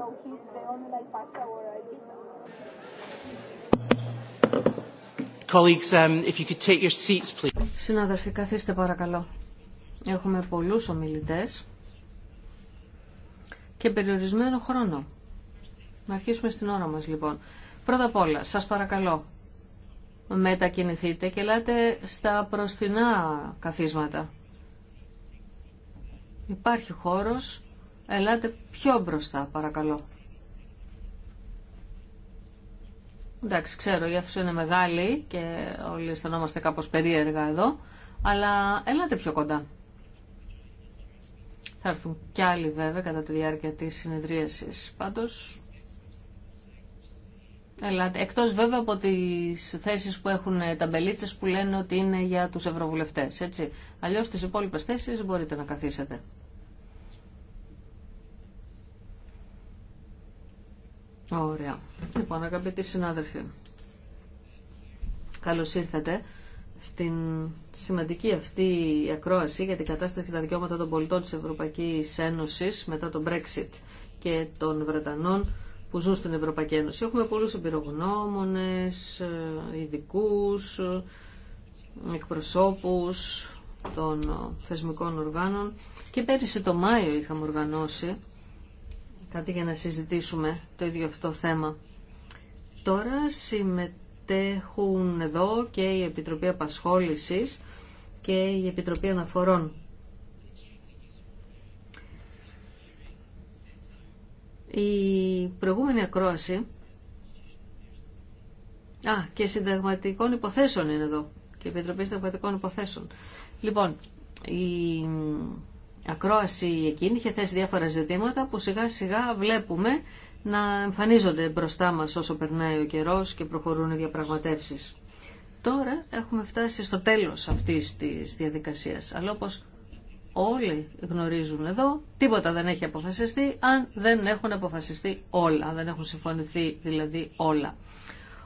Um, Συναδελφοί, καθίστε παρακαλώ. Έχουμε πολλούς ομιλητές και περιορισμένο χρόνο. Να αρχίσουμε στην ώρα μας λοιπόν. Πρώτα απ' όλα, σας παρακαλώ, μετακινηθείτε και ελάτε στα προστινά καθίσματα. Υπάρχει χώρος Ελάτε πιο μπροστά, παρακαλώ. Εντάξει, ξέρω, η αίθουσα είναι μεγάλη και όλοι αισθανόμαστε κάπως περίεργα εδώ, αλλά ελάτε πιο κοντά. Θα έρθουν κι άλλοι βέβαια κατά τη διάρκεια της συνεδρίασης. Πάντως, ελάτε. Εκτός βέβαια από τις θέσεις που έχουν τα μπελίτσες που λένε ότι είναι για τους ευρωβουλευτές, έτσι. Αλλιώς στις υπόλοιπες θέσεις μπορείτε να καθίσετε. Ωραία. Λοιπόν, αγαπητοί συνάδελφοι, καλώς ήρθατε στην σημαντική αυτή ακρόαση για την κατάσταση και τα δικαιώματα των πολιτών τη Ευρωπαϊκή Ένωσης μετά τον Brexit και των Βρετανών που ζουν στην Ευρωπαϊκή Ένωση. Έχουμε πολλούς εμπειρογνώμονες, ε, ειδικού, εκπροσώπους των θεσμικών οργάνων και πέρυσι το Μάιο είχαμε οργανώσει κάτι για να συζητήσουμε το ίδιο αυτό θέμα. Τώρα συμμετέχουν εδώ και η Επιτροπή Απασχόλησης και η Επιτροπή Αναφορών. Η προηγούμενη ακρόαση... Α, και συνταγματικών υποθέσεων είναι εδώ. Και η Επιτροπή Συνταγματικών Υποθέσεων. Λοιπόν, η ακρόαση εκείνη είχε θέσει διάφορα ζητήματα που σιγά σιγά βλέπουμε να εμφανίζονται μπροστά μας όσο περνάει ο καιρός και προχωρούν οι διαπραγματεύσεις. Τώρα έχουμε φτάσει στο τέλος αυτής της διαδικασίας. Αλλά όπως όλοι γνωρίζουν εδώ, τίποτα δεν έχει αποφασιστεί αν δεν έχουν αποφασιστεί όλα, αν δεν έχουν συμφωνηθεί δηλαδή όλα.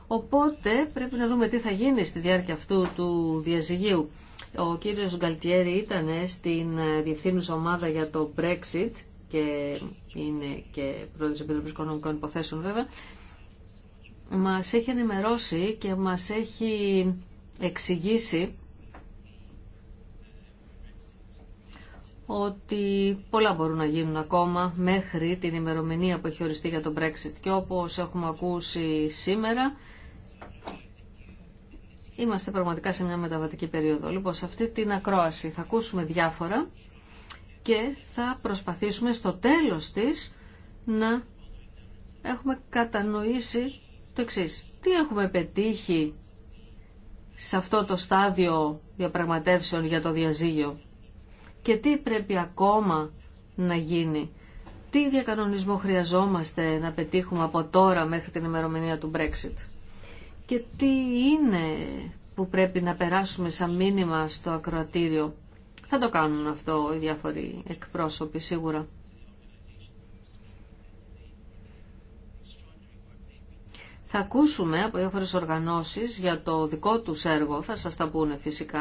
Οπότε πρέπει να δούμε τι θα γίνει στη διάρκεια αυτού του διαζυγίου. Ο κύριος Γκαλτιέρη ήταν στην ε, διευθύνουσα ομάδα για το Brexit και είναι και πρόεδρος της Επιτροπής Οικονομικών Υποθέσεων βέβαια. Μας έχει ενημερώσει και μας έχει εξηγήσει ότι πολλά μπορούν να γίνουν ακόμα μέχρι την ημερομηνία που έχει οριστεί για το Brexit και όπως έχουμε ακούσει σήμερα Είμαστε πραγματικά σε μια μεταβατική περίοδο. Λοιπόν, σε αυτή την ακρόαση θα ακούσουμε διάφορα και θα προσπαθήσουμε στο τέλος της να έχουμε κατανοήσει το εξής. Τι έχουμε πετύχει σε αυτό το στάδιο διαπραγματεύσεων για το διαζύγιο και τι πρέπει ακόμα να γίνει. Τι διακανονισμό χρειαζόμαστε να πετύχουμε από τώρα μέχρι την ημερομηνία του Brexit και τι είναι που πρέπει να περάσουμε σαν μήνυμα στο ακροατήριο. Θα το κάνουν αυτό οι διάφοροι εκπρόσωποι σίγουρα. Θα ακούσουμε από διάφορες οργανώσεις για το δικό τους έργο. Θα σας τα πούνε φυσικά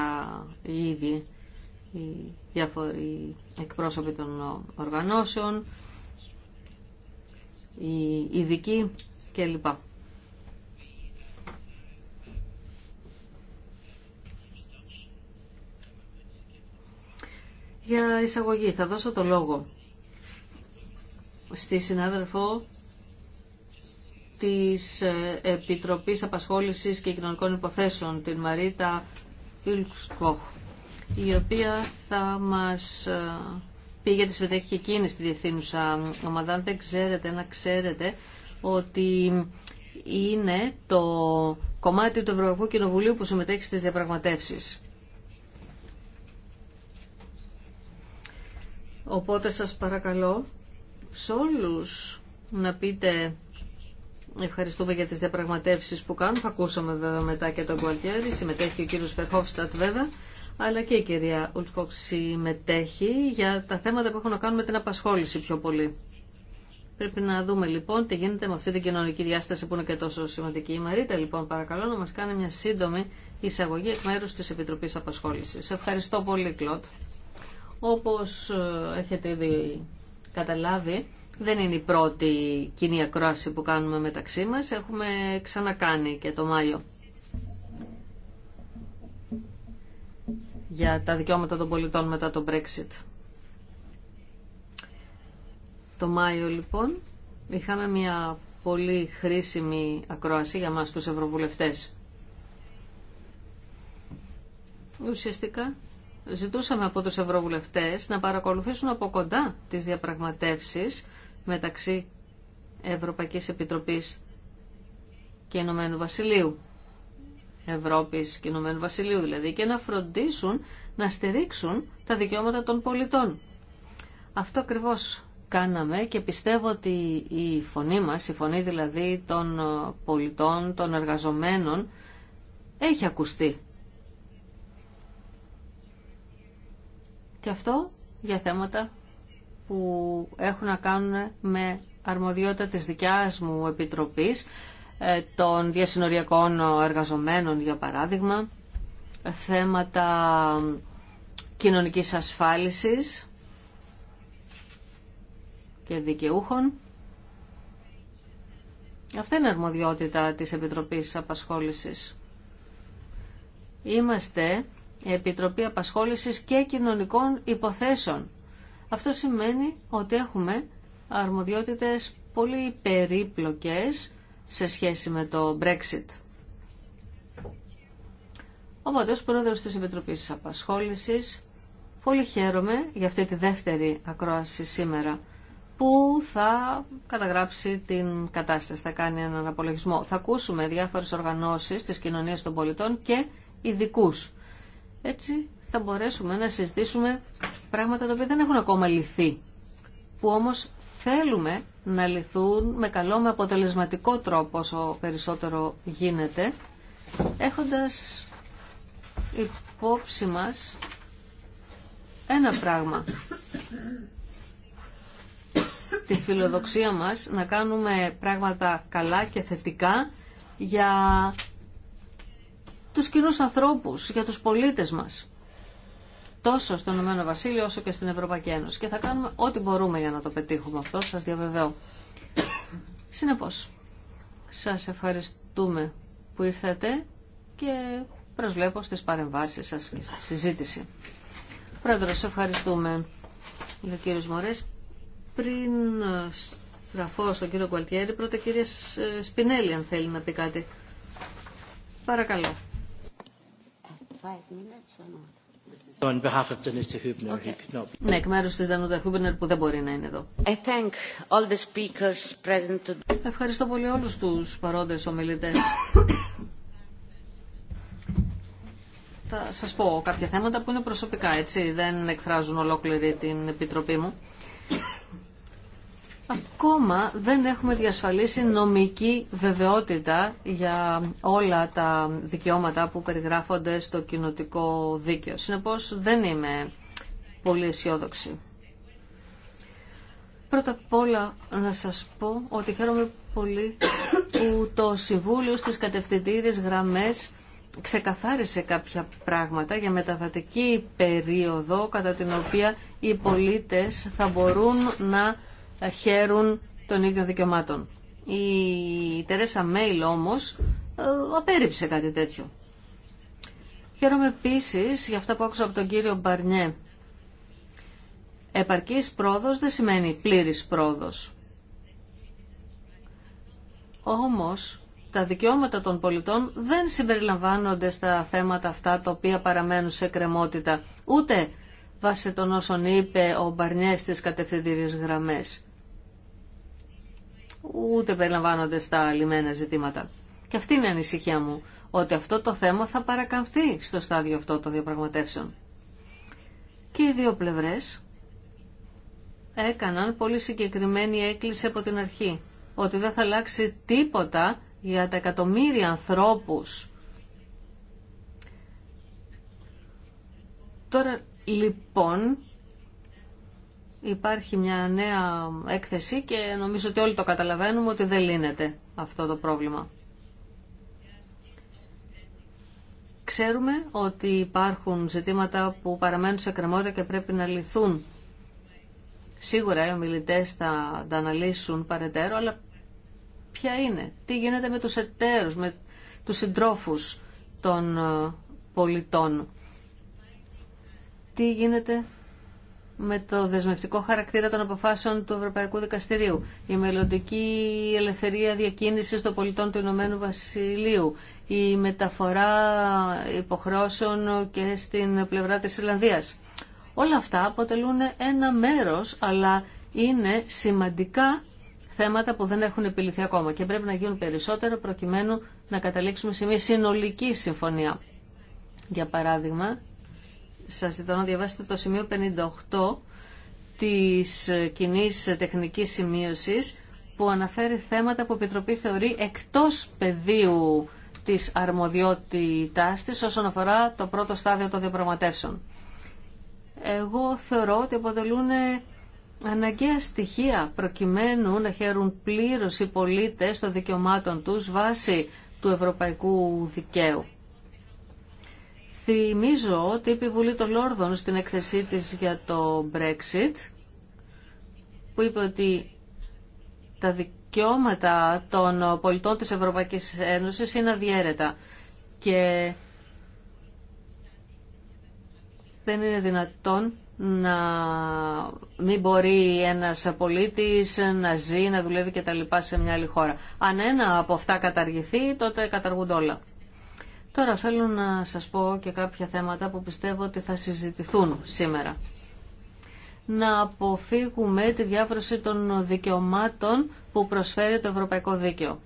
οι ίδιοι οι διάφοροι εκπρόσωποι των οργανώσεων, οι ειδικοί κλπ. για εισαγωγή. Θα δώσω το λόγο στη συνάδελφο της ε, Επιτροπής Απασχόλησης και Κοινωνικών Υποθέσεων, την Μαρίτα Ιλκσκόχ, η οποία θα μας ε, πει τη συμμετέχει και εκείνη στη διευθύνουσα ομάδα. δεν ξέρετε, να ξέρετε ότι είναι το κομμάτι του Ευρωπαϊκού Κοινοβουλίου που συμμετέχει στις διαπραγματεύσεις. Οπότε σας παρακαλώ σε όλους να πείτε ευχαριστούμε για τις διαπραγματεύσεις που κάνουν. Θα ακούσαμε βέβαια μετά και τον Κουαλτιέρη, συμμετέχει και ο κύριος Φερχόφστατ βέβαια, αλλά και η κυρία Ουλσκόκ συμμετέχει για τα θέματα που έχουν να κάνουν με την απασχόληση πιο πολύ. Πρέπει να δούμε λοιπόν τι γίνεται με αυτή την κοινωνική διάσταση που είναι και τόσο σημαντική. Η Μαρίτα λοιπόν παρακαλώ να μας κάνει μια σύντομη εισαγωγή εκ μέρους της Επιτροπής Απασχόλησης. Ευχαριστώ πολύ Κλοντ. Όπως ε, έχετε ήδη καταλάβει, δεν είναι η πρώτη κοινή ακρόαση που κάνουμε μεταξύ μας. Έχουμε ξανακάνει και το Μάιο. για τα δικαιώματα των πολιτών μετά το Brexit. Το Μάιο λοιπόν είχαμε μια πολύ χρήσιμη ακρόαση για μας τους ευρωβουλευτές. Ουσιαστικά ζητούσαμε από τους ευρωβουλευτές να παρακολουθήσουν από κοντά τις διαπραγματεύσεις μεταξύ Ευρωπαϊκής Επιτροπής και Ηνωμένου Βασιλείου. Ευρώπης και Ηνωμένου Βασιλείου δηλαδή και να φροντίσουν να στηρίξουν τα δικαιώματα των πολιτών. Αυτό ακριβώς κάναμε και πιστεύω ότι η φωνή μας, η φωνή δηλαδή των πολιτών, των εργαζομένων έχει ακουστεί Και αυτό για θέματα που έχουν να κάνουν με αρμοδιότητα της δικιάς μου επιτροπής ε, των διασυνοριακών εργαζομένων για παράδειγμα θέματα κοινωνικής ασφάλισης και δικαιούχων. Αυτή είναι η αρμοδιότητα της Επιτροπής Απασχόλησης. Είμαστε Επιτροπή Απασχόλησης και Κοινωνικών Υποθέσεων. Αυτό σημαίνει ότι έχουμε αρμοδιότητες πολύ περίπλοκες σε σχέση με το Brexit. Οπότε, ως πρόεδρος της Επιτροπής Απασχόλησης, πολύ χαίρομαι για αυτή τη δεύτερη ακρόαση σήμερα, που θα καταγράψει την κατάσταση, θα κάνει έναν απολογισμό. Θα ακούσουμε διάφορες οργανώσεις της κοινωνίας των πολιτών και ειδικού έτσι θα μπορέσουμε να συζητήσουμε πράγματα τα οποία δεν έχουν ακόμα λυθεί, που όμως θέλουμε να λυθούν με καλό, με αποτελεσματικό τρόπο όσο περισσότερο γίνεται, έχοντας υπόψη μας ένα πράγμα. Τη φιλοδοξία μας να κάνουμε πράγματα καλά και θετικά για τους κοινούς ανθρώπους, για τους πολίτες μας. Τόσο στον Ηνωμένο Βασίλειο όσο και στην Ευρωπαϊκή Ένωση. Και θα κάνουμε ό,τι μπορούμε για να το πετύχουμε αυτό, σας διαβεβαιώ. Συνεπώς, σας ευχαριστούμε που ήρθατε και προσβλέπω στις παρεμβάσεις σας και στη συζήτηση. Πρόεδρος, ευχαριστούμε. Λέει ο πριν στραφώ στον κύριο Κουαλτιέρη, πρώτα κύριε ε, Σπινέλη αν θέλει να πει κάτι. Παρακαλώ. On behalf of Danuta Hubner, okay. who could not be... Ναι, εκ μέρους της Danuta Hubner που δεν μπορεί να είναι εδώ. I thank all the speakers present today. Ευχαριστώ πολύ όλους τους παρόντες ομιλητές. Θα σας πω κάποια θέματα που είναι προσωπικά, έτσι, δεν εκφράζουν ολόκληρη την Επιτροπή μου. Ακόμα δεν έχουμε διασφαλίσει νομική βεβαιότητα για όλα τα δικαιώματα που περιγράφονται στο κοινοτικό δίκαιο. Συνεπώς δεν είμαι πολύ αισιόδοξη. Πρώτα απ' όλα να σας πω ότι χαίρομαι πολύ που το Συμβούλιο στις κατευθυντήριες γραμμές ξεκαθάρισε κάποια πράγματα για μεταβατική περίοδο κατά την οποία οι πολίτες θα μπορούν να ε, χαίρουν των ίδιων δικαιωμάτων. Η Τερέσα Μέιλ όμως ε, απέρριψε κάτι τέτοιο. Χαίρομαι επίση για αυτά που άκουσα από τον κύριο Μπαρνιέ. Επαρκής πρόοδος δεν σημαίνει πλήρης πρόοδος. Όμως, τα δικαιώματα των πολιτών δεν συμπεριλαμβάνονται στα θέματα αυτά τα οποία παραμένουν σε κρεμότητα, ούτε βάσει των όσων είπε ο Μπαρνιέ στις κατευθυντήριες γραμμές ούτε περιλαμβάνονται στα λιμένα ζητήματα. Και αυτή είναι η ανησυχία μου, ότι αυτό το θέμα θα παρακαμφθεί στο στάδιο αυτό των διαπραγματεύσεων. Και οι δύο πλευρές έκαναν πολύ συγκεκριμένη έκκληση από την αρχή, ότι δεν θα αλλάξει τίποτα για τα εκατομμύρια ανθρώπους. Τώρα λοιπόν υπάρχει μια νέα έκθεση και νομίζω ότι όλοι το καταλαβαίνουμε ότι δεν λύνεται αυτό το πρόβλημα. Ξέρουμε ότι υπάρχουν ζητήματα που παραμένουν σε κρεμότητα και πρέπει να λυθούν. Σίγουρα οι ομιλητέ θα τα αναλύσουν παρετέρω, αλλά ποια είναι, τι γίνεται με τους εταίρους, με τους συντρόφους των ε, πολιτών. Τι γίνεται με το δεσμευτικό χαρακτήρα των αποφάσεων του Ευρωπαϊκού Δικαστηρίου, η μελλοντική ελευθερία διακίνησης των πολιτών του Ηνωμένου Βασιλείου, η μεταφορά υποχρώσεων και στην πλευρά της Ιρλανδίας. Όλα αυτά αποτελούν ένα μέρος, αλλά είναι σημαντικά θέματα που δεν έχουν επιληθεί ακόμα και πρέπει να γίνουν περισσότερο προκειμένου να καταλήξουμε σε μια συνολική συμφωνία. Για παράδειγμα, σας ζητώ να διαβάσετε το σημείο 58 της κοινή τεχνικής σημείωσης που αναφέρει θέματα που η Επιτροπή θεωρεί εκτός πεδίου της αρμοδιότητάς της όσον αφορά το πρώτο στάδιο των διαπραγματεύσεων. Εγώ θεωρώ ότι αποτελούν αναγκαία στοιχεία προκειμένου να χαίρουν πλήρως οι πολίτες των δικαιωμάτων τους βάσει του ευρωπαϊκού δικαίου. Θυμίζω ότι η Επιβουλή των Λόρδων στην έκθεσή της για το Brexit που είπε ότι τα δικαιώματα των πολιτών της Ευρωπαϊκής Ένωσης είναι αδιέρετα και δεν είναι δυνατόν να μην μπορεί ένας πολίτης να ζει, να δουλεύει και τα λοιπά σε μια άλλη χώρα. Αν ένα από αυτά καταργηθεί, τότε καταργούνται όλα. Τώρα θέλω να σας πω και κάποια θέματα που πιστεύω ότι θα συζητηθούν σήμερα. Να αποφύγουμε τη διάβρωση των δικαιωμάτων που προσφέρει το Ευρωπαϊκό Δίκαιο.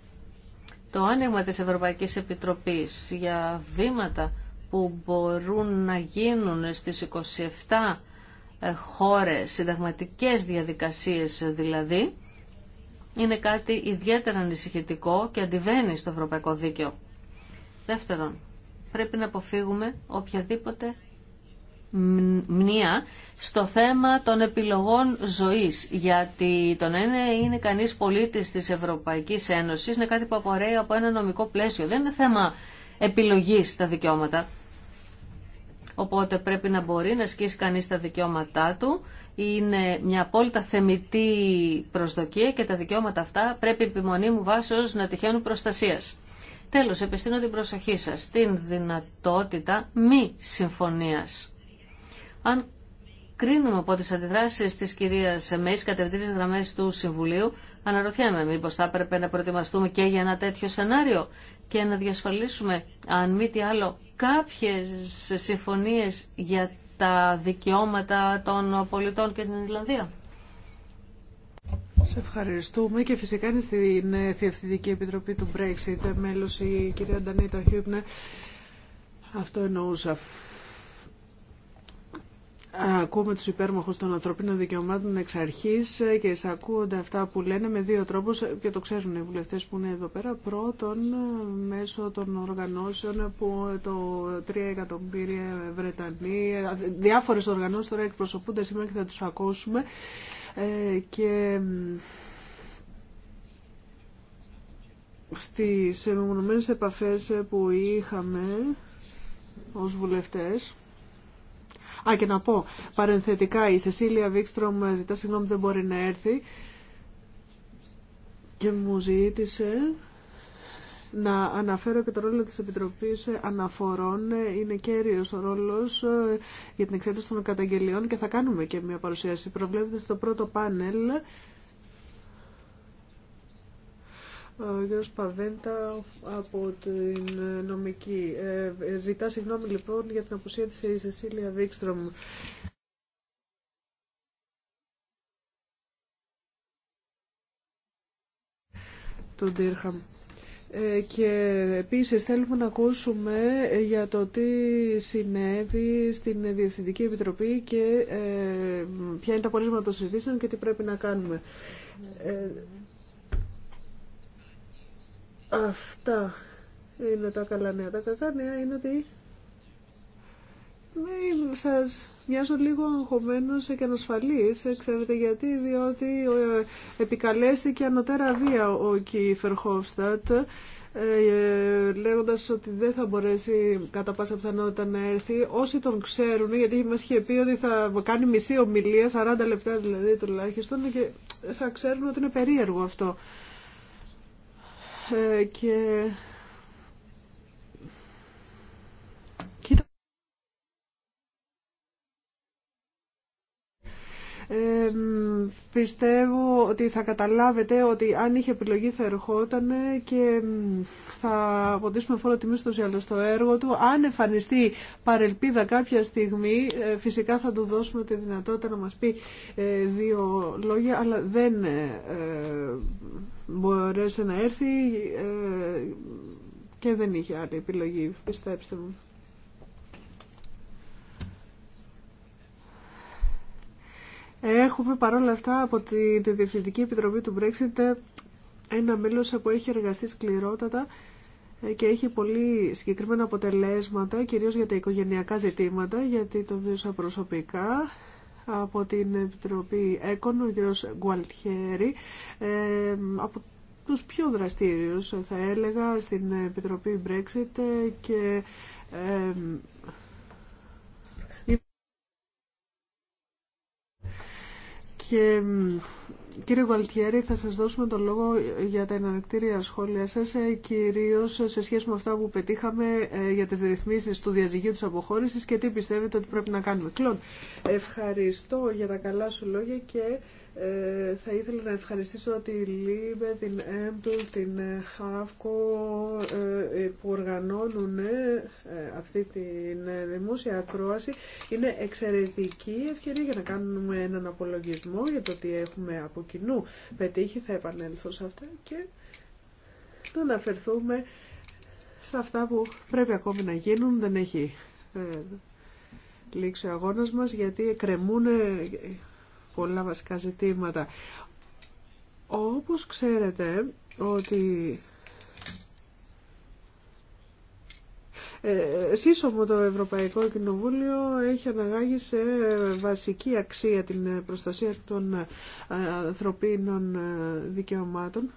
Το άνοιγμα της Ευρωπαϊκής Επιτροπής για βήματα που μπορούν να γίνουν στις 27 ε, χώρες, συνταγματικές διαδικασίες δηλαδή, είναι κάτι ιδιαίτερα ανησυχητικό και αντιβαίνει στο Ευρωπαϊκό Δίκαιο. Δεύτερον, πρέπει να αποφύγουμε οποιαδήποτε μνήα στο θέμα των επιλογών ζωής γιατί το να είναι, είναι κανείς πολίτης της Ευρωπαϊκής Ένωσης είναι κάτι που απορρέει από ένα νομικό πλαίσιο δεν είναι θέμα επιλογής τα δικαιώματα οπότε πρέπει να μπορεί να ασκήσει κανείς τα δικαιώματά του είναι μια απόλυτα θεμητή προσδοκία και τα δικαιώματα αυτά πρέπει επιμονή μου βάσεως να τυχαίνουν προστασίας Τέλος, επιστήνω την προσοχή σας στην δυνατότητα μη συμφωνίας. Αν κρίνουμε από τις αντιδράσεις της κυρίας Μέης κατευθύνσεις γραμμές του Συμβουλίου, αναρωτιέμαι μήπως θα έπρεπε να προετοιμαστούμε και για ένα τέτοιο σενάριο και να διασφαλίσουμε, αν μη τι άλλο, κάποιες συμφωνίες για τα δικαιώματα των πολιτών και την Ιρλανδία. Σε ευχαριστούμε και φυσικά είναι στην ε, Διευθυντική Επιτροπή του Brexit ε, μέλος η κυρία Ντανίτα Χιούπνε. Αυτό εννοούσα. Ακούμε τους υπέρμαχους των ανθρωπίνων δικαιωμάτων εξ αρχής ε, και εισακούονται αυτά που λένε με δύο τρόπους και το ξέρουν οι βουλευτές που είναι εδώ πέρα. Πρώτον, μέσω των οργανώσεων που το 3 εκατομμύρια Βρετανοί, διάφορες οργανώσεις τώρα εκπροσωπούνται σήμερα και θα τους ακούσουμε. Ε, και στις μεμονωμένες επαφές που είχαμε ως βουλευτές Α, και να πω, παρενθετικά, η Σεσίλια Βίξτρομ ζητά συγγνώμη δεν μπορεί να έρθει και μου ζήτησε να αναφέρω και το ρόλο της Επιτροπής Αναφορών. Είναι κέριος ο ρόλος ε, για την εξέταση των καταγγελιών και θα κάνουμε και μια παρουσίαση. Προβλέπετε στο πρώτο πάνελ ε, ο Γιώργος Παβέντα από την νομική. Ε, ζητά συγγνώμη λοιπόν για την απουσία της Σεσίλια Βίξτρομ. Το Ντίρχαμ. Ε, και επίσης θέλουμε να ακούσουμε ε, για το τι συνέβη στην Διευθυντική Επιτροπή και ε, ποια είναι τα πορίσματα των συζητήσεων και τι πρέπει να κάνουμε. Αυτά είναι τα καλά νέα. Τα κακά νέα είναι ότι σας μοιάζω λίγο αγχωμένος και ανασφαλής. Ε, ξέρετε γιατί, διότι ε, επικαλέστηκε ανωτέρα βία ο Κίφερ Χόφστατ ε, λέγοντας ότι δεν θα μπορέσει κατά πάσα πιθανότητα να έρθει. Όσοι τον ξέρουν, γιατί μας είχε πει ότι θα κάνει μισή ομιλία, 40 λεπτά δηλαδή τουλάχιστον, και θα ξέρουν ότι είναι περίεργο αυτό. και πιστεύω ότι θα καταλάβετε ότι αν είχε επιλογή θα ερχόταν και θα αποντήσουμε φόρο τιμή στο στο έργο του. Αν εμφανιστεί παρελπίδα κάποια στιγμή, ε, φυσικά θα του δώσουμε τη δυνατότητα να μας πει ε, δύο λόγια, αλλά δεν ε, μπορέσε να έρθει και δεν είχε άλλη επιλογή, πιστέψτε μου. Έχουμε παρόλα αυτά από την Διευθυντική Επιτροπή του Brexit ένα μέλος που έχει εργαστεί σκληρότατα και έχει πολύ συγκεκριμένα αποτελέσματα, κυρίως για τα οικογενειακά ζητήματα, γιατί το βίωσα προσωπικά από την Επιτροπή Έκων, ο κ. Γκουαλτιέρη, ε, από τους πιο δραστήριους θα έλεγα στην Επιτροπή Brexit και ε, Και κύριε Γουαλτιέρη, θα σας δώσουμε το λόγο για τα εναρκτήρια σχόλια σας, ε, κυρίως σε σχέση με αυτά που πετύχαμε ε, για τις ρυθμίσεις του διαζυγίου της αποχώρησης και τι πιστεύετε ότι πρέπει να κάνουμε. Κλον, ευχαριστώ για τα καλά σου λόγια και ε, θα ήθελα να ευχαριστήσω τη ΛΥΜΕ, την ΕΜΠΛ, την ε, Χάβκο, ε, που οργανώνουν αυτή την δημόσια ακρόαση. Είναι εξαιρετική ευκαιρία για να κάνουμε έναν απολογισμό για το τι έχουμε από κοινού πετύχει. Θα επανέλθω σε αυτά και να αναφερθούμε σε αυτά που πρέπει ακόμη να γίνουν. Δεν έχει λήξει ο αγώνας μας γιατί εκκρεμούν πολλά βασικά ζητήματα. Όπως ξέρετε ότι ε, σύσσωμο το Ευρωπαϊκό Κοινοβούλιο έχει αναγάγει σε βασική αξία την προστασία των ε, ανθρωπίνων ε, δικαιωμάτων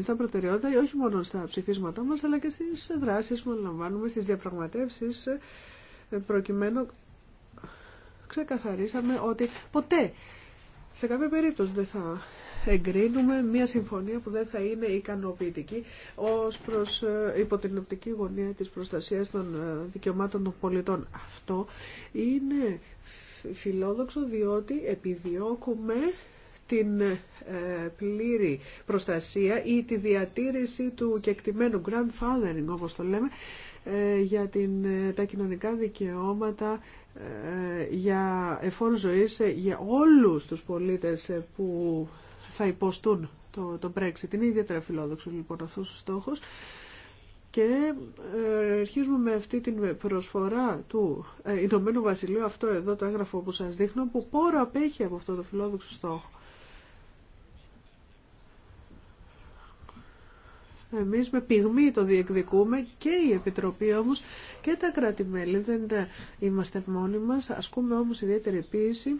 στα προτεραιότητα όχι μόνο στα ψηφίσματά μας αλλά και στις δράσεις που αναλαμβάνουμε, στις διαπραγματεύσεις προκειμένου ξεκαθαρίσαμε ότι ποτέ σε κάποιο περίπτωση δεν θα εγκρίνουμε μια συμφωνία που δεν θα είναι ικανοποιητική ως προς ε, υπό την οπτική γωνία της προστασίας των ε, δικαιωμάτων των πολιτών. Αυτό είναι φιλόδοξο διότι επιδιώκουμε την ε, πλήρη προστασία ή τη διατήρηση του κεκτημένου grandfathering όπως το λέμε ε, για την, ε, τα κοινωνικά δικαιώματα, ε, για εφόρου ζωής, για όλους τους πολίτες που θα υποστούν το, το Brexit. Είναι ιδιαίτερα φιλόδοξο λοιπόν αυτός ο στόχος. Και αρχίζουμε με αυτή την προσφορά του Ηνωμένου Βασιλείου, αυτό εδώ το έγγραφο που σας δείχνω, που πόρο απέχει από αυτό το φιλόδοξο στόχο. Εμείς με πυγμή το διεκδικούμε και η Επιτροπή όμως και τα κράτη-μέλη. Δεν ε, είμαστε μόνοι μας, ασκούμε όμως ιδιαίτερη πίεση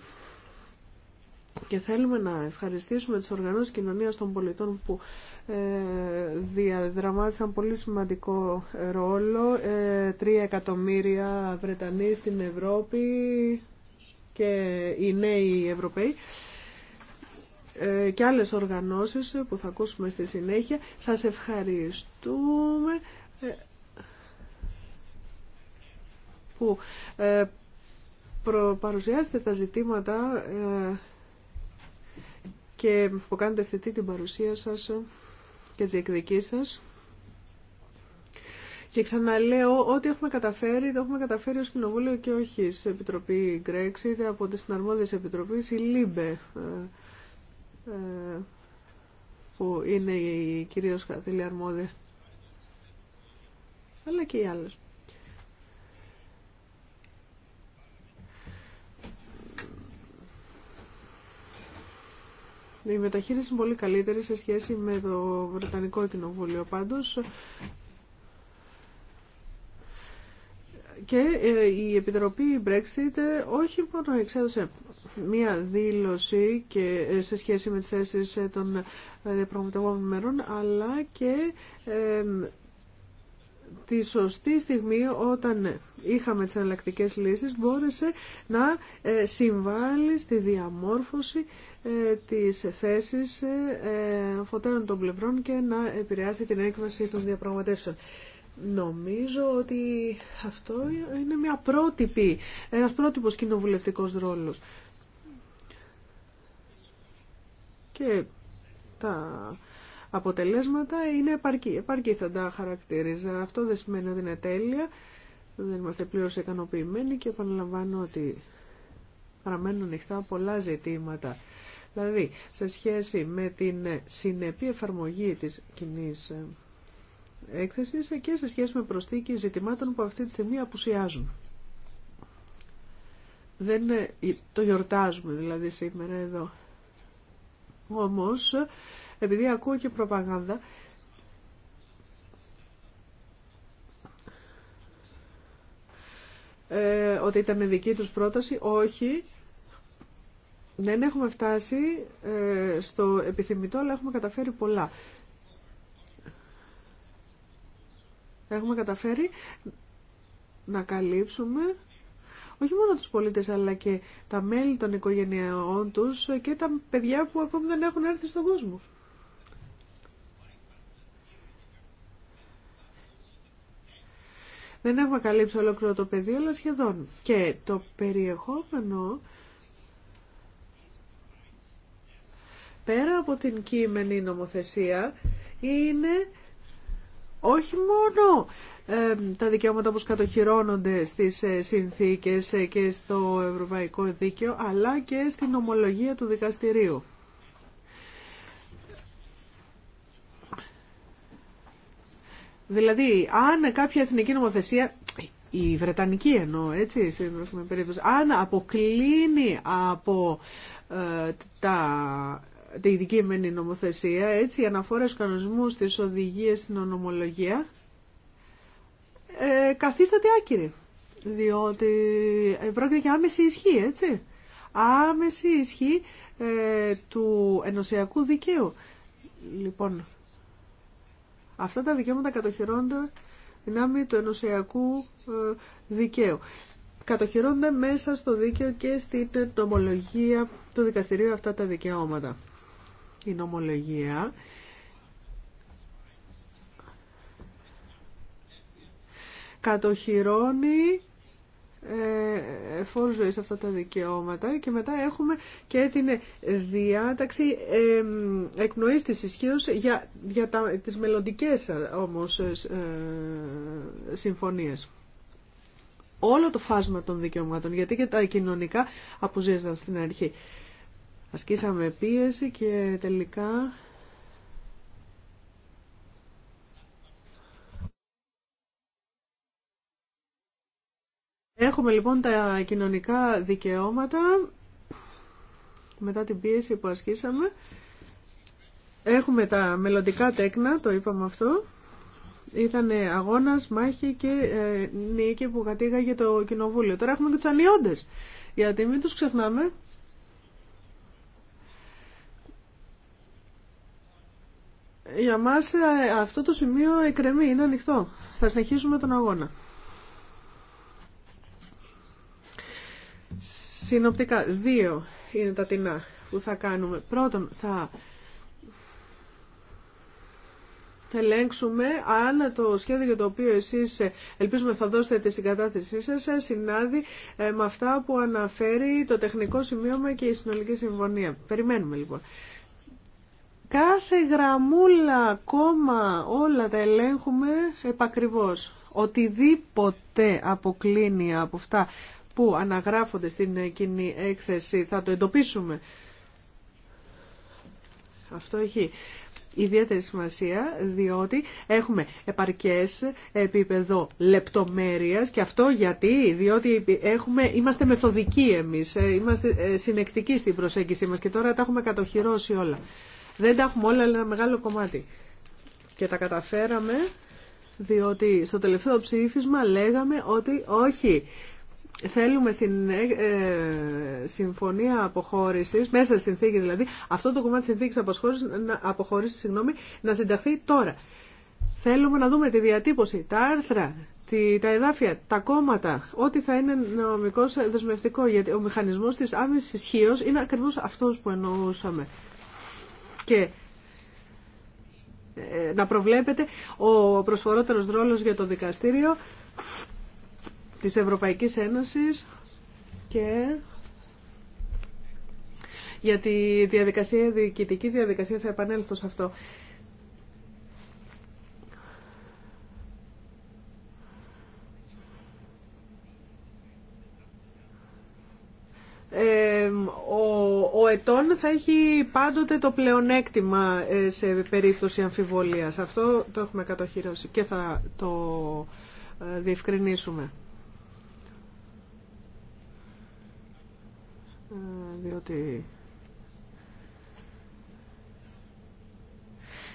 και θέλουμε να ευχαριστήσουμε τις οργανώσεις κοινωνίας των πολιτών που ε, διαδραμάτισαν πολύ σημαντικό ρόλο. Ε, τρία εκατομμύρια Βρετανοί στην Ευρώπη και οι νέοι Ευρωπαίοι. Ε, και άλλες οργανώσεις που θα ακούσουμε στη συνέχεια. Σας ευχαριστούμε ε, που ε, παρουσιάζετε τα ζητήματα και που κάνετε αισθητή την παρουσία σας και τις διεκδικήσεις σας. Και ξαναλέω, ό,τι έχουμε καταφέρει, το έχουμε καταφέρει ως Κοινοβούλιο και όχι σε Επιτροπή Γκρέξη, είτε από τις συναρμόδιες επιτροπές, η ΛΥΜΠΕ ε, που είναι η κυρίως χαρτήλια αρμόδια αλλά και οι άλλες. Η μεταχείριση είναι πολύ καλύτερη σε σχέση με το Βρετανικό Κοινοβούλιο πάντως και ε, η Επιτροπή Brexit ε, όχι μόνο εξέδωσε μία δήλωση και ε, σε σχέση με τις θέσεις ε, των ε, διαπραγματευόμενων μερών, αλλά και τη σωστή στιγμή όταν είχαμε τις εναλλακτικέ λύσεις μπόρεσε να συμβάλλει στη διαμόρφωση της θέσης φωτέρων των πλευρών και να επηρεάσει την έκβαση των διαπραγματεύσεων. Νομίζω ότι αυτό είναι μια πρότυπη, ένας πρότυπος κοινοβουλευτικός ρόλος. και τα αποτελέσματα είναι επαρκή. Επαρκή θα τα χαρακτήριζα. Αυτό δεν σημαίνει ότι είναι τέλεια. Δεν είμαστε πλήρως ικανοποιημένοι και επαναλαμβάνω ότι παραμένουν ανοιχτά πολλά ζητήματα. Δηλαδή, σε σχέση με την συνεπή εφαρμογή της κοινή ε, έκθεσης και σε σχέση με προσθήκη ζητημάτων που αυτή τη στιγμή απουσιάζουν. Δεν ε, το γιορτάζουμε δηλαδή σήμερα εδώ. Όμως, επειδή ακούω και προπαγάνδα, ε, ότι ήταν με δική τους πρόταση, όχι, δεν έχουμε φτάσει ε, στο επιθυμητό, αλλά έχουμε καταφέρει πολλά. Έχουμε καταφέρει να καλύψουμε όχι μόνο τους πολίτες αλλά και τα μέλη των οικογενειών τους και τα παιδιά που ακόμη δεν έχουν έρθει στον κόσμο. Δεν έχουμε καλύψει ολόκληρο το πεδίο, αλλά σχεδόν. Και το περιεχόμενο, πέρα από την κείμενη νομοθεσία, είναι όχι μόνο τα δικαιώματα που κατοχυρώνονται στις ε, συνθήκες ε, και στο ευρωπαϊκό δίκαιο, αλλά και στην ομολογία του δικαστηρίου. Δηλαδή, αν κάποια εθνική νομοθεσία, η Βρετανική εννοώ, έτσι, με περίπτωση, αν αποκλίνει από ε, τα την μενή νομοθεσία, έτσι η αναφορά στους κανονισμούς στις οδηγίες στην ονομολογία ε, καθίσταται άκυρη, διότι ε, πρόκειται για άμεση ισχύ, έτσι. Άμεση ισχύ ε, του ενωσιακού δικαίου. Λοιπόν, αυτά τα δικαιώματα κατοχυρώνται δυνάμει του ενωσιακού δικαίου. Κατοχυρώνται μέσα στο δίκαιο και στην νομολογία του δικαστηρίου αυτά τα δικαιώματα η νομολογία κατοχυρώνει ε, φόρου αυτά τα δικαιώματα και μετά έχουμε και την διάταξη ε, εκνοής της ισχύω για, για τα, τις μελλοντικές ε, όμως ε, ε, Όλο το φάσμα των δικαιωμάτων, γιατί και τα κοινωνικά αποζήτησαν στην αρχή. Ασκήσαμε πίεση και τελικά Έχουμε λοιπόν τα κοινωνικά δικαιώματα μετά την πίεση που ασκήσαμε. Έχουμε τα μελλοντικά τέκνα, το είπαμε αυτό. Ήταν αγώνας, μάχη και ε, νίκη που κατήγαγε το κοινοβούλιο. Τώρα έχουμε και τους ανιώντες, γιατί μην τους ξεχνάμε. για μας ε, αυτό το σημείο εκκρεμεί, είναι ανοιχτό. Θα συνεχίσουμε τον αγώνα. Συνοπτικά, δύο είναι τα τεινά που θα κάνουμε. Πρώτον, θα ελέγξουμε αν το σχέδιο για το οποίο εσείς ε, ελπίζουμε θα δώσετε τη συγκατάθεσή σας ε, συνάδει με αυτά που αναφέρει το τεχνικό σημείωμα και η συνολική συμφωνία. Περιμένουμε λοιπόν. Κάθε γραμμούλα, κόμμα, όλα τα ελέγχουμε επακριβώς. Οτιδήποτε αποκλίνει από αυτά που αναγράφονται στην κοινή έκθεση θα το εντοπίσουμε. Αυτό έχει ιδιαίτερη σημασία διότι έχουμε επαρκές επίπεδο λεπτομέρειας και αυτό γιατί, διότι έχουμε, είμαστε μεθοδικοί εμείς, ε, είμαστε ε, συνεκτικοί στην προσέγγιση μας και τώρα τα έχουμε κατοχυρώσει όλα. Δεν τα έχουμε όλα, αλλά ένα μεγάλο κομμάτι. Και τα καταφέραμε διότι στο τελευταίο ψήφισμα λέγαμε ότι όχι, θέλουμε στην ε, συμφωνία αποχώρησης, μέσα στη συνθήκη δηλαδή, αυτό το κομμάτι της συνθήκης αποχώρησης, να, αποχώρησης, να συνταχθεί τώρα. Θέλουμε να δούμε τη διατύπωση, τα άρθρα, τη, τα εδάφια, τα κόμματα, ό,τι θα είναι νομικό δεσμευτικό, γιατί ο μηχανισμός της άμεση ισχύω είναι ακριβώς αυτός που εννοούσαμε και ε, να προβλέπεται ο προσφορότερος ρόλος για το δικαστήριο της Ευρωπαϊκής Ένωσης και για τη διαδικασία, διοικητική διαδικασία θα επανέλθω σε αυτό. ο, ο ετών θα έχει πάντοτε το πλεονέκτημα ε, σε περίπτωση αμφιβολίας. Αυτό το έχουμε κατοχυρώσει και θα το ε, διευκρινίσουμε. Ε, διότι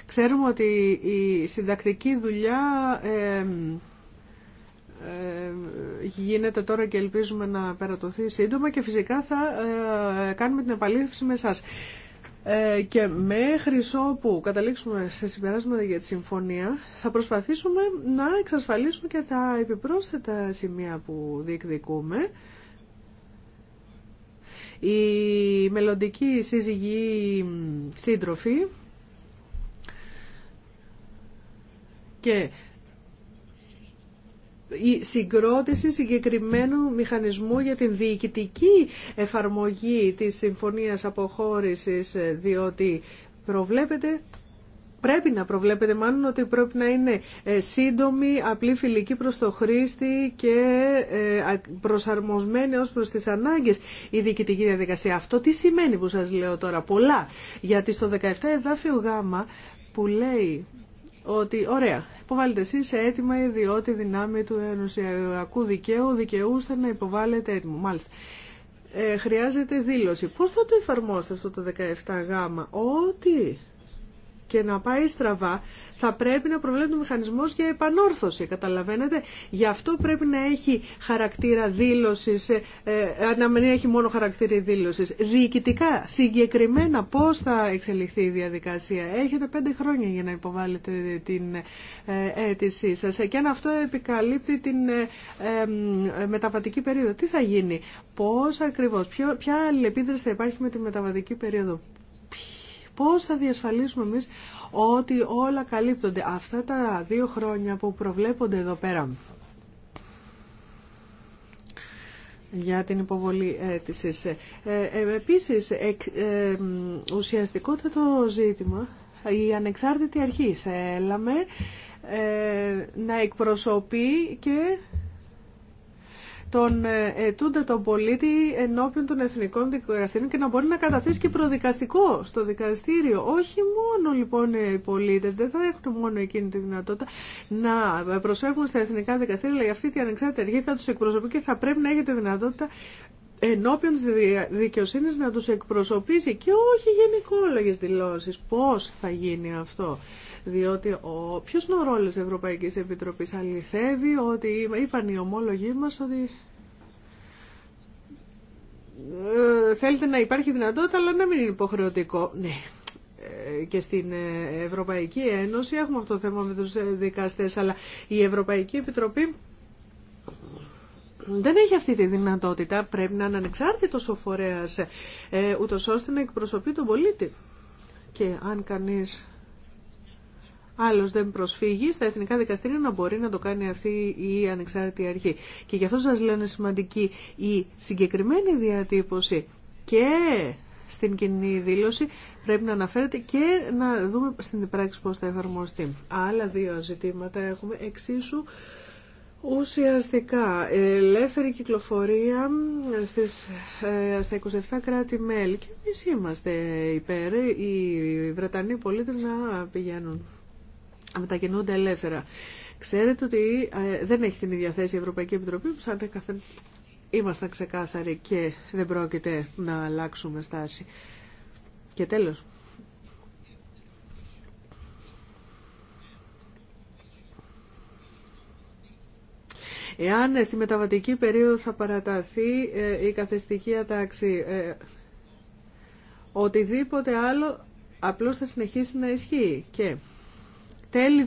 ξέρουμε ότι η συντακτική δουλειά ε, γίνεται τώρα και ελπίζουμε να περατωθεί σύντομα και φυσικά θα ε, κάνουμε την επαλήθευση με εσάς. Ε, και μέχρι όπου καταλήξουμε σε συμπεράσματα για τη συμφωνία θα προσπαθήσουμε να εξασφαλίσουμε και τα επιπρόσθετα σημεία που διεκδικούμε. Η μελλοντική σύζυγη σύντροφοι και η συγκρότηση συγκεκριμένου μηχανισμού για την διοικητική εφαρμογή της Συμφωνίας Αποχώρησης, ε, διότι προβλέπεται πρέπει να προβλέπετε μάλλον ότι πρέπει να είναι ε, σύντομη, απλή φιλική προς το χρήστη και ε, προσαρμοσμένη ως προς τις ανάγκες η διοικητική διαδικασία. Αυτό τι σημαίνει που σας λέω τώρα. Πολλά. Γιατί στο 17 εδάφιο Γ που λέει ότι ωραία, υποβάλλετε εσεί σε αίτημα ή δυνάμει του ενωσιακού δικαίου δικαιούστε να υποβάλλετε έτοιμο. Μάλιστα. Ε, χρειάζεται δήλωση. Πώς θα το εφαρμόσετε αυτό το 17 γ ότι και να πάει στραβά, θα πρέπει να προβλέπει ο μηχανισμό για επανόρθωση. Καταλαβαίνετε. Γι' αυτό πρέπει να έχει χαρακτήρα δήλωση, ε, ε, να μην έχει μόνο χαρακτήρα δήλωση. Διοικητικά, συγκεκριμένα πώ θα εξελιχθεί η διαδικασία. Έχετε πέντε χρόνια για να υποβάλλετε την ε, αίτησή σα. Και αν αυτό επικαλύπτει την ε, μεταβατική περίοδο, τι θα γίνει, πώ ακριβώ, ποια αλληλεπίδραση θα υπάρχει με τη μεταβατική περίοδο, Πώς θα διασφαλίσουμε εμείς ότι όλα καλύπτονται αυτά τα δύο χρόνια που προβλέπονται εδώ πέρα για την υποβολή αίτησης. Ε, ε επίσης, ε, ουσιαστικότατο ζήτημα, η ανεξάρτητη αρχή θέλαμε ε, να εκπροσωπεί και τον ε, ετούντα τον πολίτη ενώπιον των εθνικών δικαστηρίων και να μπορεί να καταθέσει και προδικαστικό στο δικαστήριο. Όχι μόνο λοιπόν οι πολίτες, δεν θα έχουν μόνο εκείνη τη δυνατότητα να προσφεύγουν στα εθνικά δικαστήρια, αλλά αυτή τη ανεξάρτητη αρχή θα τους εκπροσωπεί και θα πρέπει να έχετε δυνατότητα ενώπιον της δικαιοσύνης να τους εκπροσωπήσει και όχι γενικόλογες δηλώσεις. Πώς θα γίνει αυτό διότι ο... ποιος είναι ο ρόλος της Ευρωπαϊκής Επιτροπής αληθεύει ότι είπαν οι ομόλογοι μας ότι ε, θέλετε να υπάρχει δυνατότητα αλλά να μην είναι υποχρεωτικό. Ναι. Ε, και στην ε, Ευρωπαϊκή Ένωση έχουμε αυτό το θέμα με τους δικαστές αλλά η Ευρωπαϊκή Επιτροπή δεν έχει αυτή τη δυνατότητα. Πρέπει να είναι ανεξάρτητος ο φορέας ώστε να εκπροσωπεί τον πολίτη. Και αν κανείς άλλος δεν προσφύγει στα εθνικά δικαστήρια να μπορεί να το κάνει αυτή η ανεξάρτητη αρχή. Και γι' αυτό σα λένε σημαντική η συγκεκριμένη διατύπωση και στην κοινή δήλωση πρέπει να αναφέρεται και να δούμε στην πράξη πώς θα εφαρμοστεί. Άλλα δύο ζητήματα έχουμε εξίσου ουσιαστικά. Ελεύθερη κυκλοφορία στις, ε, στα 27 κράτη-μέλη και εμείς είμαστε υπέρ οι Βρετανοί πολίτες να πηγαίνουν μετακινούνται ελεύθερα. Ξέρετε ότι ε, δεν έχει την ίδια θέση η Ευρωπαϊκή Επιτροπή που σαν καθεν... Ήμασταν ξεκάθαροι και δεν πρόκειται να αλλάξουμε στάση. Και τέλος. Εάν στη μεταβατική περίοδο θα παραταθεί ε, η καθεστική ατάξη, ε, οτιδήποτε άλλο απλώς θα συνεχίσει να ισχύει. Και Τέλη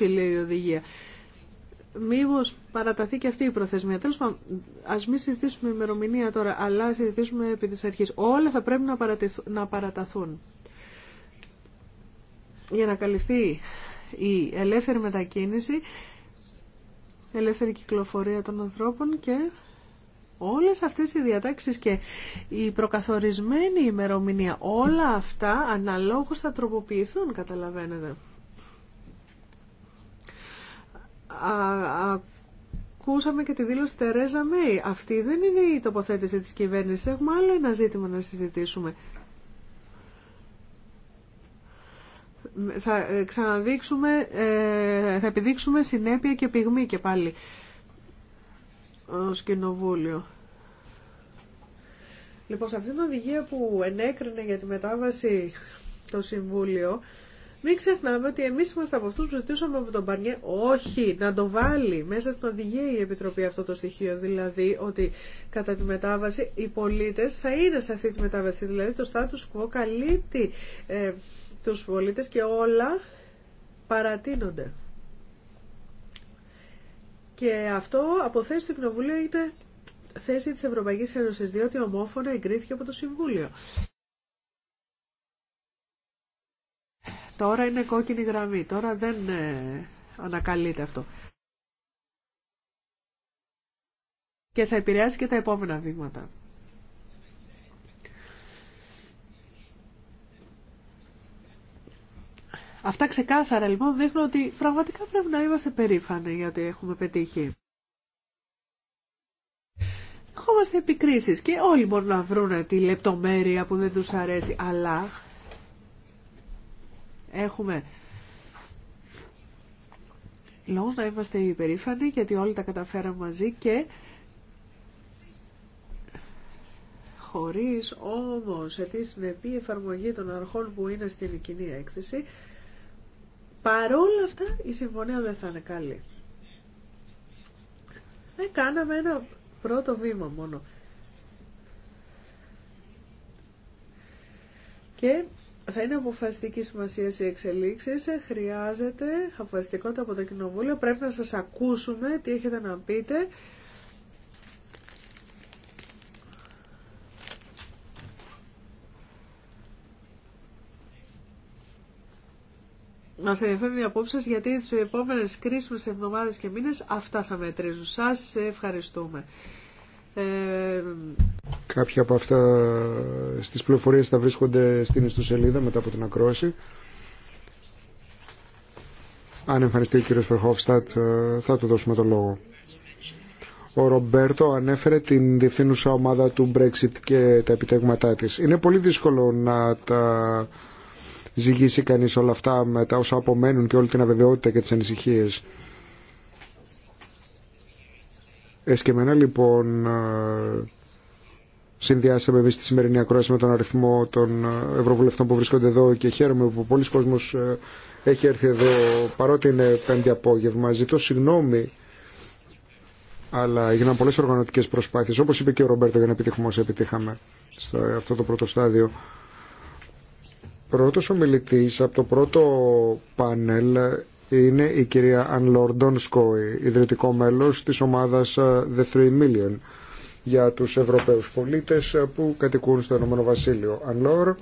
2020 λέει η οδηγία. Μήπω παραταθεί και αυτή η προθεσμία. τέλο. πάντων, ας μην συζητήσουμε ημερομηνία τώρα, αλλά συζητήσουμε επί τη αρχής. Όλα θα πρέπει να, να παραταθούν. Για να καλυφθεί η ελεύθερη μετακίνηση, ελεύθερη κυκλοφορία των ανθρώπων και όλες αυτές οι διατάξεις και η προκαθορισμένη ημερομηνία, όλα αυτά αναλόγως θα τροποποιηθούν, καταλαβαίνετε ακούσαμε και τη δήλωση Τερέζα Μέη. Αυτή δεν είναι η τοποθέτηση της κυβέρνησης. Έχουμε άλλο ένα ζήτημα να συζητήσουμε. Θα ε, ξαναδείξουμε, ε, θα επιδείξουμε συνέπεια και πυγμή και πάλι ως κοινοβούλιο. Λοιπόν, σε αυτήν την οδηγία που ενέκρινε για τη μετάβαση το Συμβούλιο, μην ξεχνάμε ότι εμεί είμαστε από αυτού που ζητούσαμε από τον Παρνιέ όχι να το βάλει μέσα στην οδηγία η Επιτροπή αυτό το στοιχείο. Δηλαδή ότι κατά τη μετάβαση οι πολίτες θα είναι σε αυτή τη μετάβαση. Δηλαδή το status quo καλύπτει ε, τους πολίτες και όλα παρατείνονται. Και αυτό από θέση του Κοινοβουλίου είναι θέση της Ευρωπαϊκής Ένωσης, διότι ομόφωνα εγκρίθηκε από το Συμβούλιο. Τώρα είναι κόκκινη γραμμή, τώρα δεν ε, ανακαλείται αυτό. Και θα επηρεάσει και τα επόμενα βήματα. Αυτά ξεκάθαρα λοιπόν δείχνουν ότι πραγματικά πρέπει να είμαστε περήφανοι γιατί έχουμε πετύχει. Έχουμε επικρίσεις και όλοι μπορούν να βρουν τη λεπτομέρεια που δεν τους αρέσει, αλλά Έχουμε λόγους να είμαστε υπερήφανοι γιατί όλοι τα καταφέραμε μαζί και χωρίς όμως τη συνεπή εφαρμογή των αρχών που είναι στην κοινή έκθεση παρόλα αυτά η συμφωνία δεν θα είναι καλή. Δεν κάναμε ένα πρώτο βήμα μόνο. Και θα είναι αποφασιστική σημασία οι εξελίξει. Χρειάζεται αποφασιστικότητα από το Κοινοβούλιο. Πρέπει να σα ακούσουμε τι έχετε να πείτε. Μα ενδιαφέρουν οι απόψεις γιατί τις επόμενες κρίσιμε εβδομάδες και μήνες αυτά θα μετρήσουν. Σα ευχαριστούμε. Κάποια από αυτά στις πληροφορίες θα βρίσκονται στην ιστοσελίδα μετά από την ακρόαση. Αν εμφανιστεί ο κύριος Φερχόφστατ ε, θα του δώσουμε το λόγο. Ο Ρομπέρτο ανέφερε την διευθύνουσα ομάδα του Brexit και τα επιτέγματά της. Είναι πολύ δύσκολο να τα ζυγίσει κανείς όλα αυτά με τα όσα απομένουν και όλη την αβεβαιότητα και τις ανησυχίες. Εσκεμένα λοιπόν συνδυάσαμε εμείς τη σημερινή ακρόαση με τον αριθμό των ευρωβουλευτών που βρίσκονται εδώ και χαίρομαι που πολλοί κόσμος έχει έρθει εδώ παρότι είναι πέντε απόγευμα. Ζητώ συγγνώμη αλλά έγιναν πολλές οργανωτικές προσπάθειες όπως είπε και ο Ρομπέρτο για να επιτύχουμε όσο επιτύχαμε σε αυτό το πρώτο στάδιο. Πρώτος ομιλητής από το πρώτο πάνελ είναι η κυρία Ανλόρ Σκόη, ιδρυτικό μέλος της ομάδας ε, The Three Million για τους Ευρωπαίους πολίτες ε, που κατοικούν στο Ηνωμένο Βασίλειο. Ανλόρ,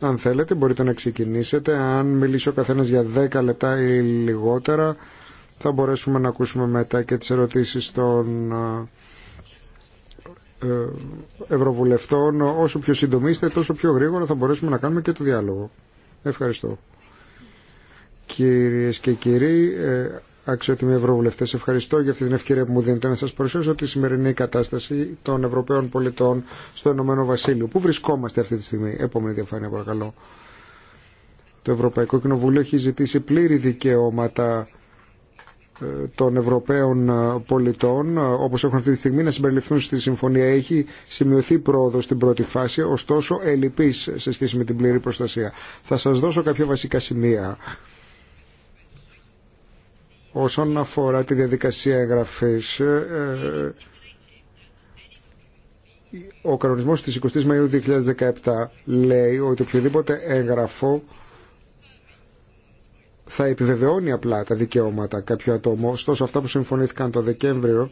αν θέλετε μπορείτε να ξεκινήσετε. Αν μιλήσει ο καθένας για 10 λεπτά ή λιγότερα θα μπορέσουμε να ακούσουμε μετά και τις ερωτήσεις των ε, Ευρωβουλευτών. Όσο πιο συντομίστε τόσο πιο γρήγορα θα μπορέσουμε να κάνουμε και το διάλογο. Ευχαριστώ. Κυρίες και κύριοι, ε, αξιότιμοι ευρωβουλευτές, ευχαριστώ για αυτή την ευκαιρία που μου δίνετε να σας παρουσιάσω τη σημερινή κατάσταση των Ευρωπαίων πολιτών στο Ηνωμένο Βασίλειο. Πού βρισκόμαστε αυτή τη στιγμή, επόμενη διαφάνεια παρακαλώ. Το Ευρωπαϊκό Κοινοβούλιο έχει ζητήσει πλήρη δικαιώματα ε, των Ευρωπαίων ε, πολιτών όπως έχουν αυτή τη στιγμή να συμπεριληφθούν στη συμφωνία έχει σημειωθεί πρόοδο στην πρώτη φάση ωστόσο ελλειπής σε σχέση με την πλήρη προστασία θα σας δώσω κάποια βασικά σημεία Όσον αφορά τη διαδικασία εγγραφής, ε, ε, ο κανονισμός της 20 Μαΐου 2017 λέει ότι οποιοδήποτε έγγραφο θα επιβεβαιώνει απλά τα δικαιώματα κάποιου ατόμου. Ωστόσο, αυτά που συμφωνήθηκαν το Δεκέμβριο,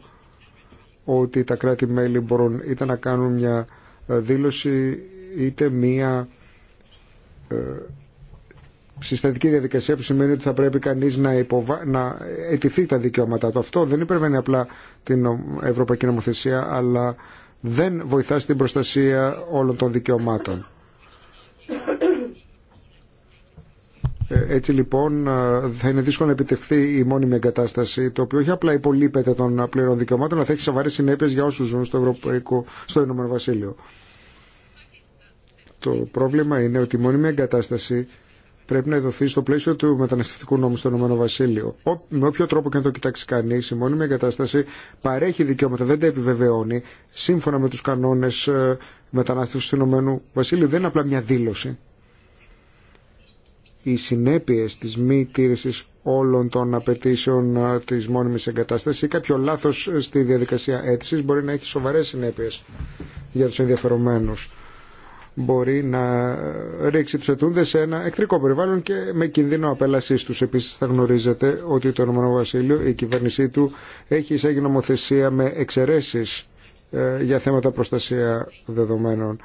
ότι τα κράτη-μέλη μπορούν είτε να κάνουν μια ε, δήλωση, είτε μια συστατική διαδικασία που σημαίνει ότι θα πρέπει κανεί να, υποβα... να αιτηθεί τα δικαιώματά του. Αυτό δεν υπερβαίνει απλά την Ευρωπαϊκή Νομοθεσία, αλλά δεν βοηθά στην προστασία όλων των δικαιωμάτων. Ε, έτσι λοιπόν ε, θα είναι δύσκολο να επιτευχθεί η μόνιμη εγκατάσταση, το οποίο όχι απλά υπολείπεται των πλήρων δικαιωμάτων, αλλά θα έχει σοβαρέ συνέπειε για όσου ζουν στο, Ευρωπαϊκό, στο Ηνωμένο Βασίλειο. Το πρόβλημα είναι ότι η μόνιμη εγκατάσταση πρέπει να ειδωθεί στο πλαίσιο του μεταναστευτικού νόμου στο Ηνωμένο Βασίλειο. με όποιο τρόπο και να το κοιτάξει κανεί, η μόνιμη εγκατάσταση παρέχει δικαιώματα, δεν τα επιβεβαιώνει. Σύμφωνα με του κανόνε μετανάστευση του Ηνωμένου Βασίλειου, δεν είναι απλά μια δήλωση. Οι συνέπειε τη μη τήρηση όλων των απαιτήσεων ε, τη μόνιμη εγκατάσταση ή κάποιο λάθο ε, στη διαδικασία αίτηση μπορεί να έχει σοβαρέ συνέπειε για του ενδιαφερομένου μπορεί να ρίξει τους ετούντες σε ένα εχθρικό περιβάλλον και με κινδύνο απέλασής τους. Επίσης θα γνωρίζετε ότι το Ρωμανό Βασίλειο, η κυβέρνησή του, έχει εισάγει νομοθεσία με εξαιρέσει ε, για θέματα προστασία δεδομένων.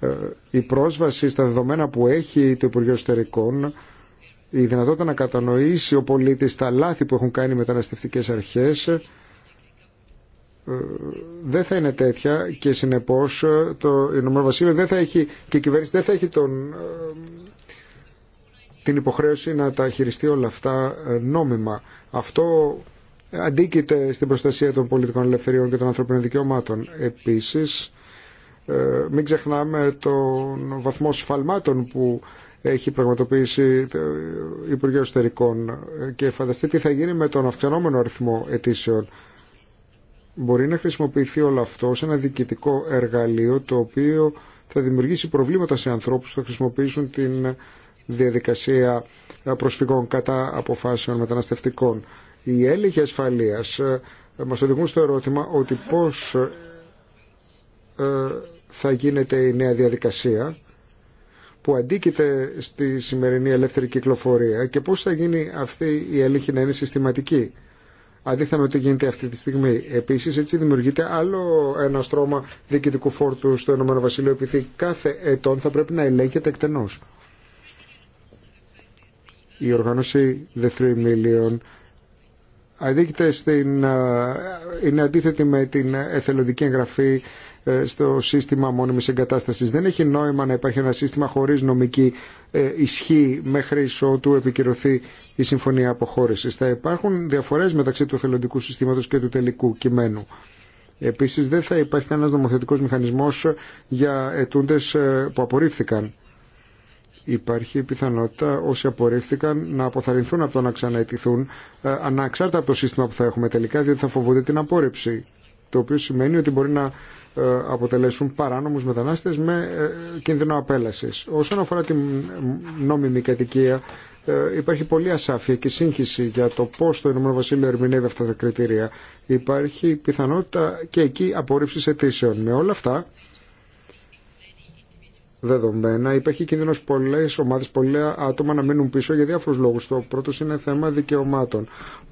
Ε, η πρόσβαση στα δεδομένα που έχει το Υπουργείο Στερικών, η δυνατότητα να κατανοήσει ο πολίτης τα λάθη που έχουν κάνει οι μεταναστευτικές αρχές, ε, δεν θα είναι τέτοια και συνεπώς ε, το Ηνωμένο Βασίλειο δεν θα έχει και η κυβέρνηση δεν θα έχει τον, ε, την υποχρέωση να τα χειριστεί όλα αυτά νόμιμα. Αυτό αντίκειται στην προστασία των πολιτικών ελευθεριών και των ανθρωπίνων δικαιωμάτων. Επίσης, μην ξεχνάμε τον βαθμό σφαλμάτων που έχει πραγματοποιήσει το Υπουργείο Εσωτερικών και φανταστείτε τι θα γίνει με τον αυξανόμενο αριθμό αιτήσεων μπορεί να χρησιμοποιηθεί όλο αυτό σε ένα διοικητικό εργαλείο το οποίο θα δημιουργήσει προβλήματα σε ανθρώπους που θα χρησιμοποιήσουν την διαδικασία προσφυγών κατά αποφάσεων μεταναστευτικών. Οι έλεγχοι ασφαλείας ε, μας οδηγούν στο ερώτημα ότι πώς ε, θα γίνεται η νέα διαδικασία που αντίκειται στη σημερινή ελεύθερη κυκλοφορία και πώς θα γίνει αυτή η έλεγχη να είναι συστηματική αντίθετα με ό,τι γίνεται αυτή τη στιγμή. Επίση, έτσι δημιουργείται άλλο ένα στρώμα διοικητικού φόρτου στο Ηνωμένο Βασίλειο, επειδή κάθε ετών θα πρέπει να ελέγχεται εκτενώ. Η οργάνωση The Three Million στην, ε, είναι αντίθετη με την εθελοντική εγγραφή ε, στο σύστημα μόνιμης εγκατάστασης. Δεν έχει νόημα να υπάρχει ένα σύστημα χωρίς νομική ε, ισχύ μέχρι ότου επικυρωθεί η συμφωνία αποχώρησης. Θα υπάρχουν διαφορές μεταξύ του θελοντικού συστήματος και του τελικού κειμένου. Επίσης δεν θα υπάρχει κανένας νομοθετικός μηχανισμός για ετούντε ε, που απορρίφθηκαν. Υπάρχει πιθανότητα όσοι απορρίφθηκαν να αποθαρρυνθούν από το να ξαναετηθούν αναξάρτητα από το σύστημα που θα έχουμε τελικά διότι θα φοβούνται την απόρριψη. Το οποίο σημαίνει ότι μπορεί να ε, αποτελέσουν παράνομους μετανάστες με ε, κίνδυνο απέλασης. Όσον αφορά την νόμιμη κατοικία ε, υπάρχει πολύ ασάφεια και σύγχυση για το πώς το Ηνωμένο Βασίλειο ερμηνεύει αυτά τα κριτήρια. Υπάρχει πιθανότητα και εκεί απορρίψης αιτήσεων. Με όλα αυτά δεδομένα. Υπάρχει κίνδυνος πολλές ομάδες πολλά άτομα να μείνουν πίσω για διάφορου λόγου. Το πρώτο είναι θέμα δικαιωμάτων.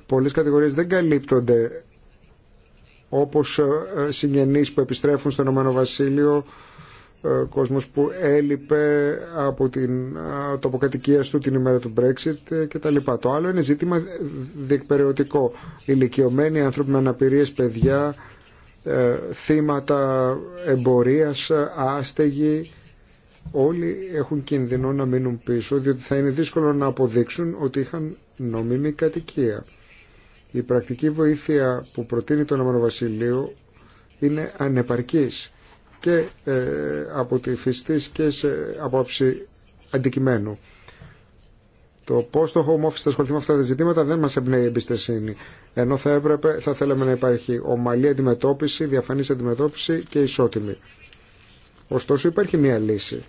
Πολλές κατηγορίε δεν καλύπτονται όπως ε, ε, συγγενείς που επιστρέφουν στο Ηνωμένο Βασίλειο, ε, κόσμος που έλειπε από την τοποκατοικία του την ημέρα του Brexit κτλ. Το άλλο είναι ζήτημα διεκπαιρεωτικό. Ηλικιωμένοι άνθρωποι με αναπηρίες, παιδιά, θύματα εμπορίας, άστεγοι, όλοι έχουν κινδυνό να μείνουν πίσω διότι θα είναι δύσκολο να αποδείξουν ότι είχαν νόμιμη κατοικία. Η πρακτική βοήθεια που προτείνει το όνομα Βασιλείο είναι ανεπαρκής και ε, από τη φυστής και σε απόψη αντικειμένου. Το πώ το Home Office θα ασχοληθεί με αυτά τα ζητήματα δεν μα εμπνέει η εμπιστοσύνη. Ενώ θα έπρεπε, θα θέλαμε να υπάρχει ομαλή αντιμετώπιση, διαφανή αντιμετώπιση και ισότιμη. Ωστόσο υπάρχει μία λύση.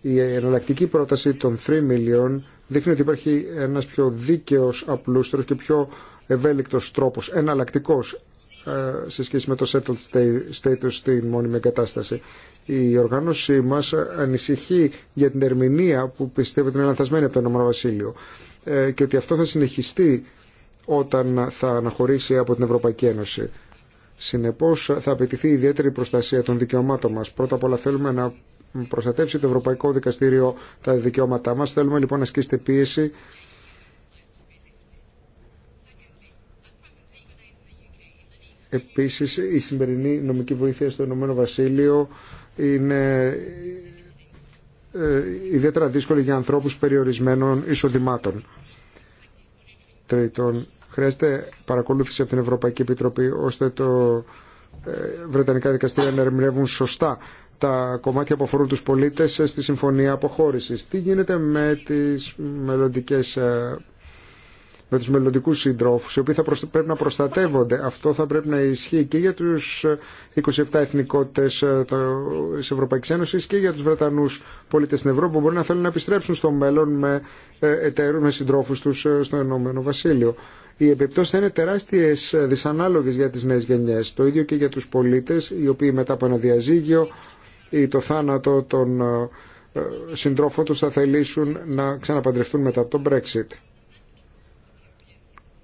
Η εναλλακτική πρόταση των 3 million δείχνει ότι υπάρχει ένα πιο δίκαιο, απλούστερο και πιο ευέλικτος τρόπος, εναλλακτικός ε, σε σχέση με το settled status στην μόνιμη εγκατάσταση. Η οργάνωσή μα ανησυχεί για την ερμηνεία που πιστεύει ότι είναι λανθασμένη από το Ηνωμένο Βασίλειο ε, και ότι αυτό θα συνεχιστεί όταν θα αναχωρήσει από την Ευρωπαϊκή Ένωση. Συνεπώς θα απαιτηθεί ιδιαίτερη προστασία των δικαιωμάτων μα. Πρώτα απ' όλα θέλουμε να προστατεύσει το Ευρωπαϊκό Δικαστήριο τα δικαιώματά μα. Θέλουμε λοιπόν να ασκήσετε πίεση Επίσης, η σημερινή νομική βοήθεια στο Ηνωμένο Βασίλειο είναι ε, ιδιαίτερα δύσκολη για ανθρώπους περιορισμένων εισοδημάτων. Τρίτον, χρειάζεται παρακολούθηση από την Ευρωπαϊκή Επιτροπή ώστε το ε, Βρετανικά δικαστήρια να ερμηνεύουν σωστά τα κομμάτια που αφορούν τους πολίτες στη Συμφωνία Αποχώρησης. Τι γίνεται με τις μελλοντικέ ε, με τους μελλοντικούς συντρόφους, οι οποίοι θα πρέπει να προστατεύονται. Αυτό θα πρέπει να ισχύει και για τους 27 ε, εθνικότητες ε, της Ευρωπαϊκής Ένωσης και για τους Βρετανούς πολίτες στην Ευρώπη που μπορεί να θέλουν να επιστρέψουν στο μέλλον με ε, εταίρου, με συντρόφους τους στο Ενωμένο Βασίλειο. Οι επιπτώσει θα είναι τεράστιε δυσανάλογε για τι νέε γενιέ, Το ίδιο και για του πολίτε, οι οποίοι μετά από ένα διαζύγιο ή το θάνατο των συντρόφων του θα θελήσουν να ξαναπαντρευτούν μετά από τον Brexit.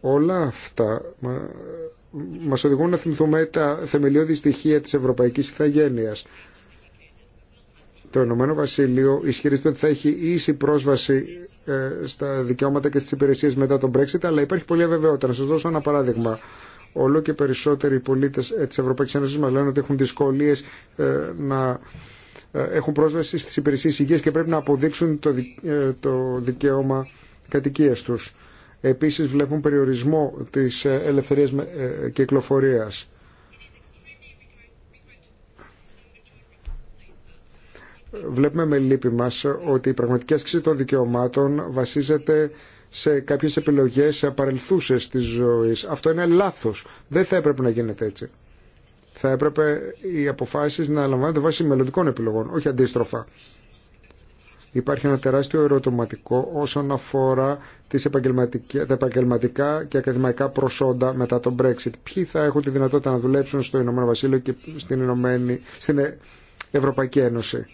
Όλα αυτά μας οδηγούν να θυμηθούμε τα θεμελιώδη στοιχεία της ευρωπαϊκής ηθαγένειας. Το Ηνωμένο Βασίλειο ισχυρίζεται ότι θα έχει ίση πρόσβαση ε, στα δικαιώματα και στις υπηρεσίες μετά τον Brexit, αλλά υπάρχει πολλή αβεβαιότητα. Να σας δώσω ένα παράδειγμα. Όλο και περισσότεροι πολίτες ε, της Ευρωπαϊκής Ένωσης μας λένε ότι έχουν δυσκολίες ε, να έχουν πρόσβαση στις υπηρεσίες υγείας και πρέπει να αποδείξουν το δικαίωμα κατοικίας τους επίσης βλέπουν περιορισμό της ε, ελευθερίας ε, κυκλοφορίας. Βλέπουμε με λύπη μας ότι η πραγματική άσκηση των δικαιωμάτων βασίζεται σε κάποιες επιλογές σε απαρελθούσες της ζωής. Αυτό είναι λάθος. Δεν θα έπρεπε να γίνεται έτσι. Θα έπρεπε οι αποφάσεις να λαμβάνονται βάσει μελλοντικών επιλογών, όχι αντίστροφα. Υπάρχει ένα τεράστιο ερωτηματικό όσον αφορά τις τα επαγγελματικά και ακαδημαϊκά προσόντα μετά τον Brexit. Ποιοι θα έχουν τη δυνατότητα να δουλέψουν στο Ηνωμένο Βασίλειο και στην, Ηνωμένη, στην ε, Ευρωπαϊκή Ένωση.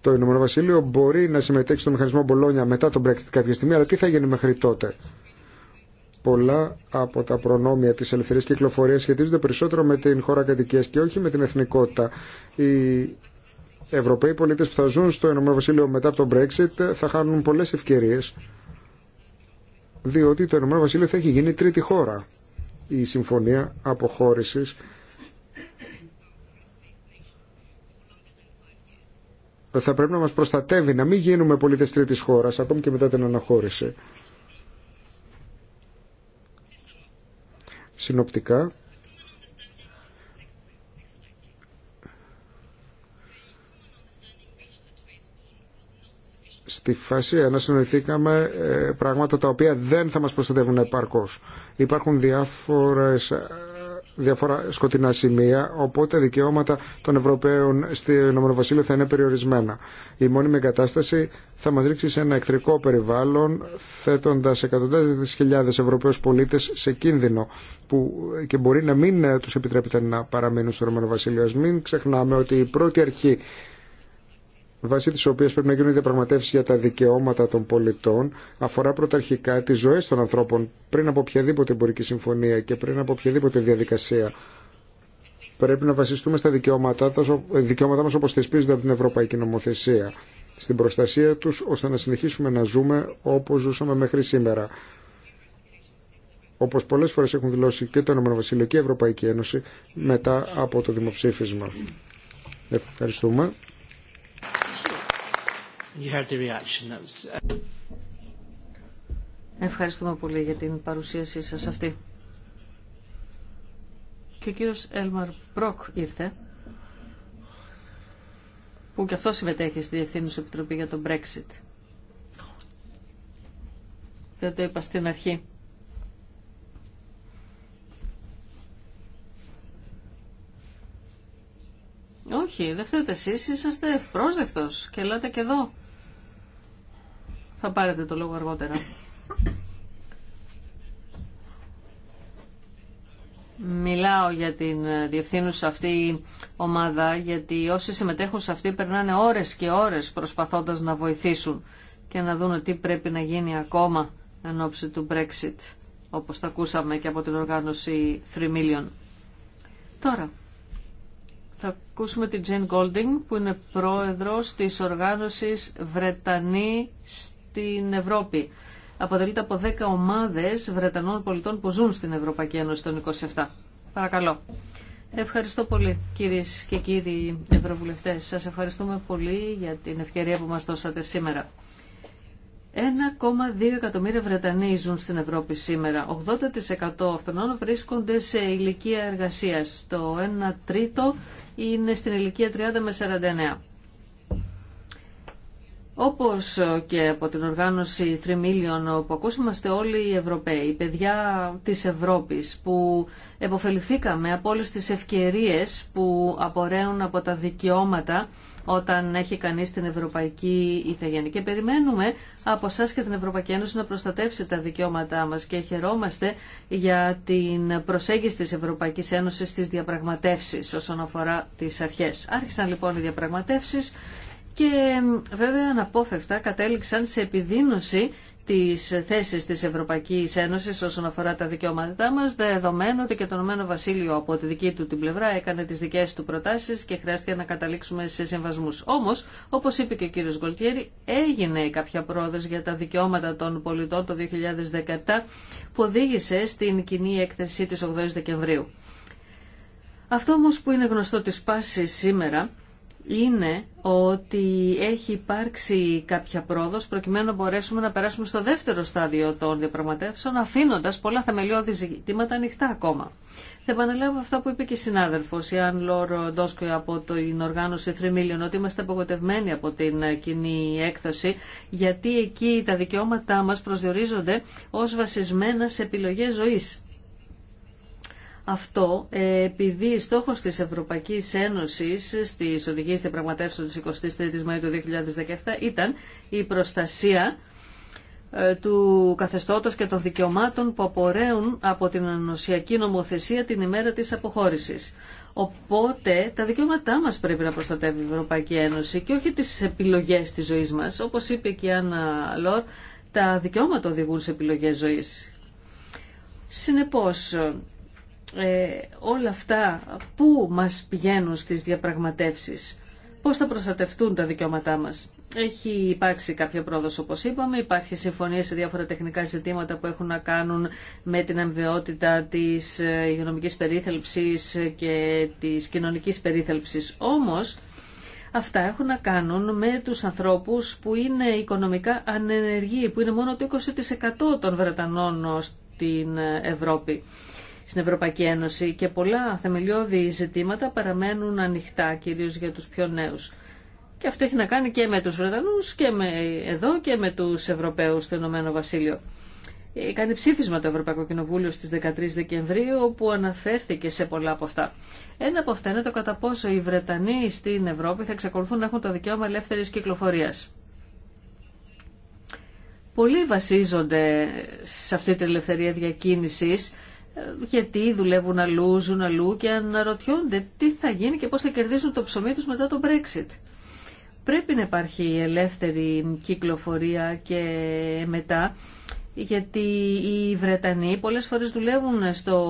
Το Ηνωμένο Βασίλειο μπορεί να συμμετέχει στο μηχανισμό Μπολόνια μετά τον Brexit κάποια στιγμή, αλλά τι θα γίνει μέχρι τότε. Πολλά από τα προνόμια της ελευθερίας κυκλοφορίας σχετίζονται περισσότερο με την χώρα κατοικίας και όχι με την εθνικότητα. Η Ευρωπαίοι πολίτες που θα ζουν στο ΕΒ μετά από τον Brexit θα χάνουν πολλές ευκαιρίες διότι το Ηνωμένο θα έχει γίνει τρίτη χώρα η συμφωνία αποχώρησης θα πρέπει να μας προστατεύει να μην γίνουμε πολίτες τρίτης χώρας ακόμη και μετά την αναχώρηση. Συνοπτικά, στη φάση ανασυνοηθήκαμε ε, πράγματα τα οποία δεν θα μας προστατεύουν επαρκώς. Υπάρχουν διάφορες ε, διάφορα σκοτεινά σημεία, οπότε δικαιώματα των Ευρωπαίων στο Ηνωμένο θα είναι περιορισμένα. Η μόνιμη εγκατάσταση θα μας ρίξει σε ένα εχθρικό περιβάλλον, θέτοντας εκατοντάδες χιλιάδες Ευρωπαίους πολίτες σε κίνδυνο που και μπορεί να μην ε, τους επιτρέπεται να παραμείνουν στο Ρωμανοβασίλειο. Βασίλειο. Μην ξεχνάμε ότι η πρώτη αρχή βάσει της οποίας πρέπει να γίνουν διαπραγματεύσεις για τα δικαιώματα των πολιτών, αφορά πρωταρχικά τις ζωές των ανθρώπων πριν από οποιαδήποτε εμπορική συμφωνία και πριν από οποιαδήποτε διαδικασία. Πρέπει να βασιστούμε στα δικαιώματά, δικαιώματά μας όπως θεσπίζονται από την Ευρωπαϊκή Νομοθεσία, στην προστασία τους ώστε να συνεχίσουμε να ζούμε όπως ζούσαμε μέχρι σήμερα. Όπως πολλές φορές έχουν δηλώσει και το ΕΒ και η Ευρωπαϊκή Ένωση μετά από το δημοψήφισμα. Ευχαριστούμε. Uh, Ευχαριστούμε πολύ για την παρουσίασή σας αυτή. Και ο κύριος Έλμαρ Μπροκ ήρθε, που και αυτό συμμετέχει στη Διευθύνουσα Επιτροπή για τον Brexit. Δεν το είπα στην αρχή. Όχι, δεν φταίτε εσείς, είσαστε ευπρόσδεκτος και ελάτε και εδώ. Θα πάρετε το λόγο αργότερα. Μιλάω για την διευθύνουσα αυτή ομάδα, γιατί όσοι συμμετέχουν σε αυτή περνάνε ώρες και ώρες προσπαθώντας να βοηθήσουν και να δουν τι πρέπει να γίνει ακόμα εν ώψη του Brexit, όπως τα ακούσαμε και από την οργάνωση 3 Million. Τώρα, θα ακούσουμε την Jane Golding, που είναι πρόεδρος της οργάνωσης Βρετανή την Ευρώπη. Αποτελείται από 10 ομάδες Βρετανών πολιτών που ζουν στην Ευρωπαϊκή Ένωση των 27. Παρακαλώ. Ευχαριστώ πολύ κύριε και κύριοι Ευρωβουλευτές. Σας ευχαριστούμε πολύ για την ευκαιρία που μας δώσατε σήμερα. 1,2 εκατομμύρια Βρετανοί ζουν στην Ευρώπη σήμερα. 80% αυτών βρίσκονται σε ηλικία εργασίας. Το 1 τρίτο είναι στην ηλικία 30 με 49. Όπως και από την οργάνωση 3 Million που ακούσαμε όλοι οι Ευρωπαίοι, οι παιδιά της Ευρώπης που εποφεληθήκαμε από όλες τις ευκαιρίες που απορρέουν από τα δικαιώματα όταν έχει κανείς την Ευρωπαϊκή Ιθαγένεια. Και περιμένουμε από εσά και την Ευρωπαϊκή Ένωση να προστατεύσει τα δικαιώματά μας και χαιρόμαστε για την προσέγγιση της Ευρωπαϊκής Ένωσης στις διαπραγματεύσεις όσον αφορά τις αρχές. Άρχισαν λοιπόν οι διαπραγματεύσεις και βέβαια αναπόφευκτα κατέληξαν σε επιδείνωση τις θέσεις της Ευρωπαϊκής Ένωσης όσον αφορά τα δικαιώματά μας, δεδομένου ότι και το Ηνωμένο Βασίλειο από τη δική του την πλευρά έκανε τις δικές του προτάσεις και χρειάστηκε να καταλήξουμε σε συμβασμούς. Όμως, όπως είπε και ο κύριος Γκολτιέρη, έγινε κάποια πρόοδος για τα δικαιώματα των πολιτών το 2017 που οδήγησε στην κοινή έκθεση της 8 Δεκεμβρίου. Αυτό όμως που είναι γνωστό της πάση σήμερα είναι ότι έχει υπάρξει κάποια πρόοδος προκειμένου να μπορέσουμε να περάσουμε στο δεύτερο στάδιο των διαπραγματεύσεων αφήνοντας πολλά θεμελιώδη ζητήματα ανοιχτά ακόμα. Θα επαναλάβω αυτά που είπε και η συνάδελφος, η Αν Λόρ Ντόσκο από την οργάνωση 3 Million, ότι είμαστε απογοτευμένοι από την κοινή έκδοση, γιατί εκεί τα δικαιώματά μας προσδιορίζονται ως βασισμένα σε επιλογές ζωής αυτό ε, επειδή στόχος της Ευρωπαϊκής Ένωσης στις οδηγίες διαπραγματεύσεων της 23ης Μαΐου του 2017 ήταν η προστασία ε, του καθεστώτος και των δικαιωμάτων που απορρέουν από την ενωσιακή νομοθεσία την ημέρα της αποχώρησης. Οπότε τα δικαιώματά μας πρέπει να προστατεύει η Ευρωπαϊκή Ένωση και όχι τις επιλογές της ζωής μας. Όπως είπε και η Άννα Λόρ, τα δικαιώματα οδηγούν σε επιλογές ζωής. Συνεπώς, ε, όλα αυτά πού μας πηγαίνουν στις διαπραγματεύσεις, πώς θα προστατευτούν τα δικαιώματά μας. Έχει υπάρξει κάποια πρόοδος όπως είπαμε, υπάρχει συμφωνία σε διάφορα τεχνικά ζητήματα που έχουν να κάνουν με την αμοιβαιότητα της ε, υγειονομικής περίθαλψης και της κοινωνικής περίθαλψης. Όμως αυτά έχουν να κάνουν με τους ανθρώπους που είναι οικονομικά ανενεργοί, που είναι μόνο το 20% των Βρετανών στην Ευρώπη στην Ευρωπαϊκή Ένωση και πολλά θεμελιώδη ζητήματα παραμένουν ανοιχτά, κυρίως για τους πιο νέους. Και αυτό έχει να κάνει και με τους Βρετανούς και με εδώ και με τους Ευρωπαίους στο Ηνωμένο Βασίλειο. Κάνει ψήφισμα το Ευρωπαϊκό Κοινοβούλιο στις 13 Δεκεμβρίου όπου αναφέρθηκε σε πολλά από αυτά. Ένα από αυτά είναι το κατά πόσο οι Βρετανοί στην Ευρώπη θα εξακολουθούν να έχουν το δικαίωμα ελεύθερη κυκλοφορία. Πολλοί βασίζονται σε αυτή την ελευθερία διακίνηση, γιατί δουλεύουν αλλού, ζουν αλλού και αναρωτιόνται τι θα γίνει και πώς θα κερδίσουν το ψωμί τους μετά το Brexit. Πρέπει να υπάρχει ελεύθερη κυκλοφορία και μετά, γιατί οι Βρετανοί πολλές φορές δουλεύουν στο,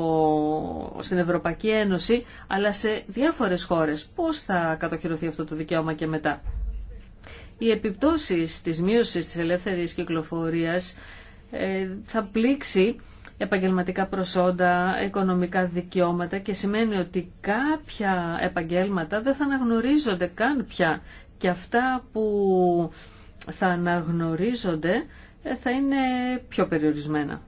στην Ευρωπαϊκή Ένωση, αλλά σε διάφορες χώρες. Πώς θα κατοχυρωθεί αυτό το δικαίωμα και μετά. Οι επιπτώσεις της μείωσης της ελεύθερης κυκλοφορίας ε, θα πλήξει επαγγελματικά προσόντα, οικονομικά δικαιώματα και σημαίνει ότι κάποια επαγγέλματα δεν θα αναγνωρίζονται καν πια και αυτά που θα αναγνωρίζονται ε, θα είναι πιο περιορισμένα.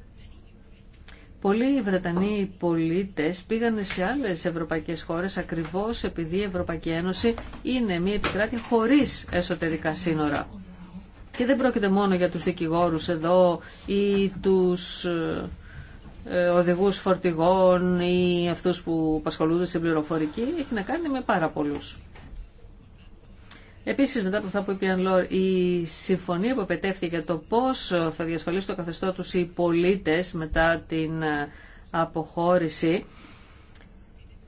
Πολλοί Βρετανοί πολίτες πήγαν σε άλλες ευρωπαϊκές χώρες ακριβώς επειδή η Ευρωπαϊκή Ένωση είναι μια επικράτεια χωρίς εσωτερικά σύνορα. Και δεν πρόκειται μόνο για τους δικηγόρους εδώ ή τους ε, ε, οδηγούς φορτηγών ή αυτούς που απασχολούνται στην πληροφορική έχει να κάνει με πάρα πολλούς. Επίσης μετά από αυτά που είπε η Ανλόρ, η συμφωνία που επετέφθηκε για το πώς θα διασφαλίσει το καθεστώ τους οι πολίτες μετά την ε, αποχώρηση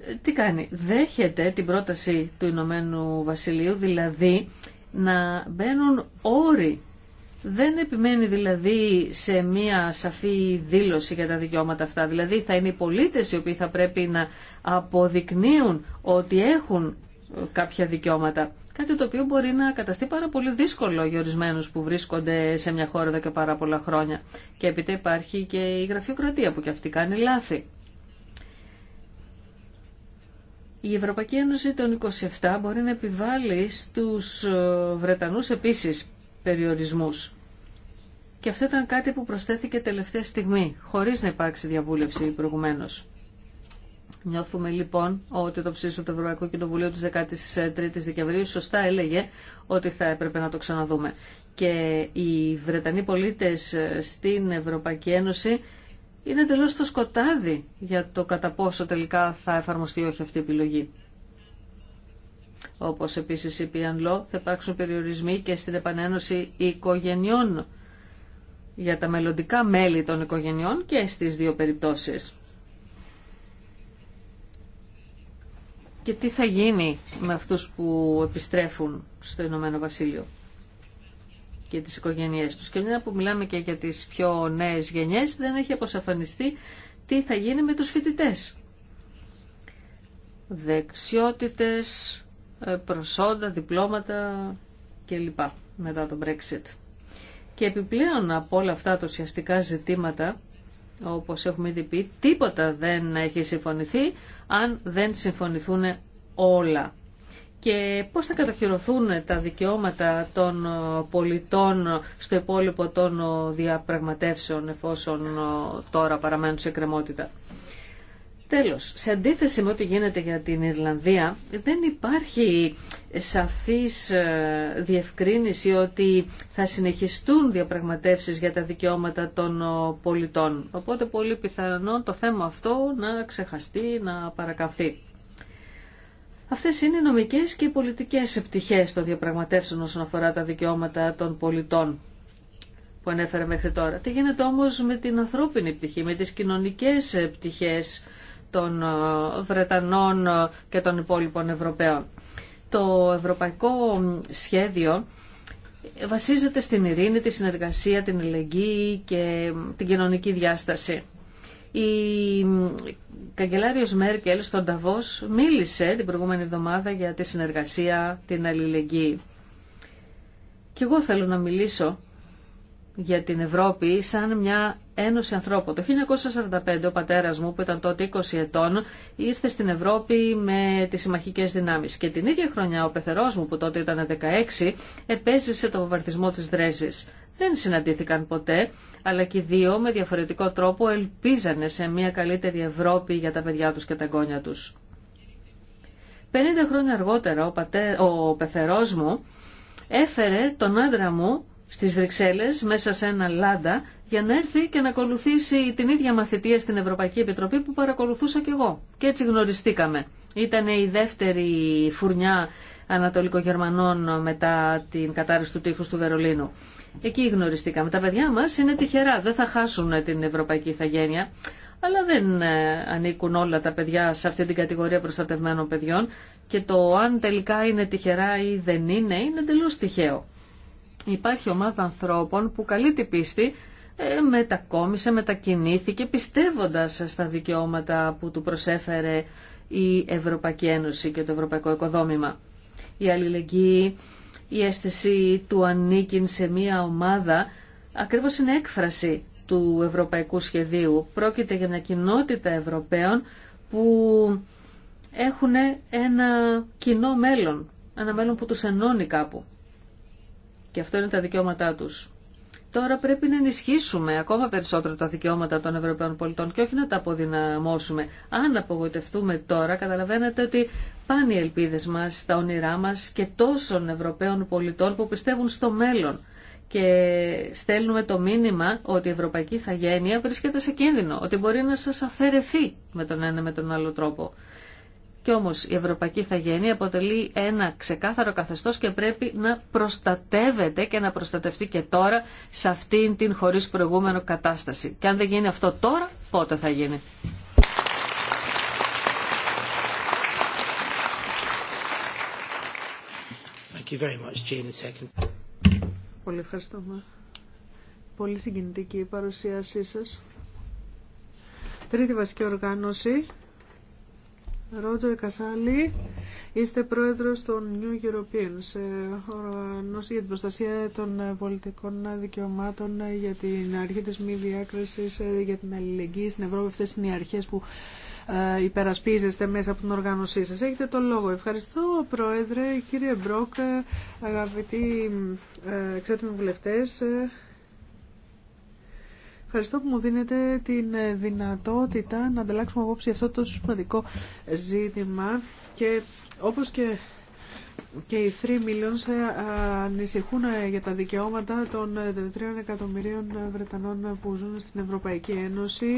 ε, τι κάνει, δέχεται την πρόταση του Ηνωμένου Βασιλείου, δηλαδή να μπαίνουν όροι δεν επιμένει δηλαδή σε μία σαφή δήλωση για τα δικαιώματα αυτά. Δηλαδή θα είναι οι πολίτες οι οποίοι θα πρέπει να αποδεικνύουν ότι έχουν ε, κάποια δικαιώματα. Κάτι το οποίο μπορεί να καταστεί πάρα πολύ δύσκολο για ορισμένου που βρίσκονται σε μια χώρα εδώ και πάρα πολλά χρόνια. Και έπειτα υπάρχει και η γραφειοκρατία που και αυτή κάνει λάθη. Η Ευρωπαϊκή Ένωση των 27 μπορεί να επιβάλλει στους ε, Βρετανούς επίσης περιορισμούς. Και αυτό ήταν κάτι που προσθέθηκε τελευταία στιγμή, χωρίς να υπάρξει διαβούλευση προηγουμένω. Νιώθουμε λοιπόν ότι το ψήφισμα του Ευρωπαϊκού Κοινοβουλίου τη 13η Δεκεμβρίου σωστά έλεγε ότι θα έπρεπε να το ξαναδούμε. Και οι Βρετανοί πολίτε στην Ευρωπαϊκή Ένωση είναι εντελώ στο σκοτάδι για το κατά πόσο τελικά θα εφαρμοστεί όχι αυτή η επιλογή. Όπως επίση είπε η Ανλό, θα υπάρξουν περιορισμοί και στην επανένωση οικογενειών για τα μελλοντικά μέλη των οικογενειών και στις δύο περιπτώσεις. Και τι θα γίνει με αυτούς που επιστρέφουν στο Ηνωμένο Βασίλειο και τις οικογένειές τους. Και μια που μιλάμε και για τις πιο νέες γενιές, δεν έχει αποσαφανιστεί τι θα γίνει με τους φοιτητές. Δεξιότητες, ε, προσόντα, διπλώματα κλπ. μετά το Brexit. Και επιπλέον από όλα αυτά τα ουσιαστικά ζητήματα, όπως έχουμε ήδη πει, τίποτα δεν έχει συμφωνηθεί αν δεν συμφωνηθούν όλα. Και πώς θα κατοχυρωθούν τα δικαιώματα των πολιτών στο υπόλοιπο των διαπραγματεύσεων εφόσον ε, τώρα παραμένουν σε κρεμότητα. Τέλος, σε αντίθεση με ό,τι γίνεται για την Ιρλανδία, δεν υπάρχει σαφής ε, διευκρίνηση ότι θα συνεχιστούν διαπραγματεύσεις για τα δικαιώματα των ε, πολιτών. Οπότε πολύ πιθανόν το θέμα αυτό να ξεχαστεί, να παρακαθεί. Αυτές είναι οι νομικές και οι πολιτικές επιτυχίες των διαπραγματεύσεων όσον αφορά τα δικαιώματα των πολιτών που ανέφερα μέχρι τώρα. Τι γίνεται όμως με την ανθρώπινη πτυχή, με τις κοινωνικές πτυχές των ε, Βρετανών ε, και των υπόλοιπων Ευρωπαίων. Το ευρωπαϊκό σχέδιο βασίζεται στην ειρήνη, τη συνεργασία, την ελεγγύη και την κοινωνική διάσταση. Η καγκελάριος Μέρκελ στον Ταβός μίλησε την προηγούμενη εβδομάδα για τη συνεργασία, την αλληλεγγύη. Και εγώ θέλω να μιλήσω για την Ευρώπη σαν μια ένωση ανθρώπων. Το 1945 ο πατέρας μου που ήταν τότε 20 ετών ήρθε στην Ευρώπη με τις συμμαχικές δυνάμεις και την ίδια χρονιά ο πεθερός μου που τότε ήταν 16 επέζησε το βομβαρδισμό της Δρέζης. Δεν συναντήθηκαν ποτέ, αλλά και οι δύο με διαφορετικό τρόπο ελπίζανε σε μια καλύτερη Ευρώπη για τα παιδιά τους και τα γόνια τους. 50 χρόνια αργότερα ο, πατέ... ο πεθερός μου έφερε τον άντρα μου στις Βρυξέλλες μέσα σε ένα λάντα για να έρθει και να ακολουθήσει την ίδια μαθητεία στην Ευρωπαϊκή Επιτροπή που παρακολουθούσα κι εγώ. Και έτσι γνωριστήκαμε. Ήταν η δεύτερη φουρνιά Ανατολικογερμανών μετά την κατάρρευση του τείχους του Βερολίνου. Εκεί γνωριστήκαμε. Τα παιδιά μας είναι τυχερά, δεν θα χάσουν την ευρωπαϊκή Ιθαγένεια αλλά δεν ε, ανήκουν όλα τα παιδιά σε αυτή την κατηγορία προστατευμένων παιδιών και το αν τελικά είναι τυχερά ή δεν είναι, είναι εντελώ τυχαίο υπάρχει ομάδα ανθρώπων που καλή την πίστη ε, μετακόμισε, μετακινήθηκε πιστεύοντας στα δικαιώματα που του προσέφερε η Ευρωπαϊκή Ένωση και το Ευρωπαϊκό Οικοδόμημα. Η αλληλεγγύη, η αίσθηση του ανήκειν σε μία ομάδα ακριβώς είναι έκφραση του ευρωπαϊκού σχεδίου. Πρόκειται για μια κοινότητα Ευρωπαίων που έχουν ένα κοινό μέλλον, ένα μέλλον που τους ενώνει κάπου. Και αυτό είναι τα δικαιώματά τους. Τώρα πρέπει να ενισχύσουμε ακόμα περισσότερο τα δικαιώματα των Ευρωπαίων πολιτών και όχι να τα αποδυναμώσουμε. Αν απογοητευτούμε τώρα, καταλαβαίνετε ότι πάνε οι ελπίδε μας, τα όνειρά μας και τόσων Ευρωπαίων πολιτών που πιστεύουν στο μέλλον. Και στέλνουμε το μήνυμα ότι η ευρωπαϊκή θαγένεια βρίσκεται σε κίνδυνο, ότι μπορεί να σα αφαιρεθεί με τον ένα με τον άλλο τρόπο. Κι όμως η Ευρωπαϊκή Ιθαγένεια αποτελεί ένα ξεκάθαρο καθεστώς και πρέπει να προστατεύεται και να προστατευτεί και τώρα σε αυτήν την χωρίς προηγούμενο κατάσταση. Και αν δεν γίνει αυτό τώρα, πότε θα γίνει. Πολύ ευχαριστώ. Πολύ συγκινητική η παρουσίασή σας. Τρίτη βασική οργάνωση Ρότζερ Κασάλη, είστε πρόεδρος των New Europeans, ε, οργανώση για την προστασία των ε, πολιτικών δικαιωμάτων, ε, για την αρχή της μη διάκρισης, για την αλληλεγγύη στην Ευρώπη. Αυτές είναι οι αρχές που υπερασπίζεστε μέσα από την οργάνωσή σας. Έχετε το λόγο. Ευχαριστώ, Πρόεδρε, κύριε Μπρόκ, αγαπητοί εξέτοιμοι βουλευτές, Ευχαριστώ που μου δίνετε την ε, δυνατότητα να ανταλλάξουμε απόψη αυτό το σημαντικό ζήτημα και όπως και και οι 3 Millions ε, ανησυχούν ε, για τα δικαιώματα των 3 εκατομμυρίων Βρετανών που ζουν στην Ευρωπαϊκή Ένωση.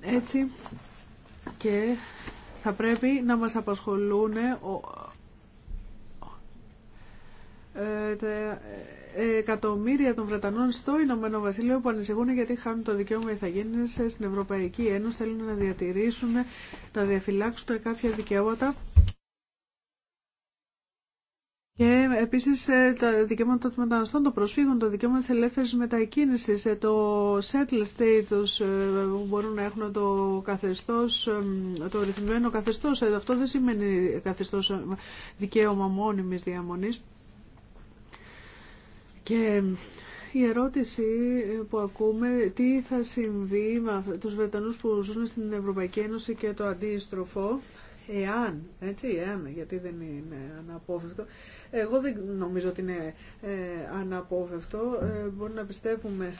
έτσι και θα πρέπει να μας απασχολούν εκατομμύρια των Βρετανών στο Ηνωμένο Βασίλειο που ανησυχούν γιατί χάνουν το δικαίωμα Ιθαγένειες στην Ευρωπαϊκή Ένωση, θέλουν να διατηρήσουν, να διαφυλάξουν κάποια δικαιώματα. Και επίσης ε, τα δικαιώματα των μεταναστών, των προσφύγων, το δικαίωμα τη ελεύθερη μετακίνησης, ε, το settle status ε, που μπορούν να έχουν το καθεστώς, το ρυθμιμένο καθεστώ. Αυτό δεν σημαίνει δικαίωμα μόνιμη διαμονή. Και η ερώτηση που ακούμε, τι θα συμβεί με τους Βρετανούς που ζουν στην Ευρωπαϊκή Ένωση και το αντίστροφο, εάν, έτσι, εάν, γιατί δεν είναι αναπόφευκτο. Εγώ δεν νομίζω ότι είναι ε, αναπόφευκτο, ε, μπορεί να πιστεύουμε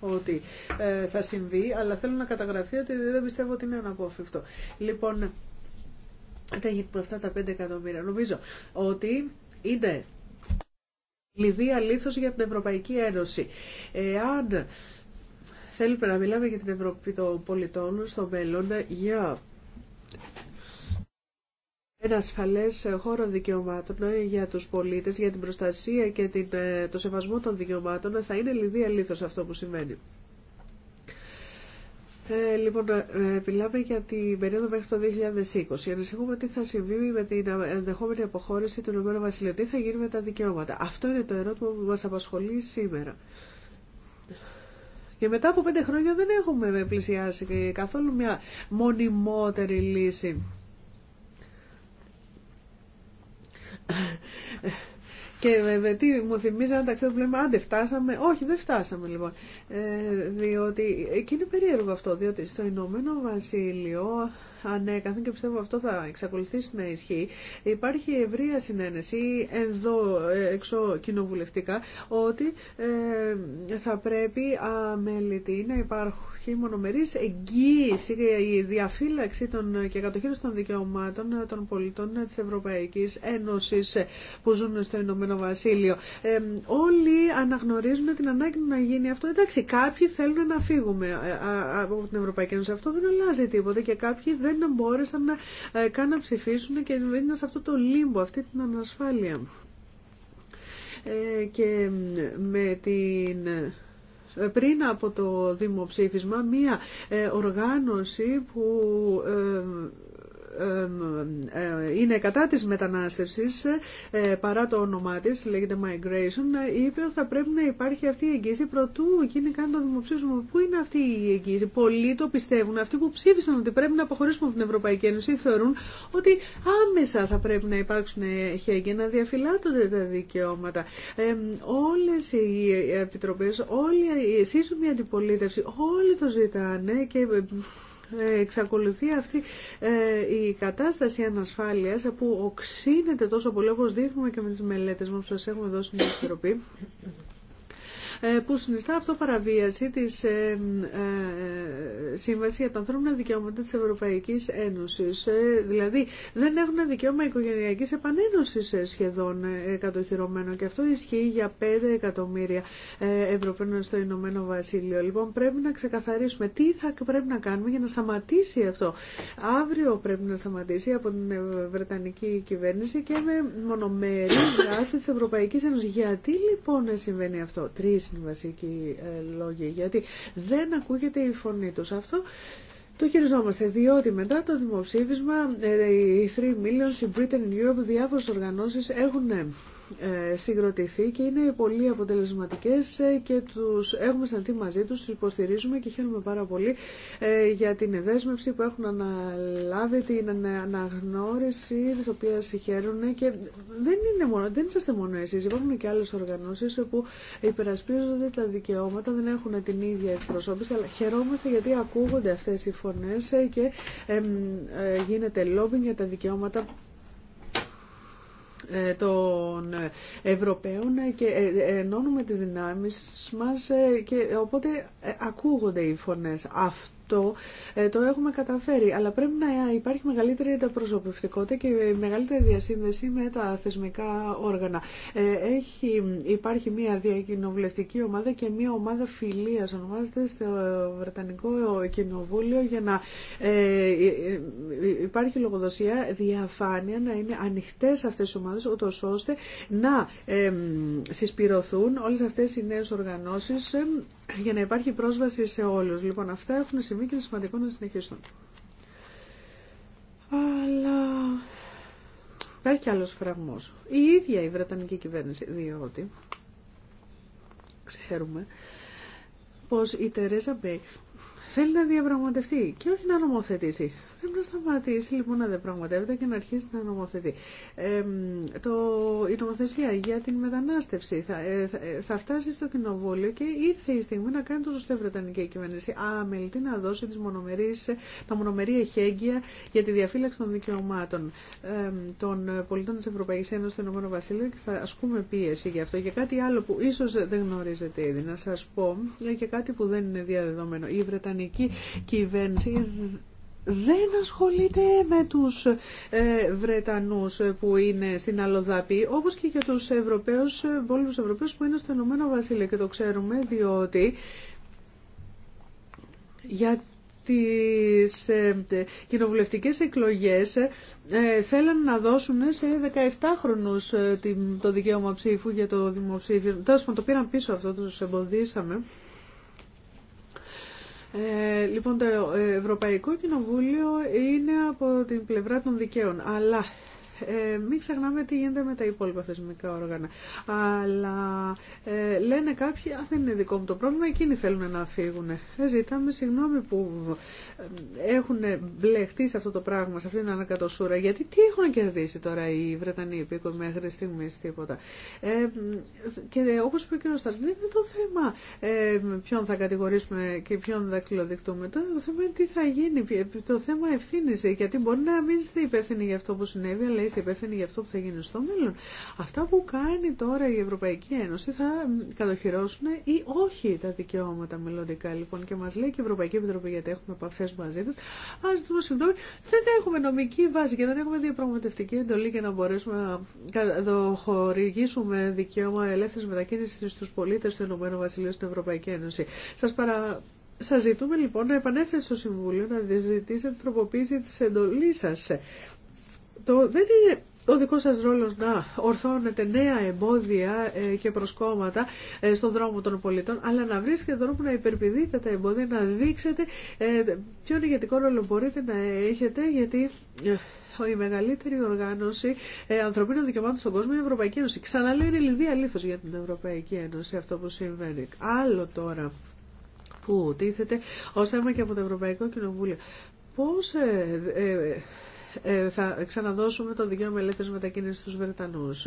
ότι ε, θα συμβεί, αλλά θέλω να καταγραφεί ότι δεν πιστεύω ότι είναι αναπόφευκτο. Λοιπόν, τα αυτά τα 5 εκατομμύρια, νομίζω ότι είναι λιδία αλήθως για την Ευρωπαϊκή Ένωση. Εάν θέλουμε να μιλάμε για την Ευρώπη των πολιτών στο μέλλον για ένα ασφαλές χώρο δικαιωμάτων για τους πολίτες, για την προστασία και ε, το σεβασμό των δικαιωμάτων θα είναι λιδία λίθος αυτό που σημαίνει. Ε, λοιπόν, μιλάμε ε, για την περίοδο μέχρι το 2020. Ανησυχούμε τι θα συμβεί με την ενδεχόμενη αποχώρηση του Ηνωμένου Βασιλείου. Τι θα γίνει με τα δικαιώματα. Αυτό είναι το ερώτημα που μας απασχολεί σήμερα. Και μετά από πέντε χρόνια δεν έχουμε πλησιάσει καθόλου μια μονιμότερη λύση. Και βέβαια ε, ε, τι μου θυμίζει αν τα ξέρω που λέμε άντε φτάσαμε. Όχι δεν φτάσαμε λοιπόν. Ε, διότι ε, και είναι περίεργο αυτό διότι στο Ηνωμένο Βασίλειο ανέκαθεν ναι, και πιστεύω αυτό θα εξακολουθήσει να ισχύει, υπάρχει ευρεία συνένεση εδώ ε, εξω κοινοβουλευτικά ότι ε, θα πρέπει αμελητή να υπάρχει μονομερής εγγύηση για η διαφύλαξη των, και κατοχήρωση των δικαιωμάτων των πολιτών της Ευρωπαϊκής Ένωσης που ζουν στο Ηνωμένο Βασίλειο. Ε, όλοι αναγνωρίζουν την ανάγκη να γίνει αυτό. Εντάξει, κάποιοι θέλουν να φύγουμε από την Ευρωπαϊκή Ένωση. Αυτό δεν αλλάζει τίποτα και κάποιοι δεν δεν μπόρεσαν να, ε, καν να ψηφίσουν και είναι σε αυτό το λίμπο, αυτή την ανασφάλεια. Ε, και με την ε, πριν από το δημοψήφισμα μία οργάνωση που είναι κατά της μετανάστευσης ε, παρά το όνομά της, λέγεται Migration, είπε ότι θα πρέπει να υπάρχει αυτή η εγγύηση προτού εκείνη κάνει το δημοψήφισμα. Πού είναι αυτή η εγγύηση. Πολλοί το πιστεύουν. Αυτοί που ψήφισαν ότι πρέπει να αποχωρήσουμε από την Ευρωπαϊκή Ένωση θεωρούν ότι άμεσα θα πρέπει να υπάρξουν χέγγια, να διαφυλάτονται τα δικαιώματα. Ε, όλες οι επιτροπές, όλοι, η σύσσωμη αντιπολίτευση, όλοι το ζητάνε και εξακολουθεί αυτή ε, η κατάσταση ανασφάλειας που οξύνεται τόσο πολύ όπως δείχνουμε και με τις μελέτες μας που σας έχουμε δώσει την Επιτροπή ε, που συνιστά αυτό παραβίαση της ε, ε, Σύμβαση για τα ανθρώπινα δικαιώματα της Ευρωπαϊκής Ένωσης. Δηλαδή δεν έχουν δικαίωμα οικογενειακής επανένωσης σχεδόν κατοχυρωμένο και αυτό ισχύει για 5 εκατομμύρια Ευρωπαίων στο Ηνωμένο Βασίλειο. Λοιπόν πρέπει να ξεκαθαρίσουμε τι θα πρέπει να κάνουμε για να σταματήσει αυτό. Αύριο πρέπει να σταματήσει από την Βρετανική κυβέρνηση και με μονομερή δράση τη Ευρωπαϊκή Ένωση. Γιατί λοιπόν συμβαίνει αυτό. Τρεις βασική ε, λόγοι, γιατί δεν ακούγεται η φωνή τους. Αυτό το χειριζόμαστε, διότι μετά το δημοψήφισμα ε, οι 3 Millions, in Britain Europe, διάφορες οργανώσεις έχουν ε, συγκροτηθεί και είναι πολύ αποτελεσματικές ε, και τους έχουμε σταθεί μαζί τους, τους υποστηρίζουμε και χαίρομαι πάρα πολύ ε, για την δέσμευση που έχουν αναλάβει, την αναγνώριση της οποίας χαίρουν και δεν, είναι μόνο, δεν είσαστε εσείς, υπάρχουν και άλλες οργανώσεις που υπερασπίζονται τα δικαιώματα, δεν έχουν την ίδια εκπροσώπηση, αλλά χαιρόμαστε γιατί ακούγονται αυτές οι φωνές και γίνεται lobbying για τα δικαιώματα ε, των Ευρωπαίων και ε, ε, ενώνουμε τις δυνάμεις μας και οπότε ακούγονται οι φωνές. αυτού. Ε, το έχουμε καταφέρει. Αλλά πρέπει να υπάρχει μεγαλύτερη ανταπροσωπευτικότητα και μεγαλύτερη διασύνδεση με τα θεσμικά όργανα. Ε, έχει, υπάρχει μια διακοινοβουλευτική ομάδα και μια ομάδα φιλίας ονομάζεται στο Βρετανικό Κοινοβούλιο για να ε, υπάρχει λογοδοσία, διαφάνεια, να είναι ανοιχτές αυτές οι ομάδε, ούτω ώστε να συσπηρωθούν όλε αυτές οι νέες οργανώσεις για να υπάρχει πρόσβαση σε όλους. Λοιπόν, αυτά έχουν συμβεί και είναι σημαντικό να συνεχίσουν. Αλλά υπάρχει κι άλλος φραγμός. Η ίδια η Βρετανική κυβέρνηση, διότι ξέρουμε πως η Τερέζα Μπέι θέλει να διαπραγματευτεί και όχι να νομοθετήσει. Πρέπει να σταματήσει λοιπόν να διαπραγματεύεται και να αρχίσει να νομοθετεί. Ε, το, η νομοθεσία για την μετανάστευση θα, ε, ε, θα, φτάσει στο κοινοβούλιο και ήρθε η στιγμή να κάνει το σωστό Βρετανική κυβέρνηση. Αμελητή να δώσει τις μονομερίες, τα μονομερή εχέγγυα για τη διαφύλαξη των δικαιωμάτων ε, των πολιτών τη Ευρωπαϊκή Ένωση του ΕΒ και θα ασκούμε πίεση γι' αυτό. Για κάτι άλλο που ίσω δεν γνωρίζετε ήδη, να σα πω, ε, και κάτι που δεν είναι διαδεδομένο. Η Βρετανική κυβέρνηση δεν ασχολείται με τους ε, Βρετανούς που είναι στην Αλοδαπή, όπως και για τους Ευρωπαίους, πόλους Ευρωπαίους που είναι στο Ενωμένο Βασίλειο και το ξέρουμε διότι για τις ε, κοινοβουλευτικές εκλογές ε, θέλαν να δώσουν σε 17χρονους ε, το δικαίωμα ψήφου για το δημοψήφιο. Τέλος το πήραν πίσω αυτό, τους εμποδίσαμε. Ε, λοιπόν, το Ευρωπαϊκό Κοινοβούλιο είναι από την πλευρά των δικαίων, αλλά ε, μην ξεχνάμε τι γίνεται με τα υπόλοιπα θεσμικά όργανα. Αλλά ε, λένε κάποιοι, α, δεν είναι δικό μου το πρόβλημα, εκείνοι θέλουν να φύγουν. Ε, ζητάμε συγγνώμη που ε, έχουν μπλεχτεί σε αυτό το πράγμα, σε αυτήν την ανακατοσούρα, γιατί τι έχουν κερδίσει τώρα οι Βρετανοί υπήκοοι μέχρι στιγμή τίποτα. Ε, και όπω είπε ο κ. Σταρ, δεν είναι το θέμα ε, ποιον θα κατηγορήσουμε και ποιον θα κληροδεικτούμε. το θέμα είναι τι θα γίνει, το θέμα ευθύνη, γιατί μπορεί να μην είστε υπεύθυνοι για αυτό που συνέβη, αλλά είστε υπεύθυνοι για αυτό που θα γίνει στο μέλλον. Αυτά που κάνει τώρα η Ευρωπαϊκή Ένωση θα κατοχυρώσουν ή όχι τα δικαιώματα μελλοντικά. Λοιπόν, και μα λέει και η Ευρωπαϊκή Επιτροπή, γιατί έχουμε επαφέ μαζί τη, α ζητούμε συγγνώμη, δεν έχουμε νομική βάση και δεν έχουμε διαπραγματευτική εντολή για να μπορέσουμε να χορηγήσουμε δικαίωμα ελεύθερη μετακίνηση στου πολίτε του Ηνωμένου Βασιλείου στην Ευρωπαϊκή Ένωση. Σα παρα... Σας ζητούμε λοιπόν να επανέλθετε στο Συμβούλιο να διαζητήσετε την τροποποίηση τη εντολή σα. Το, δεν είναι ο δικό σας ρόλος να ορθώνετε νέα εμπόδια ε, και προσκόμματα ε, στον δρόμο των πολιτών, αλλά να βρίσκετε τρόπο να υπερπηδείτε τα εμπόδια, να δείξετε ε, ποιον ηγετικό ρόλο μπορείτε να έχετε, γιατί η μεγαλύτερη οργάνωση ανθρωπίνων δικαιωμάτων στον κόσμο είναι η Ευρωπαϊκή Ένωση. Ξαναλέω, είναι λιδία λίθος για την Ευρωπαϊκή Ένωση αυτό που συμβαίνει. Άλλο τώρα που τίθεται ως θέμα και από το Ευρωπαϊκό Κοινοβούλιο. Πώς ε, θα ξαναδώσουμε το δικαίωμα ελεύθερη μετακίνηση στους Βρετανούς.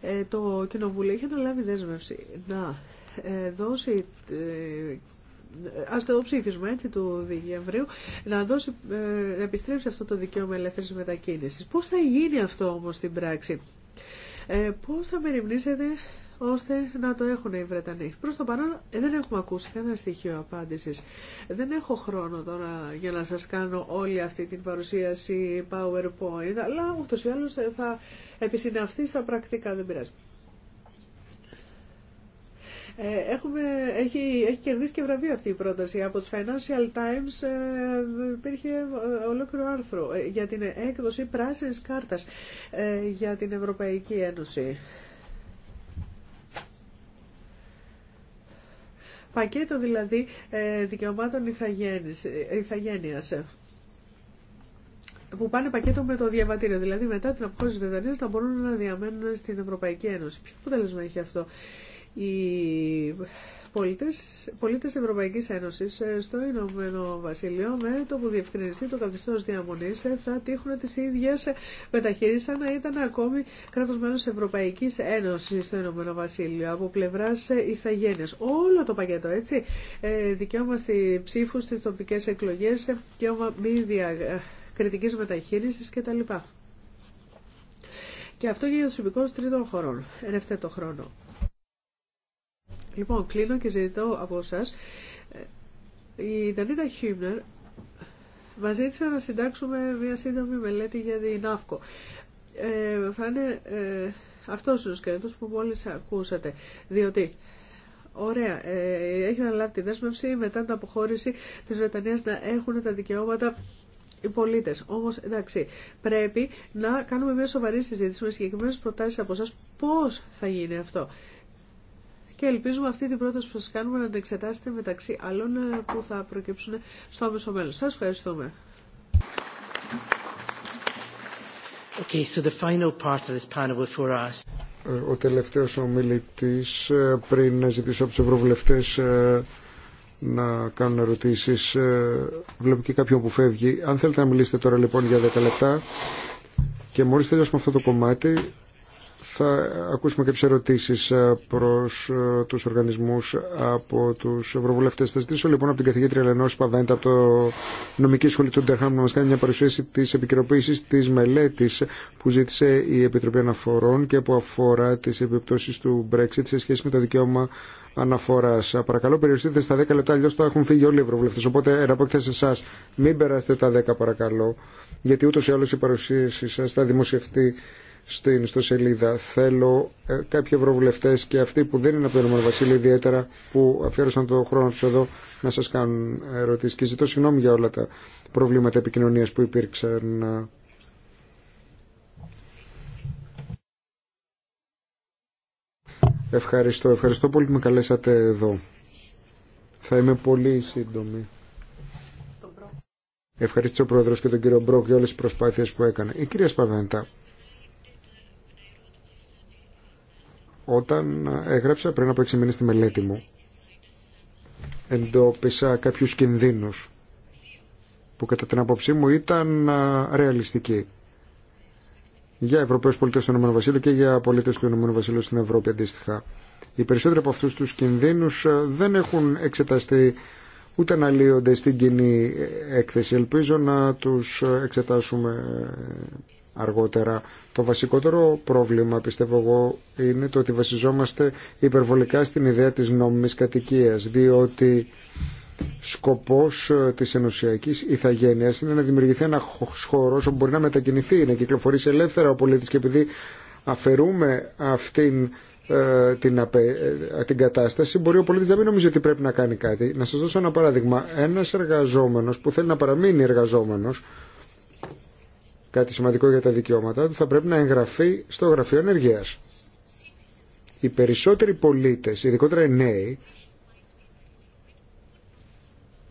Ε, το Κοινοβούλιο έχει αναλάβει δέσμευση να ε, δώσει ας το ψήφισμα έτσι του Δεκεμβρίου να δώσει, επιστρέψει αυτό το δικαίωμα ελεύθερη μετακίνηση. Πώς θα γίνει αυτό όμως στην πράξη. Ε, πώς θα μεριμνήσετε ώστε να το έχουν οι Βρετανοί. Προς το παρόν ε, δεν έχουμε ακούσει κανένα στοιχείο απάντησης. Δεν έχω χρόνο τώρα για να σας κάνω όλη αυτή την παρουσίαση PowerPoint, αλλά ούτως ή άλλως ε, θα επισυναυθεί στα πρακτικά, πειράζει. Ε, έχουμε, έχει, έχει κερδίσει και βραβείο αυτή η αλλω θα επισυναυθει στα πρακτικα δεν πειραζει εχουμε εχει Από τους Financial Times ε, υπήρχε ε, ολόκληρο άρθρο για την έκδοση πράσινης κάρτας για την Ευρωπαϊκή Ένωση. Πακέτο δηλαδή ε, δικαιωμάτων ηθαγένειας ε, που πάνε πακέτο με το διαβατήριο. Δηλαδή μετά την αποχώρηση της Βρετανία θα μπορούν να διαμένουν στην Ευρωπαϊκή Ένωση. Ποιο αποτέλεσμα έχει αυτό. Η πολίτες, πολίτες Ευρωπαϊκής Ένωσης ε, στο Ηνωμένο Βασίλειο με το που διευκρινιστεί το καθεστώς διαμονής ε, θα τύχουν τις ίδιες μεταχειρήσεις σαν να ήταν ακόμη κράτος μέλος Ευρωπαϊκής Ένωσης στο Ηνωμένο Βασίλειο από πλευράς ε, ηθαγένειας. Όλο το πακέτο έτσι, δικαίωμα στη ψήφου, στις τοπικές εκλογές, δικαίωμα μη διακριτικής μεταχείρισης κτλ. Και αυτό για τους υπηκόρους τρίτων χωρών, εν χρόνο. Λοιπόν, κλείνω και ζητώ από εσά. Η Ντανίτα Χίμνερ μα ζήτησε να συντάξουμε μια σύντομη μελέτη για την ΑΦΚΟ. Ε, θα είναι ε, αυτός ο σκέντος που μόλι ακούσατε. Διότι Ωραία. Ε, έχει αναλάβει τη δέσμευση μετά την αποχώρηση της Βρετανία να έχουν τα δικαιώματα οι πολίτες. Όμως, εντάξει, πρέπει να κάνουμε μια σοβαρή συζήτηση με συγκεκριμένες προτάσεις από εσάς πώς θα γίνει αυτό και ελπίζουμε αυτή την πρόταση που σα κάνουμε να την εξετάσετε μεταξύ άλλων ε, που θα προκύψουν στο άμεσο μέλλον. Σας ευχαριστούμε. Okay, so the final part of this panel before us. Ε, ο τελευταίος ομιλητής ε, πριν να ζητήσω από τους ευρωβουλευτές να κάνουν ερωτήσεις βλέπω και κάποιον που φεύγει αν θέλετε να μιλήσετε τώρα λοιπόν για 10 λεπτά και μόλις τελειώσουμε αυτό το κομμάτι θα ακούσουμε και ερωτήσεις ε, προς ε, τους οργανισμούς από τους ευρωβουλευτές. Θα ζητήσω λοιπόν από την καθηγήτρια Λενό, Παβέντα από το νομική σχολή του Ντερχάμ να μας κάνει μια παρουσίαση της επικαιροποίησης της μελέτης που ζήτησε η Επιτροπή Αναφορών και που αφορά τις επιπτώσεις του Brexit σε σχέση με το δικαίωμα αναφορά. Παρακαλώ, περιοριστείτε στα 10 λεπτά, αλλιώ θα έχουν φύγει όλοι οι ευρωβουλευτέ. Οπότε, εναπόκειται σε εσά, μην περάσετε τα 10 παρακαλώ, γιατί ούτω ή άλλω η παρουσίαση σα θα δημοσιευτεί στην ιστοσελίδα. Θέλω ε, κάποιοι ευρωβουλευτέ και αυτοί που δεν είναι από το Ηνωμένο Βασίλειο, ιδιαίτερα που αφιέρωσαν το χρόνο του εδώ, να σα κάνουν ερωτήσει. Και ζητώ συγγνώμη για όλα τα προβλήματα επικοινωνία που υπήρξαν. Ευχαριστώ. Ευχαριστώ πολύ που με καλέσατε εδώ. Θα είμαι πολύ σύντομη. Ευχαριστώ ο Πρόεδρος και τον κύριο Μπρόκ για όλες τις προσπάθειες που έκανε. Η κυρία Σπαβέντα, Όταν έγραψα πριν από έξι μήνες τη μελέτη μου, εντόπισα κάποιους κινδύνους που κατά την απόψή μου ήταν ρεαλιστικοί για Ευρωπαίους πολίτες του ΕΒ και για πολίτες του ΕΒ στην Ευρώπη αντίστοιχα. Οι περισσότεροι από αυτούς τους κινδύνους δεν έχουν εξεταστεί ούτε αναλύονται στην κοινή έκθεση. Ελπίζω να τους εξετάσουμε αργότερα. Το βασικότερο πρόβλημα, πιστεύω εγώ, είναι το ότι βασιζόμαστε υπερβολικά στην ιδέα της νόμιμης κατοικίας, διότι σκοπός ε, της ενωσιακής ηθαγένειας είναι να δημιουργηθεί ένα χώρο όπου μπορεί να μετακινηθεί, να κυκλοφορήσει ελεύθερα ο πολίτης και επειδή αφαιρούμε αυτήν ε, την, ε, την κατάσταση, μπορεί ο πολίτης να μην νομίζει ότι πρέπει να κάνει κάτι. Να σα δώσω ένα παράδειγμα. Ένας εργαζόμενος που θέλει να παραμείνει εργαζόμενο κάτι σημαντικό για τα δικαιώματά του, θα πρέπει να εγγραφεί στο Γραφείο ενεργεια. Οι περισσότεροι πολίτες, ειδικότερα οι νέοι,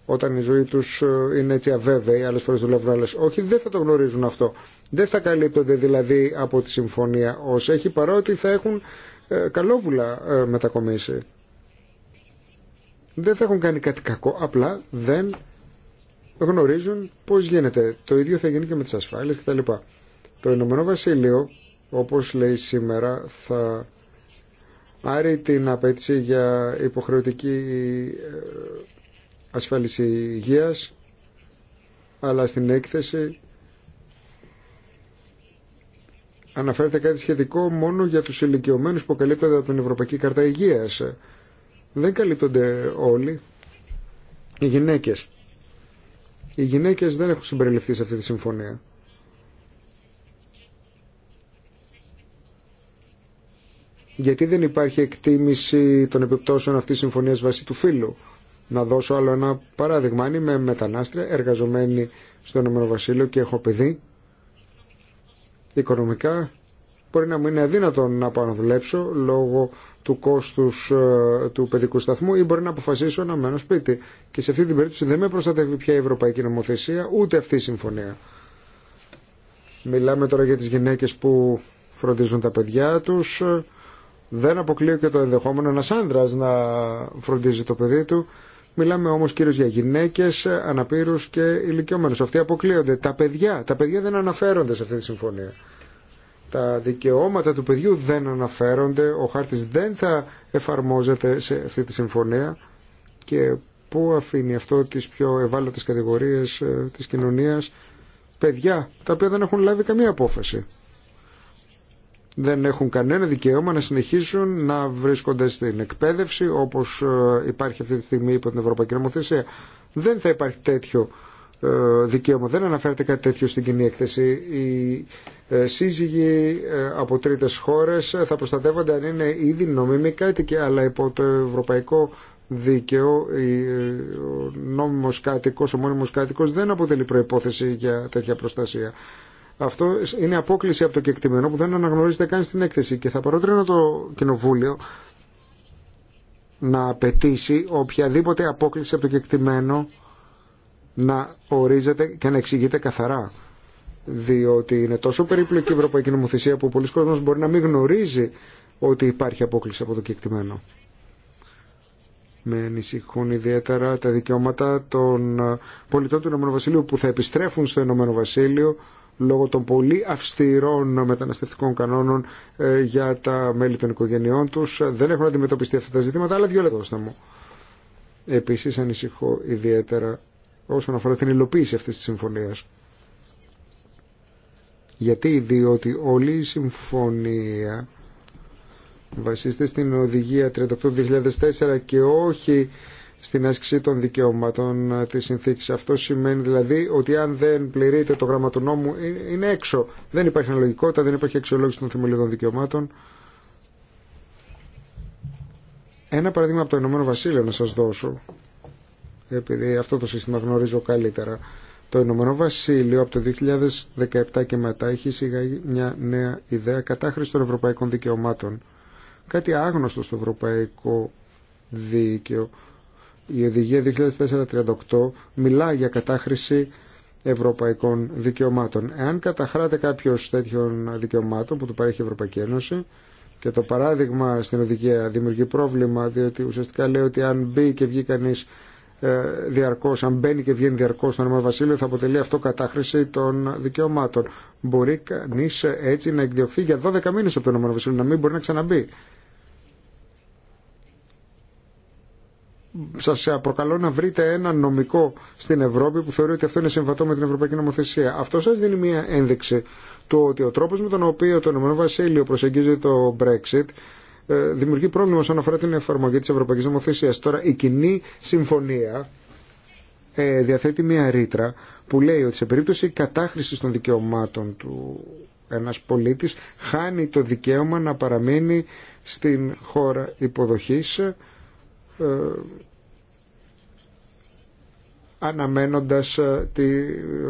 όταν η ζωή τους ε, είναι έτσι αβέβαιη, άλλες φορές δουλεύουν, άλλες όχι, δεν θα το γνωρίζουν αυτό. Δεν θα καλύπτονται δηλαδή από τη συμφωνία ως έχει, παρότι θα έχουν ε, καλόβουλα ε, μετακομίσει. Δεν θα έχουν κάνει κάτι κακό, απλά δεν γνωρίζουν πώς γίνεται. Το ίδιο θα γίνει και με τις ασφάλειες κτλ. Το Ηνωμένο Βασίλειο, όπως λέει σήμερα, θα άρει την απέτηση για υποχρεωτική ε, ασφάλιση υγείας, αλλά στην έκθεση αναφέρεται κάτι σχετικό μόνο για τους ηλικιωμένους που καλύπτονται από την Ευρωπαϊκή Καρτά Υγείας. Δεν καλύπτονται όλοι οι γυναίκες. Οι γυναίκες δεν έχουν συμπεριληφθεί σε αυτή τη συμφωνία. Γιατί δεν υπάρχει εκτίμηση των επιπτώσεων αυτής της συμφωνίας βάσει του φύλου. Να δώσω άλλο ένα παράδειγμα. Αν είμαι μετανάστρια, εργαζομένη στο Ηνωμένο Βασίλειο και έχω παιδί, οικονομικά μπορεί να μου είναι αδύνατο να πάω να δουλέψω λόγω του κόστους ε, του παιδικού σταθμού ή μπορεί να αποφασίσω να μένω σπίτι. Και σε αυτή την περίπτωση δεν με προστατεύει πια η Ευρωπαϊκή Νομοθεσία ούτε αυτή η συμφωνία. Μιλάμε τώρα για τι γυναίκε που φροντίζουν τα παιδιά του, Δεν αποκλείω και το ενδεχόμενο ένα άντρα να φροντίζει το παιδί του. Μιλάμε όμω κυρίω για γυναίκε, αναπήρου και ηλικιωμένου. Αυτοί αποκλείονται. Τα παιδιά, τα παιδιά δεν αναφέρονται σε αυτή τη συμφωνία τα δικαιώματα του παιδιού δεν αναφέρονται, ο χάρτης δεν θα εφαρμόζεται σε αυτή τη συμφωνία και πού αφήνει αυτό τις πιο ευάλωτες κατηγορίες ε, της κοινωνίας, παιδιά τα οποία δεν έχουν λάβει καμία απόφαση. Δεν έχουν κανένα δικαίωμα να συνεχίσουν να βρίσκονται στην εκπαίδευση όπως ε, υπάρχει αυτή τη στιγμή υπό την Ευρωπαϊκή Νομοθεσία. Δεν θα υπάρχει τέτοιο ε, δικαίωμα. Δεν αναφέρεται κάτι τέτοιο στην κοινή έκθεση. Οι ε, σύζυγοι ε, από τρίτες χώρες θα προστατεύονται αν είναι ήδη νομίμοι κάτοικοι, αλλά υπό το ευρωπαϊκό δίκαιο ο νόμιμος κάτοικος, ο μόνιμος κάτοικος δεν αποτελεί προϋπόθεση για τέτοια προστασία. Αυτό είναι απόκληση από το κεκτημένο που δεν αναγνωρίζεται καν στην έκθεση και θα παρότρινα το Κοινοβούλιο να απαιτήσει οποιαδήποτε απόκληση από το κεκτημένο να ορίζεται και να εξηγείται καθαρά. Διότι είναι τόσο περίπλοκη η Ευρωπαϊκή Νομοθεσία που πολλοί κόσμος μπορεί να μην γνωρίζει ότι υπάρχει απόκληση από το κεκτημένο. Με ανησυχούν ιδιαίτερα τα δικαιώματα των πολιτών του Ηνωμένου Βασιλείου που θα επιστρέφουν στο Ηνωμένο Βασίλειο λόγω των πολύ αυστηρών μεταναστευτικών κανόνων ε, για τα μέλη των οικογενειών τους. Δεν έχουν αντιμετωπιστεί αυτά τα ζητήματα, αλλά δύο λεπτά μου. Επίση ανησυχώ ιδιαίτερα όσον αφορά την υλοποίηση αυτής της συμφωνίας. Γιατί, διότι όλη η συμφωνία βασίζεται στην οδηγία 38-2004 και όχι στην άσκηση των δικαιωμάτων της συνθήκης. Αυτό σημαίνει δηλαδή ότι αν δεν πληρείται το γράμμα του νόμου είναι έξω. Δεν υπάρχει αναλογικότητα, δεν υπάρχει αξιολόγηση των θεμελιωδών δικαιωμάτων. Ένα παραδείγμα από το Ηνωμένο Βασίλειο να σας δώσω επειδή αυτό το σύστημα γνωρίζω καλύτερα. Το Ηνωμένο Βασίλειο από το 2017 και μετά έχει εισηγαγεί μια νέα ιδέα κατάχρηση των ευρωπαϊκών δικαιωμάτων. Κάτι άγνωστο στο ευρωπαϊκό δίκαιο. Η οδηγια 2438 μιλά για κατάχρηση ευρωπαϊκών δικαιωμάτων. Εάν καταχράται κάποιο τέτοιων δικαιωμάτων που του παρέχει η Ευρωπαϊκή Ένωση, και το παράδειγμα στην οδηγία δημιουργεί πρόβλημα, διότι ουσιαστικά λέει ότι αν μπει και βγει κανεί ε, διαρκώ, αν μπαίνει και βγαίνει διαρκώ στο όνομα Βασίλειο, θα αποτελεί αυτό κατάχρηση των δικαιωμάτων. Μπορεί κανεί ε, έτσι να εκδιωχθεί για 12 μήνε από το όνομα Βασίλειο, να μην μπορεί να ξαναμπεί. Σα ε, προκαλώ να βρείτε ένα νομικό στην Ευρώπη που θεωρεί ότι αυτό είναι συμβατό με την Ευρωπαϊκή Νομοθεσία. Αυτό σα δίνει μία ένδειξη του ότι ο τρόπο με τον οποίο το Ηνωμένο Βασίλειο προσεγγίζει το Brexit ε, δημιουργεί πρόβλημα όσον αφορά την εφαρμογή της Ευρωπαϊκής Νομοθεσίας. Τώρα η κοινή συμφωνία ε, διαθέτει μια ρήτρα που λέει ότι σε περίπτωση κατάχρησης των δικαιωμάτων του ένας πολίτης χάνει το δικαίωμα να παραμείνει στην χώρα υποδοχής ε, αναμένοντας ε, το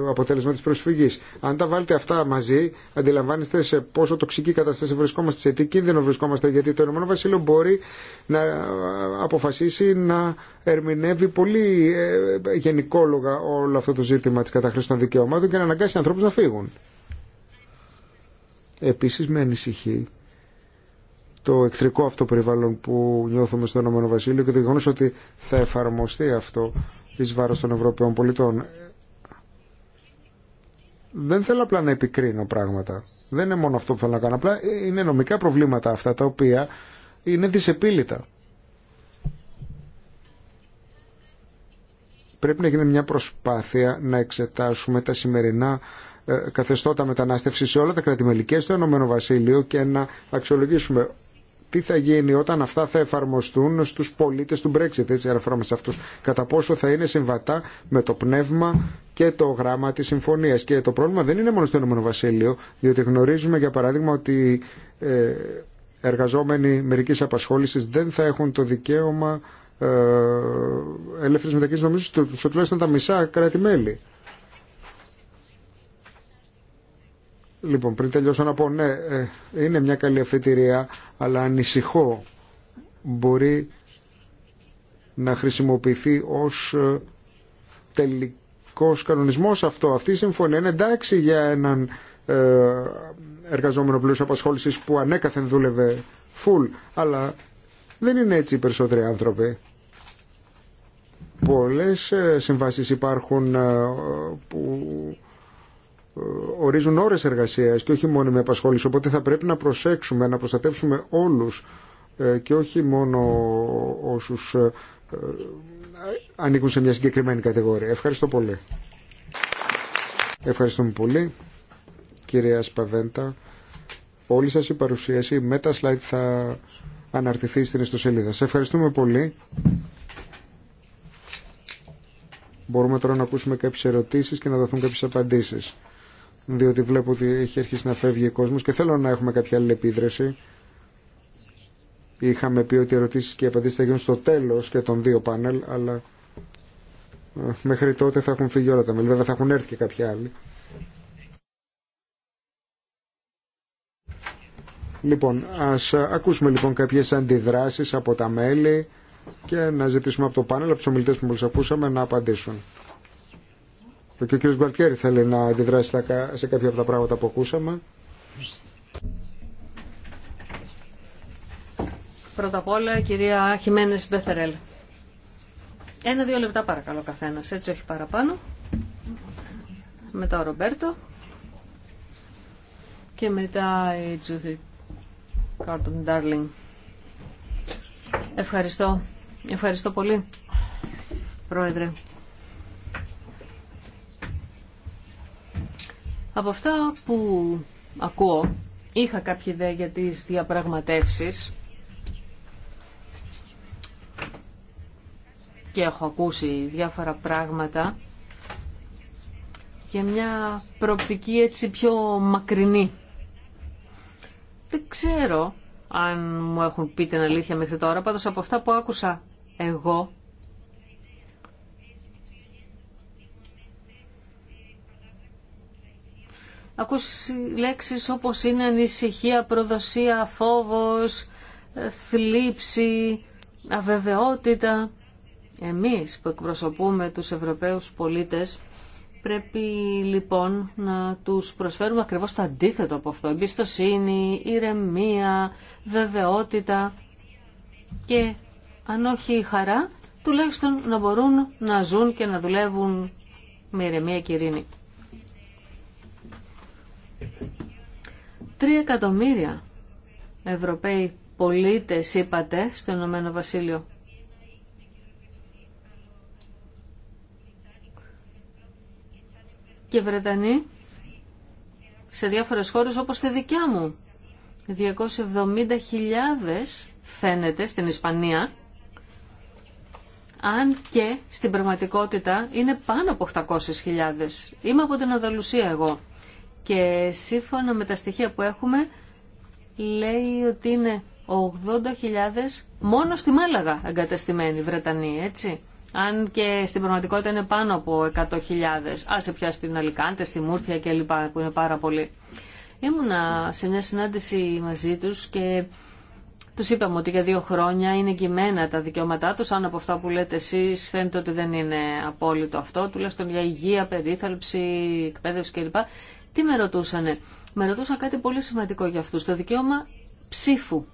αποτέλεσμα της προσφυγής. Αν τα βάλετε αυτά μαζί, αντιλαμβάνεστε σε πόσο τοξική κατάσταση βρισκόμαστε, σε τι κίνδυνο βρισκόμαστε, γιατί το Ηνωμένο μπορεί να ε, αποφασίσει να ερμηνεύει πολύ ε, γενικόλογα όλο αυτό το ζήτημα της καταχρήσης των δικαιωμάτων και να αναγκάσει ανθρώπους να φύγουν. Επίσης με ανησυχεί το εχθρικό αυτό περιβάλλον που νιώθουμε στο Ηνωμένο και το γεγονό ότι θα εφαρμοστεί αυτό εις βάρος των Ευρωπαίων πολιτών. Δεν θέλω απλά να επικρίνω πράγματα. Δεν είναι μόνο αυτό που θέλω να κάνω. Απλά είναι νομικά προβλήματα αυτά τα οποία είναι δυσεπίλητα. Πρέπει να γίνει μια προσπάθεια να εξετάσουμε τα σημερινά ε, καθεστώτα μετανάστευση σε όλα τα κρατημελικές στο Ηνωμένο Βασίλειο και να αξιολογήσουμε τι θα γίνει όταν αυτά θα εφαρμοστούν στους πολίτες του Brexit, έτσι αναφέρομαι σε αυτούς, κατά πόσο θα είναι συμβατά με το πνεύμα και το γράμμα της συμφωνίας. Και το πρόβλημα δεν είναι μόνο στο Ηνωμένο Βασίλειο, διότι γνωρίζουμε για παράδειγμα ότι ε, εργαζόμενοι μερικής απασχόλησης δεν θα έχουν το δικαίωμα ε, ελεύθερης μετακίνησης νομίζω στο τουλάχιστον τα μισά κράτη-μέλη. Λοιπόν, πριν τελειώσω να πω, ναι, ε, είναι μια καλή αφετηρία, αλλά ανησυχώ μπορεί να χρησιμοποιηθεί ως ε, τελικός κανονισμός αυτό. Αυτή η συμφωνία είναι εντάξει για έναν ε, εργαζόμενο πλούσιο απασχόλησης που ανέκαθεν δούλευε full, αλλά δεν είναι έτσι οι περισσότεροι άνθρωποι. Πολλές συμβάσεις υπάρχουν που ορίζουν ώρες εργασίας και όχι μόνο με απασχόληση. Οπότε θα πρέπει να προσέξουμε, να προστατεύσουμε όλους ε, και όχι μόνο όσους ε, ε, ανήκουν σε μια συγκεκριμένη κατηγορία. Ευχαριστώ πολύ. Ευχαριστούμε πολύ, κυρία Σπαβέντα. Όλη σας η παρουσίαση με τα slide θα αναρτηθεί στην ιστοσελίδα. Σε ευχαριστούμε πολύ. Μπορούμε τώρα να ακούσουμε κάποιες ερωτήσεις και να δοθούν κάποιες απαντήσεις διότι βλέπω ότι έχει αρχίσει να φεύγει ο κόσμος και θέλω να έχουμε κάποια άλλη επίδραση. Είχαμε πει ότι οι ερωτήσεις και οι απαντήσεις θα γίνουν στο τέλος και των δύο πάνελ, αλλά ε, μέχρι τότε θα έχουν φύγει όλα τα μέλη. Βέβαια θα έχουν έρθει και κάποια άλλη. Λοιπόν, ας ε, ακούσουμε λοιπόν κάποιες αντιδράσεις από τα μέλη και να ζητήσουμε από το πάνελ, από τους ομιλητές που μόλις ακούσαμε, να απαντήσουν. Και ο κ. Γκουαλτιέρη θέλει να αντιδράσει σε κάποια από τα πράγματα που ακούσαμε. Πρώτα απ' όλα, κυρία Χιμένες Μπεθερέλ. Ένα-δύο λεπτά παρακαλώ καθένας, έτσι όχι παραπάνω. Μετά ο Ρομπέρτο. Και μετά η Τζούθι Κάρτον Ντάρλινγκ. Ευχαριστώ. Ευχαριστώ πολύ, Πρόεδρε. Από αυτά που ακούω, είχα κάποια ιδέα για τις διαπραγματεύσεις και έχω ακούσει διάφορα πράγματα και μια προοπτική έτσι πιο μακρινή. Δεν ξέρω αν μου έχουν πει την αλήθεια μέχρι τώρα, πάντως από αυτά που άκουσα εγώ ακούσει λέξεις όπως είναι ανησυχία, προδοσία, φόβος, ε, θλίψη, αβεβαιότητα. Εμείς που εκπροσωπούμε τους Ευρωπαίους πολίτες πρέπει λοιπόν να τους προσφέρουμε ακριβώς το αντίθετο από αυτό. Εμπιστοσύνη, ηρεμία, βεβαιότητα και αν όχι χαρά, τουλάχιστον να μπορούν να ζουν και να δουλεύουν με ηρεμία και ειρήνη. Τρία εκατομμύρια Ευρωπαίοι πολίτες είπατε στο Ηνωμένο Βασίλειο. Και Βρετανοί σε διάφορες χώρες όπως τη δικιά μου. 270.000 φαίνεται στην Ισπανία, αν και στην πραγματικότητα είναι πάνω από 800.000. Είμαι από την Ανδαλουσία εγώ και σύμφωνα με τα στοιχεία που έχουμε λέει ότι είναι 80.000 μόνο στη Μάλαγα εγκαταστημένοι Βρετανοί, έτσι. Αν και στην πραγματικότητα είναι πάνω από 100.000. Άσε πια στην Αλικάντε, στη Μούρθια κλπ. που είναι πάρα πολύ. Ήμουνα σε μια συνάντηση μαζί του και τους είπαμε ότι για δύο χρόνια είναι κειμένα τα δικαιώματά του, Αν από αυτά που λέτε εσεί φαίνεται ότι δεν είναι απόλυτο αυτό, τουλάχιστον για υγεία, περίθαλψη, εκπαίδευση κλπ. Τι με ρωτούσανε. Με ρωτούσαν κάτι πολύ σημαντικό για αυτούς. Το δικαίωμα ψήφου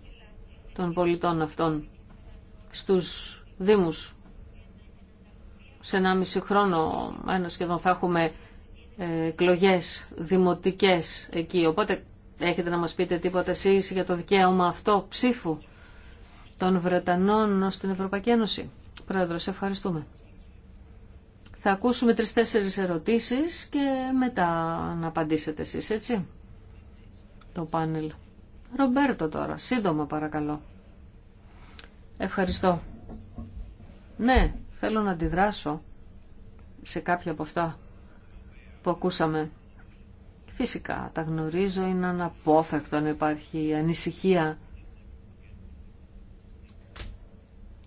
των πολιτών αυτών στους Δήμους. Σε ένα μισή χρόνο, ένα σχεδόν, θα έχουμε ε, εκλογέ δημοτικές εκεί. Οπότε έχετε να μας πείτε τίποτα εσείς για το δικαίωμα αυτό ψήφου των Βρετανών στην Ευρωπαϊκή Ένωση. Πρόεδρος, ευχαριστούμε. Θα ακούσουμε τρεις-τέσσερις ερωτήσεις και μετά να απαντήσετε εσείς, έτσι, το πάνελ. Ρομπέρτο τώρα, σύντομα παρακαλώ. Ευχαριστώ. Ναι, θέλω να αντιδράσω σε κάποια από αυτά που ακούσαμε. Φυσικά, τα γνωρίζω, είναι αναπόφευκτο να υπάρχει ανησυχία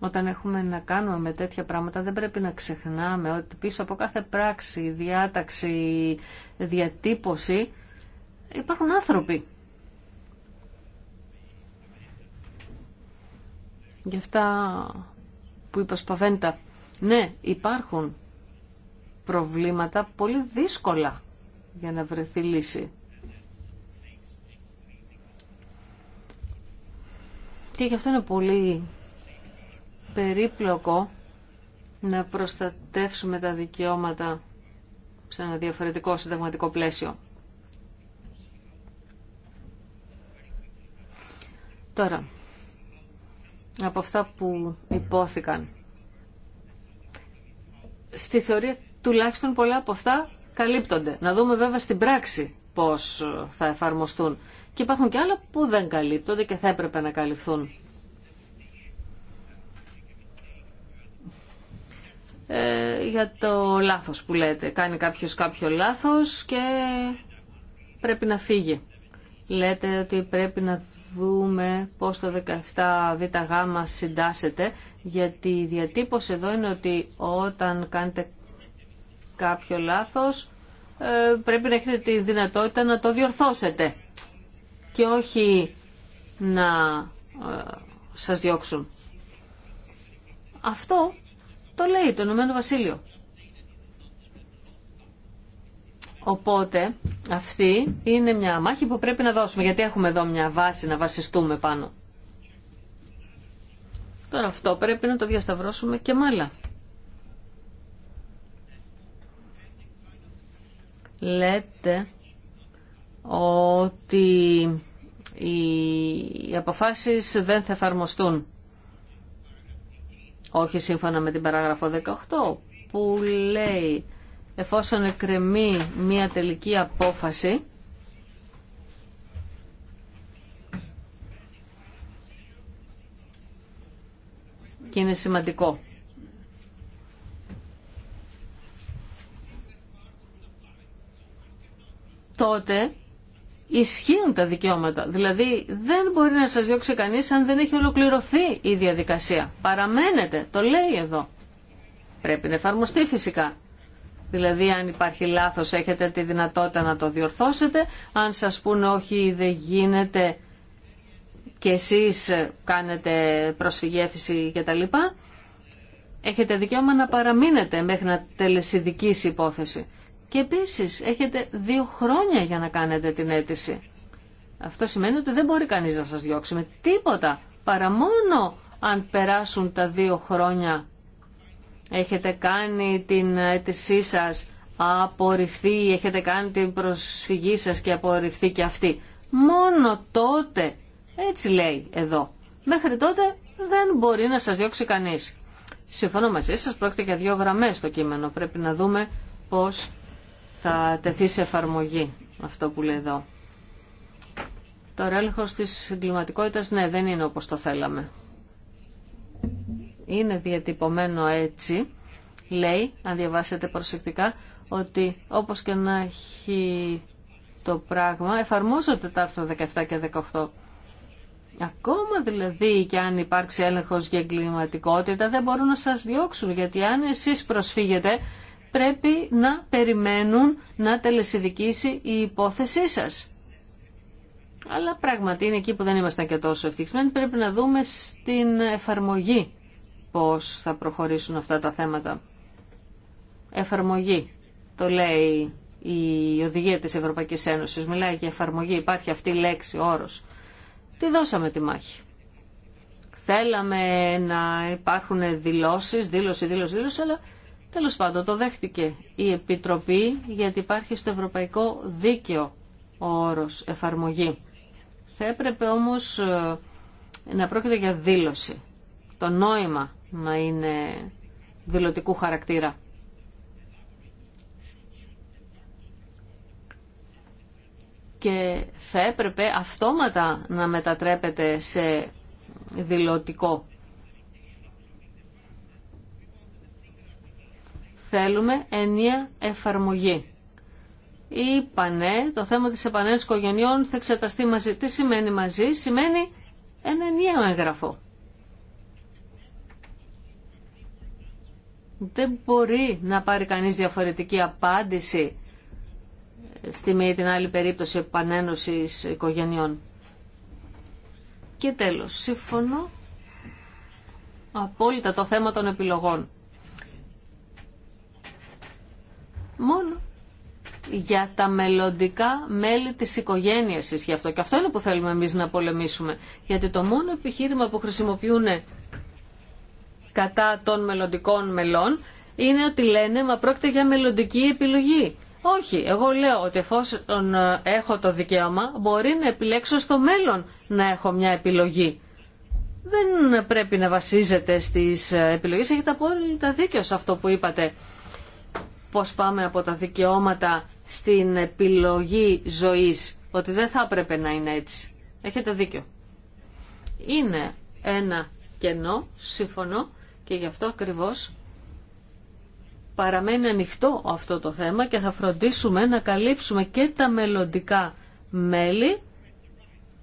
Όταν έχουμε να κάνουμε με τέτοια πράγματα δεν πρέπει να ξεχνάμε ότι πίσω από κάθε πράξη, διάταξη, διατύπωση υπάρχουν άνθρωποι. Γι' αυτά που είπα Σπαβέντα, ναι υπάρχουν προβλήματα πολύ δύσκολα για να βρεθεί λύση. Και γι' αυτό είναι πολύ περίπλοκο να προστατεύσουμε τα δικαιώματα σε ένα διαφορετικό συνταγματικό πλαίσιο. Τώρα, από αυτά που υπόθηκαν, στη θεωρία τουλάχιστον πολλά από αυτά καλύπτονται. Να δούμε βέβαια στην πράξη πώς θα εφαρμοστούν. Και υπάρχουν και άλλα που δεν καλύπτονται και θα έπρεπε να καλυφθούν. Ε, για το λάθος που λέτε. Κάνει κάποιος κάποιο λάθος και πρέπει να φύγει. Λέτε ότι πρέπει να δούμε πώς το 17ΒΓ συντάσσεται, γιατί η διατύπωση εδώ είναι ότι όταν κάνετε κάποιο λάθος ε, πρέπει να έχετε τη δυνατότητα να το διορθώσετε και όχι να ε, σας διώξουν. Αυτό το λέει το Ηνωμένο Βασίλειο. Οπότε αυτή είναι μια μάχη που πρέπει να δώσουμε γιατί έχουμε εδώ μια βάση να βασιστούμε πάνω. Τώρα αυτό πρέπει να το διασταυρώσουμε και μάλλα. Λέτε ότι οι αποφάσεις δεν θα εφαρμοστούν όχι σύμφωνα με την παράγραφο 18 που λέει εφόσον εκκρεμεί μια τελική απόφαση και είναι σημαντικό. Τότε ισχύουν τα δικαιώματα. Δηλαδή δεν μπορεί να σας διώξει κανείς αν δεν έχει ολοκληρωθεί η διαδικασία. Παραμένετε, το λέει εδώ. Πρέπει να εφαρμοστεί φυσικά. Δηλαδή αν υπάρχει λάθος έχετε τη δυνατότητα να το διορθώσετε. Αν σας πούνε όχι δεν γίνεται και εσείς κάνετε προσφυγέφυση κτλ. Έχετε δικαίωμα να παραμείνετε μέχρι να τελεσιδικήσει υπόθεση. Και επίσης έχετε δύο χρόνια για να κάνετε την αίτηση. Αυτό σημαίνει ότι δεν μπορεί κανείς να σας διώξει με τίποτα, παρά μόνο αν περάσουν τα δύο χρόνια. Έχετε κάνει την αίτησή σας, απορριφθεί, έχετε κάνει την προσφυγή σας και απορριφθεί και αυτή. Μόνο τότε, έτσι λέει εδώ, μέχρι τότε δεν μπορεί να σας διώξει κανείς. Συμφωνώ μαζί σας, πρόκειται για δύο γραμμές το κείμενο. Πρέπει να δούμε πώς θα τεθεί σε εφαρμογή αυτό που λέει εδώ. Τώρα έλεγχο τη εγκληματικότητα, ναι, δεν είναι όπως το θέλαμε. Είναι διατυπωμένο έτσι, λέει, αν διαβάσετε προσεκτικά, ότι όπως και να έχει το πράγμα, εφαρμόζονται τα άρθρα 17 και 18. Ακόμα δηλαδή και αν υπάρξει έλεγχος για εγκληματικότητα δεν μπορούν να σας διώξουν γιατί αν εσείς προσφύγετε πρέπει να περιμένουν να τελεσυδικήσει η υπόθεσή σας. Αλλά πράγματι είναι εκεί που δεν ήμασταν και τόσο ευτυχισμένοι. Πρέπει να δούμε στην εφαρμογή πώς θα προχωρήσουν αυτά τα θέματα. Εφαρμογή. Το λέει η οδηγία της Ευρωπαϊκής Ένωσης. Μιλάει για εφαρμογή. Υπάρχει αυτή η λέξη, όρος. Τι δώσαμε τη μάχη. Θέλαμε να υπάρχουν δηλώσεις, δήλωση, δήλωση, δήλωση, αλλά Τέλος πάντων, το δέχτηκε η Επιτροπή γιατί υπάρχει στο ευρωπαϊκό δίκαιο ο όρος εφαρμογή. Θα έπρεπε όμως ε, να πρόκειται για δήλωση. Το νόημα να είναι δηλωτικού χαρακτήρα. Και θα έπρεπε αυτόματα να μετατρέπεται σε δηλωτικό Θέλουμε ενία εφαρμογή. πανέ, το θέμα της επανένωσης οικογενειών θα εξεταστεί μαζί. Τι σημαίνει μαζί, σημαίνει ένα ενιαίο έγγραφο. Δεν μπορεί να πάρει κανείς διαφορετική απάντηση ε, στη μία ή την άλλη περίπτωση επανένωσης οικογενειών. Και τέλος, συμφωνώ απόλυτα το θέμα των επιλογών. μόνο για τα μελλοντικά μέλη της οικογένειας γι' αυτό. Και αυτό είναι που θέλουμε εμείς να πολεμήσουμε. Γιατί το μόνο επιχείρημα που χρησιμοποιούν κατά των μελλοντικών μελών είναι ότι λένε «Μα πρόκειται για μελλοντική επιλογή». Όχι, εγώ λέω ότι εφόσον ε, έχω το δικαίωμα μπορεί να επιλέξω στο μέλλον να έχω μια επιλογή. Δεν πρέπει να βασίζεται στις ε, επιλογές, έχετε απόλυτα δίκιο σε αυτό που είπατε πώς πάμε από τα δικαιώματα στην επιλογή ζωής, ότι δεν θα έπρεπε να είναι έτσι. Έχετε δίκιο. Είναι ένα κενό, σύμφωνο... και γι' αυτό ακριβώς παραμένει ανοιχτό αυτό το θέμα και θα φροντίσουμε να καλύψουμε και τα μελλοντικά μέλη,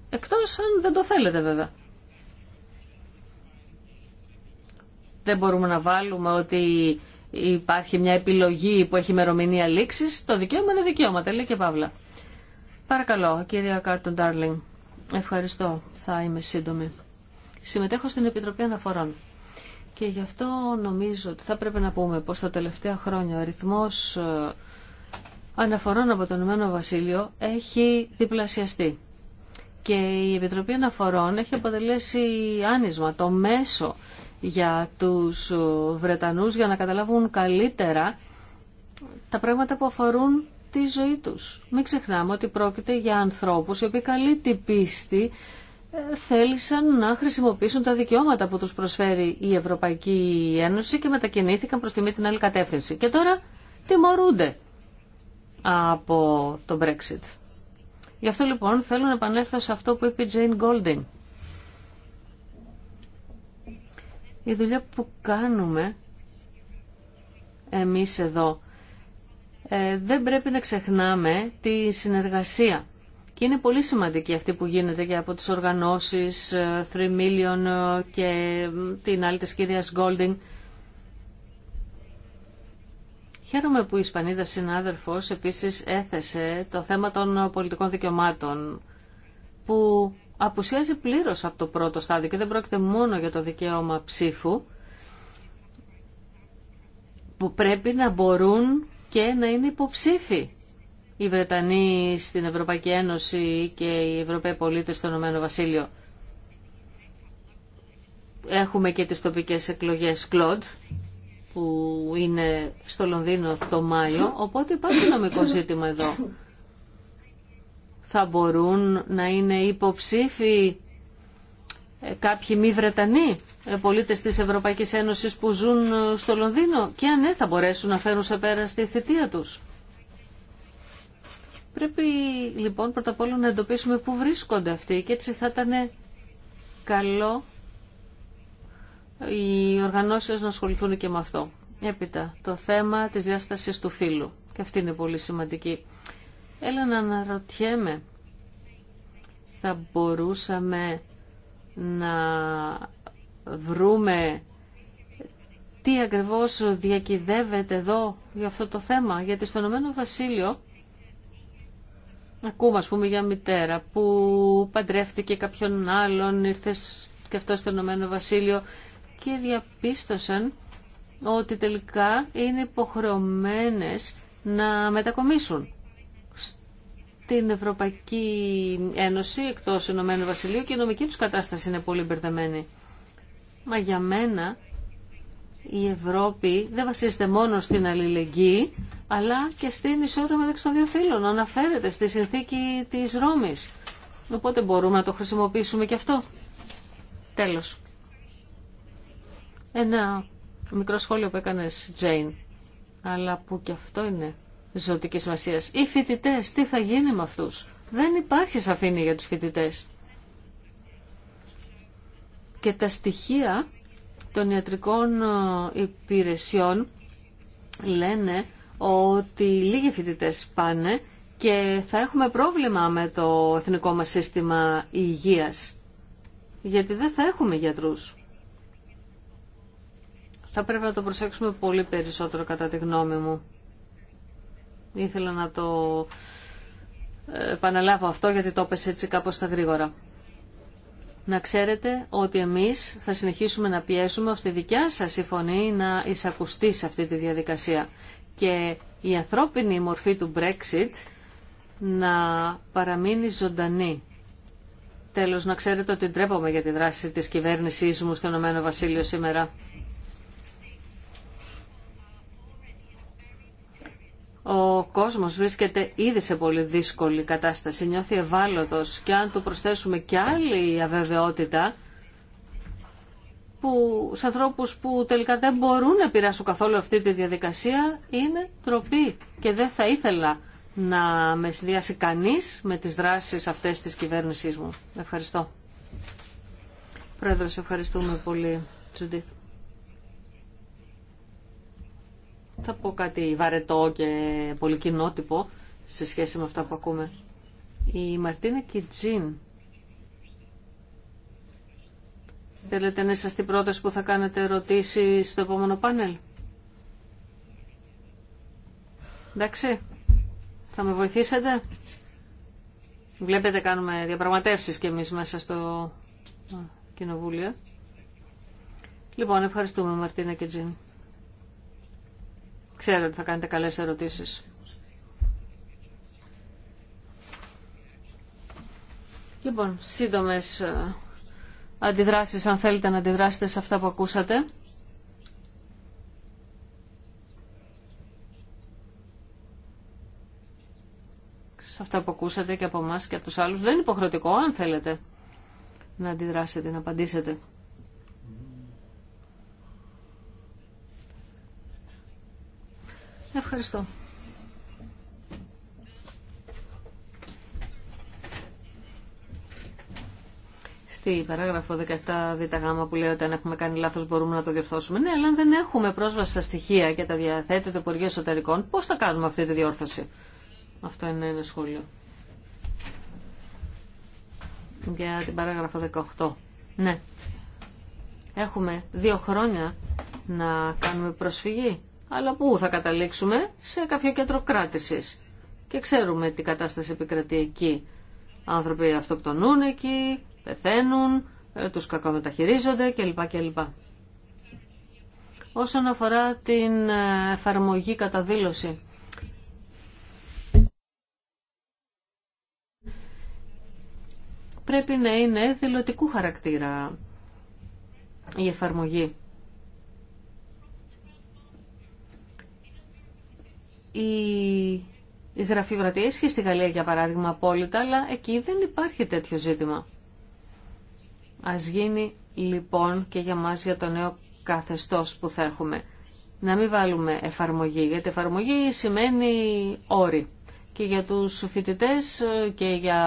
εκτός αν δεν το θέλετε βέβαια. Δεν μπορούμε να βάλουμε ότι υπάρχει μια επιλογή που έχει ημερομηνία λήξη, το δικαίωμα είναι δικαίωμα, λέει και παύλα. Παρακαλώ, κυρία Κάρτον Ντάρλινγκ. Ευχαριστώ, θα είμαι σύντομη. Συμμετέχω στην Επιτροπή Αναφορών. Και γι' αυτό νομίζω ότι θα πρέπει να πούμε πως τα τελευταία χρόνια ο αριθμός ε, αναφορών από το Ηνωμένο Βασίλειο έχει διπλασιαστεί. Και η Επιτροπή Αναφορών έχει αποτελέσει άνισμα το μέσο για τους ε, Βρετανούς για να καταλάβουν καλύτερα τα πράγματα που αφορούν τη ζωή τους. Μην ξεχνάμε ότι πρόκειται για ανθρώπους οι οποίοι καλή την πίστη ε, θέλησαν να χρησιμοποιήσουν τα δικαιώματα που τους προσφέρει η Ευρωπαϊκή Ένωση και μετακινήθηκαν προς τη μία την άλλη κατεύθυνση. Και τώρα τιμωρούνται από το Brexit. Γι' αυτό λοιπόν θέλω να επανέλθω σε αυτό που είπε η Jane Golding. η δουλειά που κάνουμε εμείς εδώ ε, δεν πρέπει να ξεχνάμε τη συνεργασία. Και είναι πολύ σημαντική αυτή που γίνεται και από τις οργανώσεις 3 ε, Million ε, και την άλλη της κυρίας Golding. Χαίρομαι που η Ισπανίδα συνάδελφος επίσης έθεσε το θέμα των πολιτικών δικαιωμάτων που απουσιάζει πλήρως από το πρώτο στάδιο και δεν πρόκειται μόνο για το δικαίωμα ψήφου που πρέπει να μπορούν και να είναι υποψήφοι οι Βρετανοί στην Ευρωπαϊκή Ένωση και οι Ευρωπαίοι πολίτες στο Ηνωμένο Βασίλειο. Έχουμε και τις τοπικές εκλογές Κλοντ που είναι στο Λονδίνο το Μάιο, οπότε υπάρχει νομικό ζήτημα εδώ θα μπορούν να είναι υποψήφοι ε, κάποιοι μη Βρετανοί ε, πολίτες της Ευρωπαϊκής Ένωσης που ζουν ε, στο Λονδίνο και αν ναι θα μπορέσουν να φέρουν σε πέρα στη θητεία τους. Πρέπει λοιπόν πρώτα απ' όλα να εντοπίσουμε πού βρίσκονται αυτοί και έτσι θα ήταν καλό οι οργανώσεις να ασχοληθούν και με αυτό. Έπειτα, το θέμα της διάστασης του φύλου. Και αυτή είναι πολύ σημαντική. Έλα να αναρωτιέμαι, θα μπορούσαμε να βρούμε τι ακριβώς διακυδεύεται εδώ για αυτό το θέμα. Γιατί στον Ηνωμένο Βασίλειο ακούμε ας πούμε για μητέρα που παντρεύτηκε κάποιον άλλον, ήρθε και αυτό στο Ηνωμένο και διαπίστωσαν ότι τελικά είναι υποχρεωμένες να μετακομίσουν την Ευρωπαϊκή Ένωση εκτός Ηνωμένου Βασιλείου και η νομική τους κατάσταση είναι πολύ μπερδεμένη. Μα για μένα η Ευρώπη δεν βασίζεται μόνο στην αλληλεγγύη, αλλά και στην ισότητα μεταξύ των δύο φύλων. Αναφέρεται στη συνθήκη της Ρώμης. Οπότε μπορούμε να το χρησιμοποιήσουμε και αυτό. Τέλος. Ένα μικρό σχόλιο που έκανες, Τζέιν, αλλά που και αυτό είναι ζωτικής σημασία. Οι φοιτητέ, τι θα γίνει με αυτού. Δεν υπάρχει σαφήνεια για τους φοιτητέ. Και τα στοιχεία των ιατρικών ε, υπηρεσιών λένε ότι λίγοι φοιτητέ πάνε και θα έχουμε πρόβλημα με το εθνικό μας σύστημα υγείας. Γιατί δεν θα έχουμε γιατρούς. Θα πρέπει να το προσέξουμε πολύ περισσότερο κατά τη γνώμη μου. Ήθελα να το επαναλάβω αυτό γιατί το έπεσε έτσι κάπως στα γρήγορα. Να ξέρετε ότι εμείς θα συνεχίσουμε να πιέσουμε ώστε η δικιά σας η φωνή να εισακουστεί σε αυτή τη διαδικασία και η ανθρώπινη μορφή του Brexit να παραμείνει ζωντανή. Τέλος, να ξέρετε ότι ντρέπομαι για τη δράση της κυβέρνησής μου στον Ηνωμένο σήμερα. Ο κόσμος βρίσκεται ήδη σε πολύ δύσκολη κατάσταση, νιώθει ευάλωτος και αν του προσθέσουμε και άλλη αβεβαιότητα, που, σε ανθρώπους που τελικά δεν μπορούν να πειράσουν καθόλου αυτή τη διαδικασία, είναι τροπή και δεν θα ήθελα να με συνδυάσει κανείς με τις δράσεις αυτές της κυβέρνησής μου. Ευχαριστώ. Πρόεδρος, ευχαριστούμε πολύ, θα πω κάτι βαρετό και πολύ κοινότυπο σε σχέση με αυτά που ακούμε. Η Μαρτίνα Κιτζίν. Θέλετε να είσαστε πρώτες που θα κάνετε ερωτήσεις στο επόμενο πάνελ. Εντάξει. Θα με βοηθήσετε. Βλέπετε κάνουμε διαπραγματεύσεις και εμείς μέσα στο κοινοβούλιο. Λοιπόν, ευχαριστούμε Μαρτίνα και Τζίνη. Ξέρω ότι θα κάνετε καλές ερωτήσεις. Λοιπόν, σύντομες ε, αντιδράσεις, αν θέλετε να αντιδράσετε σε αυτά που ακούσατε. Σε αυτά που ακούσατε και από εμά και από τους άλλους. Δεν είναι υποχρεωτικό, αν θέλετε, να αντιδράσετε, να απαντήσετε. Ευχαριστώ. Στη παράγραφο 17βγ που λέει ότι αν έχουμε κάνει λάθος μπορούμε να το διορθώσουμε. Ναι, αλλά αν δεν έχουμε πρόσβαση στα στοιχεία και τα διαθέτει το Υπουργείο Εσωτερικών, πώς θα κάνουμε αυτή τη διόρθωση. Αυτό είναι ένα σχόλιο. Για την παράγραφο 18. Ναι. Έχουμε δύο χρόνια να κάνουμε προσφυγή αλλά πού θα καταλήξουμε σε κάποιο κέντρο κράτηση. Και ξέρουμε τι κατάσταση επικρατεί εκεί. Άνθρωποι αυτοκτονούν εκεί, πεθαίνουν, ε, τους κακομεταχειρίζονται κλπ. κλπ. Όσον αφορά την ε, εφαρμογή κατά δήλωση, πρέπει να είναι δηλωτικού χαρακτήρα η εφαρμογή. η γραφειοκρατία και στη Γαλλία για παράδειγμα απόλυτα, αλλά εκεί δεν υπάρχει τέτοιο ζήτημα. Ας γίνει λοιπόν και για μας για το νέο καθεστώς που θα έχουμε. Να μην βάλουμε εφαρμογή, γιατί εφαρμογή σημαίνει όρη. Και για τους φοιτητέ ε, και για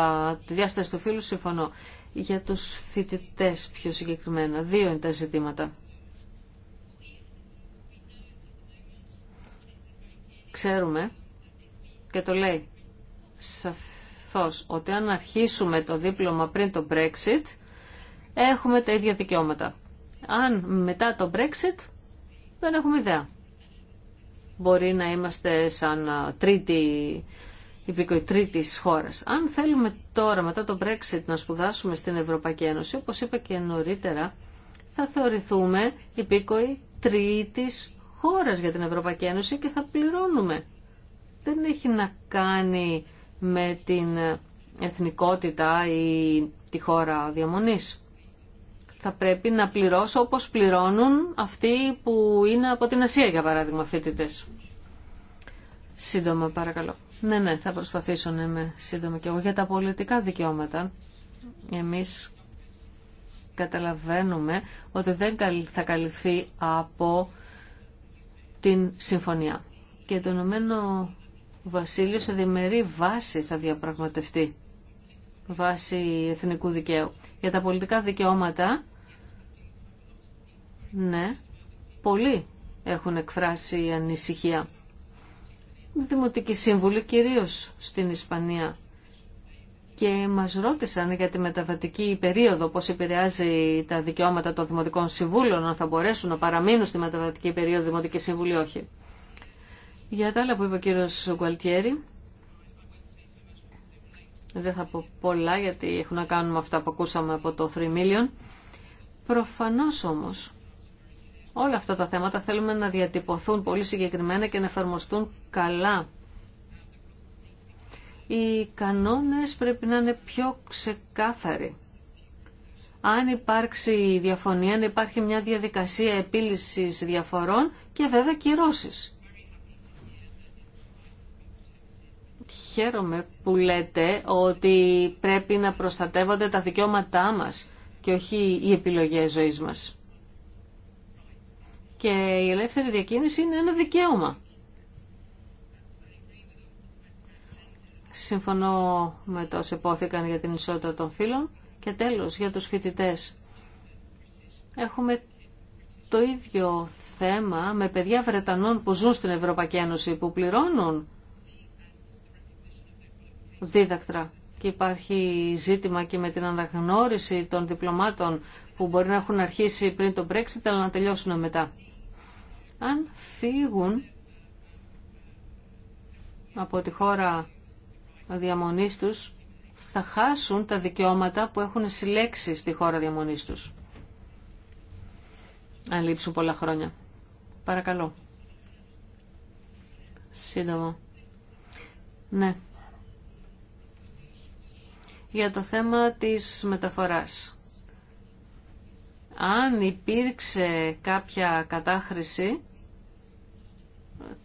τη διάσταση του φίλου συμφωνώ. Για τους φοιτητέ πιο συγκεκριμένα, δύο είναι τα ζητήματα. Ξέρουμε και το λέει σαφώς ότι αν αρχίσουμε το δίπλωμα πριν το Brexit έχουμε τα ίδια δικαιώματα. Αν μετά το Brexit δεν έχουμε ιδέα. Μπορεί να είμαστε σαν τρίτη χώρα. χώρας. Αν θέλουμε τώρα μετά το Brexit να σπουδάσουμε στην Ευρωπαϊκή Ένωση, όπως είπα και νωρίτερα, θα θεωρηθούμε υπήκοοι τρίτης χώρας για την Ευρωπαϊκή Ένωση και θα πληρώνουμε. Δεν έχει να κάνει με την εθνικότητα ή τη χώρα διαμονής. Θα πρέπει να πληρώσω όπως πληρώνουν αυτοί που είναι από την Ασία, για παράδειγμα, φοιτητές. Σύντομα, παρακαλώ. Ναι, ναι, θα προσπαθήσω να είμαι σύντομα και εγώ για τα πολιτικά δικαιώματα. Εμείς καταλαβαίνουμε ότι δεν θα καλυφθεί από την συμφωνία. Και το Ηνωμένο Βασίλειο σε διμερή βάση θα διαπραγματευτεί βάση εθνικού δικαίου. Για τα πολιτικά δικαιώματα, ναι, πολλοί έχουν εκφράσει ανησυχία. Δημοτική Σύμβουλη κυρίως στην Ισπανία και μας ρώτησαν για τη μεταβατική περίοδο, πώς επηρεάζει τα δικαιώματα των Δημοτικών Συμβούλων, αν θα μπορέσουν να παραμείνουν στη μεταβατική περίοδο Δημοτική Συμβουλή όχι. Για τα άλλα που είπε ο κύριος Γκουαλτιέρη, δεν θα πω πολλά γιατί έχουν να κάνουν με αυτά που ακούσαμε από το 3 Million. Προφανώς όμως όλα αυτά τα θέματα θέλουμε να διατυπωθούν πολύ συγκεκριμένα και να εφαρμοστούν καλά οι κανόνες πρέπει να είναι πιο ξεκάθαροι. Αν υπάρξει διαφωνία, αν υπάρχει μια διαδικασία επίλυσης διαφορών και βέβαια κυρώσεις. Χαίρομαι που λέτε ότι πρέπει να προστατεύονται τα δικαιώματά μας και όχι οι επιλογές ζωής μας. Και η ελεύθερη διακίνηση είναι ένα δικαίωμα. Συμφωνώ με το όσο υπόθηκαν για την ισότητα των φύλων. Και τέλος, για τους φοιτητές. Έχουμε το ίδιο θέμα με παιδιά Βρετανών που ζουν στην Ευρωπαϊκή Ένωση, που πληρώνουν δίδακτρα. Και υπάρχει ζήτημα και με την αναγνώριση των διπλωμάτων που μπορεί να έχουν αρχίσει πριν το Brexit, αλλά να τελειώσουν μετά. Αν φύγουν από τη χώρα διαμονή τους θα χάσουν τα δικαιώματα που έχουν συλλέξει στη χώρα διαμονή τους. Αν λείψουν πολλά χρόνια. Παρακαλώ. Σύντομο. Ναι. Για το θέμα της μεταφοράς. Αν υπήρξε κάποια κατάχρηση,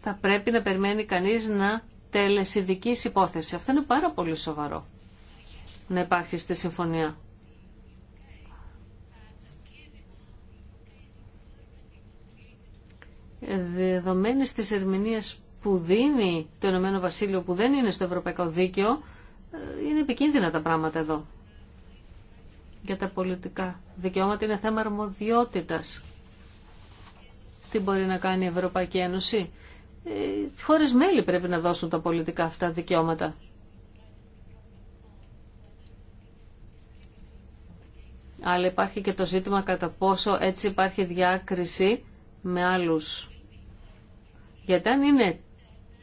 θα πρέπει να περιμένει κανείς να δική υπόθεση. Αυτό είναι πάρα πολύ σοβαρό να υπάρχει στη συμφωνία. Δεδομένε της ερμηνεία που δίνει το Ηνωμένο Βασίλειο που δεν είναι στο Ευρωπαϊκό Δίκαιο, είναι επικίνδυνα τα πράγματα εδώ. Για τα πολιτικά δικαιώματα είναι θέμα αρμοδιότητας. Τι μπορεί να κάνει η Ευρωπαϊκή Ένωση ε, μέλη πρέπει να δώσουν τα πολιτικά αυτά δικαιώματα. Αλλά υπάρχει και το ζήτημα κατά πόσο έτσι υπάρχει διάκριση με άλλους. Γιατί αν είναι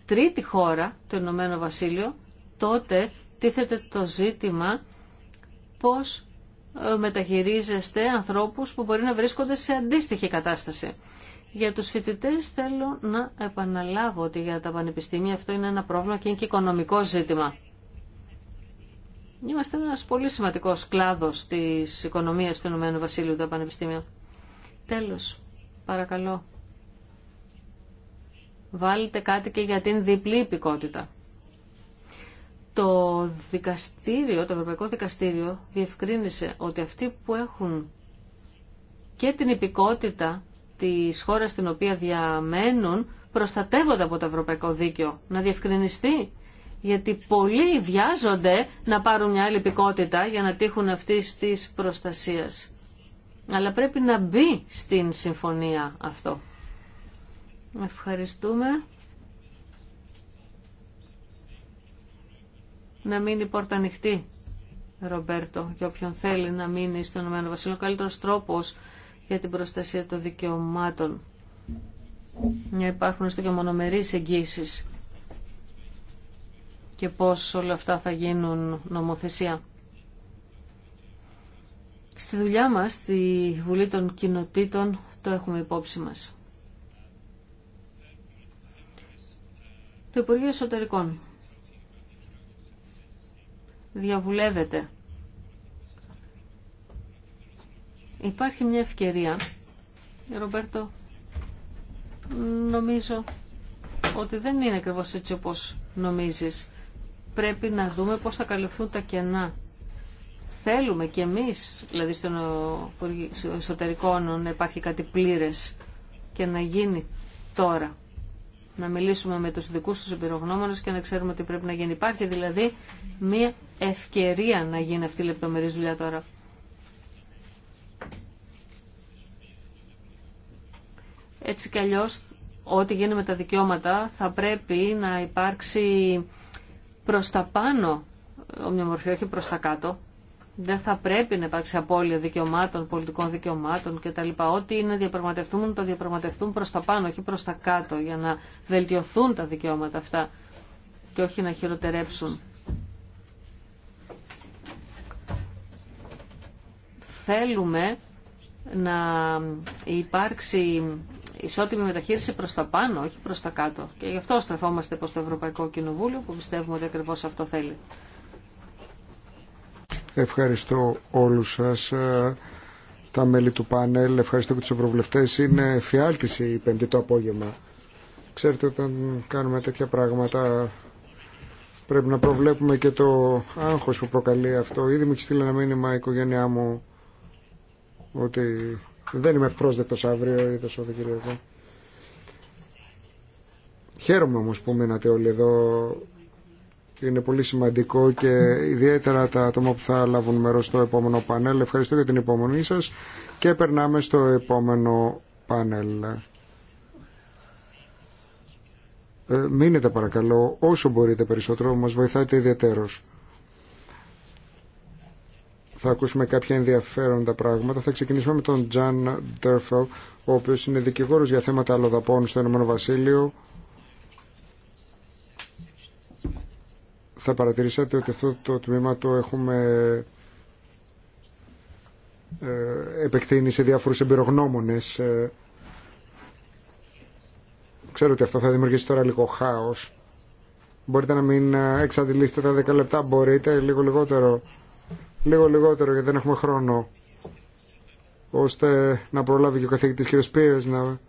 τρίτη χώρα, το Ηνωμένο Βασίλειο, τότε τίθεται το ζήτημα πώς ε, μεταχειρίζεστε ανθρώπους που μπορεί να βρίσκονται σε αντίστοιχη κατάσταση. Για τους φοιτητές θέλω να επαναλάβω ότι για τα πανεπιστήμια αυτό είναι ένα πρόβλημα και είναι και οικονομικό ζήτημα. Είμαστε ένας πολύ σημαντικός κλάδος της οικονομίας του Ηνωμένου Βασίλειου τα πανεπιστήμια. Τέλος, παρακαλώ. Βάλτε κάτι και για την διπλή υπηκότητα. Το δικαστήριο, το Ευρωπαϊκό Δικαστήριο διευκρίνησε ότι αυτοί που έχουν και την υπηκότητα της χώρας στην οποία διαμένουν προστατεύονται από το ευρωπαϊκό δίκαιο. Να διευκρινιστεί. Γιατί πολλοί βιάζονται να πάρουν μια άλλη υπηκότητα για να τύχουν αυτή τη προστασία. Αλλά πρέπει να μπει στην συμφωνία αυτό. Ευχαριστούμε. Να μείνει η πόρτα ανοιχτή, Ρομπέρτο, για όποιον θέλει να μείνει στον Ηνωμένο Βασίλειο για την προστασία των δικαιωμάτων. Να υπάρχουν στο και μονομερείς εγγύσει και πώς όλα αυτά θα γίνουν νομοθεσία. Στη δουλειά μας, στη Βουλή των Κοινοτήτων, το έχουμε υπόψη μας. Το Υπουργείο Εσωτερικών διαβουλεύεται Υπάρχει μια ευκαιρία, Ρομπέρτο, νομίζω ότι δεν είναι ακριβώ έτσι όπως νομίζεις. Πρέπει να δούμε πώς θα καλυφθούν τα κενά. Θέλουμε κι εμείς, δηλαδή στον εσωτερικό να υπάρχει κάτι πλήρες και να γίνει τώρα. Να μιλήσουμε με τους δικούς τους εμπειρογνώμονες και να ξέρουμε τι πρέπει να γίνει. Υπάρχει δηλαδή μια ευκαιρία να γίνει αυτή η λεπτομερή δουλειά τώρα. Έτσι κι αλλιώς, ό,τι γίνει με τα δικαιώματα θα πρέπει να υπάρξει προς τα πάνω ομοιομορφία, όχι προς τα κάτω. Δεν θα πρέπει να υπάρξει απώλεια δικαιωμάτων, πολιτικών δικαιωμάτων κτλ. Ό,τι είναι διαπραγματευτούν, να το διαπραγματευτούν προς τα πάνω, όχι προς τα κάτω, για να βελτιωθούν τα δικαιώματα αυτά και όχι να χειροτερέψουν. Θέλουμε να υπάρξει ισότιμη μεταχείριση προς τα πάνω, όχι προς τα κάτω. Και γι' αυτό στρεφόμαστε προ το Ευρωπαϊκό Κοινοβούλιο που πιστεύουμε ότι ακριβώ αυτό θέλει. Ευχαριστώ όλους σας ε, τα μέλη του πάνελ, ευχαριστώ και τους ευρωβουλευτές. Είναι φιάλτηση η πέμπτη το απόγευμα. Ξέρετε όταν κάνουμε τέτοια πράγματα πρέπει να προβλέπουμε και το άγχος που προκαλεί αυτό. Ήδη μου έχει στείλει ένα μήνυμα η οικογένειά μου ότι δεν είμαι ευπρόσδεκτο αύριο ή το Σαββατοκύριακο. Χαίρομαι όμως που μείνατε όλοι εδώ. Είναι πολύ σημαντικό και ιδιαίτερα τα άτομα που θα λάβουν μέρος στο επόμενο πάνελ. Ευχαριστώ για την υπομονή σας και περνάμε στο επόμενο πάνελ. Ε, μείνετε παρακαλώ όσο μπορείτε περισσότερο, μας βοηθάτε ιδιαίτερω θα ακούσουμε κάποια ενδιαφέροντα πράγματα. Θα ξεκινήσουμε με τον Τζαν Ντέρφελ, ο οποίος είναι δικηγόρος για θέματα αλλοδαπών στο Ηνωμένο Βασίλειο. Θα παρατηρήσατε ότι αυτό το τμήμα το έχουμε ε, επεκτείνει σε διάφορους εμπειρογνώμονες. Ε, ξέρω ότι αυτό θα δημιουργήσει τώρα λίγο χάος. Μπορείτε να μην ε, εξαντλήσετε τα 10 λεπτά, μπορείτε λίγο λιγότερο λίγο λιγότερο γιατί δεν έχουμε χρόνο ώστε να προλάβει και ο καθηγητής κ. Πίρες να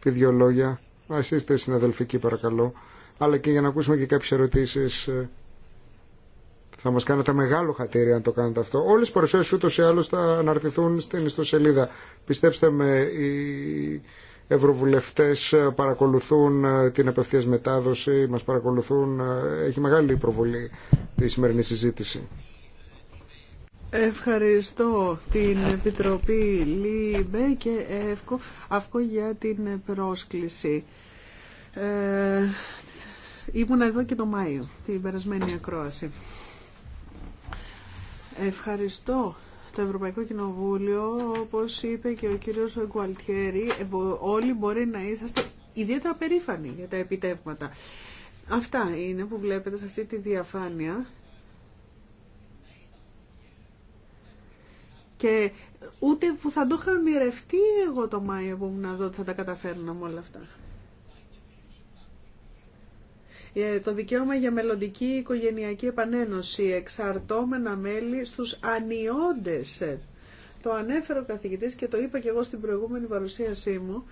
πει δύο λόγια. Ας είστε συναδελφικοί παρακαλώ. Αλλά και για να ακούσουμε και κάποιες ερωτήσεις ε, θα μας κάνετε μεγάλο χατήρι αν το κάνετε αυτό. Όλες οι παρουσιάσεις ούτως ή άλλως θα αναρτηθούν στην ιστοσελίδα. Πιστέψτε με, οι ευρωβουλευτές ε, παρακολουθούν ε, την απευθείας μετάδοση, μας παρακολουθούν. Έχει μεγάλη προβολή τη σημερινή συζήτηση. Ευχαριστώ την Επιτροπή ΛΥΜΕ και εύχομαι για την πρόσκληση. Ε, ήμουν εδώ και το Μάιο, την περασμένη ακρόαση. Ευχαριστώ το Ευρωπαϊκό Κοινοβούλιο, όπως είπε και ο κύριος Γκουαλτιέρη, όλοι μπορεί να είσαστε ιδιαίτερα περήφανοι για τα επιτεύγματα. Αυτά είναι που βλέπετε σε αυτή τη διαφάνεια. Και ούτε που θα το είχα μοιρευτεί εγώ το Μάιο που ήμουν εδώ ότι θα τα καταφέρναμε όλα αυτά. Ε, το δικαίωμα για μελλοντική οικογενειακή επανένωση εξαρτώμενα μέλη στους ανιώντες. Ε, το ανέφερε ο καθηγητής και το είπα και εγώ στην προηγούμενη παρουσίασή μου.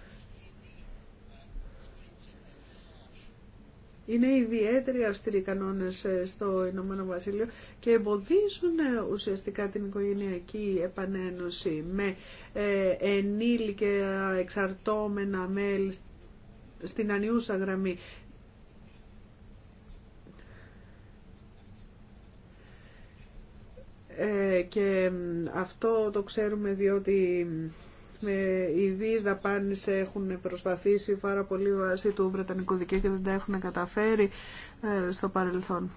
Είναι ιδιαίτεροι αυστηροί κανόνες ε, στο Ηνωμένο Βασίλειο και εμποδίζουν ε, ουσιαστικά την οικογενειακή επανένωση με ε, ενήλικα εξαρτώμενα μέλη στην ανιούσα γραμμή. και αυτό το ξέρουμε διότι οι δύο δαπάνες έχουν προσπαθήσει πάρα πολύ βάσει του Βρετανικού δικαίου και δεν τα έχουν καταφέρει ε, στο παρελθόν.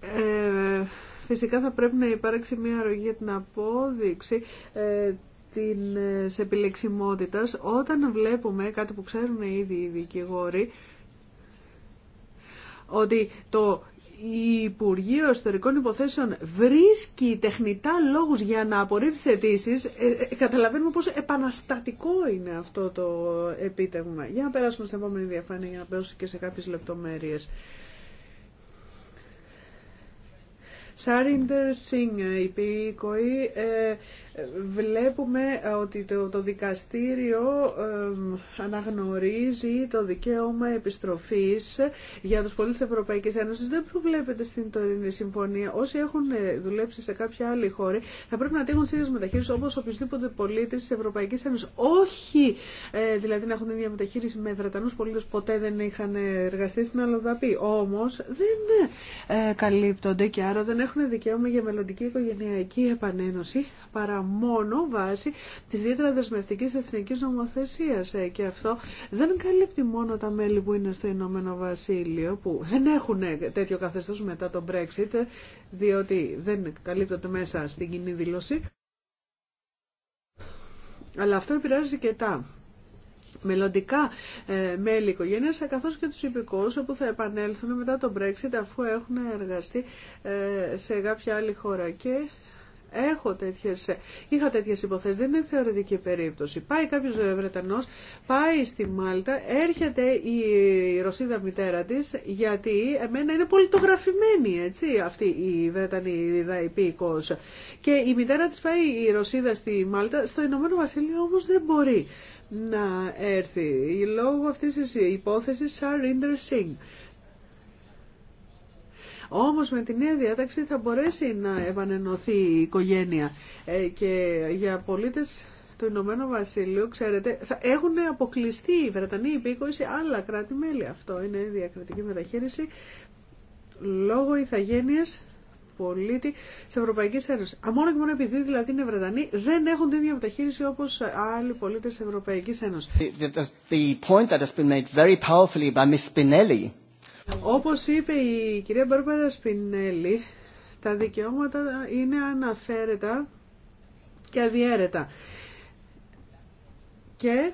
Ε, φυσικά θα πρέπει να υπάρξει μια αρρωγή για την απόδειξη ε, ε της επιλεξιμότητας όταν βλέπουμε κάτι που ξέρουν ήδη οι δικηγόροι ότι το η Υπουργείο Ιστορικών Υποθέσεων βρίσκει τεχνητά λόγους για να απορρίψει αιτήσει, ε, ε, καταλαβαίνουμε πόσο επαναστατικό είναι αυτό το επίτευγμα. Για να περάσουμε στην επόμενη διαφάνεια για να περάσουμε και σε κάποιες λεπτομέρειες. Σάριντερ Σίνγκ, Βλέπουμε ε, ότι το δικαστήριο αναγνωρίζει το δικαίωμα επιστροφής για τους πολίτες της Ευρωπαϊκής Ένωσης. Δεν προβλέπεται στην τωρινή συμφωνία. Όσοι έχουν ε, δουλέψει σε κάποια άλλη χώρα θα πρέπει να τύχουν σύνδεση μεταχείριση όπως οποιοδήποτε πολίτης της Ευρωπαϊκής Ένωσης. Όχι ε, δηλαδή να έχουν την ίδια μεταχείριση με Βρετανούς πολίτες ποτέ δεν είχαν εργαστεί στην Αλλοδαπή. Όμως δεν καλύπτονται και άρα δεν έχουν δικαίωμα για μελλοντική οικογενειακή επανένωση παρά μόνο βάσει τη ιδιαίτερα εθνική εθνικής νομοθεσίας. Ε, και αυτό δεν καλύπτει μόνο τα μέλη που είναι στο Ηνωμένο Βασίλειο, που δεν έχουν ε, τέτοιο καθεστώς μετά το Brexit, ε, διότι δεν καλύπτονται μέσα στην κοινή δήλωση. Αλλά αυτό επηρεάζει και τα μελλοντικά μέλη οικογένειας καθώς και τους υπηκόους που θα επανέλθουν μετά το Brexit αφού έχουν εργαστεί σε κάποια άλλη χώρα και Έχω είχα τέτοιες υποθέσεις, δεν είναι θεωρητική περίπτωση. Πάει κάποιος Βρετανός, πάει στη Μάλτα, έρχεται η Ρωσίδα μητέρα της, γιατί εμένα είναι πολιτογραφημένη, έτσι, αυτή η Βρετανή υπήκος. Και η μητέρα της πάει η Ρωσίδα στη Μάλτα, στο Ηνωμένο Βασίλειο όμως δεν μπορεί να έρθει λόγω αυτής της υπόθεσης Σαρίντερ Σινγκ. Όμως με τη νέα διάταξη θα μπορέσει να επανενωθεί η οικογένεια ε, και για πολίτες του Ηνωμένου Βασιλείου, ξέρετε, θα έχουν αποκλειστεί οι Βρετανοί υπήκοοι σε άλλα κράτη-μέλη. Αυτό είναι η διακριτική μεταχείριση λόγω ηθαγένειας πολίτη τη Ευρωπαϊκή Ένωση. μόνο και μόνο επειδή δηλαδή είναι Βρετανοί, δεν έχουν την ίδια μεταχείριση όπω άλλοι πολίτε τη Ευρωπαϊκή Ένωση. The, the, the point that όπως είπε η κυρία Μπάρμπαρα Σπινέλη, τα δικαιώματα είναι αναφέρετα και αδιέρετα. Και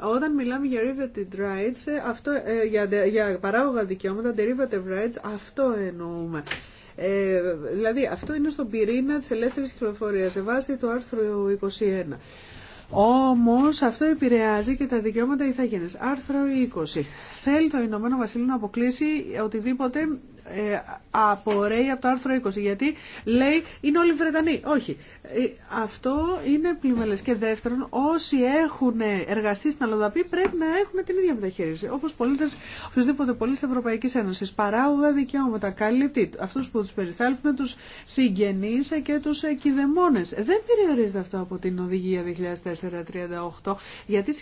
όταν μιλάμε για derivative rights, αυτό, ε, για, για παράγωγα δικαιώματα, derivative rights, αυτό εννοούμε. Ε, δηλαδή, αυτό είναι στον πυρήνα της ελεύθερης κυκλοφορίας, σε βάση του άρθρου 21. Όμως αυτό επηρεάζει και τα δικαιώματα ηθαγένεια. Άρθρο 20. Θέλει το Ηνωμένο Βασίλειο να αποκλείσει οτιδήποτε απορρέει από το άρθρο 20 γιατί λέει είναι όλοι Βρετανοί. Όχι. Αυτό είναι πλημελές. Και δεύτερον, όσοι έχουν εργαστεί στην Αλλοδαπή πρέπει να έχουν την ίδια μεταχείριση. Όπως πολίτες, οποιοδήποτε πολίτες Ευρωπαϊκής Ένωσης. Παράγωγα δικαιώματα. Καλύπτει αυτούς που τους περιθάλπουν, τους συγγενείς και τους κηδεμόνες. Δεν περιορίζεται αυτό από την οδηγία 2004-38 γιατί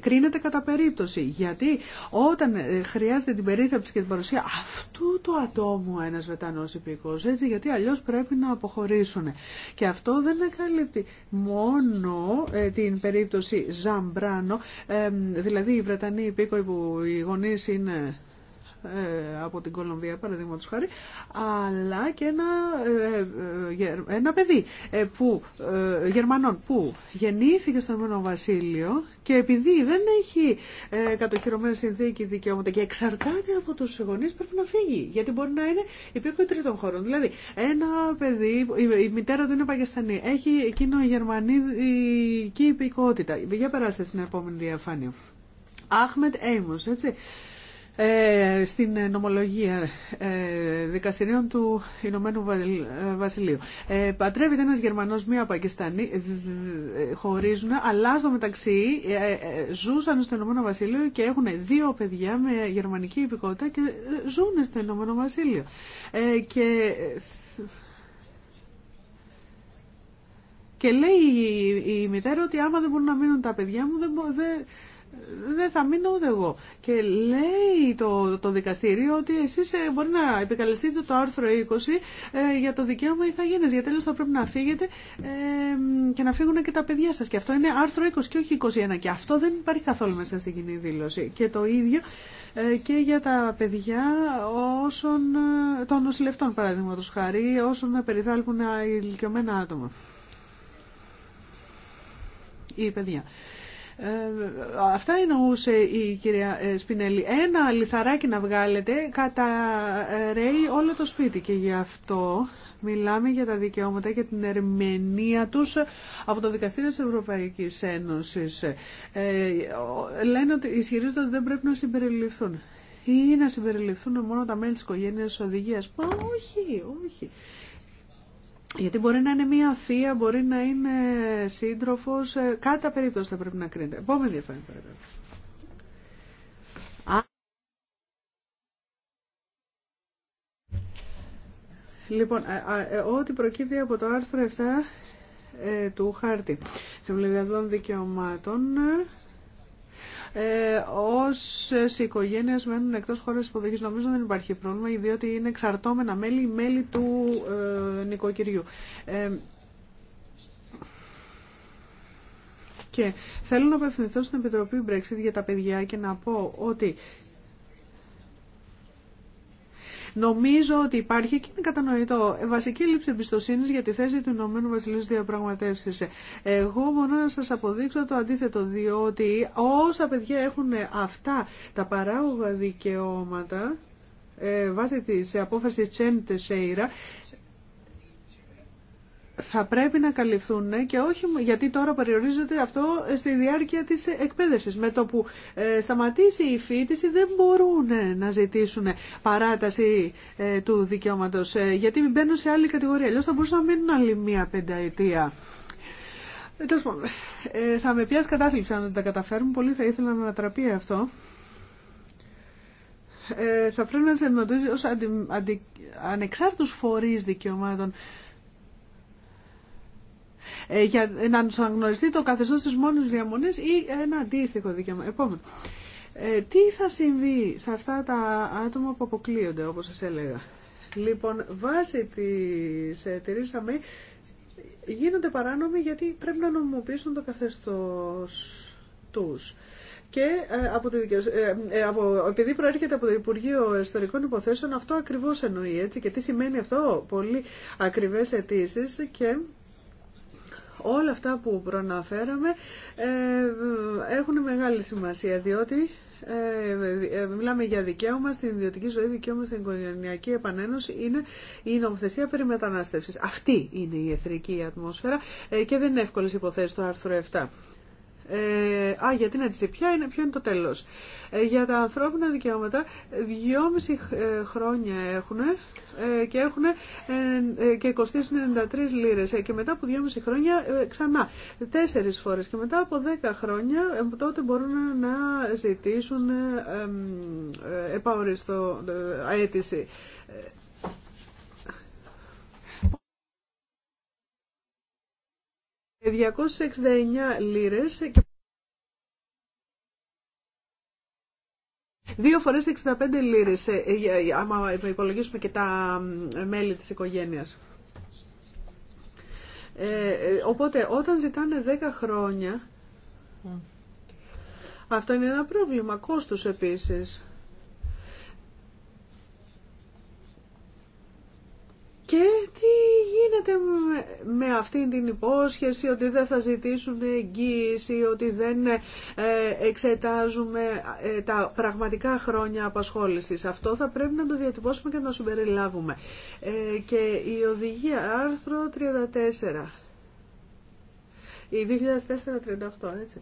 κρίνεται κατά περίπτωση. Γιατί όταν χρειάζεται την περίθαλψη και την αυτού του ατόμου ένας Βρετανό υπηκό. έτσι, γιατί αλλιώς πρέπει να αποχωρήσουν. Και αυτό δεν καλύπτει μόνο ε, την περίπτωση Ζαμπράνο, ε, δηλαδή οι Βρετανοί υπήκοοι που οι γονεί είναι ε, από την Κολομβία, παραδείγματος χάρη, αλλά και ένα, ε, ε, ένα παιδί που, Γερμανών που γεννήθηκε στο Ηνωμένο Βασίλειο και επειδή δεν έχει ε, κατοχυρωμένη συνθήκη δικαιώματα και εξαρτάται από τους γονείς πρέπει να φύγει, γιατί μπορεί να είναι υπήκοοι των χωρών. Δηλαδή, ένα παιδί, η μητέρα του είναι Πακιστανή, έχει εκείνο η γερμανική υπηκότητα. Για περάστε στην επόμενη διαφάνεια. Αχμετ Έιμος, έτσι. Ε, στην νομολογία ε, δικαστηρίων του Ηνωμένου ε, Βασιλείου. Πατρεύεται ένας Γερμανός, μία Πακιστανή, χωρίζουν, αλλά στο μεταξύ ζούσαν στο Ηνωμένο Βασίλειο και έχουν δύο παιδιά με γερμανική υπηκότητα και ζουν στο Ηνωμένο Βασίλειο. Και και λέει η, μητέρα ότι άμα δεν μπορούν να μείνουν τα παιδιά μου, δεν, δεν θα μείνω ούτε εγώ. Και λέει το, το δικαστήριο ότι εσείς ε, μπορεί να επικαλεστείτε το άρθρο 20 ε, για το δικαίωμα ηθαγένειας. Για τέλος θα πρέπει να φύγετε ε, και να φύγουν και τα παιδιά σας. Και αυτό είναι άρθρο 20 και όχι 21. Και αυτό δεν υπάρχει καθόλου μέσα στην κοινή δήλωση. Και το ίδιο ε, και για τα παιδιά όσων, ε, των νοσηλευτών παραδείγματος χαρή, όσων περιθάλπουν ηλικιωμένα άτομα. Ή παιδιά. Ε, αυτά εννοούσε η κυρία ε, Σπινέλη. Ένα λιθαράκι να βγάλετε καταραίει όλο το σπίτι και γι' αυτό μιλάμε για τα δικαιώματα και την ερμηνεία τους από το Δικαστήριο της Ευρωπαϊκής Ένωσης. Ε, λένε ότι ισχυρίζονται ότι δεν πρέπει να συμπεριληφθούν ή να συμπεριληφθούν μόνο τα μέλη της οικογένειας οδηγίας. Μα όχι, όχι. Γιατί μπορεί να είναι μία θεία, μπορεί να είναι σύντροφος, ε, κατά περίπτωση θα πρέπει να κρίνεται. Επόμενη διαφάνεια Λοιπόν, ε, ε, ό,τι προκύπτει από το άρθρο 7 του χάρτη θεμελιωδών δικαιωμάτων ε, οι οικογένειες μένουν εκτός χώρας υποδοχή Νομίζω δεν υπάρχει πρόβλημα, διότι είναι εξαρτώμενα μέλη, μέλη του ε, νοικοκυριού. Ε, και θέλω να απευθυνθώ στην Επιτροπή Brexit για τα παιδιά και να πω ότι Νομίζω ότι υπάρχει και είναι κατανοητό ε, βασική λήψη εμπιστοσύνη για τη θέση του Ηνωμένου Βασιλείου διαπραγματεύσει. Εγώ μπορώ να σα αποδείξω το αντίθετο, διότι όσα παιδιά έχουν αυτά τα παράγωγα δικαιώματα, ε, βάσει της απόφαση Τσέντε Σέιρα θα πρέπει να καλυφθούν ναι, και όχι γιατί τώρα περιορίζεται αυτό στη διάρκεια της εκπαίδευσης. Με το που ε, σταματήσει η φίτηση δεν μπορούν ε, να ζητήσουν παράταση ε, του δικαιώματος γιατί μπαίνουν σε άλλη κατηγορία. Αλλιώς θα μπορούσαν να μείνουν άλλη μία πενταετία. Ε, θα με πιάσει κατάθλιψη αν δεν τα καταφέρουμε. Πολύ θα ήθελα να ανατραπεί αυτό. θα πρέπει να σε αντιμετωπίζει ως αντι, ανεξάρτητους φορείς δικαιωμάτων ε, για να αναγνωριστεί το καθεστώς της μόνης διαμονής ή ένα αντίστοιχο δικαίωμα. Επόμενο. Ε, τι θα συμβεί σε αυτά τα άτομα που αποκλείονται, όπως σας έλεγα. Λοιπόν, βάσει της εταιρείας γίνονται παράνομοι γιατί πρέπει να νομιμοποιήσουν το καθεστώς τους. Και ε, από τη από, επειδή προέρχεται από το Υπουργείο Ιστορικών Υποθέσεων, αυτό ακριβώς εννοεί, έτσι. Και τι σημαίνει αυτό, πολύ ακριβές αιτήσει και Όλα αυτά που προαναφέραμε ε, έχουν μεγάλη σημασία διότι ε, ε, μιλάμε για δικαίωμα στην ιδιωτική ζωή, δικαίωμα στην οικογενειακή επανένωση, είναι η νομοθεσία περί μετανάστευσης. Αυτή είναι η εθρική ατμόσφαιρα και δεν είναι εύκολες υποθέσεις το άρθρο 7. Ε, α, γιατί να τη ποια είναι, ποιο είναι το τέλος. Ε, για τα ανθρώπινα δικαιώματα, δυόμιση ε, χρόνια έχουν ε, και έχουν και κοστίζουν 93 λίρες και μετά από δυόμιση χρόνια ξανά τέσσερις φορές και μετά από 10 χρόνια τότε μπορούν να ζητήσουν επαόριστο αίτηση. 269 λίρες και Δύο φορές 65 λίρες, ε, ε, ε, άμα υπολογίσουμε και τα μέλη της οικογένειας. Ε, οπότε όταν ζητάνε 10 χρόνια, αυτό είναι ένα πρόβλημα, κόστους επίσης. Και τι γίνεται με αυτή την υπόσχεση ότι δεν θα ζητήσουν εγγύηση, ότι δεν ε, εξετάζουμε ε, τα πραγματικά χρόνια απασχόλησης. Αυτό θα πρέπει να το διατυπώσουμε και να το συμπεριλάβουμε. Ε, και η οδηγία άρθρο 34. Η 2004-38, έτσι,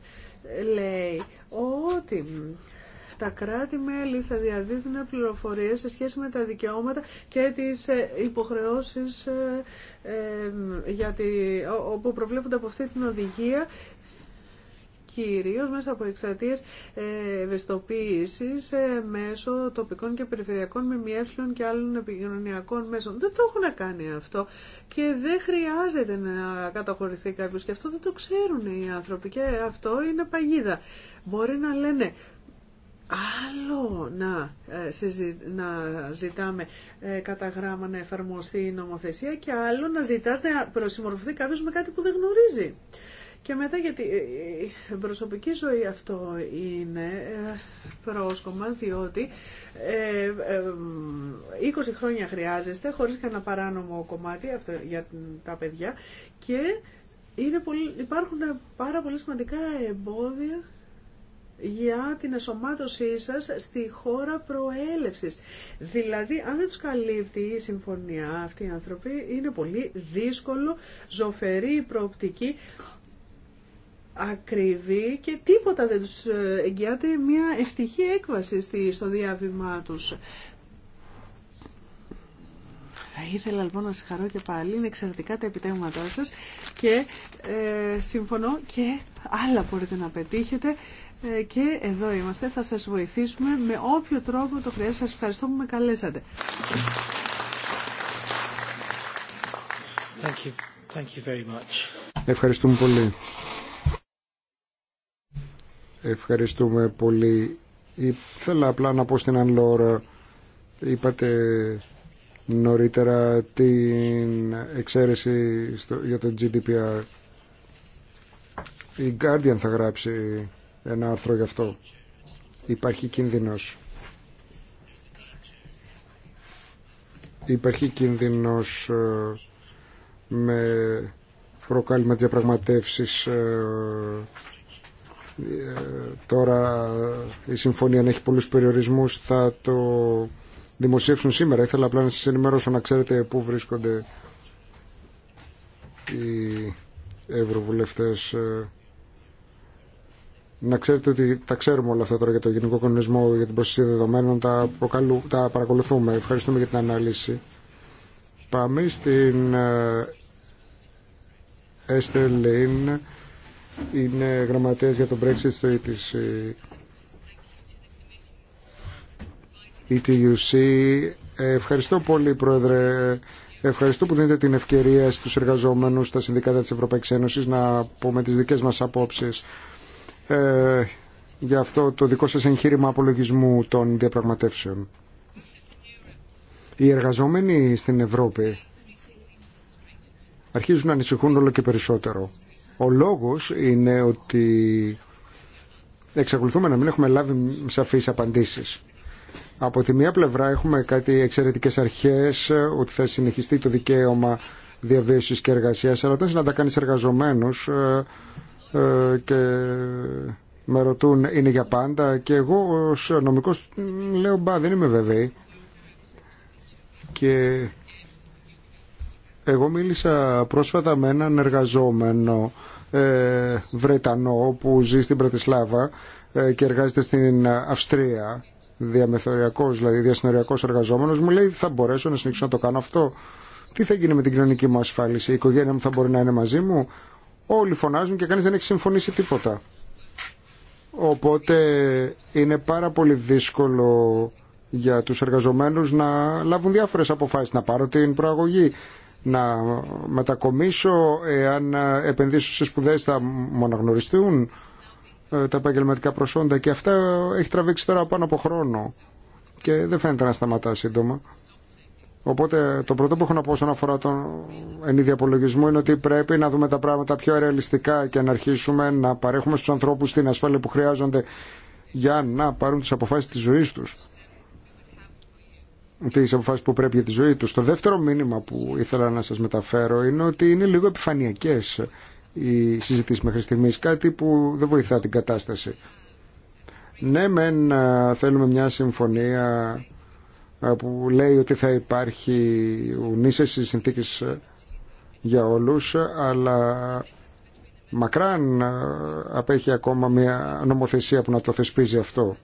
λέει ότι τα κράτη-μέλη θα διαδίδουν πληροφορίες σε σχέση με τα δικαιώματα και τις ε, υποχρεώσεις ε, όπου προβλέπονται από αυτή την οδηγία κυρίως μέσα από εκστρατείες ε, ευαισθητοποίησης μέσω τοπικών και περιφερειακών ΜΜΕ και άλλων επικοινωνιακών μέσων. Δεν το έχουν κάνει αυτό και δεν χρειάζεται να καταχωρηθεί κάποιος και αυτό δεν το ξέρουν οι άνθρωποι και αυτό είναι παγίδα. Μπορεί να λένε άλλο να, ε, να ζητάμε ε, κατά γράμμα να εφαρμοστεί η νομοθεσία και άλλο να ζητάς να προσυμμορφωθεί κάποιος με κάτι που δεν γνωρίζει. Και μετά γιατί ε, η προσωπική ζωή αυτό είναι πρόσκομα διότι 20 χρόνια χρειάζεστε χωρίς κανένα παράνομο κομμάτι αυτό για τα παιδιά και είναι πολύ, υπάρχουν πάρα πολύ σημαντικά εμπόδια για την εσωμάτωσή σας στη χώρα προέλευσης. Δηλαδή, αν δεν τους καλύπτει η συμφωνία αυτοί οι άνθρωποι, είναι πολύ δύσκολο, ζωφερή προοπτική, ακριβή και τίποτα δεν τους ε, εγγυάται μια ευτυχή έκβαση στο διάβημά τους. Θα ήθελα λοιπόν να χαρώ και πάλι, είναι εξαιρετικά τα επιτέγματά σας και ε, συμφωνώ και άλλα μπορείτε να πετύχετε ε, και εδώ είμαστε. Θα σας βοηθήσουμε με όποιο τρόπο το χρειάζεται. Σας ευχαριστώ που με καλέσατε. Ευχαριστούμε πολύ. Ευχαριστούμε πολύ. Ήθελα απλά να πω στην Ανλόρα, είπατε νωρίτερα την εξαίρεση στο, για το GDPR. Η Guardian θα γράψει ένα άρθρο γι' αυτό. Υπάρχει κίνδυνος. Υπάρχει κίνδυνος ε, με προκάλημα διαπραγματεύσεις ε, ε, τώρα η συμφωνία να έχει πολλούς περιορισμούς θα το δημοσιεύσουν σήμερα ήθελα απλά να σας ενημερώσω να ξέρετε πού βρίσκονται οι ευρωβουλευτές να ξέρετε ότι τα ξέρουμε όλα αυτά τώρα για το Γενικό Κανονισμό για την Προστασία Δεδομένων, τα, προκαλού, τα παρακολουθούμε. Ευχαριστούμε για την ανάλυση. Πάμε στην Έστερ Λέιν, είναι γραμματέας για το Brexit στο ETC. ETUC. Ευχαριστώ πολύ, Πρόεδρε. Ευχαριστώ που δίνετε την ευκαιρία στους εργαζόμενους στα Συνδικάτα της Ευρωπαϊκής Ένωσης να πούμε τις δικές μας απόψεις ε, για αυτό το δικό σας εγχείρημα απολογισμού των διαπραγματεύσεων. Οι εργαζόμενοι στην Ευρώπη αρχίζουν να ανησυχούν όλο και περισσότερο. Ο λόγος είναι ότι εξακολουθούμε να μην έχουμε λάβει σαφείς απαντήσεις. Από τη μία πλευρά έχουμε κάτι εξαιρετικές αρχές, ότι θα συνεχιστεί το δικαίωμα διαβίωσης και εργασίας, αλλά όταν συναντά κανείς εργαζομένους ε, ε, και με ρωτούν είναι για πάντα και εγώ ως νομικός λέω μπα δεν είμαι βέβαιη και εγώ μίλησα πρόσφατα με έναν εργαζόμενο ε, Βρετανό που ζει στην Πρατισλάβα ε, και εργάζεται στην Αυστρία διαμεθοριακός δηλαδή διασυνοριακός εργαζόμενος μου λέει θα μπορέσω να συνεχίσω να το κάνω αυτό τι θα γίνει με την κοινωνική μου ασφάλιση η οικογένεια μου θα μπορεί να είναι μαζί μου Όλοι φωνάζουν και κανείς δεν έχει συμφωνήσει τίποτα. Οπότε είναι πάρα πολύ δύσκολο για τους εργαζομένους να λάβουν διάφορες αποφάσεις, να πάρω την προαγωγή, να μετακομίσω, εάν επενδύσω σε σπουδές θα μοναγνωριστούν ε, τα επαγγελματικά προσόντα και αυτά έχει τραβήξει τώρα πάνω από χρόνο και δεν φαίνεται να σταματά σύντομα. Οπότε το πρώτο που έχω να πω όσον αφορά τον απολογισμό... είναι ότι πρέπει να δούμε τα πράγματα πιο ρεαλιστικά και να αρχίσουμε να παρέχουμε στους ανθρώπους την ασφάλεια που χρειάζονται για να πάρουν τις αποφάσεις της ζωής τους. Τις αποφάσεις που πρέπει για τη ζωή τους. Το δεύτερο μήνυμα που ήθελα να σας μεταφέρω είναι ότι είναι λίγο επιφανειακές οι συζητήσεις μέχρι στιγμής. Κάτι που δεν βοηθά την κατάσταση. Ναι, μεν θέλουμε μια συμφωνία ε, που λέει ότι θα υπάρχει στις συνθήκες ε, για όλους ε, αλλά μακράν απέχει ακόμα μια νομοθεσία που να το θεσπίζει αυτό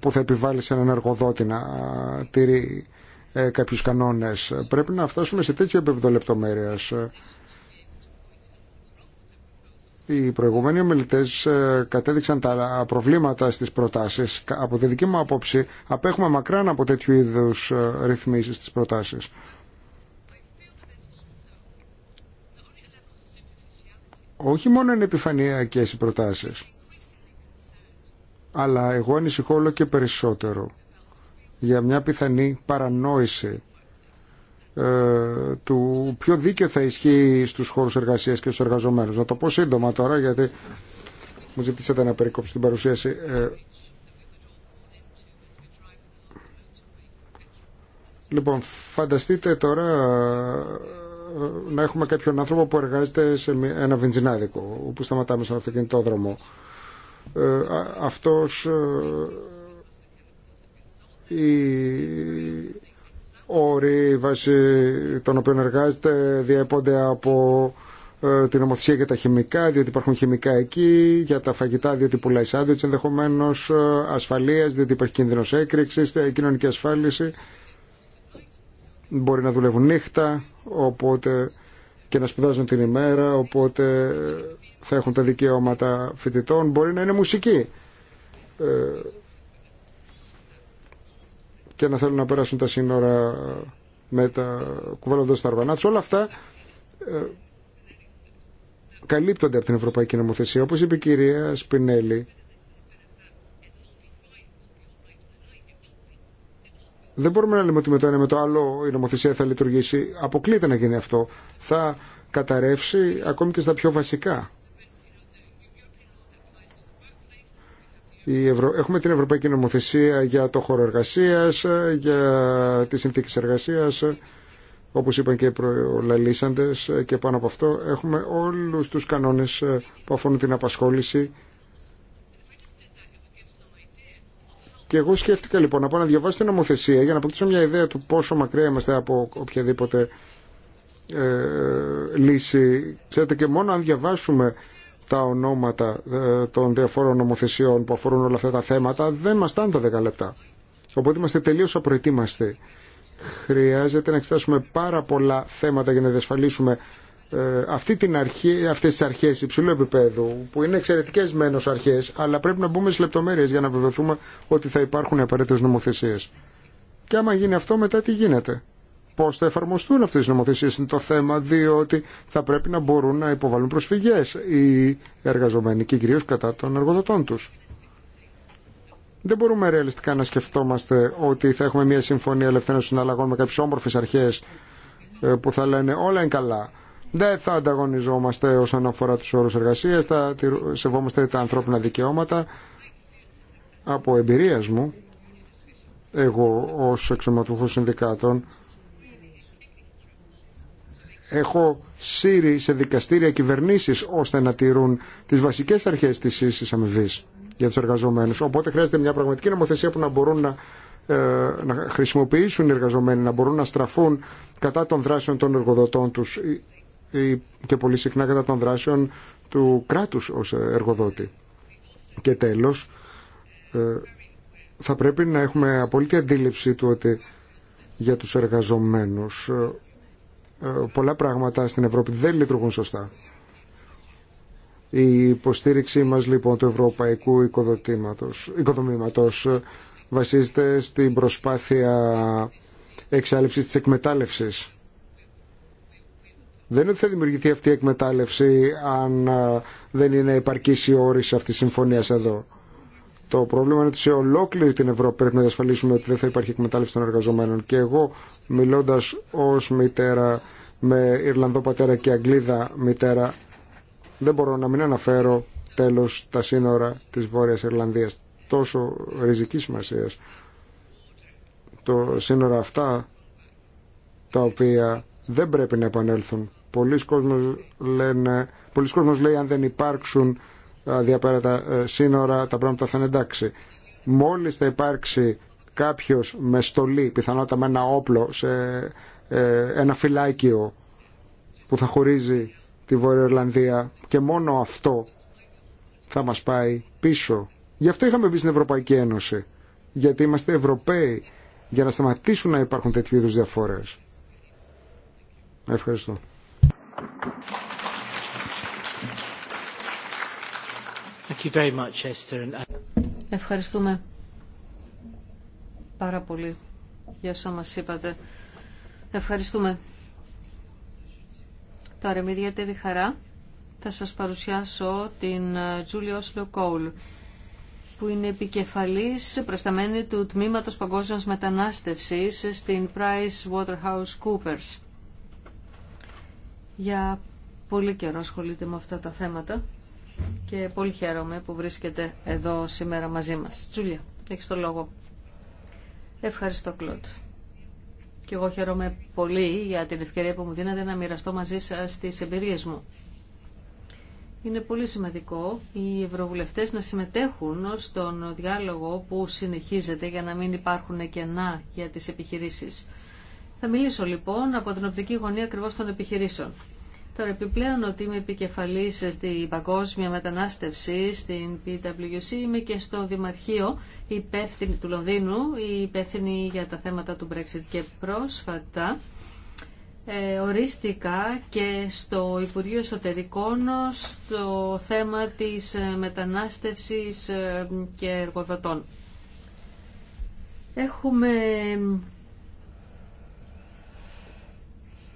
που θα επιβάλλει σε έναν εργοδότη να τηρεί κάποιους κανόνες. Πρέπει να φτάσουμε σε τέτοιο επίπεδο λεπτομέρειας οι προηγούμενοι ομιλητέ ε, κατέδειξαν τα προβλήματα στι προτάσει. Από τη δική μου άποψη, απέχουμε μακράν από τέτοιου είδου ε, ρυθμίσει στι προτάσει. Όχι μόνο είναι επιφανειακέ οι προτάσει, αλλά εγώ ανησυχώ όλο και περισσότερο για μια πιθανή παρανόηση ε, του πιο δίκαιο θα ισχύει στους χώρους εργασίας και στους εργαζομένους. Να το πω σύντομα τώρα γιατί μου ζητήσατε να περικόψω την παρουσίαση. Ε, λοιπόν, φανταστείτε τώρα ε, να έχουμε κάποιον άνθρωπο που εργάζεται σε ένα βενζινάδικο όπου σταματάμε στον αυτοκινητόδρομο. Αυτός η όροι βάσει των οποίων εργάζεται διέπονται από ε, την ομοθεσία για τα χημικά, διότι υπάρχουν χημικά εκεί, για τα φαγητά, διότι πουλάει σάντουιτς ενδεχομένω, ε, ασφαλεία, διότι υπάρχει κίνδυνο έκρηξη, ε, κοινωνική ασφάλιση. Μπορεί να δουλεύουν νύχτα οπότε, και να σπουδάζουν την ημέρα, οπότε θα έχουν τα δικαιώματα φοιτητών. Μπορεί να είναι μουσική και να θέλουν να περάσουν τα σύνορα με τα κουβάλλοντα στα αργανά Όλα αυτά ε, καλύπτονται από την Ευρωπαϊκή Νομοθεσία. Όπως είπε η κυρία Σπινέλη, δεν μπορούμε να λέμε ότι με το ένα με το άλλο η νομοθεσία θα λειτουργήσει. Αποκλείται να γίνει αυτό. Θα καταρρεύσει ακόμη και στα πιο βασικά. Η Έχουμε την Ευρωπαϊκή Νομοθεσία για το χώρο εργασία, για τι συνθήκε εργασία, όπω είπαν και οι προλαλήσαντε, και πάνω από αυτό έχουμε όλου του κανόνε που αφορούν την απασχόληση. Και εγώ σκέφτηκα λοιπόν να πάω να διαβάσω την νομοθεσία για να αποκτήσω μια ιδέα του πόσο μακριά είμαστε από οποιαδήποτε ε, λύση. Ξέρετε και μόνο αν διαβάσουμε τα ονόματα ε, των διαφόρων νομοθεσιών που αφορούν όλα αυτά τα θέματα, δεν μας στάνουν τα 10 λεπτά. Οπότε είμαστε τελείως απροετοίμαστοι. Χρειάζεται να εξετάσουμε πάρα πολλά θέματα για να διασφαλίσουμε ε, αυτή την αρχή, αυτές τις αρχές υψηλού επίπεδου που είναι εξαιρετικές μένως αρχές αλλά πρέπει να μπούμε σε λεπτομέρειες για να βεβαιωθούμε ότι θα υπάρχουν απαραίτητες νομοθεσίες και άμα γίνει αυτό μετά τι γίνεται πώ θα εφαρμοστούν αυτέ τι νομοθεσίε είναι το θέμα, διότι θα πρέπει να μπορούν να υποβάλουν προσφυγέ οι εργαζομένοι και κυρίω κατά των εργοδοτών του. Δεν μπορούμε ρεαλιστικά να σκεφτόμαστε ότι θα έχουμε μια συμφωνία ελευθέρων συναλλαγών με κάποιε όμορφε αρχέ ε, που θα λένε όλα είναι καλά. Δεν θα ανταγωνιζόμαστε όσον αφορά του όρου εργασία. θα σεβόμαστε τα ανθρώπινα δικαιώματα. Από εμπειρία μου, εγώ ως εξωματούχος συνδικάτων, έχω σύρει σε δικαστήρια κυβερνήσει ώστε να τηρούν τις βασικές αρχές της ίσης αμοιβή για τους εργαζομένους. Οπότε χρειάζεται μια πραγματική νομοθεσία που να μπορούν να, ε, να χρησιμοποιήσουν οι εργαζομένοι, να μπορούν να στραφούν κατά των δράσεων των εργοδοτών τους και πολύ συχνά κατά των δράσεων του κράτους ω εργοδότη. Και τέλο ε, θα πρέπει να έχουμε απόλυτη αντίληψη του ότι για τους εργαζομένους ε, ε, πολλά πράγματα στην Ευρώπη δεν λειτουργούν σωστά. Η υποστήριξή μας λοιπόν του ευρωπαϊκού οικοδομήματος ε, βασίζεται στην προσπάθεια εξάλληψης της εκμετάλλευσης. Δεν είναι ότι θα δημιουργηθεί αυτή η εκμετάλλευση αν ε, δεν είναι επαρκής η όρηση αυτής της συμφωνίας εδώ. Το πρόβλημα είναι ότι σε ολόκληρη την Ευρώπη πρέπει να διασφαλίσουμε ότι δεν θα υπάρχει εκμετάλλευση των εργαζομένων. Και εγώ μιλώντας ως μητέρα με Ιρλανδό πατέρα και Αγγλίδα μητέρα δεν μπορώ να μην αναφέρω τέλος τα σύνορα της Βόρειας Ιρλανδίας τόσο ριζική σημασία. Το σύνορα αυτά τα οποία δεν πρέπει να επανέλθουν. Πολλοί κόσμος, λένε, πολλοί κόσμος λέει αν δεν υπάρξουν διαπέρατα ε, σύνορα τα πράγματα θα είναι εντάξει. Μόλις θα υπάρξει κάποιος με στολή, πιθανότατα με ένα όπλο, σε ε, ένα φυλάκιο που θα χωρίζει τη Βόρεια και μόνο αυτό θα μας πάει πίσω. Γι' αυτό είχαμε μπει στην Ευρωπαϊκή Ένωση, γιατί είμαστε Ευρωπαίοι, για να σταματήσουν να υπάρχουν τέτοιου είδους διαφορές. Ευχαριστώ. Thank you Ευχαριστούμε πάρα πολύ για όσα μας είπατε. Ευχαριστούμε. Τώρα με ιδιαίτερη χαρά θα σας παρουσιάσω την ε, Τζούλια Όσλο Κόουλ που είναι επικεφαλής προσταμένη του Τμήματος Παγκόσμιας Μετανάστευσης στην Price Waterhouse Coopers. Για πολύ καιρό ασχολείται με αυτά τα θέματα και πολύ χαίρομαι που βρίσκεται εδώ σήμερα μαζί μας. Τζούλια, έχεις το λόγο. Ευχαριστώ, Κλοντ. Και εγώ χαίρομαι πολύ για την ευκαιρία που μου δίνετε να μοιραστώ μαζί σας τις εμπειρίες μου. Είναι πολύ σημαντικό οι ευρωβουλευτές να συμμετέχουν στον διάλογο που συνεχίζεται για να μην υπάρχουν κενά για τις επιχειρήσεις. Θα μιλήσω λοιπόν από την οπτική γωνία ακριβώ των επιχειρήσεων. Τώρα επιπλέον ότι είμαι επικεφαλής στην παγκόσμια μετανάστευση, στην PwC, είμαι και στο Δημαρχείο υπεύθυνη του Λονδίνου, υπεύθυνη για τα θέματα του Brexit και πρόσφατα ε, ορίστηκα και στο Υπουργείο Εσωτερικών στο θέμα της ε, μετανάστευσης ε, και εργοδοτών. Έχουμε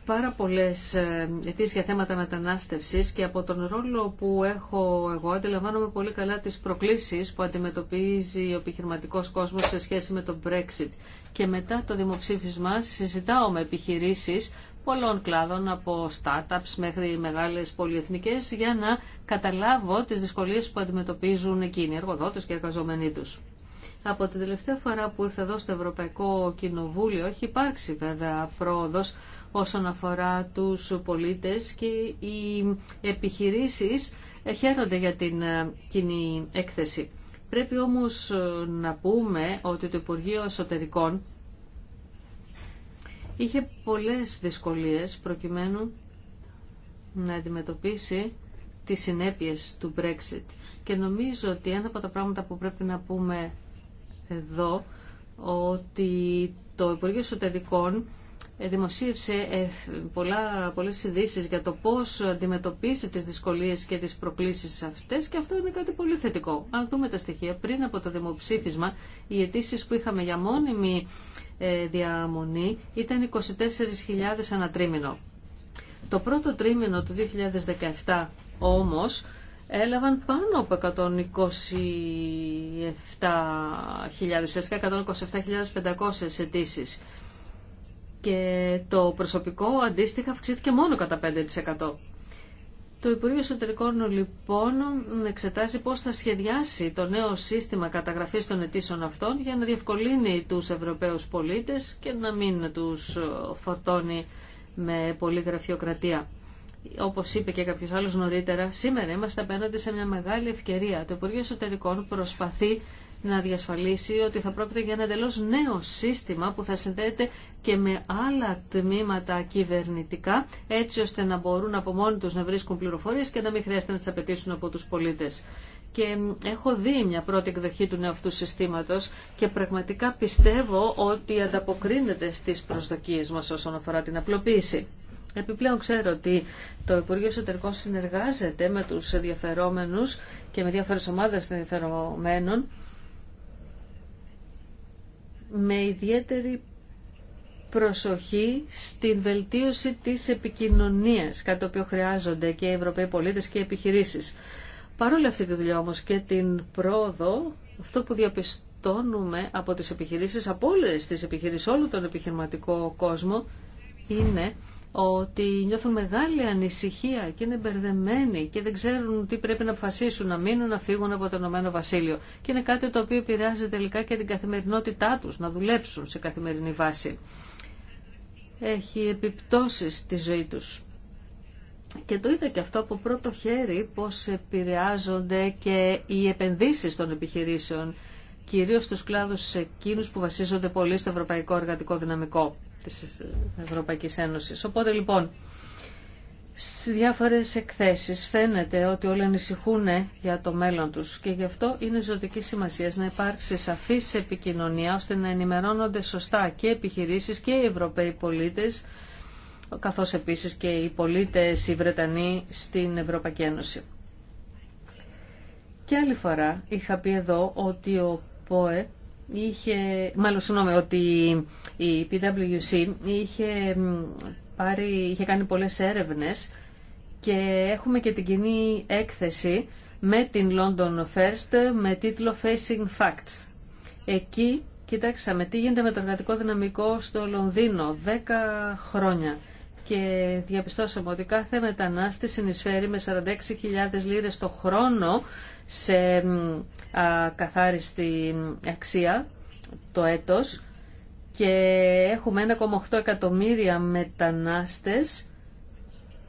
πάρα πολλές ε, αιτήσει για θέματα μετανάστευσης και από τον ρόλο που έχω εγώ αντιλαμβάνομαι πολύ καλά τις προκλήσεις που αντιμετωπίζει ο επιχειρηματικό κόσμος σε σχέση με το Brexit. Και μετά το δημοψήφισμα συζητάω με επιχειρήσεις πολλών κλάδων από startups μέχρι μεγάλες πολυεθνικές για να καταλάβω τις δυσκολίες που αντιμετωπίζουν εκείνοι, εργοδότες και εργαζομένοι τους. Από την τελευταία φορά που ήρθε εδώ στο Ευρωπαϊκό Κοινοβούλιο έχει υπάρξει βέβαια πρόοδος όσον αφορά τους πολίτες και οι επιχειρήσεις χαίρονται για την ε, κοινή έκθεση. Πρέπει όμως ε, να πούμε ότι το Υπουργείο Εσωτερικών είχε πολλές δυσκολίες προκειμένου να αντιμετωπίσει τις συνέπειες του Brexit. Και νομίζω ότι ένα από τα πράγματα που πρέπει να πούμε εδώ ότι το Υπουργείο Εσωτερικών δημοσίευσε ε, πολλά, πολλές ειδήσει για το πώς αντιμετωπίσει τις δυσκολίες και τις προκλήσεις αυτές και αυτό είναι κάτι πολύ θετικό. Αν δούμε τα στοιχεία, πριν από το δημοψήφισμα, οι αιτήσει που είχαμε για μόνιμη ε, διαμονή ήταν 24.000 τρίμηνο Το πρώτο τρίμηνο του 2017 όμως έλαβαν πάνω από 127.000 127.500 αιτήσει και το προσωπικό αντίστοιχα αυξήθηκε μόνο κατά 5%. Το Υπουργείο Εσωτερικών λοιπόν εξετάζει πώς θα σχεδιάσει το νέο σύστημα καταγραφής των αιτήσεων αυτών για να διευκολύνει τους Ευρωπαίους πολίτες και να μην τους φορτώνει με πολλή γραφειοκρατία. Όπως είπε και κάποιος άλλος νωρίτερα, σήμερα είμαστε απέναντι σε μια μεγάλη ευκαιρία. Το Υπουργείο Εσωτερικών προσπαθεί να διασφαλίσει ότι θα πρόκειται για ένα εντελώ νέο σύστημα που θα συνδέεται και με άλλα τμήματα κυβερνητικά, έτσι ώστε να μπορούν από μόνοι του να βρίσκουν πληροφορίε και να μην χρειάζεται να τι απαιτήσουν από του πολίτε. Και έχω δει μια πρώτη εκδοχή του νέου αυτού συστήματο και πραγματικά πιστεύω ότι ανταποκρίνεται στι προσδοκίε μα όσον αφορά την απλοποίηση. Επιπλέον ξέρω ότι το Υπουργείο Εσωτερικών συνεργάζεται με τους ενδιαφερόμενους και με διάφορες ομάδες ενδιαφερομένων με ιδιαίτερη προσοχή στην βελτίωση της επικοινωνίας, κάτι το οποίο χρειάζονται και οι Ευρωπαίοι πολίτες και οι επιχειρήσεις. Παρόλη αυτή τη δουλειά όμως και την πρόοδο, αυτό που διαπιστώνουμε από τις επιχειρήσεις, από όλες τις επιχειρήσεις, όλο τον επιχειρηματικό κόσμο, είναι ότι νιώθουν μεγάλη ανησυχία και είναι μπερδεμένοι και δεν ξέρουν τι πρέπει να αποφασίσουν, να μείνουν, να φύγουν από το Ηνωμένο Βασίλειο. Και είναι κάτι το οποίο επηρεάζει τελικά και την καθημερινότητά του, να δουλέψουν σε καθημερινή βάση. Έχει επιπτώσεις στη ζωή του. Και το είδα και αυτό από πρώτο χέρι πώς επηρεάζονται και οι επενδύσεις των επιχειρήσεων, κυρίως στους κλάδους εκείνους που βασίζονται πολύ στο ευρωπαϊκό εργατικό δυναμικό της Ευρωπαϊκής Ένωσης. Οπότε λοιπόν, στις διάφορες εκθέσεις φαίνεται ότι όλοι ανησυχούν για το μέλλον τους και γι' αυτό είναι ζωτική σημασία να υπάρξει σαφής επικοινωνία ώστε να ενημερώνονται σωστά και επιχειρήσεις και οι Ευρωπαίοι πολίτες καθώς επίσης και οι πολίτες οι Βρετανοί στην Ευρωπαϊκή Ένωση. Και άλλη φορά είχα πει εδώ ότι ο ΠΟΕ είχε, μάλλον συγγνώμη, ότι η PwC είχε, πάρει, είχε κάνει πολλές έρευνες και έχουμε και την κοινή έκθεση με την London First με τίτλο Facing Facts. Εκεί κοιτάξαμε τι γίνεται με το εργατικό δυναμικό στο Λονδίνο 10 χρόνια και διαπιστώσαμε ότι κάθε μετανάστη συνεισφέρει με 46.000 λίρες το χρόνο σε καθάριστη αξία το έτος και έχουμε 1,8 εκατομμύρια μετανάστες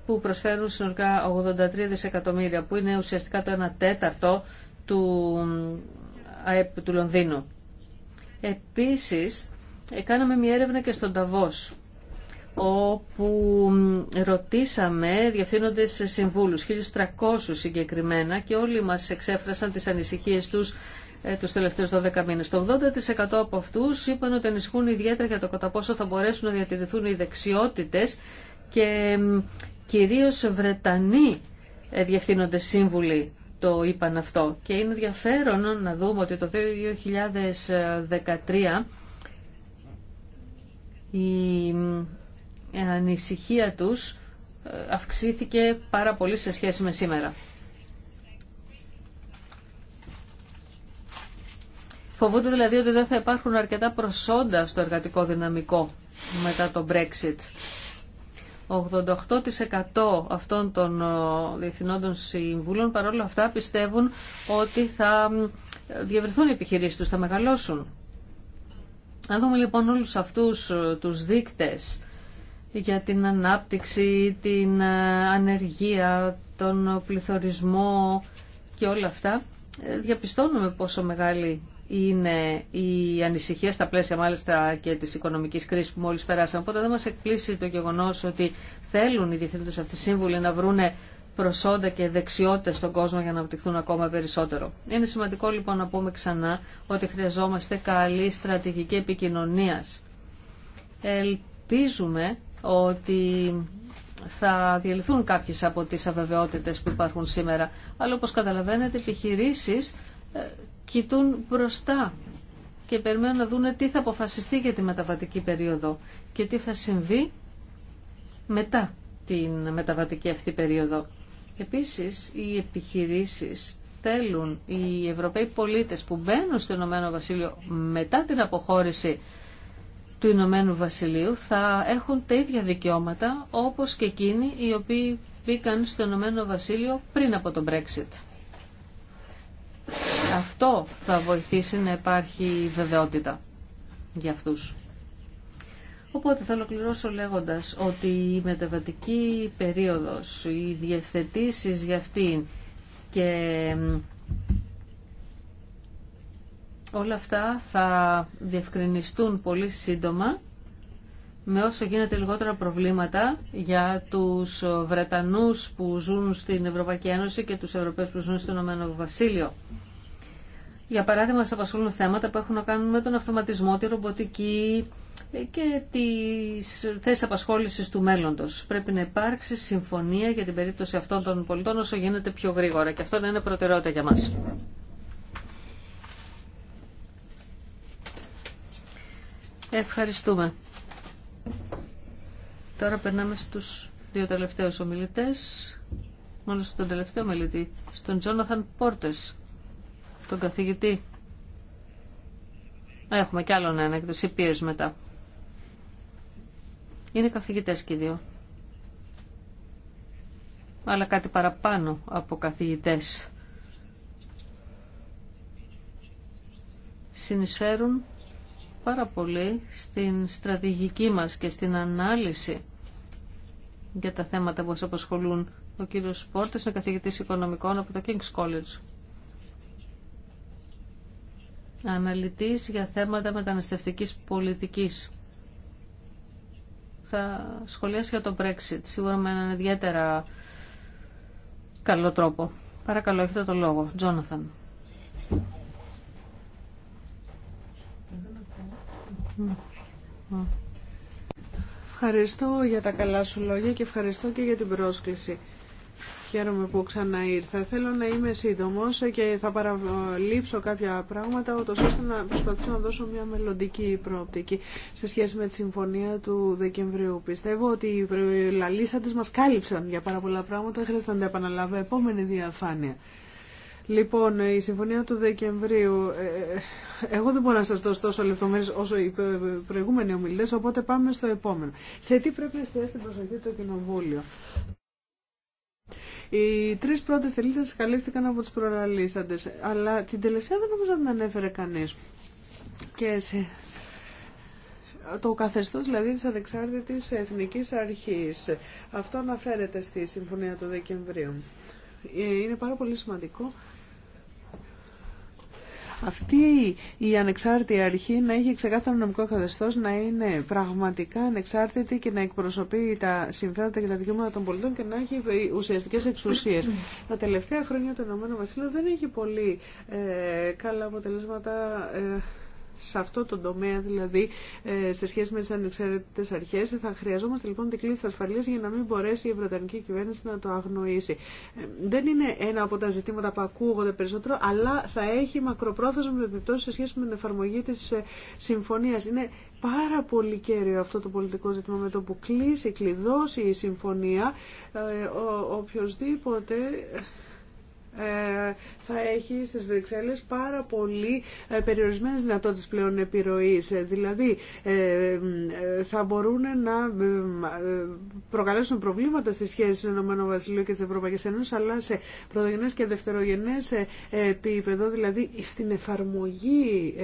που προσφέρουν συνολικά 83 δισεκατομμύρια που είναι ουσιαστικά το 1 τέταρτο του του Λονδίνου. Επίσης, κάναμε μια έρευνα και στον Ταβός όπου ρωτήσαμε διευθύνοντες συμβούλους, 1.300 συγκεκριμένα και όλοι μας εξέφρασαν τις ανησυχίες τους ε, τους τελευταίους 12 μήνες. Το 80% από αυτούς είπαν ότι ανησυχούν ιδιαίτερα για το κατά πόσο θα μπορέσουν να διατηρηθούν οι δεξιότητες και κυρίως Βρετανοί ε, διευθύνονται σύμβουλοι το είπαν αυτό. Και είναι ενδιαφέρον να δούμε ότι το 2013 η η ανησυχία τους ε, αυξήθηκε πάρα πολύ σε σχέση με σήμερα. Φοβούνται δηλαδή ότι δεν θα υπάρχουν αρκετά προσόντα στο εργατικό δυναμικό μετά το Brexit. 88% αυτών των ε, διευθυνόντων συμβούλων παρόλα αυτά πιστεύουν ότι θα διαβριθούν οι επιχειρήσεις τους, θα μεγαλώσουν. Αν δούμε λοιπόν όλους αυτούς ε, τους δείκτες για την ανάπτυξη, την ε, ανεργία, τον πληθωρισμό και όλα αυτά, ε, διαπιστώνουμε πόσο μεγάλη είναι η ανησυχία στα πλαίσια μάλιστα και της οικονομικής κρίσης που μόλις περάσαμε. Οπότε δεν μας εκπλήσει το γεγονός ότι θέλουν οι διευθύντες αυτοί σύμβουλοι να βρούνε προσόντα και δεξιότητες στον κόσμο για να αναπτυχθούν ακόμα περισσότερο. Είναι σημαντικό λοιπόν να πούμε ξανά ότι χρειαζόμαστε καλή στρατηγική επικοινωνίας Ελπίζουμε ότι θα διαλυθούν κάποιες από τις αβεβαιότητες που υπάρχουν σήμερα. Αλλά όπως καταλαβαίνετε, επιχειρήσεις ε, κοιτούν μπροστά και περιμένουν να δούνε τι θα αποφασιστεί για τη μεταβατική περίοδο και τι θα συμβεί μετά την μεταβατική αυτή περίοδο. Επίσης, οι επιχειρήσεις θέλουν οι Ευρωπαίοι πολίτες που μπαίνουν στο Ηνωμένο Βασίλειο μετά την αποχώρηση του Ηνωμένου Βασιλείου θα έχουν τα ίδια δικαιώματα όπως και εκείνοι οι οποίοι μπήκαν στο Ηνωμένο Βασίλειο πριν από τον Brexit. Αυτό θα βοηθήσει να υπάρχει βεβαιότητα για αυτούς. Οπότε θα ολοκληρώσω λέγοντας ότι η μεταβατική περίοδος, οι διευθετήσεις για αυτήν και Όλα αυτά θα διευκρινιστούν πολύ σύντομα με όσο γίνεται λιγότερα προβλήματα για τους Βρετανούς που ζουν στην Ευρωπαϊκή Ένωση και τους Ευρωπαίους που ζουν στον Ηνωμένο Βασίλειο. Για παράδειγμα, σε απασχολούν θέματα που έχουν να κάνουν με τον αυτοματισμό, τη ρομποτική και τις θέσεις απασχόλησης του μέλλοντος. Πρέπει να υπάρξει συμφωνία για την περίπτωση αυτών των πολιτών όσο γίνεται πιο γρήγορα και αυτό να είναι προτεραιότητα για μας. Ευχαριστούμε. Τώρα περνάμε στους δύο τελευταίους ομιλητές, μόνο στον τελευταίο ομιλητή, στον Τζόναθαν Πόρτες, τον καθηγητή. Έχουμε κι άλλον ένα έκδοση μετά. Είναι καθηγητές και δύο. Αλλά κάτι παραπάνω από καθηγητές. Συνεισφέρουν πάρα πολύ στην στρατηγική μας και στην ανάλυση για τα θέματα που μας απασχολούν. Ο κύριος Πόρτες ο καθηγητής οικονομικών από το King's College. Αναλυτής για θέματα μεταναστευτικής πολιτικής. Θα σχολιάσει για το Brexit, σίγουρα με έναν ιδιαίτερα καλό τρόπο. Παρακαλώ, έχετε το λόγο. Τζόναθαν. Ευχαριστώ για τα καλά σου λόγια και ευχαριστώ και για την πρόσκληση. Χαίρομαι που ήρθα Θέλω να είμαι σύντομο και θα παραλείψω κάποια πράγματα, ώστε να προσπαθήσω να δώσω μια μελλοντική προοπτική σε σχέση με τη συμφωνία του Δεκεμβρίου. Πιστεύω ότι οι λαλίσαντε μα κάλυψαν για πάρα πολλά πράγματα, χρειάζεται να τα επαναλάβω. Επόμενη διαφάνεια. Λοιπόν, η συμφωνία του Δεκεμβρίου. Ε, ε, εγώ δεν μπορώ να σας δώσω τόσο λεπτομέρειες όσο οι προηγούμενοι ομιλητές, οπότε πάμε στο επόμενο. Σε τι πρέπει να εστιάσει την προσοχή το Κοινοβούλιο. Οι τρεις πρώτες τελείωσε καλύφθηκαν από τους προραλίσαντες, αλλά την τελευταία δεν νομίζω να την ανέφερε κανείς. Και εσύ. Το καθεστώς δηλαδή της ανεξάρτητης Εθνική Αρχή. Αυτό αναφέρεται στη Συμφωνία του Δεκεμβρίου. Ε, είναι πάρα πολύ σημαντικό αυτή η ανεξάρτητη αρχή να έχει ξεκάθαρο νομικό καθεστώ, να είναι πραγματικά ανεξάρτητη και να εκπροσωπεί τα συμφέροντα και τα δικαιώματα των πολιτών και να έχει ουσιαστικέ εξουσίε. Mm-hmm. τα τελευταία χρόνια το Ηνωμένο Βασίλειο δεν έχει πολύ ε, καλά αποτελέσματα. Ε, σε αυτό το τομέα δηλαδή ε, σε σχέση με τι ανεξαρτητέ αρχές θα χρειαζόμαστε λοιπόν την κλίση ασφαλείας για να μην μπορέσει η Βρετανική κυβέρνηση να το αγνοήσει. Ε, δεν είναι ένα από τα ζητήματα που ακούγονται περισσότερο αλλά θα έχει μακροπρόθεσμη επιπτώσει σε σχέση με την εφαρμογή της ε, συμφωνίας. Είναι πάρα πολύ κέριο αυτό το πολιτικό ζήτημα με το που κλείσει, κλειδώσει η συμφωνία ο, οποιοδήποτε ε, θα έχει στις Βρυξέλλες πάρα πολύ ε, περιορισμένες δυνατότητες πλέον επιρροής. Ε, δηλαδή θα μπορούν να προκαλέσουν προβλήματα στις σχέσεις του ΕΒ Βασιλείου και της Ευρωπαϊκής Ένωσης αλλά σε πρωτογενές και δευτερογενές επίπεδο, δηλαδή στην εφαρμογή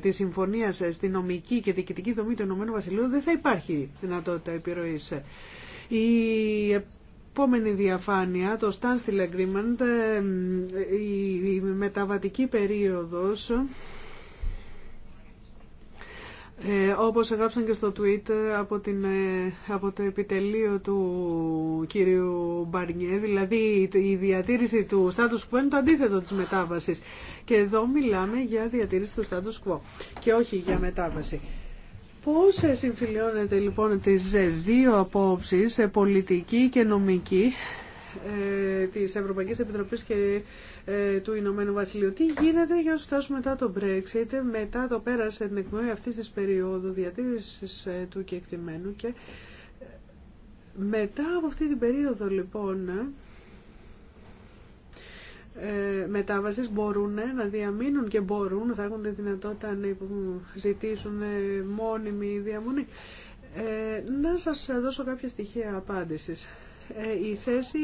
της συμφωνίας στη νομική και διοικητική δομή του ΕΒ δεν θα υπάρχει δυνατότητα επιρροής επόμενη διαφάνεια, το Standstill Agreement, ε, η μεταβατική περίοδος, ε, όπως έγραψαν και στο tweet από, την, ε, από το επιτελείο του κύριου Μπαρνιέ, δηλαδή η διατήρηση του status quo είναι το αντίθετο της μετάβασης. Και εδώ μιλάμε για διατήρηση του status quo και όχι για μετάβαση. Πώς συμφιλιώνεται λοιπόν τις δύο απόψεις, ε, πολιτική και νομική, ε, της Ευρωπαϊκής Επιτροπής και ε, του Ηνωμένου Βασιλείου. Τι γίνεται για να φτάσουμε μετά το Brexit, μετά το πέρασε την εκνοή αυτής της περίοδου διατήρησης του κεκτημένου και μετά από αυτή την περίοδο λοιπόν ε, Μετάβαση μπορούν να διαμείνουν και μπορούν, θα έχουν τη δυνατότητα να ζητήσουν ε, μόνιμη διαμονή. Ε, να σας δώσω κάποια στοιχεία απάντησης. Ε, η θέση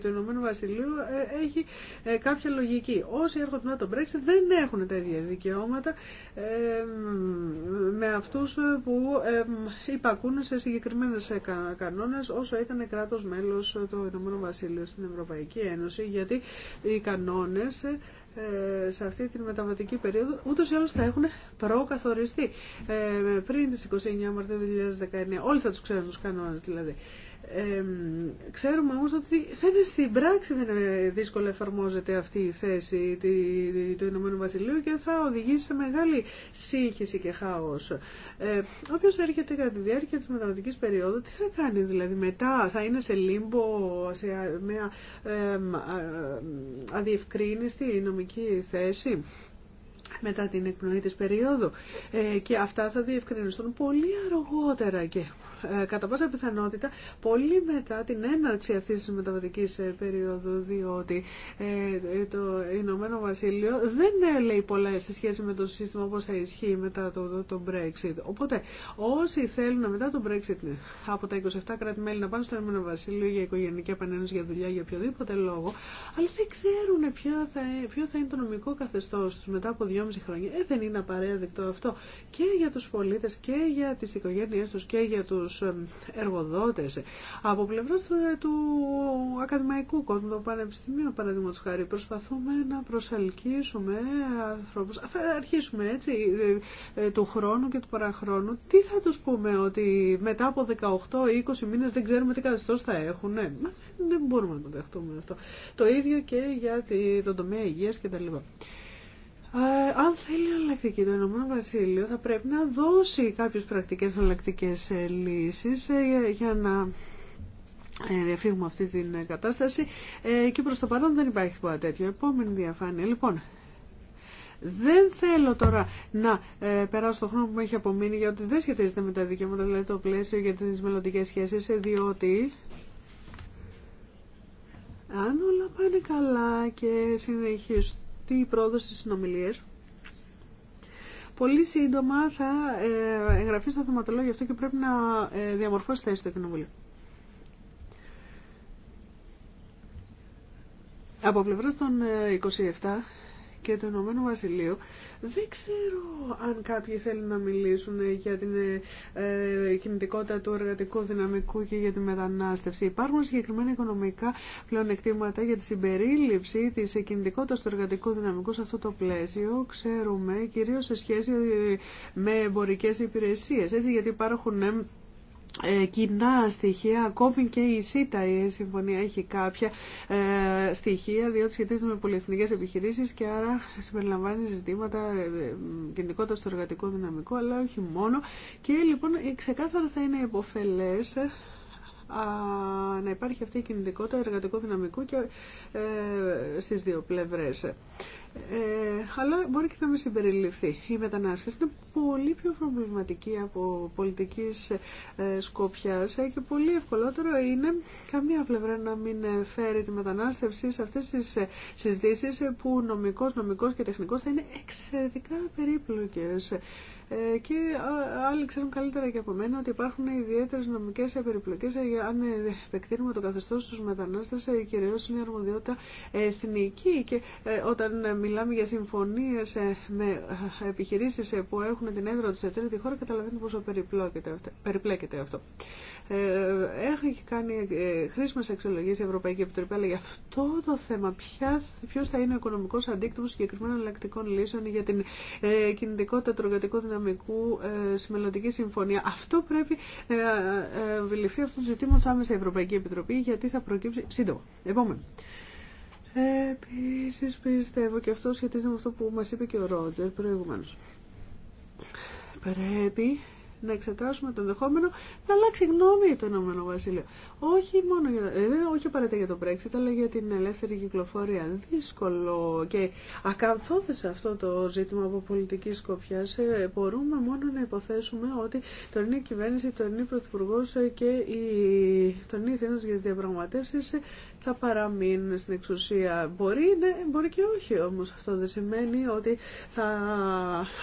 του Ηνωμένου Βασιλείου ε, έχει ε, κάποια λογική. Όσοι έρχονται μετά τον Brexit δεν έχουν τα ίδια δικαιώματα με αυτούς που υπακούν σε συγκεκριμένες κανόνες όσο ήταν κράτος μέλος του Ηνωμένου Βασιλείου στην Ευρωπαϊκή Ένωση γιατί οι κανόνες σε αυτή τη μεταβατική περίοδο ούτως ή άλλως θα έχουν προκαθοριστεί πριν τις 29 Μαρτίου 2019. Όλοι θα τους ξέρουν τους κανόνες δηλαδή ξέρουμε όμως ότι δεν είναι στην πράξη δεν είναι δύσκολο εφαρμόζεται αυτή η θέση του Ηνωμένου Βασιλείου και θα οδηγήσει σε μεγάλη σύγχυση και χάος. Ε, όποιος έρχεται κατά τη διάρκεια της μεταβατικής περίοδου, τι θα κάνει δηλαδή μετά, θα είναι σε λίμπο, σε μια ε, αδιευκρίνηστη νομική θέση μετά την εκπνοή της περίοδου. Ε, και αυτά θα διευκρινιστούν πολύ αργότερα και ε, κατά πάσα πιθανότητα πολύ μετά την έναρξη αυτής της μεταβατικής ε, περίοδου διότι ε, το Ηνωμένο Βασίλειο δεν λέει πολλά σε σχέση με το σύστημα όπως θα ισχύει μετά το, το, Brexit. Οπότε όσοι θέλουν μετά το Brexit ναι, από τα 27 κράτη-μέλη να πάνε στο Ηνωμένο Βασίλειο για οικογενειακή επανένωση, για δουλειά, για οποιοδήποτε λόγο, αλλά δεν ξέρουν ποιο θα, ποιο θα είναι το νομικό καθεστώς του μετά από 2,5 χρόνια. δεν είναι απαραίτητο αυτό και για τους πολίτε και για τις οικογένειές τους και για τους τους ε, εργοδότες. Από πλευρά ε, του ακαδημαϊκού κόσμου, του Πανεπιστημίου, παραδείγματο χάρη, προσπαθούμε να προσελκύσουμε ανθρώπους. Θα αρχίσουμε έτσι ε, του χρόνου και του παραχρόνου. Τι θα τους πούμε ότι μετά από 18-20 μήνες δεν ξέρουμε τι καθεστώς θα έχουν. Ναι, δεν μπορούμε να το δεχτούμε αυτό. Το ίδιο και για τον τομέα υγείας λοιπά. Ε, αν θέλει αλλακτική το Ηνωμένο Βασίλειο θα πρέπει να δώσει κάποιες πρακτικές αλλακτικές ε, λύσεις ε, για να διαφύγουμε αυτή την κατάσταση και προς το παρόν δεν υπάρχει τίποτα τέτοιο. Επόμενη διαφάνεια. Λοιπόν, δεν θέλω τώρα να περάσω το χρόνο που μου έχει απομείνει γιατί δεν σχετίζεται με τα δικαιώματα, δηλαδή το πλαίσιο για τις μελλοντικές σχέσεις, διότι αν όλα πάνε καλά και συνεχίσουν τι πρόοδο στι συνομιλίες. Πολύ σύντομα θα ε, εγγραφεί στο θεματολόγιο αυτό και πρέπει να ε, διαμορφώσει θέση στο Κοινοβούλιο. Από πλευρά των 27 ε, και το Ηνωμένο Βασιλείου. Δεν ξέρω αν κάποιοι θέλουν να μιλήσουν για την ε, ε, κινητικότητα του εργατικού δυναμικού και για τη μετανάστευση. Υπάρχουν συγκεκριμένα οικονομικά πλεονεκτήματα για τη συμπερίληψη τη κινητικότητα του εργατικού δυναμικού σε αυτό το πλαίσιο. Ξέρουμε κυρίω σε σχέση με εμπορικέ υπηρεσίε. Έτσι, γιατί υπάρχουν ε, ε, κοινά στοιχεία, ακόμη και η ΣΥΤΑ η συμφωνία έχει κάποια ε, στοιχεία, διότι σχετίζεται με πολυεθνικές επιχειρήσεις και άρα συμπεριλαμβάνει ζητήματα κινητικότητα ε, ε, στο εργατικό δυναμικό, αλλά όχι μόνο. Και λοιπόν ξεκάθαρα θα είναι υποφελές να υπάρχει αυτή η κινητικότητα εργατικού δυναμικού και ε, στις δύο πλευρές ε, αλλά μπορεί και να μην συμπεριληφθεί. Οι μετανάστε είναι πολύ πιο προβληματικοί από πολιτική σκοπιά ε, σκοπιάς ε, και πολύ ευκολότερο είναι καμία πλευρά να μην φέρει τη μετανάστευση σε αυτές τις ε, συζητήσεις που νομικός, νομικός και τεχνικό θα είναι εξαιρετικά περίπλοκες. Ε, και άλλοι ξέρουν καλύτερα και από μένα ότι υπάρχουν ιδιαίτερε νομικέ περιπλοκέ ε, αν ε, επεκτείνουμε το καθεστώ στου μετανάστε, κυρίω είναι αρμοδιότητα εθνική. Και όταν μιλάμε για συμφωνίε με επιχειρήσει που έχουν την έδρα του σε τρίτη χώρα, καταλαβαίνετε πόσο περιπλέκεται αυτό. Έχει κάνει χρήσιμε αξιολογίε η Ευρωπαϊκή Επιτροπή, αλλά για αυτό το θέμα, ποιο θα είναι ο οικονομικό αντίκτυπο συγκεκριμένων ελεκτικών λύσεων για την κινητικότητα του δυναμικού Οικονομικού ε, Συμμελλοντική Συμφωνία. Αυτό πρέπει να ε, ε, βιληφθεί αυτό το ζητήμα άμεσα Ευρωπαϊκή Επιτροπή, γιατί θα προκύψει σύντομα. Επόμενο. Επίση πιστεύω και αυτό σχετίζεται με αυτό που μα είπε και ο Ρότζερ προηγουμένω. Πρέπει να εξετάσουμε το ενδεχόμενο να αλλάξει γνώμη το Ηνωμένο Βασίλειο. Όχι μόνο για, ε, όχι απαραίτητα για το Brexit, αλλά για την ελεύθερη κυκλοφορία. Δύσκολο και ακαθόδεσαι αυτό το ζήτημα από πολιτική σκοπιά. μπορούμε μόνο να υποθέσουμε ότι το είναι κυβέρνηση, τον είναι πρωθυπουργό ε, και η, τον είναι για τι διαπραγματεύσει ε, θα παραμείνουν στην εξουσία. Μπορεί, ναι, μπορεί και όχι όμω. Αυτό δεν σημαίνει ότι θα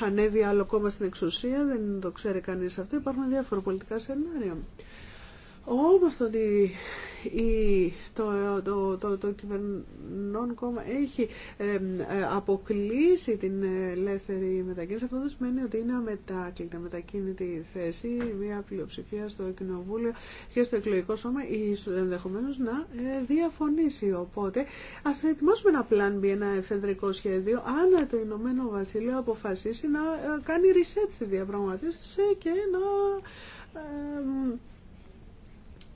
ανέβει άλλο κόμμα στην εξουσία. Δεν το ξέρει κανεί αυτό. Υπάρχουν διάφορα πολιτικά σενάρια. Όμως το ότι το, το, το, το κυβερνών κόμμα έχει ε, αποκλείσει την ελεύθερη μετακίνηση, αυτό δεν σημαίνει ότι είναι αμετάκλητα μετακίνητη θέση, μια πλειοψηφία στο κοινοβούλιο και στο εκλογικό σώμα, ενδεχομένω να ε, διαφωνήσει. Οπότε ας ετοιμάσουμε ένα πλάν B, ένα εφεδρικό σχέδιο, αν το Ηνωμένο Βασίλειο αποφασίσει να ε, κάνει reset στη διαπραγματεύσεις και να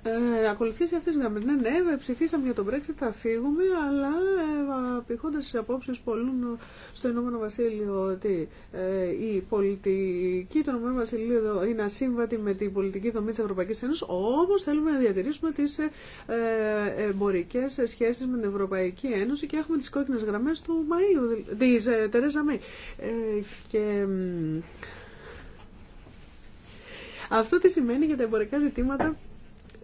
ε, ακολουθήσει αυτές τις γραμμές. Ναι, ναι, ε, ψηφίσαμε για τον Brexit, θα φύγουμε, αλλά ε, απειχώντας τις απόψεις στο Ηνωμένο Βασίλειο ότι ε, η πολιτική του Ηνωμένου Βασιλείου είναι ασύμβατη με την πολιτική δομή της Ευρωπαϊκής Ένωσης, όμως θέλουμε να διατηρήσουμε τις ε, ε εμπορικές σχέσεις με την Ευρωπαϊκή Ένωση και έχουμε τις κόκκινες γραμμές του Μαΐου, της ε, Τερέζα Μέη. και, αυτό τι σημαίνει για τα εμπορικά ζητήματα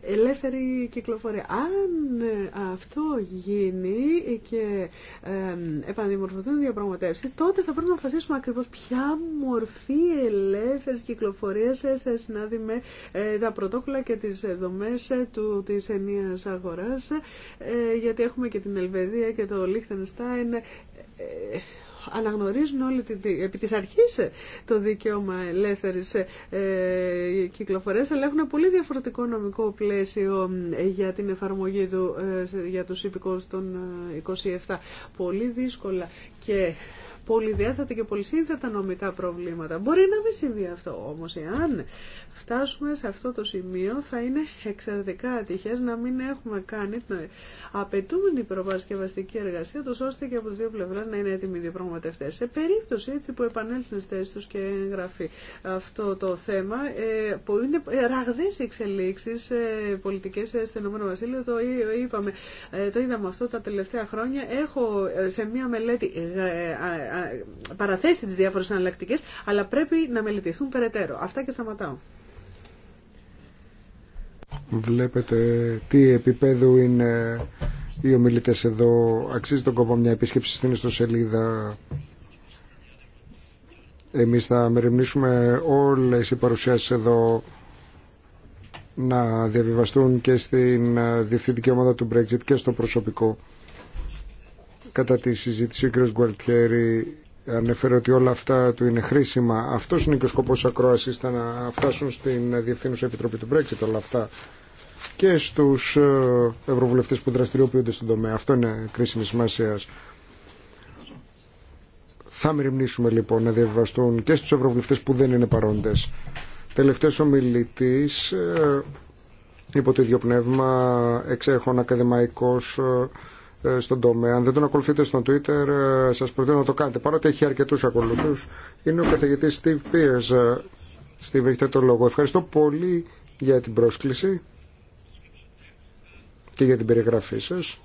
ελεύθερη κυκλοφορία. Αν ε, αυτό γίνει και ε, επανδημορφωθούν διαπραγματεύσεις, τότε θα πρέπει να αποφασίσουμε ακριβώς ποια μορφή ελεύθερης κυκλοφορίας σε συνάδει με ε, τα πρωτόκολλα και τις δομές του, της ενίας αγοράς, γιατί έχουμε και την Ελβεδία και το Λίχτενστάιν αναγνωρίζουν όλοι την, επί της αρχής ε, το δικαίωμα ελεύθερης ε, ε κυκλοφορίας, αλλά έχουν πολύ διαφορετικό νομικό πλαίσιο για την εφαρμογή του ε, για τους υπηκόρους των 27. Πολύ δύσκολα και πολυδιάστατα και πολυσύνθετα νομικά προβλήματα. Μπορεί να μην συμβεί αυτό, όμως εάν φτάσουμε σε αυτό το σημείο θα είναι εξαιρετικά ατυχές να μην έχουμε κάνει την απαιτούμενη προβασκευαστική εργασία, τόσο ώστε και από τις δύο πλευρές να είναι έτοιμοι οι διαπραγματευτές. Σε περίπτωση έτσι που επανέλθουν στις θέσεις τους και εγγραφεί αυτό το θέμα, ε, που είναι ραγδαίες εξελίξεις ε, πολιτικές ε, στο Ηνωμένο Βασίλειο, το, είπαμε, το είδαμε αυτό τα τελευταία χρόνια. Έχω σε μία μελέτη παραθέσει τις διάφορες εναλλακτικέ, αλλά πρέπει να μελετηθούν περαιτέρω. Αυτά και σταματάω. Βλέπετε τι επίπεδο είναι οι ομιλητέ εδώ. Αξίζει τον κόπο μια επίσκεψη στην ιστοσελίδα. Εμείς θα μεριμνήσουμε όλες οι παρουσιάσεις εδώ να διαβιβαστούν και στην διευθυντική ομάδα του Brexit και στο προσωπικό κατά τη συζήτηση. Ο κ. Γκουαλτιέρη ανέφερε ότι όλα αυτά του είναι χρήσιμα. Αυτό είναι και ο σκοπό τη ακρόαση, να φτάσουν στην Διευθύνουσα Επιτροπή του Brexit όλα αυτά και στου ε, ευρωβουλευτέ που δραστηριοποιούνται στον τομέα. Αυτό είναι κρίσιμη σημασία. Θα μεριμνήσουμε λοιπόν να διαβαστούν και στου ευρωβουλευτέ που δεν είναι παρόντε. Τελευταίο ομιλητή, ε, υπό το ίδιο πνεύμα, εξέχων ακαδημαϊκός ε, ε, στον τομέα. Αν δεν τον ακολουθείτε στο Twitter, ε, σας προτείνω να το κάνετε. Παρότι έχει αρκετούς ακολουθούς, είναι ο καθηγητής Steve Pierce. Ε, Steve, έχετε το λόγο. Ευχαριστώ πολύ για την πρόσκληση και για την περιγραφή σας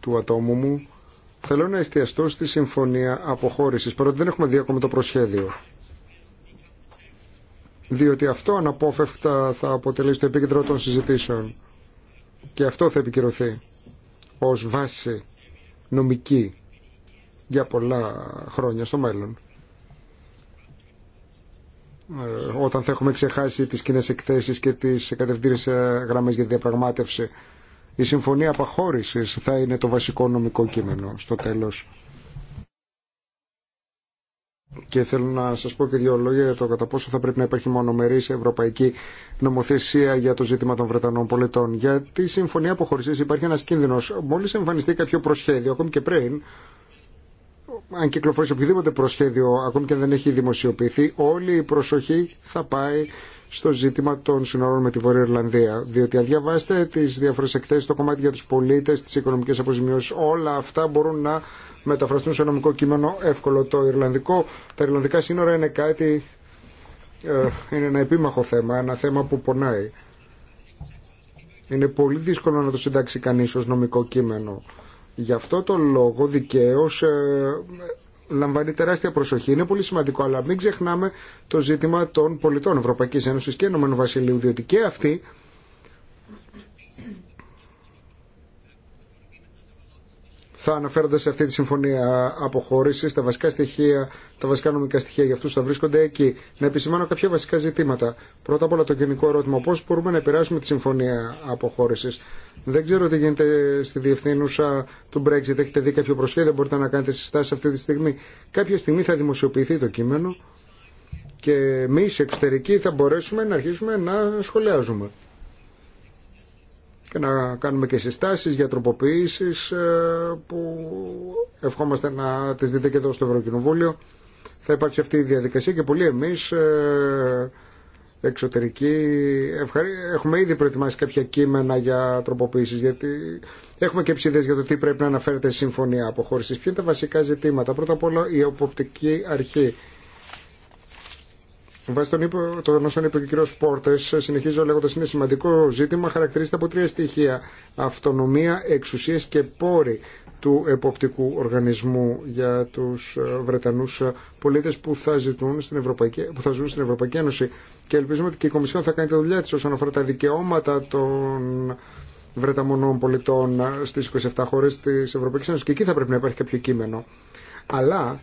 του ατόμου μου. Θέλω να εστιαστώ στη συμφωνία αποχώρησης, παρότι δεν έχουμε δει ακόμα το προσχέδιο. Διότι αυτό αναπόφευκτα θα αποτελεί στο επίκεντρο των συζητήσεων. Και αυτό θα επικυρωθεί ως βάση νομική για πολλά χρόνια στο μέλλον. Ε, όταν θα έχουμε ξεχάσει τις κοινέ εκθέσεις και τις κατευθύνες ε, γραμμές για διαπραγμάτευση, η συμφωνία απαχώρησης θα είναι το βασικό νομικό κείμενο στο τέλος και θέλω να σας πω και δύο λόγια για το κατά πόσο θα πρέπει να υπάρχει μονομερής ευρωπαϊκή νομοθεσία για το ζήτημα των Βρετανών πολιτών. Για τη συμφωνία αποχωρησής υπάρχει ένας κίνδυνος. Μόλις εμφανιστεί κάποιο προσχέδιο, ακόμη και πριν, αν κυκλοφορήσει οποιοδήποτε προσχέδιο, ακόμη και αν δεν έχει δημοσιοποιηθεί, όλη η προσοχή θα πάει στο ζήτημα των συνόρων με τη Βόρεια Ιρλανδία. Διότι αν διαβάσετε τι διάφορε εκθέσει, το κομμάτι για του πολίτε, τι οικονομικέ αποζημιώσει, όλα αυτά μπορούν να μεταφραστούν σε νομικό κείμενο εύκολο. Το Ιρλανδικό, τα Ιρλανδικά σύνορα είναι κάτι. Ε, είναι ένα επίμαχο θέμα, ένα θέμα που πονάει. Είναι πολύ δύσκολο να το συντάξει κανεί ω νομικό κείμενο. Γι' αυτό το λόγο δικαίω ε, λαμβάνει τεράστια προσοχή. Είναι πολύ σημαντικό, αλλά μην ξεχνάμε το ζήτημα των πολιτών Ευρωπαϊκής Ένωσης και Ενωμένου Βασιλείου, διότι και αυτοί θα αναφέρονται σε αυτή τη συμφωνία αποχώρηση. Τα βασικά στοιχεία, τα βασικά νομικά στοιχεία για αυτού θα βρίσκονται εκεί. Να επισημάνω κάποια βασικά ζητήματα. Πρώτα απ' όλα το γενικό ερώτημα, πώ μπορούμε να επηρεάσουμε τη συμφωνία αποχώρηση. Δεν ξέρω τι γίνεται στη διευθύνουσα του Brexit. Έχετε δει κάποιο προσχέδιο, μπορείτε να κάνετε συστάσει αυτή τη στιγμή. Κάποια στιγμή θα δημοσιοποιηθεί το κείμενο και εμεί εξωτερικοί θα μπορέσουμε να αρχίσουμε να σχολιάζουμε και να κάνουμε και συστάσεις για τροποποιήσεις ε, που ευχόμαστε να τις δείτε και εδώ στο Ευρωκοινοβούλιο. Θα υπάρξει αυτή η διαδικασία και πολλοί εμείς ε, εξωτερικοί έχουμε ήδη προετοιμάσει κάποια κείμενα για τροποποιήσεις γιατί έχουμε και ψηδές για το τι πρέπει να αναφέρεται στη συμφωνία αποχώρησης. Ποια είναι τα βασικά ζητήματα. Πρώτα απ' όλα η οποπτική αρχή Βάσει τον, είπε, είπε όσων είπε ο κ. Πόρτε, συνεχίζω λέγοντα είναι σημαντικό ζήτημα, χαρακτηρίζεται από τρία στοιχεία. Αυτονομία, εξουσίε και πόροι του εποπτικού οργανισμού για του ε, Βρετανού ε, πολίτε που θα, που θα ζουν στην Ευρωπαϊκή Ένωση. Και ελπίζουμε ότι και η Κομισιόν θα κάνει τη δουλειά τη όσον αφορά τα δικαιώματα των Βρεταμονών πολιτών ε, στι 27 χώρε τη Ευρωπαϊκή Ένωση. Και εκεί θα πρέπει να υπάρχει κάποιο κείμενο. Αλλά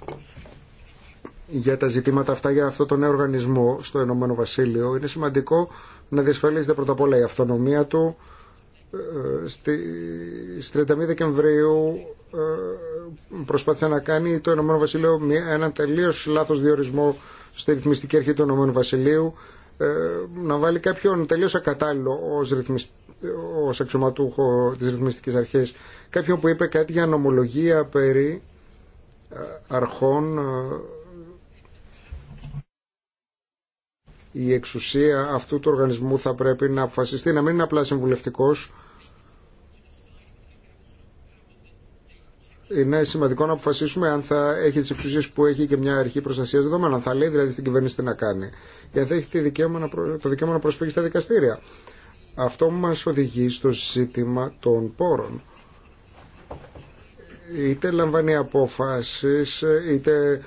για τα ζητήματα αυτά για αυτό τον νέο οργανισμό στο Ενωμένο Βασίλειο είναι σημαντικό να διασφαλίζεται πρώτα απ' όλα η αυτονομία του ε, Στη 31 Δεκεμβρίου ε, προσπάθησε να κάνει το Ενωμένο Βασιλείο έναν τελείως λάθος διορισμό στη ρυθμιστική αρχή του Ενωμένου Βασιλείου ε, να βάλει κάποιον τελείως ακατάλληλο ως, αξιωματούχο της ρυθμιστικής αρχής κάποιον που είπε κάτι για νομολογία περί αρχών η εξουσία αυτού του οργανισμού θα πρέπει να αποφασιστεί να μην είναι απλά συμβουλευτικό. Είναι σημαντικό να αποφασίσουμε αν θα έχει τι εξουσίε που έχει και μια αρχή προστασία δεδομένων. Θα λέει δηλαδή στην κυβέρνηση τι να κάνει. Και αν θα έχει το δικαίωμα να προσφύγει στα δικαστήρια. Αυτό μα οδηγεί στο ζήτημα των πόρων. Είτε λαμβάνει απόφασεις, είτε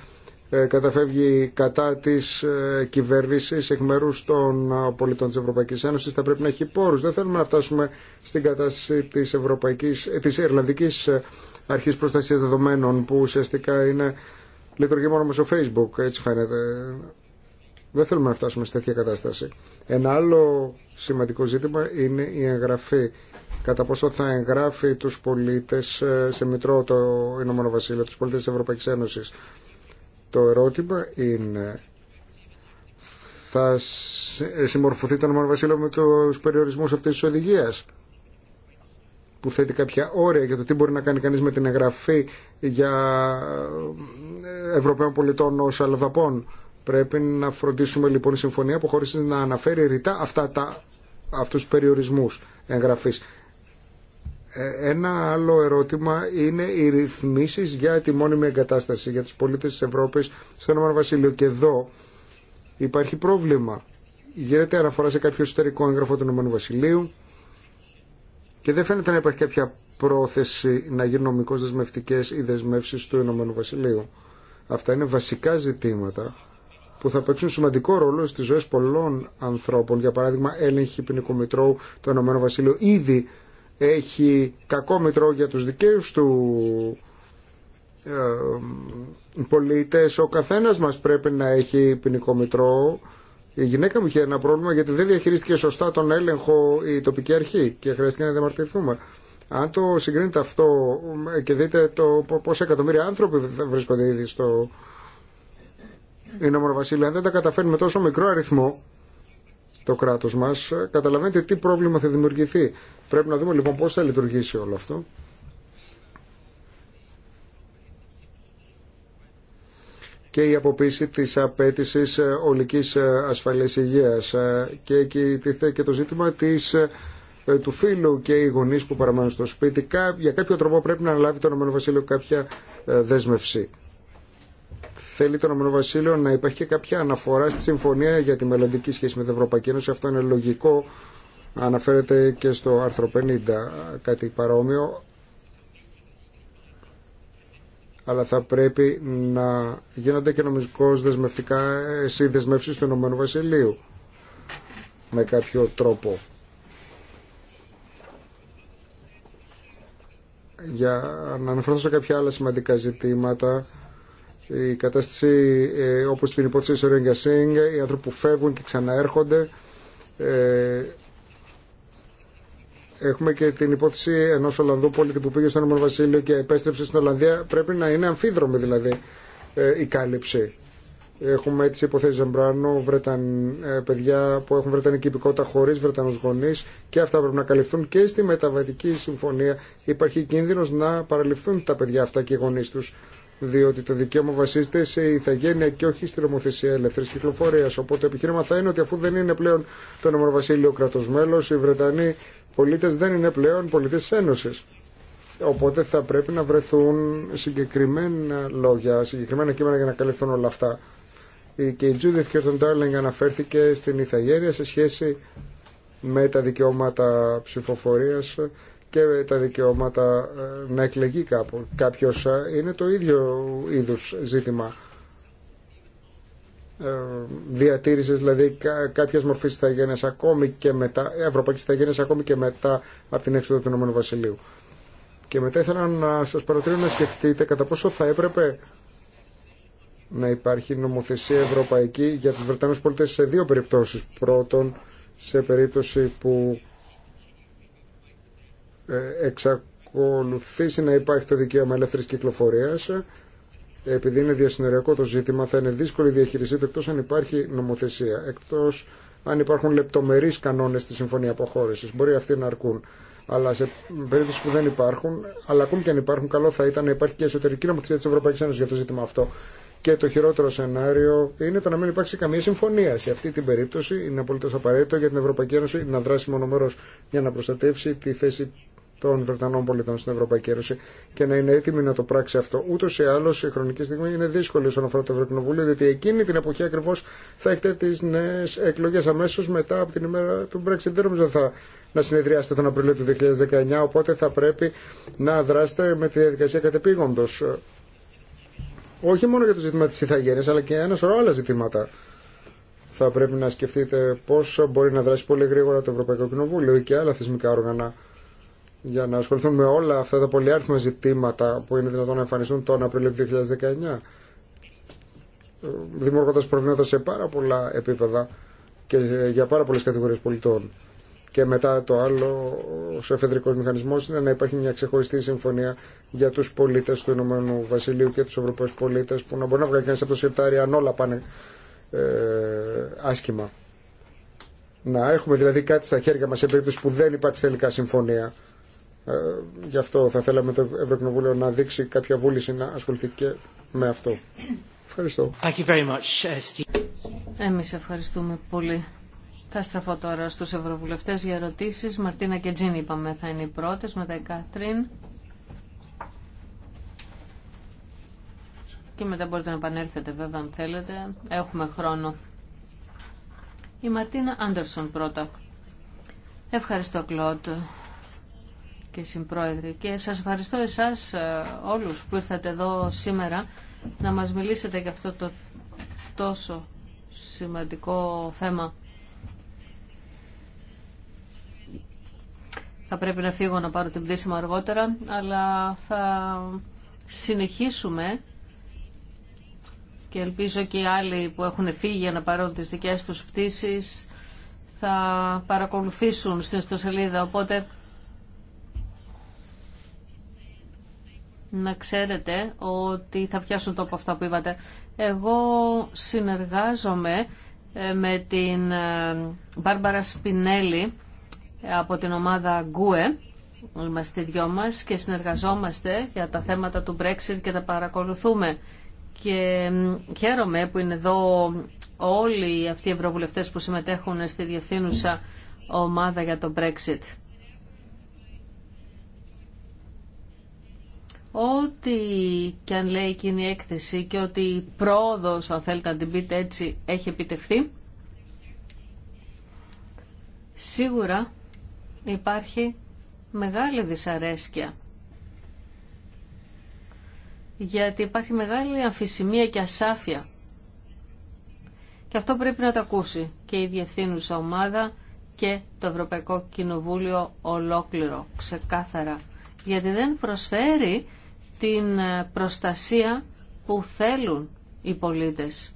ε, καταφεύγει κατά της ε, κυβέρνησης εκ μέρου των ε, πολιτών της Ευρωπαϊκής Ένωσης θα πρέπει να έχει πόρους. Δεν θέλουμε να φτάσουμε στην κατάσταση της, Ευρωπαϊκής, της Ιρλανδικής Αρχής Προστασίας Δεδομένων που ουσιαστικά είναι λειτουργεί μόνο με στο Facebook, έτσι φαίνεται. Δεν θέλουμε να φτάσουμε σε τέτοια κατάσταση. Ένα άλλο σημαντικό ζήτημα είναι η εγγραφή. Κατά πόσο θα εγγράφει τους πολίτες σε Μητρό το Ηνωμένο Βασίλειο, τους πολίτες της το ερώτημα είναι θα συμμορφωθεί το νομό Βασίλειο με τους περιορισμούς αυτής της οδηγίας που θέτει κάποια όρια για το τι μπορεί να κάνει κανείς με την εγγραφή για ε, Ευρωπαίων πολιτών ως αλλοδαπών. Πρέπει να φροντίσουμε λοιπόν η συμφωνία που χωρίς να αναφέρει ρητά αυτά τα, αυτούς τους περιορισμούς εγγραφής. Ε, ένα άλλο ερώτημα είναι οι ρυθμίσει για τη μόνιμη εγκατάσταση για του πολίτε τη Ευρώπη στο Ηνωμένο Βασίλειο. Και εδώ υπάρχει πρόβλημα. Γίνεται αναφορά σε κάποιο εσωτερικό έγγραφο του Ηνωμένου Βασιλείου και δεν φαίνεται να υπάρχει κάποια πρόθεση να γίνουν νομικώ δεσμευτικέ οι δεσμεύσει του Ηνωμένου Βασιλείου. Αυτά είναι βασικά ζητήματα που θα παίξουν σημαντικό ρόλο στι ζωέ πολλών ανθρώπων. Για παράδειγμα, έλεγχοι ποινικού του Ηνωμένου Βασιλείου ήδη έχει κακό μητρό για τους δικαίους του ε, πολίτες. Ο καθένας μας πρέπει να έχει ποινικό μητρό. Η γυναίκα μου είχε ένα πρόβλημα γιατί δεν διαχειρίστηκε σωστά τον έλεγχο η τοπική αρχή και χρειάστηκε να διαμαρτυρηθούμε. Αν το συγκρίνετε αυτό και δείτε το πόσα εκατομμύρια άνθρωποι βρίσκονται ήδη στο Ηνωμένο Βασίλειο, αν δεν τα καταφέρνει με τόσο μικρό αριθμό το κράτος μας, καταλαβαίνετε τι πρόβλημα θα δημιουργηθεί. Πρέπει να δούμε λοιπόν πώς θα λειτουργήσει όλο αυτό. και η αποποίηση της απέτηση ε, ολικής ε, ασφαλής υγείας. Ε, και εκεί και το ζήτημα της, του φίλου και οι γονείς που παραμένουν στο σπίτι. Για κάποιο τρόπο πρέπει να λάβει το Ηνωμένο Βασίλειο κάποια δέσμευση. Θέλει το Ηνωμένο Βασίλειο να υπάρχει και κάποια αναφορά στη συμφωνία για τη μελλοντική σχέση με την Ευρωπαϊκή Ένωση. Αυτό είναι λογικό Αναφέρεται και στο άρθρο 50 κάτι παρόμοιο, αλλά θα πρέπει να γίνονται και νομικώς δεσμευτικά εσύ δεσμεύσει του Ηνωμένου Βασιλείου με κάποιο τρόπο. Για να αναφερθώ σε κάποια άλλα σημαντικά ζητήματα, η κατάσταση ε, όπως την υπόθεση της Ρέγγια οι άνθρωποι που φεύγουν και ξαναέρχονται, ε, Έχουμε και την υπόθεση ενό Ολλανδού πολίτη που πήγε στον Ηνωμένο και επέστρεψε στην Ολλανδία. Πρέπει να είναι αμφίδρομη δηλαδή ε, η κάλυψη. Έχουμε έτσι υποθέσει Ζεμπράνου, Βρεταν, ε, παιδιά που έχουν βρετανική υπηκότητα χωρί Βρετανού γονεί και αυτά πρέπει να καλυφθούν και στη μεταβατική συμφωνία. Υπάρχει κίνδυνο να παραληφθούν τα παιδιά αυτά και οι γονεί του. Διότι το δικαίωμα βασίζεται σε ηθαγένεια και όχι στη νομοθεσία ελεύθερη κυκλοφορία. Οπότε επιχείρημα θα είναι ότι αφού δεν είναι πλέον το νομοβασίλειο κράτο οι Βρετανοί πολίτες δεν είναι πλέον πολίτες της Ένωσης. Οπότε θα πρέπει να βρεθούν συγκεκριμένα λόγια, συγκεκριμένα κείμενα για να καλυφθούν όλα αυτά. Και η Judith Κιόρτον Darling αναφέρθηκε στην Ιθαγέρια σε σχέση με τα δικαιώματα ψηφοφορίας και τα δικαιώματα ε, να εκλεγεί κάπου. Κάποιος ε, είναι το ίδιο είδους ζήτημα. Ε, διατήρηση δηλαδή κάποια μορφή ηθαγένεια ακόμη και μετά, Ευρωπαϊκή ηθαγένεια ακόμη και μετά από την έξοδο του Ηνωμένου Βασιλείου. Και μετά ήθελα να σας παροτρύνω να σκεφτείτε κατά πόσο θα έπρεπε να υπάρχει νομοθεσία ευρωπαϊκή για τους Βρετανούς πολιτέ σε δύο περιπτώσεις. Πρώτον, σε περίπτωση που ε, εξακολουθήσει να υπάρχει το δικαίωμα ελεύθερη κυκλοφορία επειδή είναι διασυνοριακό το ζήτημα, θα είναι δύσκολη η διαχείρισή του εκτό αν υπάρχει νομοθεσία, εκτό αν υπάρχουν λεπτομερεί κανόνε στη συμφωνία αποχώρηση. Μπορεί αυτοί να αρκούν. Αλλά σε περίπτωση που δεν υπάρχουν, αλλά ακόμη και αν υπάρχουν, καλό θα ήταν να υπάρχει και εσωτερική νομοθεσία τη Ευρωπαϊκή Ένωση για το ζήτημα αυτό. Και το χειρότερο σενάριο είναι το να μην υπάρξει καμία συμφωνία. Σε αυτή την περίπτωση είναι απολύτω απαραίτητο για την Ευρωπαϊκή Ένωση να δράσει μονομερό για να προστατεύσει τη θέση των Βρετανών πολιτών στην Ευρωπαϊκή Ένωση και να είναι έτοιμη να το πράξει αυτό. Ούτω ή άλλω η χρονική στιγμή είναι δύσκολη όσον αφορά το Ευρωκοινοβούλιο, διότι εκείνη την εποχή ακριβώ θα έχετε τι νέε εκλογέ αμέσω μετά από την ημέρα του Brexit. Δεν νομίζω θα να συνεδριάσετε τον Απριλίο του 2019, οπότε θα πρέπει να δράσετε με τη διαδικασία κατεπήγοντο. Όχι μόνο για το ζήτημα τη ηθαγένεια, αλλά και ένα σωρό άλλα ζητήματα θα πρέπει να σκεφτείτε πώ μπορεί να δράσει πολύ γρήγορα το Ευρωπαϊκό Κοινοβούλιο ή και άλλα θεσμικά όργανα για να ασχοληθούν με όλα αυτά τα πολυάριθμα ζητήματα που είναι δυνατόν να εμφανιστούν τον Απρίλιο 2019 ε, δημιουργώντας προβλήματα σε πάρα πολλά επίπεδα και για πάρα πολλές κατηγορίες πολιτών. Και μετά το άλλο, ο εφεδρικός μηχανισμός είναι να υπάρχει μια ξεχωριστή συμφωνία για τους πολίτες του Ηνωμένου Βασιλείου και τους Ευρωπαίους πολίτες που να μπορεί να βγάλει κανείς από το σιρτάρι αν όλα πάνε ε, άσχημα. Να έχουμε δηλαδή κάτι στα χέρια μα σε περίπτωση που δεν υπάρχει τελικά συμφωνία ε, γι' αυτό θα θέλαμε το Ευρωκοινοβούλιο να δείξει κάποια βούληση να ασχοληθεί και με αυτό. Ευχαριστώ. Thank uh, Εμείς ευχαριστούμε πολύ. Θα στραφώ τώρα στους ευρωβουλευτές για ερωτήσεις. Μαρτίνα και Τζίνι είπαμε θα είναι οι πρώτες, μετά η Κάτριν. Και μετά μπορείτε να επανέλθετε βέβαια αν θέλετε. Έχουμε χρόνο. Η Μαρτίνα Άντερσον πρώτα. Ευχαριστώ Κλώτ και συμπρόεδροι. και σας ευχαριστώ εσάς ε, όλους που ήρθατε εδώ σήμερα να μας μιλήσετε για αυτό το τόσο σημαντικό θέμα. Θα πρέπει να φύγω να πάρω την πτήση μου αργότερα, αλλά θα συνεχίσουμε και ελπίζω και οι άλλοι που έχουν φύγει για να πάρουν τις δικές τους πτήσεις θα παρακολουθήσουν στην ιστοσελίδα, οπότε να ξέρετε ότι θα πιάσουν τόπο αυτά που είπατε. Εγώ συνεργάζομαι ε, με την ε, Μπάρμπαρα Σπινέλη ε, από την ομάδα Γκουε. Είμαστε δυο μας και συνεργαζόμαστε για τα θέματα του Brexit και τα παρακολουθούμε. Και χαίρομαι που είναι εδώ όλοι αυτοί οι ευρωβουλευτές που συμμετέχουν στη διευθύνουσα ομάδα για το Brexit. Ό,τι και αν λέει εκείνη η έκθεση και ότι η πρόοδος, αν θέλετε να την πείτε έτσι, έχει επιτευχθεί, σίγουρα υπάρχει μεγάλη δυσαρέσκεια. Γιατί υπάρχει μεγάλη αμφισημία και ασάφεια. Και αυτό πρέπει να το ακούσει και η διευθύνουσα ομάδα και το Ευρωπαϊκό Κοινοβούλιο ολόκληρο, ξεκάθαρα. Γιατί δεν προσφέρει την ε, προστασία που θέλουν οι πολίτες.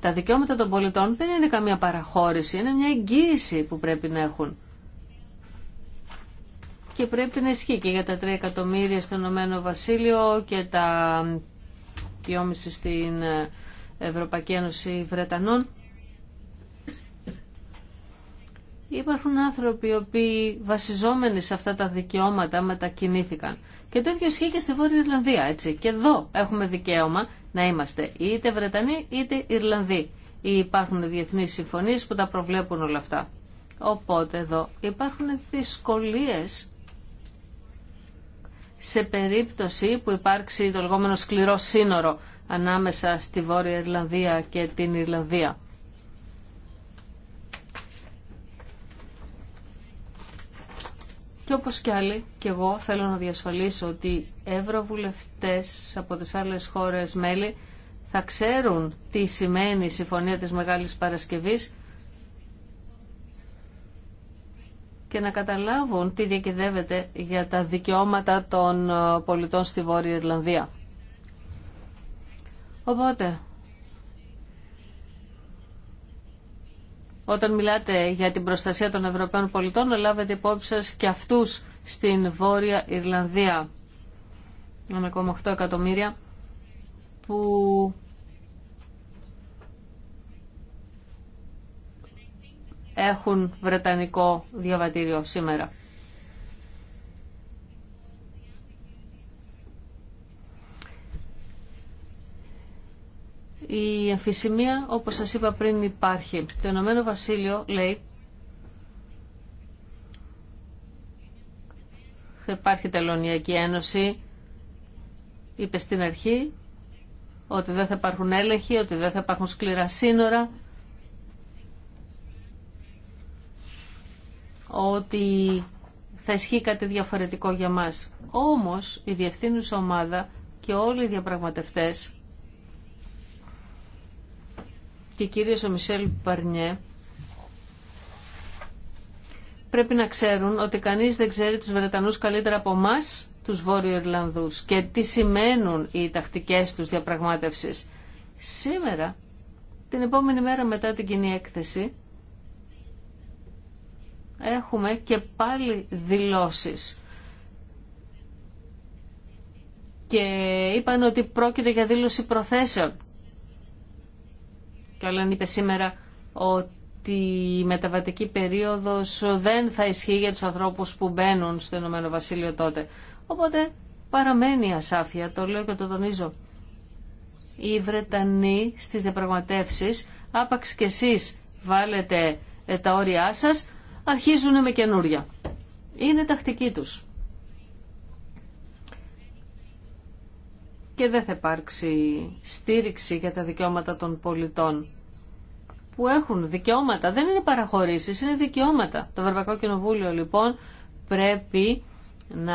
Τα δικαιώματα των πολιτών δεν είναι καμία παραχώρηση, είναι μια εγγύηση που πρέπει να έχουν. Και πρέπει να ισχύει και για τα 3 εκατομμύρια στο Ηνωμένο Βασίλειο και τα 2,5 στην ε, Ευρωπαϊκή Ένωση Βρετανών. Υπάρχουν άνθρωποι οι οποίοι βασιζόμενοι σε αυτά τα δικαιώματα μετακινήθηκαν. Και το ίδιο ισχύει και στη Βόρεια Ιρλανδία, έτσι. Και εδώ έχουμε δικαίωμα να είμαστε είτε Βρετανοί είτε Ιρλανδοί. Ή υπάρχουν διεθνείς συμφωνίες που τα προβλέπουν όλα αυτά. Οπότε εδώ υπάρχουν δυσκολίες σε περίπτωση που υπάρξει το λεγόμενο σκληρό σύνορο ανάμεσα στη Βόρεια Ιρλανδία και την Ιρλανδία. Και όπως κι άλλοι, και εγώ θέλω να διασφαλίσω ότι ευρωβουλευτές από τις άλλες χώρες μέλη θα ξέρουν τι σημαίνει η Συμφωνία της Μεγάλης Παρασκευής και να καταλάβουν τι διακυδεύεται για τα δικαιώματα των ε, πολιτών στη Βόρεια Ιρλανδία. Οπότε, Όταν μιλάτε για την προστασία των Ευρωπαίων πολιτών, λάβετε υπόψη σας και αυτούς στην Βόρεια Ιρλανδία. 1,8 εκατομμύρια που έχουν βρετανικό διαβατήριο σήμερα. Η εμφυσιμία, όπως σας είπα πριν, υπάρχει. Το Ηνωμένο Βασίλειο λέει θα υπάρχει τελωνιακή ένωση. Είπε στην αρχή ότι δεν θα υπάρχουν έλεγχοι, ότι δεν θα υπάρχουν σκληρά σύνορα, ότι θα ισχύει κάτι διαφορετικό για μας. Όμως η διευθύνουσα ομάδα και όλοι οι διαπραγματευτές και κυρίως ο Μισελ Παρνιέ πρέπει να ξέρουν ότι κανείς δεν ξέρει τους Βρετανούς καλύτερα από εμά τους Βόρειο Ιρλανδούς και τι σημαίνουν οι τακτικές τους διαπραγμάτευσης. Σήμερα, την επόμενη μέρα μετά την κοινή έκθεση, έχουμε και πάλι δηλώσεις. Και είπαν ότι πρόκειται για δήλωση προθέσεων. Και όλα είπε σήμερα ότι η μεταβατική περίοδος δεν θα ισχύει για τους ανθρώπους που μπαίνουν στο Ηνωμένο Βασίλειο τότε. Οπότε παραμένει ασάφεια, το λέω και το τονίζω. Οι Βρετανοί στις διαπραγματεύσεις, άπαξ και εσείς βάλετε ε, τα όρια σας, αρχίζουν με καινούρια. Είναι τακτική τους. και δεν θα υπάρξει στήριξη για τα δικαιώματα των πολιτών που έχουν δικαιώματα. Δεν είναι παραχωρήσεις, είναι δικαιώματα. Το Ευρωπαϊκό Κοινοβούλιο λοιπόν πρέπει να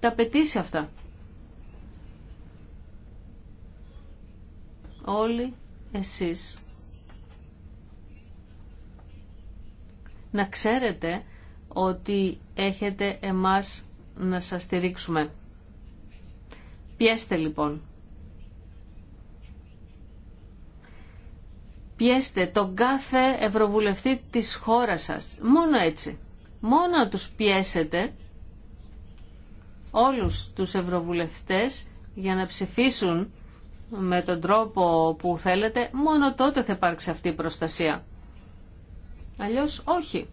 τα πετύσει αυτά. Όλοι εσείς να ξέρετε ότι έχετε εμάς να σας στηρίξουμε. Πιέστε λοιπόν. Πιέστε τον κάθε ευρωβουλευτή της χώρας σας. Μόνο έτσι. Μόνο τους πιέσετε όλους τους ευρωβουλευτές για να ψηφίσουν με τον τρόπο που θέλετε, μόνο τότε θα υπάρξει αυτή η προστασία. Αλλιώς όχι.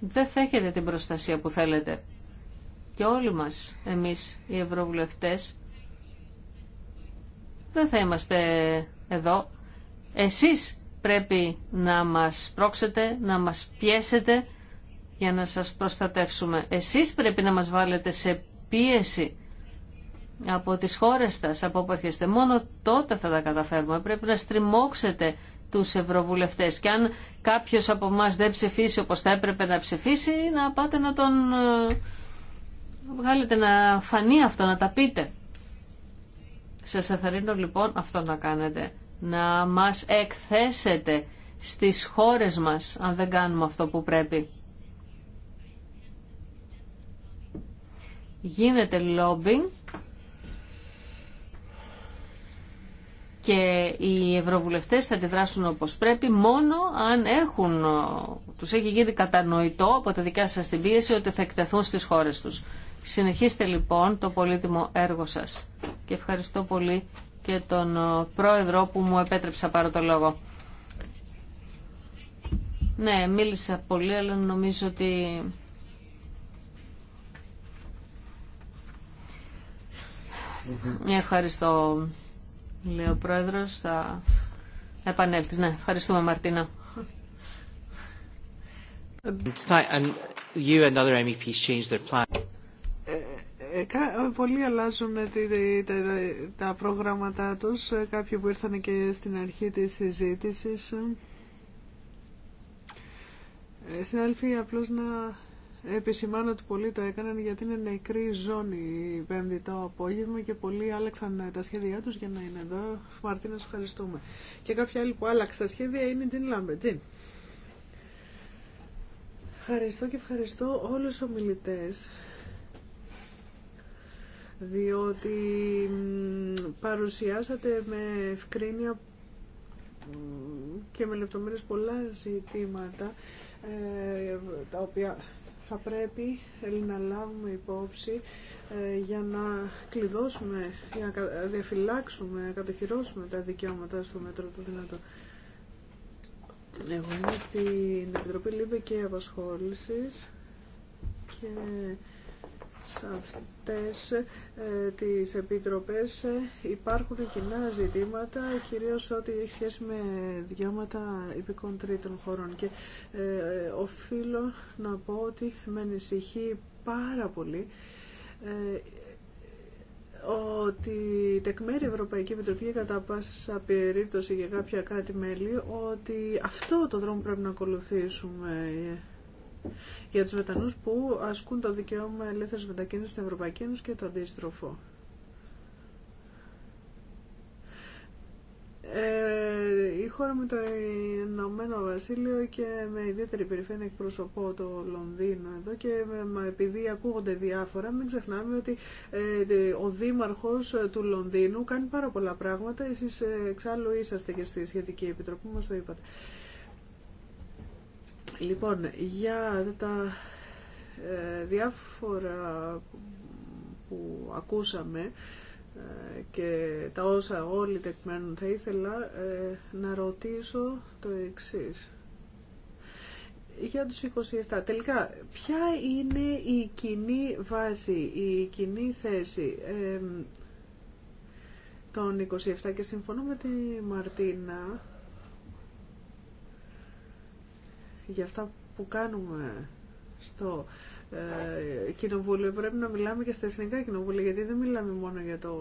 Δεν θα έχετε την προστασία που θέλετε και όλοι μας εμείς οι ευρωβουλευτές δεν θα είμαστε εδώ. Εσείς πρέπει να μας πρόξετε, να μας πιέσετε για να σας προστατεύσουμε. Εσείς πρέπει να μας βάλετε σε πίεση από τις χώρες σας, από όπου έρχεστε. Μόνο τότε θα τα καταφέρουμε. Πρέπει να στριμώξετε τους ευρωβουλευτές. Και αν κάποιος από εμά δεν ψηφίσει όπως θα έπρεπε να ψηφίσει, να πάτε να τον ε, βγάλετε να φανεί αυτό, να τα πείτε. σε εθαρρύνω λοιπόν αυτό να κάνετε, να μας εκθέσετε στις χώρες μας αν δεν κάνουμε αυτό που πρέπει. Γίνεται lobbying και οι ευρωβουλευτές θα αντιδράσουν όπως πρέπει μόνο αν έχουν, τους έχει γίνει κατανοητό από τα δικά σας την πίεση ότι θα εκτεθούν στις χώρες τους. Συνεχίστε λοιπόν το πολύτιμο έργο σας. Και ευχαριστώ πολύ και τον ε, πρόεδρο που μου επέτρεψα πάρω το λόγο. Ναι, μίλησα πολύ, αλλά νομίζω ότι... Ναι, ευχαριστώ, λέει ο πρόεδρος. Θα επανέλθεις. Ναι, ευχαριστούμε Μαρτίνα. Πολλοί αλλάζουν τα πρόγραμματά τους, κάποιοι που ήρθαν και στην αρχή της συζήτησης. Ε, συνάδελφοι, απλώς να επισημάνω ότι πολλοί το έκαναν γιατί είναι νεκρή ζώνη η πέμπτη το απόγευμα και πολλοί άλλαξαν τα σχέδιά τους για να είναι εδώ. Μαρτίνα, σου ευχαριστούμε. Και κάποια άλλη που άλλαξε τα σχέδια είναι η Τζιν Ευχαριστώ και ευχαριστώ όλους τους ομιλητές διότι παρουσιάσατε με ευκρίνεια και με λεπτομέρειες πολλά ζητήματα ε, τα οποία θα πρέπει να λάβουμε υπόψη ε, για να κλειδώσουμε, για να διαφυλάξουμε, να κατοχυρώσουμε τα δικαιώματα στο μέτρο του δυνατό. Εγώ είμαι στην Επιτροπή Λίμπε και Απασχόλησης και σε αυτές ε, τις επιτροπές ε, υπάρχουν κοινά ζητήματα, κυρίως ό,τι έχει σχέση με διώματα υπηκών τρίτων χωρών. Και ε, οφείλω να πω ότι με ανησυχεί πάρα πολύ ε, ότι τεκμέρει η Ευρωπαϊκή Επιτροπή κατά πάσα περίπτωση για κάποια κάτι μέλη ότι αυτό το δρόμο πρέπει να ακολουθήσουμε για τους Βρετανούς που ασκούν το δικαίωμα ελεύθερης μετακίνησης στην Ευρωπαϊκή Ένωση και το αντίστροφο. Ε, η χώρα με το Ηνωμένο Βασίλειο και με ιδιαίτερη περιφέρεια εκπροσωπώ το Λονδίνο εδώ και επειδή ακούγονται διάφορα μην ξεχνάμε ότι ε, ο Δήμαρχος του Λονδίνου κάνει πάρα πολλά πράγματα εσείς ε, εξάλλου είσαστε και στη Σχετική Επιτροπή μας το είπατε. Λοιπόν, για τα ε, διάφορα που ακούσαμε ε, και τα όσα όλοι τεκμένουν θα ήθελα ε, να ρωτήσω το εξής. Για τους 27. Τελικά, ποια είναι η κοινή βάση, η κοινή θέση των 27 και συμφωνώ με τη Μαρτίνα για αυτά που κάνουμε στο ε, κοινοβούλιο. Πρέπει να μιλάμε και στα εθνικά κοινοβούλια, γιατί δεν μιλάμε μόνο για το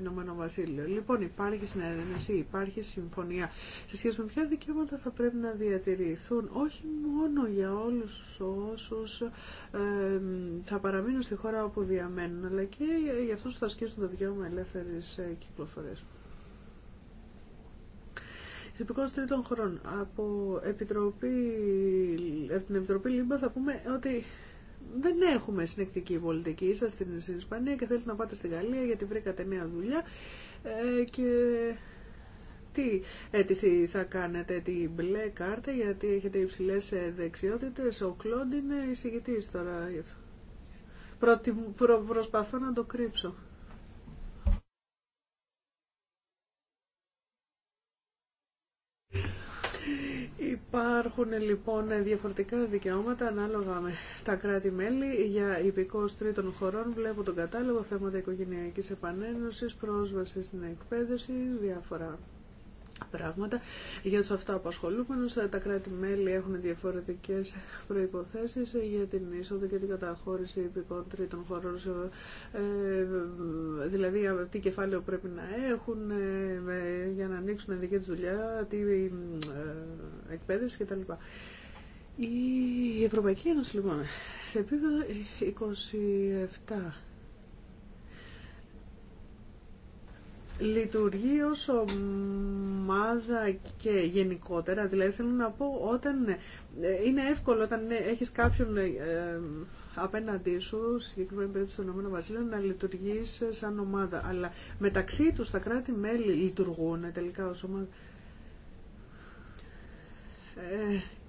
Ηνωμένο Βασίλειο. Λοιπόν, υπάρχει συνένεση, υπάρχει συμφωνία σε σχέση με ποια δικαιώματα θα πρέπει να διατηρηθούν, όχι μόνο για όλους όσους ε, θα παραμείνουν στη χώρα όπου διαμένουν, αλλά και για αυτούς που θα ασκήσουν το δικαίωμα ελεύθερης ε, κυκλοφορίας υπηκόους τρίτων χρόνων Από, επιτροπή, την Επιτροπή Λίμπα θα πούμε ότι δεν έχουμε συνεκτική πολιτική. Είσαστε στην Ισπανία και θέλετε να πάτε στη Γαλλία γιατί βρήκατε νέα δουλειά ε, και τι αίτηση θα κάνετε, τη μπλε κάρτα γιατί έχετε υψηλέ ε, δεξιότητε. Ο Κλόντ είναι εισηγητή τώρα. Προ, προ, προσπαθώ να το κρύψω. Υπάρχουν λοιπόν διαφορετικά δικαιώματα ανάλογα με τα κράτη-μέλη για υπηκόους τρίτων χωρών. Βλέπω τον κατάλογο θέματα οικογενειακής επανένωσης, πρόσβαση στην εκπαίδευση, διάφορα πράγματα. Για τους αυτά απασχολούμενους, ε, τα κράτη-μέλη έχουν διαφορετικές προϋποθέσεις ε, για την είσοδο και την καταχώρηση υπηκών τρίτων χωρών. Ε, δηλαδή, τι κεφάλαιο πρέπει να έχουν για να ανοίξουν δική τους δουλειά, τι εκπαίδευση κτλ. Η Ευρωπαϊκή Ένωση, λοιπόν, σε επίπεδο 27 λειτουργεί ως ομάδα και γενικότερα. Δηλαδή θέλω να πω όταν ε, είναι εύκολο όταν ε, έχεις κάποιον ε, απέναντί σου, συγκεκριμένη περίπτωση του να λειτουργεί σαν ομάδα. Αλλά μεταξύ τους τα κράτη-μέλη λειτουργούν τελικά ως ομάδα.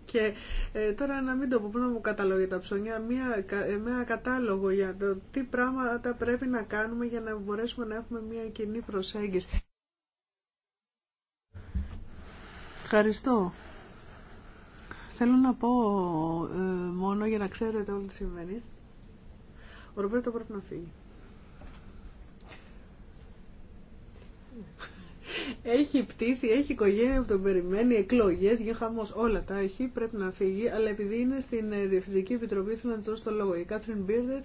Και ε, τώρα να μην το πω να μου καταλόγει τα ψωνιά, μία, ένα ε, κατάλογο για το τι πράγματα πρέπει να κάνουμε για να μπορέσουμε να έχουμε μία κοινή προσέγγιση. Ευχαριστώ. Θέλω να πω ε, μόνο για να ξέρετε όλοι τι συμβαίνει. Ο Ρομπέρτο πρέπει να φύγει έχει πτήσει, έχει οικογένεια που τον περιμένει, εκλογέ, για χαμό, όλα τα έχει, πρέπει να φύγει. Αλλά επειδή είναι στην ε, Διευθυντική Επιτροπή, θέλω να τη δώσω το λόγο. Η Κάθριν Μπίρντερ, ε,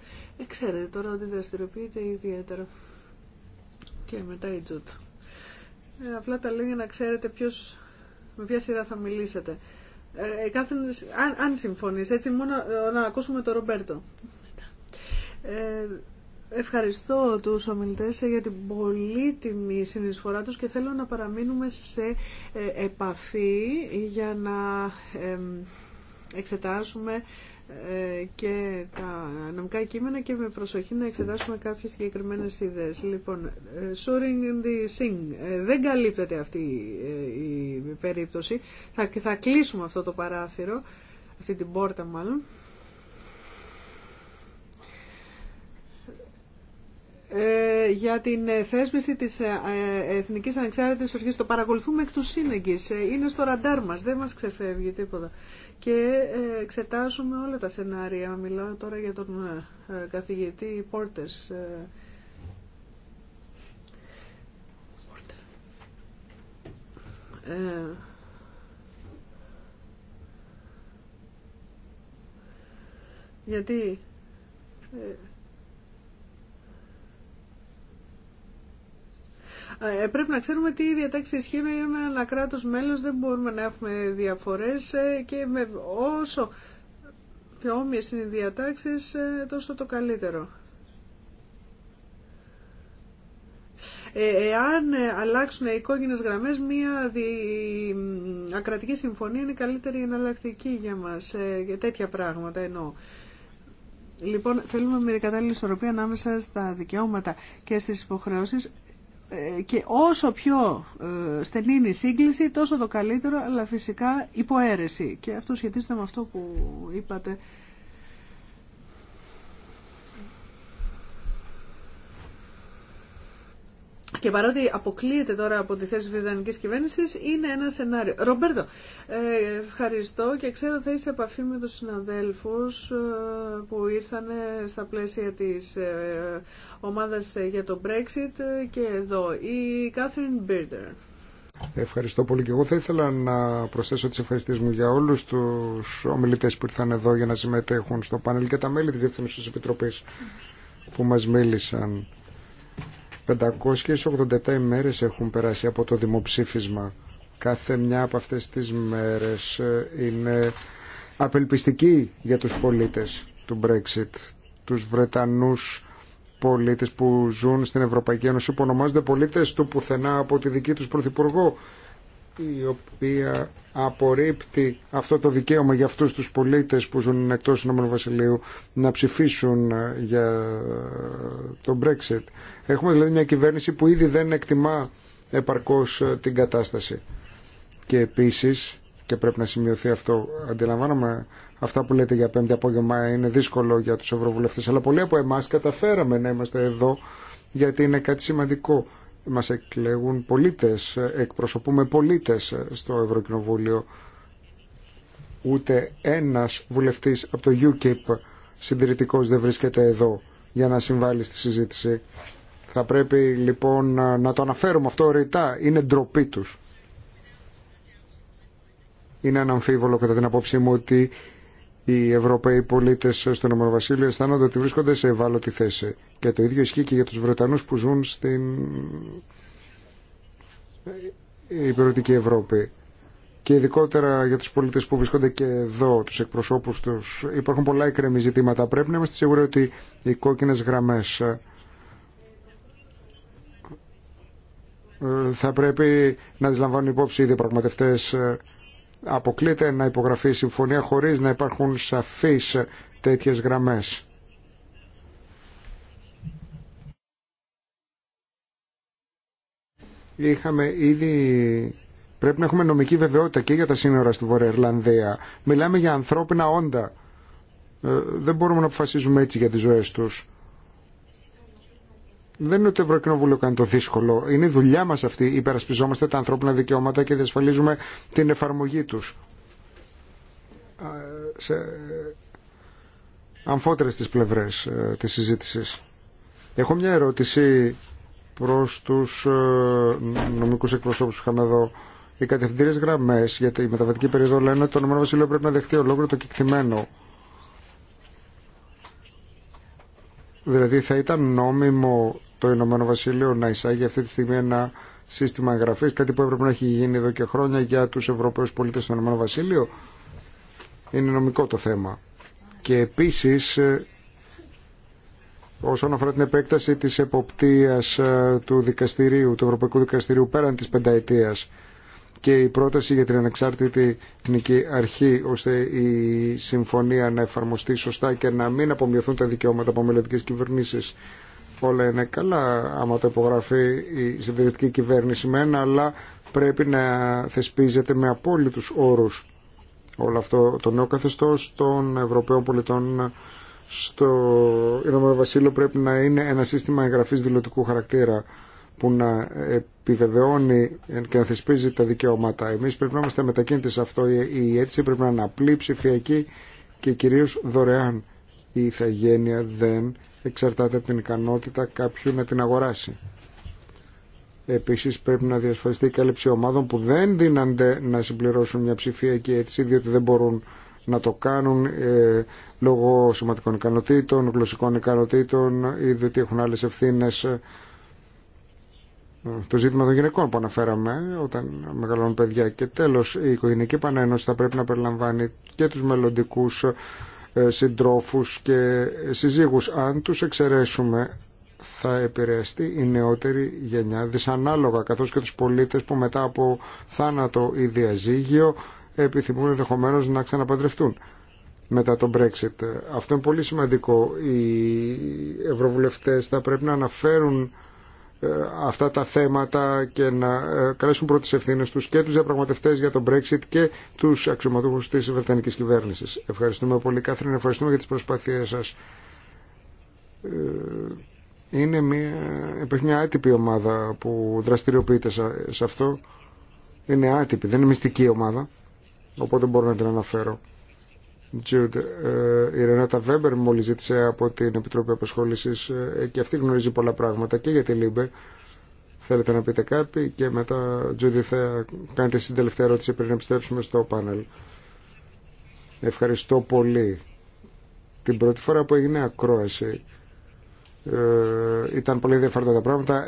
ξέρετε τώρα ότι δραστηριοποιείται ιδιαίτερα. Και μετά η Τζούτ. Ε, απλά τα λέω για να ξέρετε ποιος, με ποια σειρά θα μιλήσετε. Ε, ε αν, αν συμφωνείς, έτσι μόνο να ακούσουμε τον Ρομπέρτο. Ε, Ευχαριστώ τους ομιλητές για την πολύτιμη συνεισφορά τους και θέλω να παραμείνουμε σε ε, επαφή για να εξετάσουμε ε, και τα νομικά κείμενα και με προσοχή να εξετάσουμε κάποιες συγκεκριμένες ιδέες. Λοιπόν, Σούρινγκ ε, the Sing, δεν καλύπτεται αυτή η περίπτωση. Θα, θα κλείσουμε αυτό το παράθυρο, αυτή την πόρτα μάλλον. Ε, για την ε, θέσπιση της ε, Εθνικής Ανεξάρτητης Ορχής. Το παρακολουθούμε εκ του σύνεγγης. Είναι στο ραντάρ μας, δεν μας ξεφεύγει τίποτα. Και εξετάζουμε όλα τα σενάρια. Μιλάω τώρα για τον καθηγητή Πόρτες. Ε, γιατί... Ε, πρέπει να ξέρουμε τι διατάξει ισχύουν για ένα κράτο μέλο. Δεν μπορούμε να έχουμε διαφορέ ε, και με όσο πιο όμοιε είναι οι διατάξει, ε, τόσο το καλύτερο. εάν αλλάξουν οι κόκκινες γραμμές, μια δι... ακρατική συμφωνία είναι καλύτερη εναλλακτική για μας, για τέτοια πράγματα εννοώ. Λοιπόν, θέλουμε με κατάλληλη ισορροπία ανάμεσα στα δικαιώματα και στις υποχρεώσεις και όσο πιο ε, στενή είναι η σύγκληση τόσο το καλύτερο αλλά φυσικά υποαίρεση και αυτό σχετίζεται με αυτό που είπατε και παρότι αποκλείεται τώρα από τη θέση τη Βρετανική κυβέρνηση είναι ένα σενάριο. Ρομπέρτο, ε, ευχαριστώ και ξέρω ότι θα είσαι επαφή με τους συναδέλφους ε, που ήρθαν στα πλαίσια της ε, ομάδας για το Brexit και εδώ. Η Κάθριν Μπίρντερ. Ευχαριστώ πολύ και εγώ θα ήθελα να προσθέσω τις ευχαριστίες μου για όλους τους ομιλητές που ήρθαν εδώ για να συμμετέχουν στο πάνελ και τα μέλη της Διευθυνούσης Επιτροπής που μας μίλησαν 587 ημέρες έχουν περάσει από το δημοψήφισμα. Κάθε μια από αυτές τις μέρες ε, είναι απελπιστική για τους πολίτες του Brexit, τους Βρετανούς πολίτες που ζουν στην Ευρωπαϊκή Ένωση που ονομάζονται πολίτες του πουθενά από τη δική τους Πρωθυπουργό η οποία απορρίπτει αυτό το δικαίωμα για αυτούς τους πολίτες που ζουν εκτός του Νόμου Βασιλείου να ψηφίσουν ε, για ε, το Brexit. Έχουμε δηλαδή μια κυβέρνηση που ήδη δεν εκτιμά επαρκώς ε, την κατάσταση. Και επίσης, και πρέπει να σημειωθεί αυτό, αντιλαμβάνομαι αυτά που λέτε για πέμπτη απόγευμα είναι δύσκολο για τους ευρωβουλευτές, αλλά πολλοί από εμάς καταφέραμε να είμαστε εδώ γιατί είναι κάτι σημαντικό μας εκλέγουν πολίτες, εκπροσωπούμε πολίτες στο Ευρωκοινοβούλιο. Ούτε ένας βουλευτής από το UKIP συντηρητικός δεν βρίσκεται εδώ για να συμβάλλει στη συζήτηση. Θα πρέπει λοιπόν να το αναφέρουμε αυτό ρητά. Είναι ντροπή τους. Είναι αναμφίβολο κατά την απόψη μου ότι οι Ευρωπαίοι πολίτε στον Ηνωμένο Βασίλειο αισθάνονται ότι βρίσκονται σε ευάλωτη θέση. Και το ίδιο ισχύει και για του Βρετανού που ζουν στην υπηρετική Ευρώπη. Και ειδικότερα για του πολίτε που βρίσκονται και εδώ, του εκπροσώπου του. Υπάρχουν πολλά εκκρεμή ζητήματα. Πρέπει να είμαστε σίγουροι ότι οι κόκκινε γραμμέ ε, θα πρέπει να τι λαμβάνουν υπόψη οι διαπραγματευτέ ε, αποκλείται να υπογραφεί η συμφωνία χωρίς να υπάρχουν σαφείς τέτοιες γραμμές. Είχαμε ήδη... Πρέπει να έχουμε νομική βεβαιότητα και για τα σύνορα στη Βόρεια Μιλάμε για ανθρώπινα όντα. Ε, δεν μπορούμε να αποφασίζουμε έτσι για τις ζωές τους δεν είναι ότι το Ευρωκοινοβούλιο κάνει το δύσκολο. Είναι η δουλειά μα αυτή. Υπερασπιζόμαστε τα ανθρώπινα δικαιώματα και διασφαλίζουμε την εφαρμογή του. Σε ε, αμφότερε τι πλευρέ ε, τη συζήτηση. Έχω μια ερώτηση προ του ε, νομικού εκπροσώπου που είχαμε εδώ. Οι κατευθυντήριε γραμμέ για τη μεταβατική περίοδο λένε ότι το ΕΒ πρέπει να δεχτεί ολόκληρο το κεκτημένο Δηλαδή θα ήταν νόμιμο το Ηνωμένο Βασίλειο να εισάγει αυτή τη στιγμή ένα σύστημα εγγραφή, κάτι που έπρεπε να έχει γίνει εδώ και χρόνια για του Ευρωπαίου πολίτε στο Ηνωμένο Βασίλειο. Είναι νομικό το θέμα. Και επίση, ε, όσον αφορά την επέκταση τη εποπτεία ε, του δικαστηρίου, του Ευρωπαϊκού Δικαστηρίου πέραν τη πενταετία, και η πρόταση για την ανεξάρτητη εθνική αρχή ώστε η συμφωνία να εφαρμοστεί σωστά και να μην απομειωθούν τα δικαιώματα από μελλοντικέ κυβερνήσει. Όλα είναι καλά άμα το υπογράφει η συντηρητική κυβέρνηση με ένα, αλλά πρέπει να θεσπίζεται με απόλυτους όρους όλο αυτό το νέο καθεστώς των Ευρωπαίων πολιτών στο Ηνωμένο Βασίλειο πρέπει να είναι ένα σύστημα εγγραφής δηλωτικού χαρακτήρα που να επιβεβαιώνει και να θεσπίζει τα δικαιώματα. Εμεί πρέπει να είμαστε μετακίνητοι σε αυτό. Η αίτηση πρέπει να είναι απλή, ψηφιακή και κυρίω δωρεάν. Η ηθαγένεια δεν εξαρτάται από την ικανότητα κάποιου να την αγοράσει. Επίση πρέπει να διασφαλιστεί η κάλυψη ομάδων που δεν δίνανται να συμπληρώσουν μια ψηφιακή αίτηση διότι δεν μπορούν να το κάνουν ε, λόγω σωματικών ικανοτήτων, γλωσσικών ικανοτήτων ή διότι έχουν άλλε ευθύνε. Ε, το ζήτημα των γυναικών που αναφέραμε όταν μεγαλώνουν παιδιά και τέλος η οικογενειακή πανένωση θα πρέπει να περιλαμβάνει και τους μελλοντικού ε, συντρόφους και συζύγους αν τους εξαιρέσουμε θα επηρεαστεί η νεότερη γενιά δυσανάλογα καθώς και τους πολίτες που μετά από θάνατο ή διαζύγιο επιθυμούν ενδεχομένω να ξαναπαντρευτούν μετά τον Brexit. Αυτό είναι πολύ σημαντικό. Οι ευρωβουλευτές θα πρέπει να αναφέρουν ε, αυτά τα θέματα και να ε, καλέσουν πρώτε ευθύνε τους και τους διαπραγματεύτέ για τον Brexit και τους αξιωματούχους της βρετανική κυβέρνηση. Ευχαριστούμε πολύ Κάθριν, ευχαριστούμε για τις προσπάθειές σας. Ε, είναι μια, υπάρχει μια άτυπη ομάδα που δραστηριοποιείται σε αυτό. Είναι άτυπη, δεν είναι μυστική ομάδα, οπότε μπορώ να την αναφέρω. Τζιουντ, ε, η Ρενάτα Βέμπερ μόλι ζήτησε από την Επιτροπή Απασχόληση ε, και αυτή γνωρίζει πολλά πράγματα και για τη ΛΥΜΠΕ. Θέλετε να πείτε κάτι και μετά, Τζούντι, θα κάνετε στην τελευταία ερώτηση πριν επιστρέψουμε στο πάνελ. Ευχαριστώ πολύ. Την πρώτη φορά που έγινε ακρόαση ε, ήταν πολύ διαφορετικά τα πράγματα.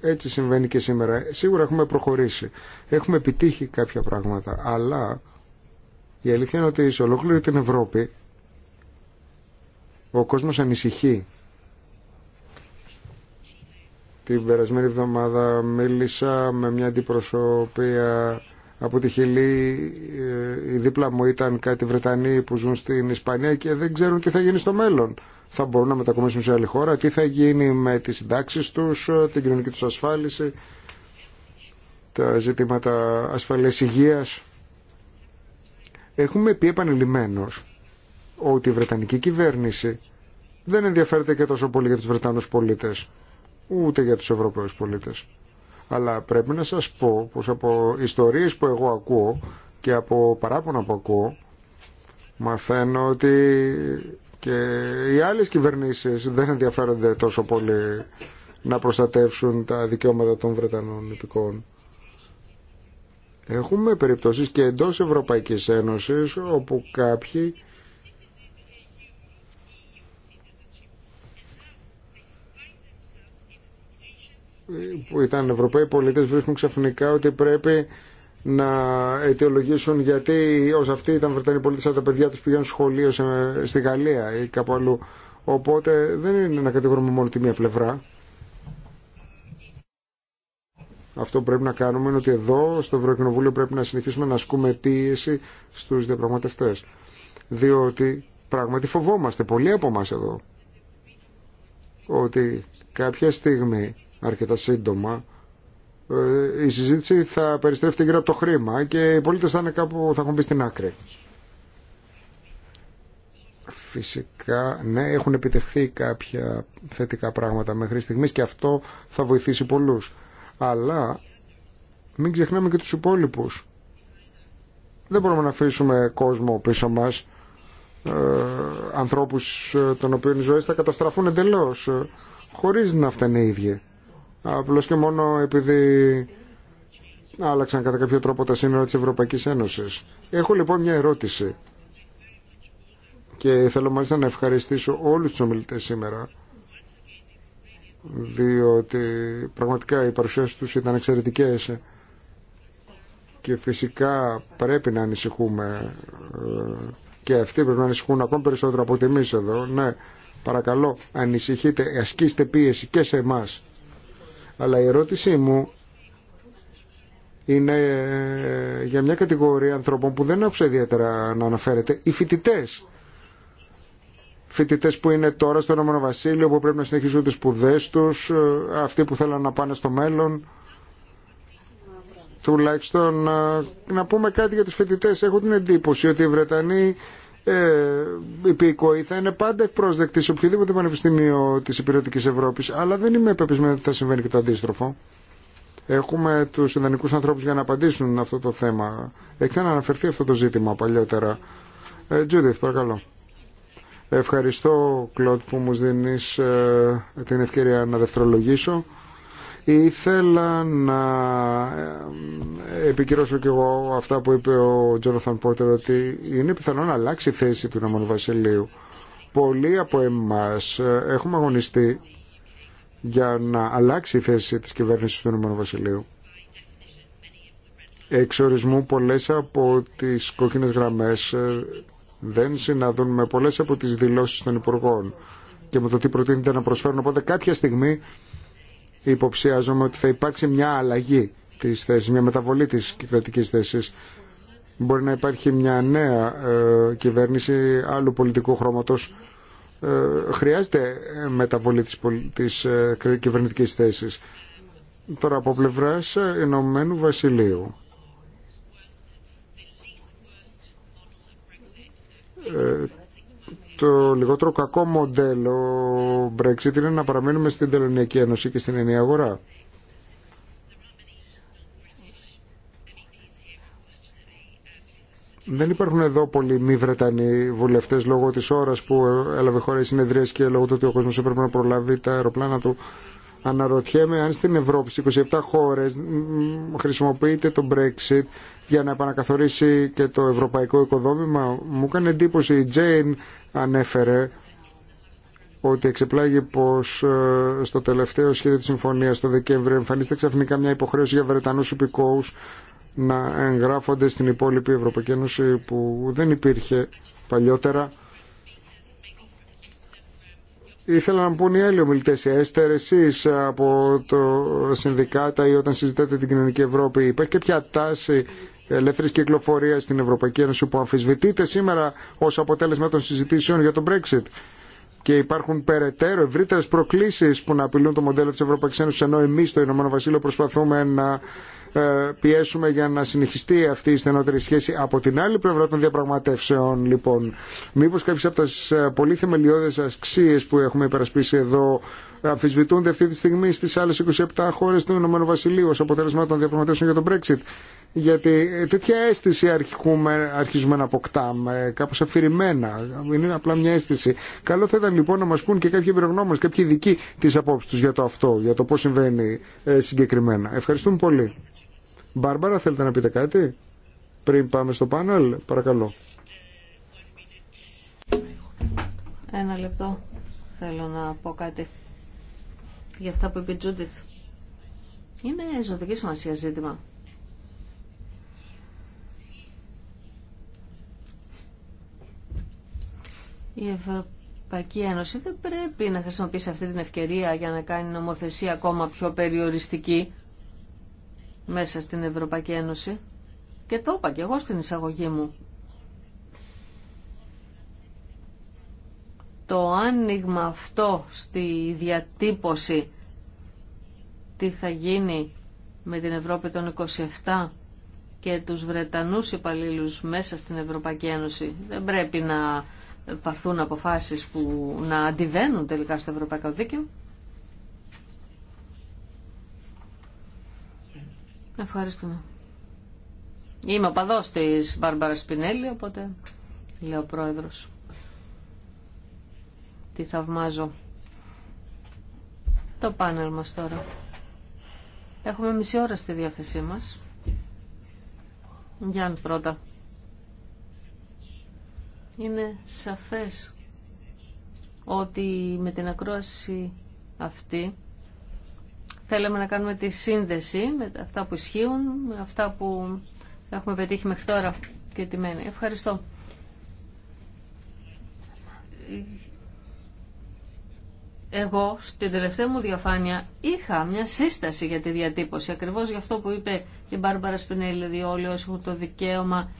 Έτσι συμβαίνει και σήμερα. Σίγουρα έχουμε προχωρήσει. Έχουμε επιτύχει κάποια πράγματα, αλλά η αλήθεια είναι ότι σε ολόκληρη την Ευρώπη ο κόσμος ανησυχεί. Την περασμένη εβδομάδα μίλησα με μια αντιπροσωπεία από τη Χιλή. Ε, η δίπλα μου ήταν κάτι Βρετανοί που ζουν στην Ισπανία και δεν ξέρουν τι θα γίνει στο μέλλον. Θα μπορούν να μετακομίσουν σε άλλη χώρα, τι θα γίνει με τις συντάξεις τους, την κοινωνική τους ασφάλιση, τα ζητήματα ασφαλής υγείας. Έχουμε πει επανειλημμένω ότι η Βρετανική κυβέρνηση δεν ενδιαφέρεται και τόσο πολύ για τους Βρετανούς πολίτες, ούτε για τους Ευρωπαίους πολίτες. Αλλά πρέπει να σας πω πως από ιστορίες που εγώ ακούω και από παράπονα που ακούω, μαθαίνω ότι και οι άλλες κυβερνήσεις δεν ενδιαφέρονται τόσο πολύ να προστατεύσουν τα δικαιώματα των Βρετανών υπηκών. Έχουμε περιπτώσεις και εντός Ευρωπαϊκής Ένωσης όπου κάποιοι που ήταν Ευρωπαίοι πολίτες βρίσκουν ξαφνικά ότι πρέπει να αιτιολογήσουν γιατί ως αυτοί ήταν Βρετανοί πολίτες αλλά τα παιδιά τους πηγαίνουν σχολείο στη Γαλλία ή κάπου αλλού. Οπότε δεν είναι να κατηγορούμε μόνο τη μία πλευρά. Αυτό που πρέπει να κάνουμε είναι ότι εδώ στο Ευρωκοινοβούλιο πρέπει να συνεχίσουμε να ασκούμε πίεση στους διαπραγματευτές. Διότι πράγματι φοβόμαστε πολλοί από εμά εδώ ότι κάποια στιγμή αρκετά σύντομα ε, η συζήτηση θα περιστρέφεται γύρω από το χρήμα και οι πολίτες θα είναι κάπου θα έχουν μπει στην άκρη. Φυσικά, ναι, έχουν επιτευχθεί κάποια θετικά πράγματα μέχρι στιγμής και αυτό θα βοηθήσει πολλούς αλλά μην ξεχνάμε και τους υπόλοιπους. Δεν μπορούμε να αφήσουμε κόσμο πίσω μας, ε, ανθρώπους ε, των οποίων οι ζωές θα καταστραφούν εντελώς, ε, χωρίς να φταίνε οι ίδιοι. Απλώς και μόνο επειδή άλλαξαν κατά κάποιο τρόπο τα σύνορα της Ευρωπαϊκής Ένωσης. Έχω λοιπόν μια ερώτηση και θέλω μάλιστα να ευχαριστήσω όλους τους ομιλητές σήμερα διότι πραγματικά οι παρουσιάσεις τους ήταν εξαιρετικές και φυσικά πρέπει να ανησυχούμε ε, και αυτοί πρέπει να ανησυχούν ακόμη περισσότερο από ότι εμείς εδώ. Ναι, παρακαλώ, ανησυχείτε, ασκήστε πίεση και σε εμά. Αλλά η ερώτησή μου είναι ε, για μια κατηγορία ανθρώπων που δεν άκουσα ιδιαίτερα να αναφέρεται, οι φοιτητέ φοιτητές που είναι τώρα στο Ηνωμένο Βασίλειο που πρέπει να συνεχίζουν τις σπουδέ τους, ε, αυτοί που θέλουν να πάνε στο μέλλον. Τουλάχιστον ε, να πούμε κάτι για τους φοιτητές. Έχω την εντύπωση ότι οι Βρετανοί ε, υπηκοοί θα είναι πάντα ευπρόσδεκτοι σε οποιοδήποτε πανεπιστήμιο της υπηρετικής Ευρώπης. Αλλά δεν είμαι επεπισμένο ότι θα συμβαίνει και το αντίστροφο. Έχουμε τους ιδανικούς ανθρώπους για να απαντήσουν αυτό το θέμα. Έχει αναφερθεί αυτό το ζήτημα παλιότερα. Ε, Τζούντιθ, παρακαλώ. Ευχαριστώ, Κλοντ, που μου δίνεις ε, την ευκαιρία να δευτερολογήσω. Ήθελα να ε, επικυρώσω κι εγώ αυτά που είπε ο Τζόναθαν Πότερ ότι είναι πιθανό να αλλάξει η θέση του νομού Βασιλείου. Πολλοί από εμάς ε, έχουμε αγωνιστεί για να αλλάξει η θέση της κυβέρνησης του νομού Βασιλείου. Εξορισμού πολλές από τις κόκκινες γραμμές δεν συναντούν με πολλές από τις δηλώσεις των Υπουργών και με το τι προτείνεται να προσφέρουν. Οπότε κάποια στιγμή υποψιάζομαι ότι θα υπάρξει μια αλλαγή της θέσης, μια μεταβολή της κρατικής θέσης. Μπορεί να υπάρχει μια νέα ε, κυβέρνηση άλλου πολιτικού χρώματος. Ε, χρειάζεται μεταβολή της, της ε, κυβερνητικής θέσης. Τώρα από πλευράς Ηνωμένου Βασιλείου. Ε, το λιγότερο κακό μοντέλο Brexit είναι να παραμείνουμε στην Τελωνιακή Ένωση και στην ενιαία αγορά. Δεν υπάρχουν εδώ πολλοί μη Βρετανοί βουλευτέ λόγω τη ώρα που έλαβε χώρα η συνεδρία και λόγω του ότι ο κόσμο έπρεπε να προλάβει τα αεροπλάνα του. Αναρωτιέμαι αν στην Ευρώπη, στι 27 χώρε, χρησιμοποιείται το Brexit για να επανακαθορίσει και το ευρωπαϊκό οικοδόμημα. Μου έκανε εντύπωση η Τζέιν ανέφερε ότι εξεπλάγει πω ε, στο τελευταίο σχέδιο της συμφωνίας το Δεκέμβριο εμφανίστηκε ξαφνικά μια υποχρέωση για Βρετανού υπηκόους να εγγράφονται στην υπόλοιπη Ευρωπαϊκή Ένωση που δεν υπήρχε παλιότερα. Ήθελα να πούνε οι άλλοι ομιλητέ, οι «Ε, Έστερ, εσεί από το συνδικάτα ή όταν συζητάτε την κοινωνική Ευρώπη, υπάρχει κάποια τάση ελεύθερη κυκλοφορία στην Ευρωπαϊκή Ένωση που αμφισβητείται σήμερα ω αποτέλεσμα των συζητήσεων για τον Brexit και υπάρχουν περαιτέρω ευρύτερε προκλήσει που να απειλούν το μοντέλο τη Ευρωπαϊκή Ένωση, ενώ εμεί στο Ηνωμένο Βασίλειο προσπαθούμε να ε, πιέσουμε για να συνεχιστεί αυτή η στενότερη σχέση. Από την άλλη πλευρά των διαπραγματεύσεων, λοιπόν, μήπω κάποιε από τι ε, πολύ θεμελιώδει αξίε που έχουμε υπερασπίσει εδώ αμφισβητούνται αυτή τη στιγμή στι άλλε 27 χώρε του Ηνωμένου Βασιλείου ω αποτέλεσμα των διαπραγματεύσεων για τον Brexit. Γιατί τέτοια αίσθηση αρχίζουμε, αρχίζουμε να αποκτάμε, κάπω αφηρημένα. Είναι απλά μια αίσθηση. Καλό θα ήταν λοιπόν να μα πούν και κάποιοι εμπειρογνώμονε, κάποιοι ειδικοί τι απόψει του για το αυτό, για το πώ συμβαίνει ε, συγκεκριμένα. Ευχαριστούμε πολύ. Μπάρμπαρα, θέλετε να πείτε κάτι πριν πάμε στο πάνελ, παρακαλώ. Ένα λεπτό. Θέλω να πω κάτι για αυτά που είπε η Τζούντιθ. Είναι ζωτική σημασία ζήτημα. Η Ευρωπαϊκή Ένωση δεν πρέπει να χρησιμοποιήσει αυτή την ευκαιρία για να κάνει νομοθεσία ακόμα πιο περιοριστική μέσα στην Ευρωπαϊκή Ένωση. Και το είπα και εγώ στην εισαγωγή μου. το άνοιγμα αυτό στη διατύπωση τι θα γίνει με την Ευρώπη των 27 και τους Βρετανούς υπαλλήλους μέσα στην Ευρωπαϊκή Ένωση. Δεν πρέπει να παρθούν αποφάσεις που να αντιβαίνουν τελικά στο Ευρωπαϊκό Δίκαιο. Ευχαριστούμε. Είμαι παδός της Μπάρμπαρα Σπινέλη, οπότε λέω πρόεδρος τη θαυμάζω. Το πάνελ μας τώρα. Έχουμε μισή ώρα στη διάθεσή μας. Γιάννη πρώτα. Είναι σαφές ότι με την ακρόαση αυτή θέλαμε να κάνουμε τη σύνδεση με αυτά που ισχύουν, με αυτά που έχουμε πετύχει μέχρι τώρα και τι μένει. Ευχαριστώ εγώ στην τελευταία μου διαφάνεια είχα μια σύσταση για τη διατύπωση, ακριβώς γι' αυτό που είπε η Μπάρμπαρα Σπινέλη, δηλαδή όλοι όσοι έχουν το δικαίωμα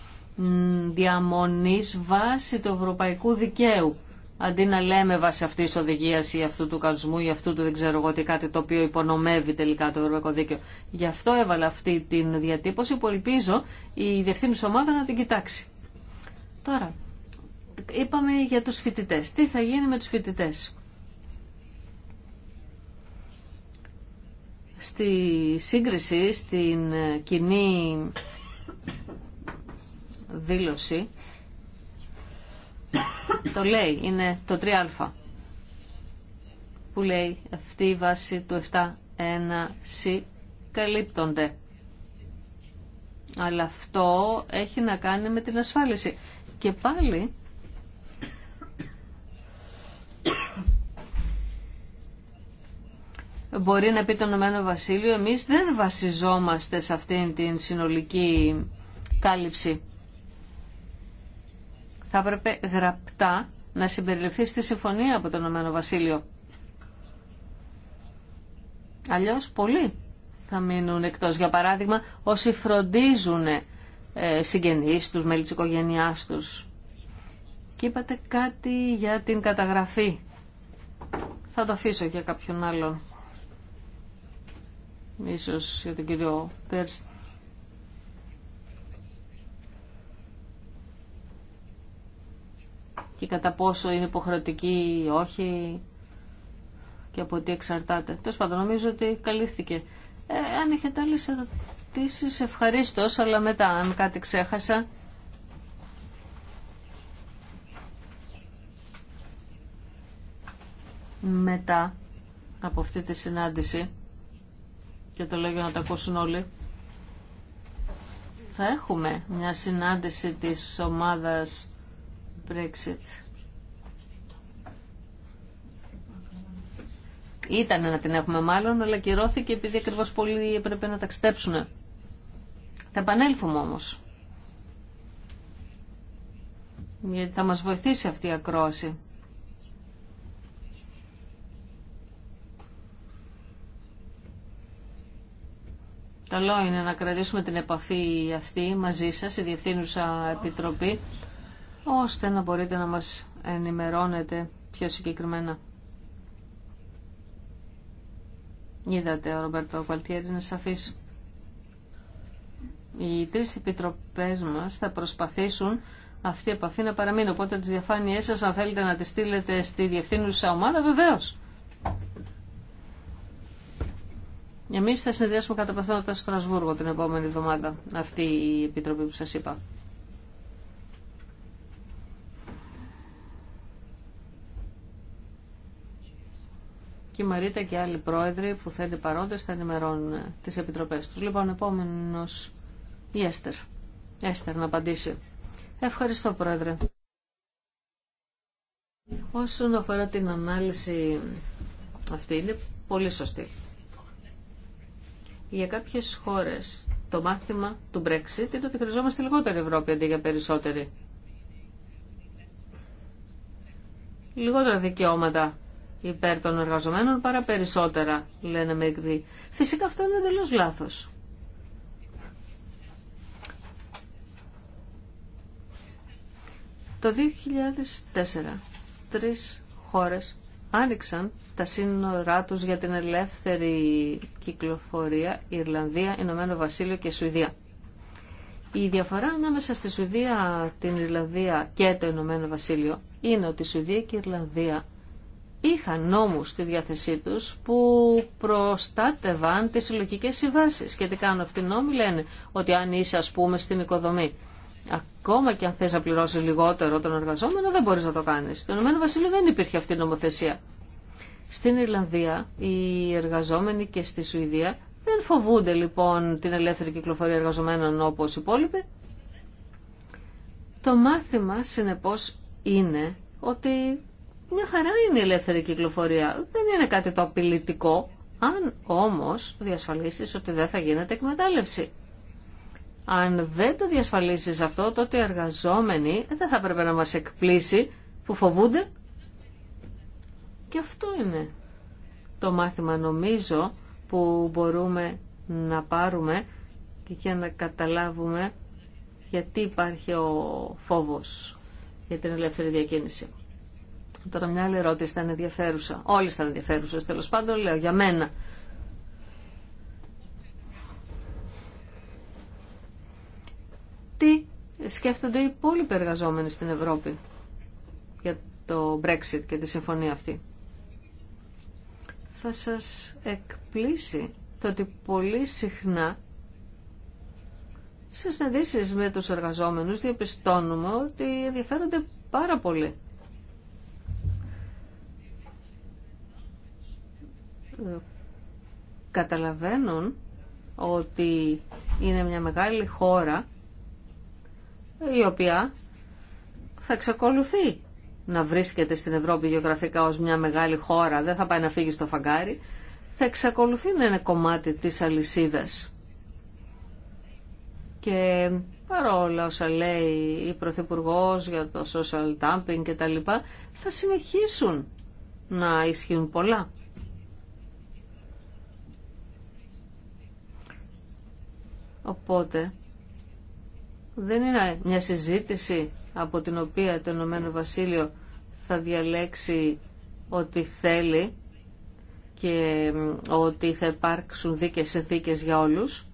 διαμονής βάσει του ευρωπαϊκού δικαίου. Αντί να λέμε βάσει αυτή τη οδηγία ή αυτού του κασμού ή αυτού του δεν ξέρω εγώ τι κάτι το οποίο υπονομεύει τελικά το Ευρωπαϊκό Δίκαιο. Γι' αυτό έβαλα αυτή τη διατύπωση που ελπίζω η διευθύνουσα ομάδα να την κοιτάξει. Τώρα, είπαμε για τους φοιτητέ. Τι θα γίνει με τους φοιτητέ, στη σύγκριση στην κοινή δήλωση το λέει, είναι το 3α που λέει αυτή η βάση του 7-1-C c καλύπτονται. Αλλά αυτό έχει να κάνει με την ασφάλιση. Και πάλι μπορεί να πει το Ηνωμένο Βασίλειο, εμείς δεν βασιζόμαστε σε αυτήν την συνολική κάλυψη. Θα έπρεπε γραπτά να συμπεριληφθεί στη συμφωνία από το Ηνωμένο Βασίλειο. Αλλιώς πολλοί θα μείνουν εκτός. Για παράδειγμα, όσοι φροντίζουν ε, συγγενείς τους, μέλη της οικογένειάς τους. Και είπατε κάτι για την καταγραφή. Θα το αφήσω για κάποιον άλλον ίσως για τον κύριο Πέρς. Και κατά πόσο είναι υποχρεωτική ή όχι και από τι εξαρτάται. Τέλο πάντων, νομίζω ότι καλύφθηκε. Ε, αν είχατε άλλε ερωτήσει, ευχαρίστω, αλλά μετά, αν κάτι ξέχασα. Μετά από αυτή τη συνάντηση και το λέω για να τα ακούσουν όλοι. Θα έχουμε μια συνάντηση της ομάδας Brexit. Ήταν να την έχουμε μάλλον, αλλά κυρώθηκε επειδή ακριβώ πολλοί έπρεπε να ταξιδέψουν. Θα επανέλθουμε όμως. Γιατί θα μας βοηθήσει αυτή η ακρόαση. Καλό είναι να κρατήσουμε την επαφή αυτή μαζί σας, η Διευθύνουσα Επιτροπή, ώστε να μπορείτε να μας ενημερώνετε πιο συγκεκριμένα. Είδατε, ο Ρομπερτό Κουαλτιέρη είναι σαφής. Οι τρεις επιτροπές μας θα προσπαθήσουν αυτή η επαφή να παραμείνει. Οπότε τις διαφάνειές σας, αν θέλετε να τις στείλετε στη διευθύνουσα ομάδα, βεβαίως. Εμεί θα συνεδριάσουμε κατά στο Στρασβούργο την επόμενη εβδομάδα, αυτή η επιτροπή που σα είπα. Και η Μαρίτα και άλλοι πρόεδροι που θέτει παρόντε θα ενημερώνουν τι επιτροπέ του. Λοιπόν, επόμενο η Έστερ. Έστερ να απαντήσει. Ευχαριστώ, Πρόεδρε. Όσον αφορά την ανάλυση αυτή, είναι πολύ σωστή. Για κάποιες χώρες το μάθημα του Brexit είναι ότι χρειαζόμαστε λιγότερη Ευρώπη αντί για περισσότερη. Λιγότερα δικαιώματα υπέρ των εργαζομένων παρά περισσότερα, λένε μερικοί. Φυσικά αυτό είναι εντελώ λάθος. Το 2004, τρεις χώρες άνοιξαν τα σύνορά τους για την ελεύθερη κυκλοφορία Ιρλανδία, Ηνωμένο Βασίλειο και Σουηδία. Η διαφορά ανάμεσα στη Σουηδία, την Ιρλανδία και το Ηνωμένο Βασίλειο είναι ότι η Σουηδία και η Ιρλανδία είχαν νόμους στη διάθεσή τους που προστάτευαν τις συλλογικές συμβάσεις. Και τι κάνουν αυτοί οι νόμοι, λένε ότι αν είσαι ας πούμε στην οικοδομή Ακόμα και αν θες να πληρώσεις λιγότερο τον εργαζόμενο δεν μπορείς να το κάνεις. Στον Ηνωμένο Βασίλειο δεν υπήρχε αυτή η νομοθεσία. Στην Ιρλανδία οι εργαζόμενοι και στη Σουηδία δεν φοβούνται λοιπόν την ελεύθερη κυκλοφορία εργαζομένων όπως οι υπόλοιποι. Το μάθημα συνεπώς είναι ότι μια χαρά είναι η ελεύθερη κυκλοφορία. Δεν είναι κάτι το απειλητικό, αν όμως διασφαλίσεις ότι δεν θα γίνεται εκμετάλλευση. Αν δεν το διασφαλίσεις αυτό, τότε οι εργαζόμενοι δεν θα έπρεπε να μας εκπλήσει που φοβούνται. Και αυτό είναι το μάθημα νομίζω που μπορούμε να πάρουμε και για να καταλάβουμε γιατί υπάρχει ο φόβος για την ελεύθερη διακίνηση. Τώρα μια άλλη ερώτηση θα ενδιαφέρουσα. όλοι θα ενδιαφέρουσες τέλος πάντων, λέω για μένα. τι σκέφτονται οι υπόλοιποι εργαζόμενοι στην Ευρώπη για το Brexit και τη συμφωνία αυτή. Θα σας εκπλήσει το ότι πολύ συχνά σε συναντήσεις με τους εργαζόμενους διαπιστώνουμε ότι ενδιαφέρονται πάρα πολύ. Καταλαβαίνουν ότι είναι μια μεγάλη χώρα η οποία θα εξακολουθεί να βρίσκεται στην Ευρώπη γεωγραφικά ως μια μεγάλη χώρα, δεν θα πάει να φύγει στο φαγκάρι, θα εξακολουθεί να είναι κομμάτι της αλυσίδας. Και παρόλα όσα λέει η Πρωθυπουργό για το social dumping και τα λοιπά, θα συνεχίσουν να ισχύουν πολλά. Οπότε δεν είναι μια συζήτηση από την οποία το Ηνωμένο Βασίλειο θα διαλέξει ότι θέλει και ότι θα υπάρξουν δίκες συνθήκε για όλους.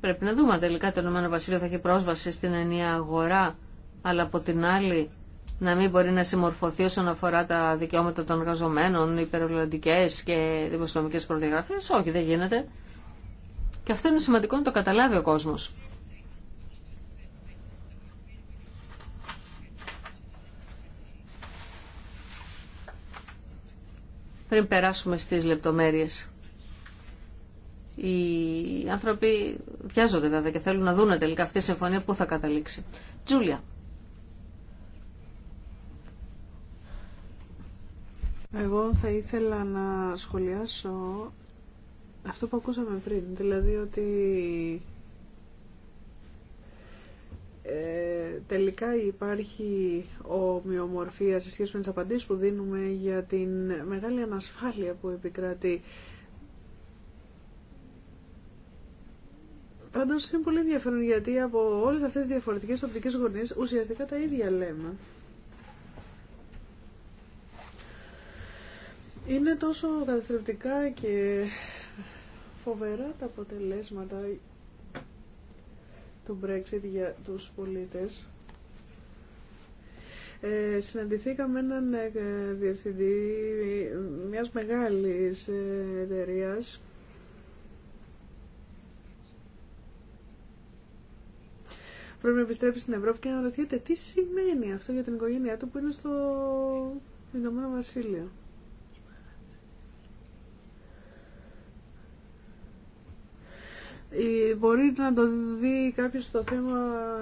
Πρέπει να δούμε τελικά το Ηνωμένο Βασίλειο θα έχει πρόσβαση στην ενιαία αγορά, αλλά από την άλλη να μην μπορεί να συμμορφωθεί όσον αφορά τα δικαιώματα των εργαζομένων, υπερολλαντικές και δημοσιονομικές προδιαγραφές. Όχι, δεν γίνεται. Και αυτό είναι σημαντικό να το καταλάβει ο κόσμος. Πριν περάσουμε στις λεπτομέρειες. Οι άνθρωποι βιάζονται βέβαια και θέλουν να δουν τελικά αυτή η συμφωνία που θα καταλήξει. Τζούλια. Εγώ θα ήθελα να σχολιάσω αυτό που ακούσαμε πριν, δηλαδή ότι ε, τελικά υπάρχει ομοιομορφία σε σχέση με τις απαντήσεις που δίνουμε για την μεγάλη ανασφάλεια που επικρατεί. Πάντως είναι πολύ ενδιαφέρον γιατί από όλες αυτές τις διαφορετικές οπτικές γωνίες ουσιαστικά τα ίδια λέμε. Είναι τόσο καταστρεπτικά και φοβερά τα αποτελέσματα του Brexit για τους πολίτες. Ε, συναντηθήκαμε έναν ε, διευθυντή μιας μεγάλης ε, εταιρείας πρέπει να επιστρέψει στην Ευρώπη και να ρωτιέται τι σημαίνει αυτό για την οικογένειά του που είναι στο Ηνωμένο Βασίλειο. Μπορεί να το δει κάποιο το θέμα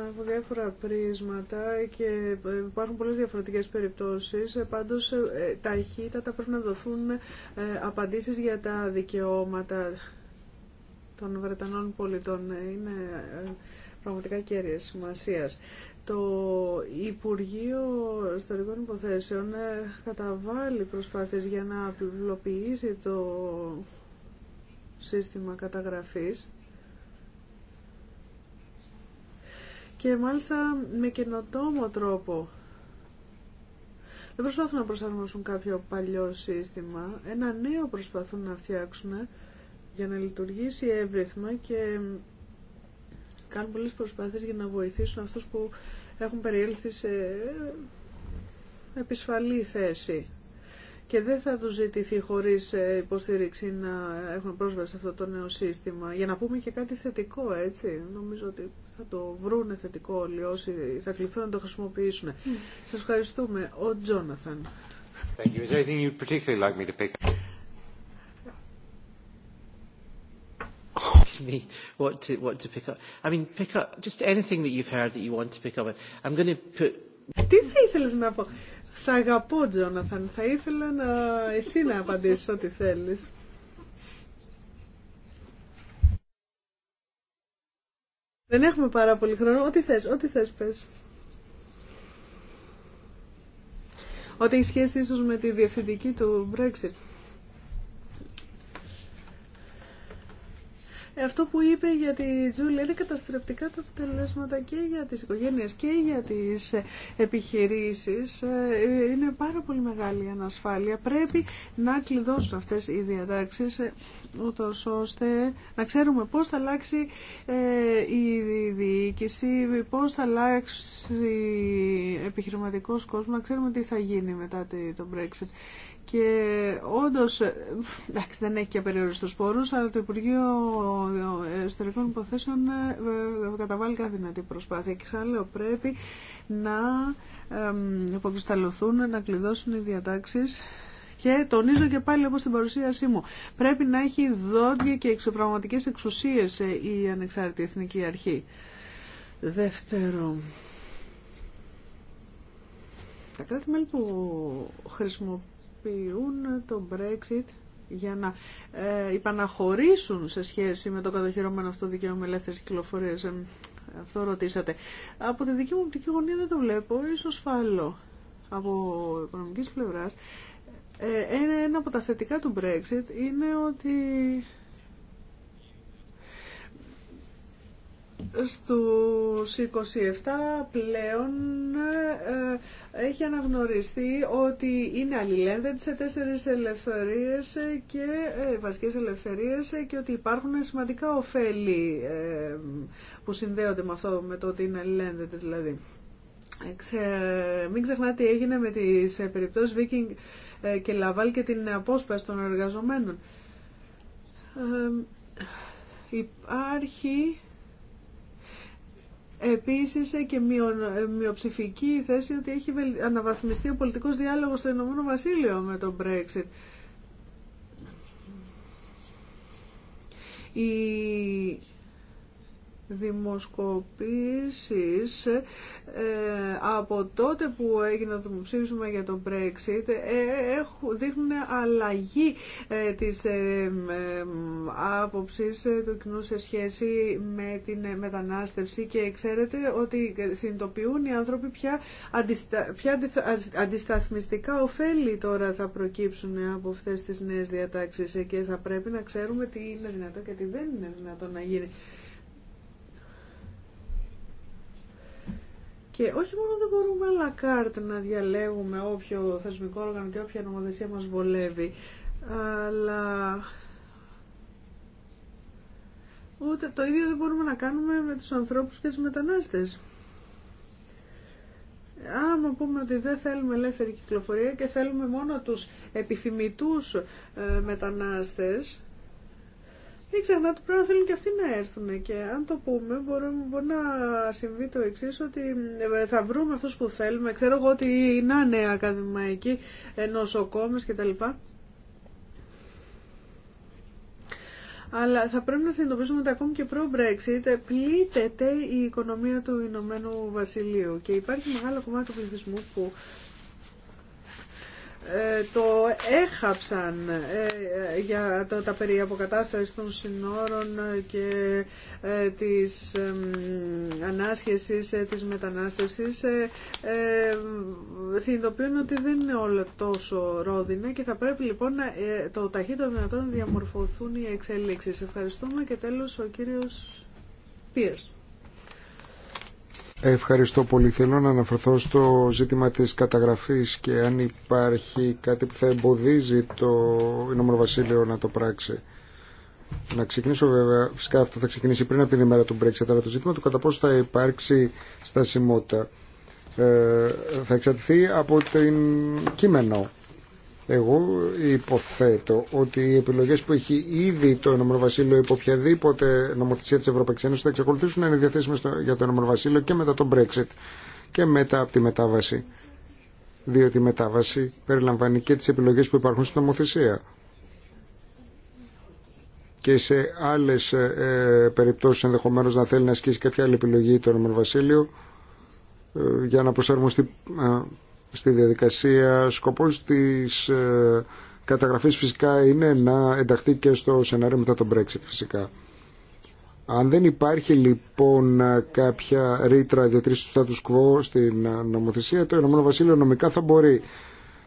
από διάφορα πρίσματα και υπάρχουν πολλές διαφορετικές περιπτώσεις. Ε, πάντως ε, τα πρέπει να δοθούν ε, απαντήσεις για τα δικαιώματα των Βρετανών πολιτών. Είναι πραγματικά κέρια σημασία. Το Υπουργείο Ιστορικών Υποθέσεων καταβάλει προσπάθειες για να απλοποιήσει το σύστημα καταγραφής και μάλιστα με καινοτόμο τρόπο. Δεν προσπαθούν να προσαρμόσουν κάποιο παλιό σύστημα, ένα νέο προσπαθούν να φτιάξουν για να λειτουργήσει εύρυθμα και κάνουν πολλές προσπάθειες για να βοηθήσουν αυτούς που έχουν περιέλθει σε επισφαλή θέση και δεν θα τους ζητηθεί χωρίς ε, υποστήριξη να έχουν πρόσβαση σε αυτό το νέο σύστημα. Για να πούμε και κάτι θετικό, έτσι, νομίζω ότι θα το βρουν θετικό όλοι όσοι θα κληθούν να το χρησιμοποιήσουν. Mm. Σας ευχαριστούμε. Ο Τζόναθαν. me what to what to pick up. I mean, pick up just anything that you've heard that you want to pick up. I'm going to put. Τι θα ήθελες να πω. Σ' αγαπώ, Τζόναθαν. Θα ήθελα να... εσύ να απαντήσεις ό,τι θέλεις. Δεν έχουμε πάρα πολύ χρόνο. Ό,τι θες, ό,τι θες πες. Ό,τι έχει σχέση ίσως με τη διευθυντική του Brexit. Αυτό που είπε για τη Τζούλη είναι καταστρεπτικά τα αποτελέσματα και για τις οικογένειες και για τις ε, επιχειρήσεις. Ε, είναι πάρα πολύ μεγάλη η ανασφάλεια. Πρέπει να κλειδώσουν αυτές οι διατάξεις ε, ούτως ώστε να ξέρουμε πώς θα αλλάξει η διοίκηση, πώς θα αλλάξει επιχειρηματικός κόσμος, να ξέρουμε τι θα γίνει μετά το Brexit. Και όντω, εντάξει, δεν έχει και απεριόριστου πόρου, αλλά το Υπουργείο Εσωτερικών Υποθέσεων ε, ε, καταβάλει κάθε δυνατή προσπάθεια. Και σαν λέω, πρέπει να αποκρισταλωθούν, να κλειδώσουν οι διατάξει. Και τονίζω και πάλι όπως στην παρουσίασή μου, πρέπει να έχει δόντια και εξωπραγματικές εξουσίες ε, η ανεξάρτητη εθνική αρχή. Δεύτερο, τα κράτη-μέλη που χρησιμοποιούν χρησιμοποιούν το Brexit για να ε, υπαναχωρήσουν σε σχέση με το κατοχυρώμενο αυτό δικαίωμα ελεύθερης κυκλοφορίας. Ε, αυτό ρωτήσατε. Από τη δική μου οπτική γωνία δεν το βλέπω, ίσως φάλω από οικονομικής πλευράς. Ε, ένα από τα θετικά του Brexit είναι ότι στους 27 πλέον ε, έχει αναγνωριστεί ότι είναι αλληλένδετη σε τέσσερις ελευθερίες και ε, βασικές ελευθερίες και ότι υπάρχουν σημαντικά ωφέλη ε, που συνδέονται με αυτό, με το ότι είναι αλληλένδετη δηλαδή. Ε, ξε... Μην ξεχνάτε τι έγινε με τις περιπτώσεις Βίκινγκ και Λαβάλ και την απόσπαση των εργαζομένων. Υπάρχει Επίσης και ε, μειοψηφική η θέση ότι έχει αναβαθμιστεί ο πολιτικός διάλογος στο Ηνωμένο Βασίλειο με τον Brexit δημοσκοπήσεις ε, από τότε που έγινε το δημοψήφισμα για το Brexit ε, έχουν, δείχνουν αλλαγή ε, της ε, ε, άποψης του κοινού σε σχέση με την μετανάστευση και ξέρετε ότι συνειδητοποιούν οι άνθρωποι ποια, ποια αντισταθμιστικά ωφέλη τώρα θα προκύψουν από αυτές τις νέες διατάξεις και θα πρέπει να ξέρουμε τι είναι δυνατό και τι δεν είναι δυνατό να γίνει. Και όχι μόνο δεν μπορούμε αλλά να διαλέγουμε όποιο θεσμικό όργανο και όποια νομοθεσία μας βολεύει, αλλά το ίδιο δεν μπορούμε να κάνουμε με τους ανθρώπους και τους μετανάστες. Άμα πούμε ότι δεν θέλουμε ελεύθερη κυκλοφορία και θέλουμε μόνο τους επιθυμητούς ε, μετανάστες, μην ξεχνάτε πρέπει να θέλουν και αυτοί να έρθουν και αν το πούμε μπορούμε, μπορεί να συμβεί το εξή ότι ε, θα βρούμε αυτούς που θέλουμε. Ξέρω εγώ ότι να είναι ακαδημαϊκοί, ε, νοσοκόμες κτλ. Αλλά θα πρέπει να συνειδητοποιήσουμε ότι ακόμη και προ-Brexit πλήττεται η οικονομία του Ηνωμένου Βασιλείου και υπάρχει μεγάλο κομμάτι του πληθυσμού που ε, το έχαψαν ε, ε, για τα περί αποκατάστασης των συνόρων και της ανάσχεσης της μετανάστευσης συνειδητοποιούν ότι δεν είναι όλα τόσο ρόδινα και θα πρέπει λοιπόν να, το ταχύτερο δυνατόν να διαμορφωθούν οι εξελίξεις. Ευχαριστούμε και τέλος ο κύριος Πίερς. Ευχαριστώ πολύ. Θέλω να αναφερθώ στο ζήτημα της καταγραφής και αν υπάρχει κάτι που θα εμποδίζει το Ηνωμένο Βασίλειο να το πράξει. Να ξεκινήσω βέβαια, φυσικά αυτό θα ξεκινήσει πριν από την ημέρα του Brexit, αλλά το ζήτημα του κατά πόσο θα υπάρξει στασιμότητα ε, θα εξαρτηθεί από την κείμενο εγώ υποθέτω ότι οι επιλογές που έχει ήδη το Ηνωμένο Βασίλειο υπό οποιαδήποτε νομοθεσία της Ευρωπαϊκής Ένωσης θα εξακολουθήσουν να είναι διαθέσιμες για το Ηνωμένο Βασίλειο και μετά τον Brexit και μετά από τη μετάβαση. Διότι η μετάβαση περιλαμβάνει και τις επιλογές που υπάρχουν στην νομοθεσία και σε άλλες ε, ε περιπτώσεις ενδεχομένως να θέλει να ασκήσει κάποια άλλη επιλογή το Ηνωμένο Βασίλειο ε, για να προσαρμοστεί ε, στη διαδικασία. Σκοπός της ε, καταγραφής φυσικά είναι να ενταχθεί και στο σενάριο μετά τον Brexit φυσικά. Αν δεν υπάρχει λοιπόν κάποια ρήτρα διατήρηση του status quo στην ε, νομοθεσία, το ΕΒ Βασίλειο νομικά θα μπορεί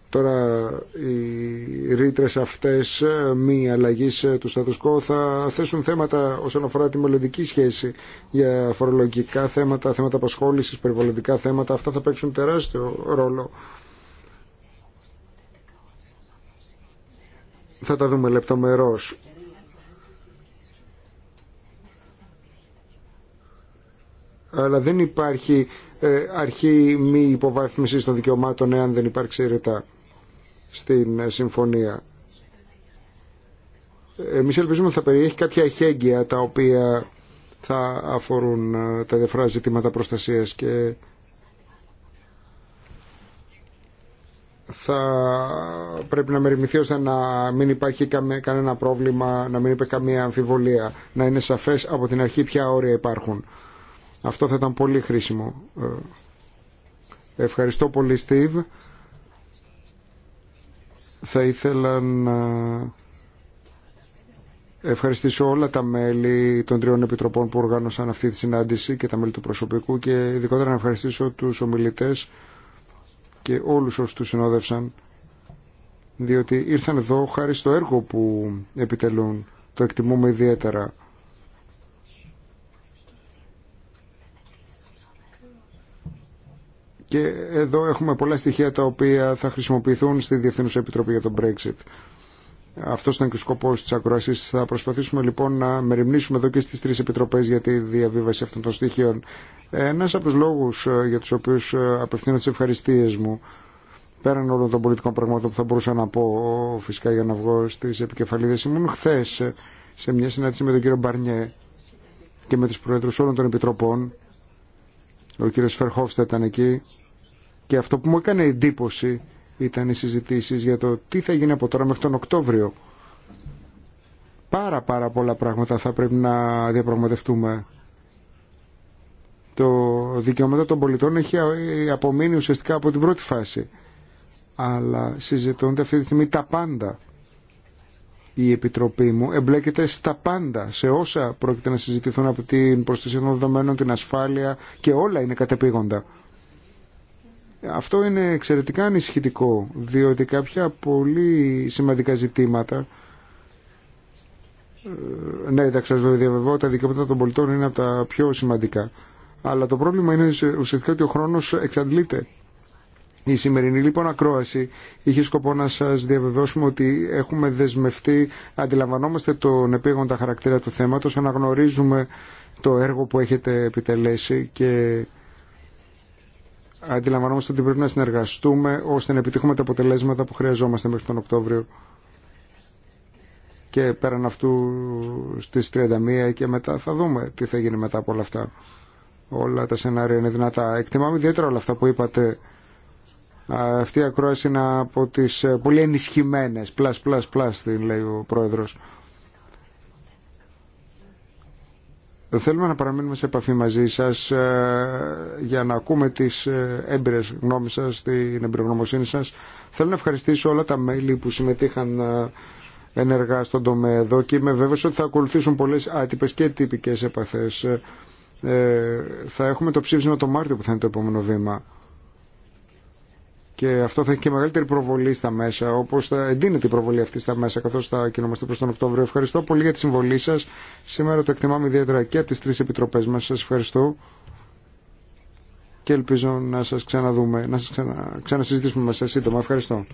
Τώρα οι ρήτρες αυτές ε, μη αλλαγή ε, του στατοσκό θα θέσουν θέματα όσον αφορά τη μελλοντική σχέση για φορολογικά θέματα, θέματα απασχόλησης, περιβαλλοντικά θέματα. Αυτά θα παίξουν τεράστιο ρόλο. Θα τα δούμε λεπτομερώς. αλλά δεν υπάρχει ε, αρχή μη υποβάθμισης των δικαιωμάτων εάν δεν υπάρξει ρητά στην ε, συμφωνία. Εμείς ελπίζουμε ότι θα περιέχει κάποια εχέγγυα τα οποία θα αφορούν ε, τα διαφορά ζητήματα προστασίας και θα πρέπει να μεριμνηθεί ώστε να μην υπάρχει κανένα πρόβλημα, να μην υπάρχει καμία αμφιβολία, να είναι σαφές από την αρχή ποια όρια υπάρχουν. Αυτό θα ήταν πολύ χρήσιμο. Ε, ευχαριστώ πολύ, Steve θα ήθελα να ευχαριστήσω όλα τα μέλη των τριών επιτροπών που οργάνωσαν αυτή τη συνάντηση και τα μέλη του προσωπικού και ειδικότερα να ευχαριστήσω τους ομιλητές και όλους όσους τους συνόδευσαν διότι ήρθαν εδώ χάρη στο έργο που επιτελούν. Το εκτιμούμε ιδιαίτερα. και εδώ έχουμε πολλά στοιχεία τα οποία θα χρησιμοποιηθούν στη Διευθύνουσα Επιτροπή για τον Brexit. Αυτό ήταν και ο σκοπό τη ακροασή. Θα προσπαθήσουμε λοιπόν να μεριμνήσουμε εδώ και στι τρει επιτροπέ για τη διαβίβαση αυτών των στοιχείων. Ένα από του λόγου ε, για του οποίου ε, απευθύνω τι ευχαριστίε μου, πέραν όλων των πολιτικών πραγμάτων που θα μπορούσα να πω φυσικά για να βγω στι επικεφαλίδε, ήμουν χθε ε, σε μια συνάντηση με τον κύριο Μπαρνιέ και με του προέδρου όλων των επιτροπών ο κύριος Φερχόφστα ήταν εκεί και αυτό που μου έκανε εντύπωση ήταν οι συζητήσεις για το τι θα γίνει από τώρα μέχρι τον Οκτώβριο. Πάρα πάρα πολλά πράγματα θα πρέπει να διαπραγματευτούμε. Το δικαιώματα των πολιτών έχει απομείνει ουσιαστικά από την πρώτη φάση. Αλλά συζητώνται αυτή τη στιγμή τα πάντα η Επιτροπή μου εμπλέκεται στα πάντα, σε όσα πρόκειται να συζητηθούν από την προστασία των δεδομένων, την ασφάλεια και όλα είναι κατεπήγοντα. Αυτό είναι εξαιρετικά ανησυχητικό, διότι κάποια πολύ σημαντικά ζητήματα ε, ναι, εντάξει, σας διαβεβαιώ, τα δικαιώματα των πολιτών είναι από τα πιο σημαντικά. Αλλά το πρόβλημα είναι ουσιαστικά ότι ο χρόνος εξαντλείται. Η σημερινή λοιπόν ακρόαση είχε σκοπό να σα διαβεβαιώσουμε ότι έχουμε δεσμευτεί, αντιλαμβανόμαστε τον επίγοντα χαρακτήρα του θέματο, αναγνωρίζουμε το έργο που έχετε επιτελέσει και αντιλαμβανόμαστε ότι πρέπει να συνεργαστούμε ώστε να επιτύχουμε τα αποτελέσματα που χρειαζόμαστε μέχρι τον Οκτώβριο και πέραν αυτού στις 31 και μετά θα δούμε τι θα γίνει μετά από όλα αυτά. Όλα τα σενάρια είναι δυνατά. Εκτιμάμε ιδιαίτερα όλα αυτά που είπατε αυτή η ακρόαση είναι από τις ε, πολύ ενισχυμένες, πλας, πλας, πλας, την λέει ο πρόεδρος. Θέλουμε να παραμείνουμε σε επαφή μαζί σας ε, για να ακούμε τις ε, έμπειρες γνώμες σας, την εμπειρογνωμοσύνη σας. Θέλω να ευχαριστήσω όλα τα μέλη που συμμετείχαν ενεργά στον τομέα εδώ και είμαι βέβαιος ότι θα ακολουθήσουν πολλές άτυπες και τυπικές επαφές. Θα έχουμε το ψήφισμα το Μάρτιο που θα είναι το επόμενο βήμα. Και αυτό θα έχει και μεγαλύτερη προβολή στα μέσα, όπω θα εντείνεται η προβολή αυτή στα μέσα, καθώ θα κινούμαστε προ τον Οκτώβριο. Ευχαριστώ πολύ για τη συμβολή σα. Σήμερα το εκτιμάμε ιδιαίτερα και από τι τρει επιτροπέ μα. Σα ευχαριστώ και ελπίζω να σας ξαναδούμε, να σας ξανα... ξανασυζητήσουμε μαζί σας σύντομα. Ευχαριστώ.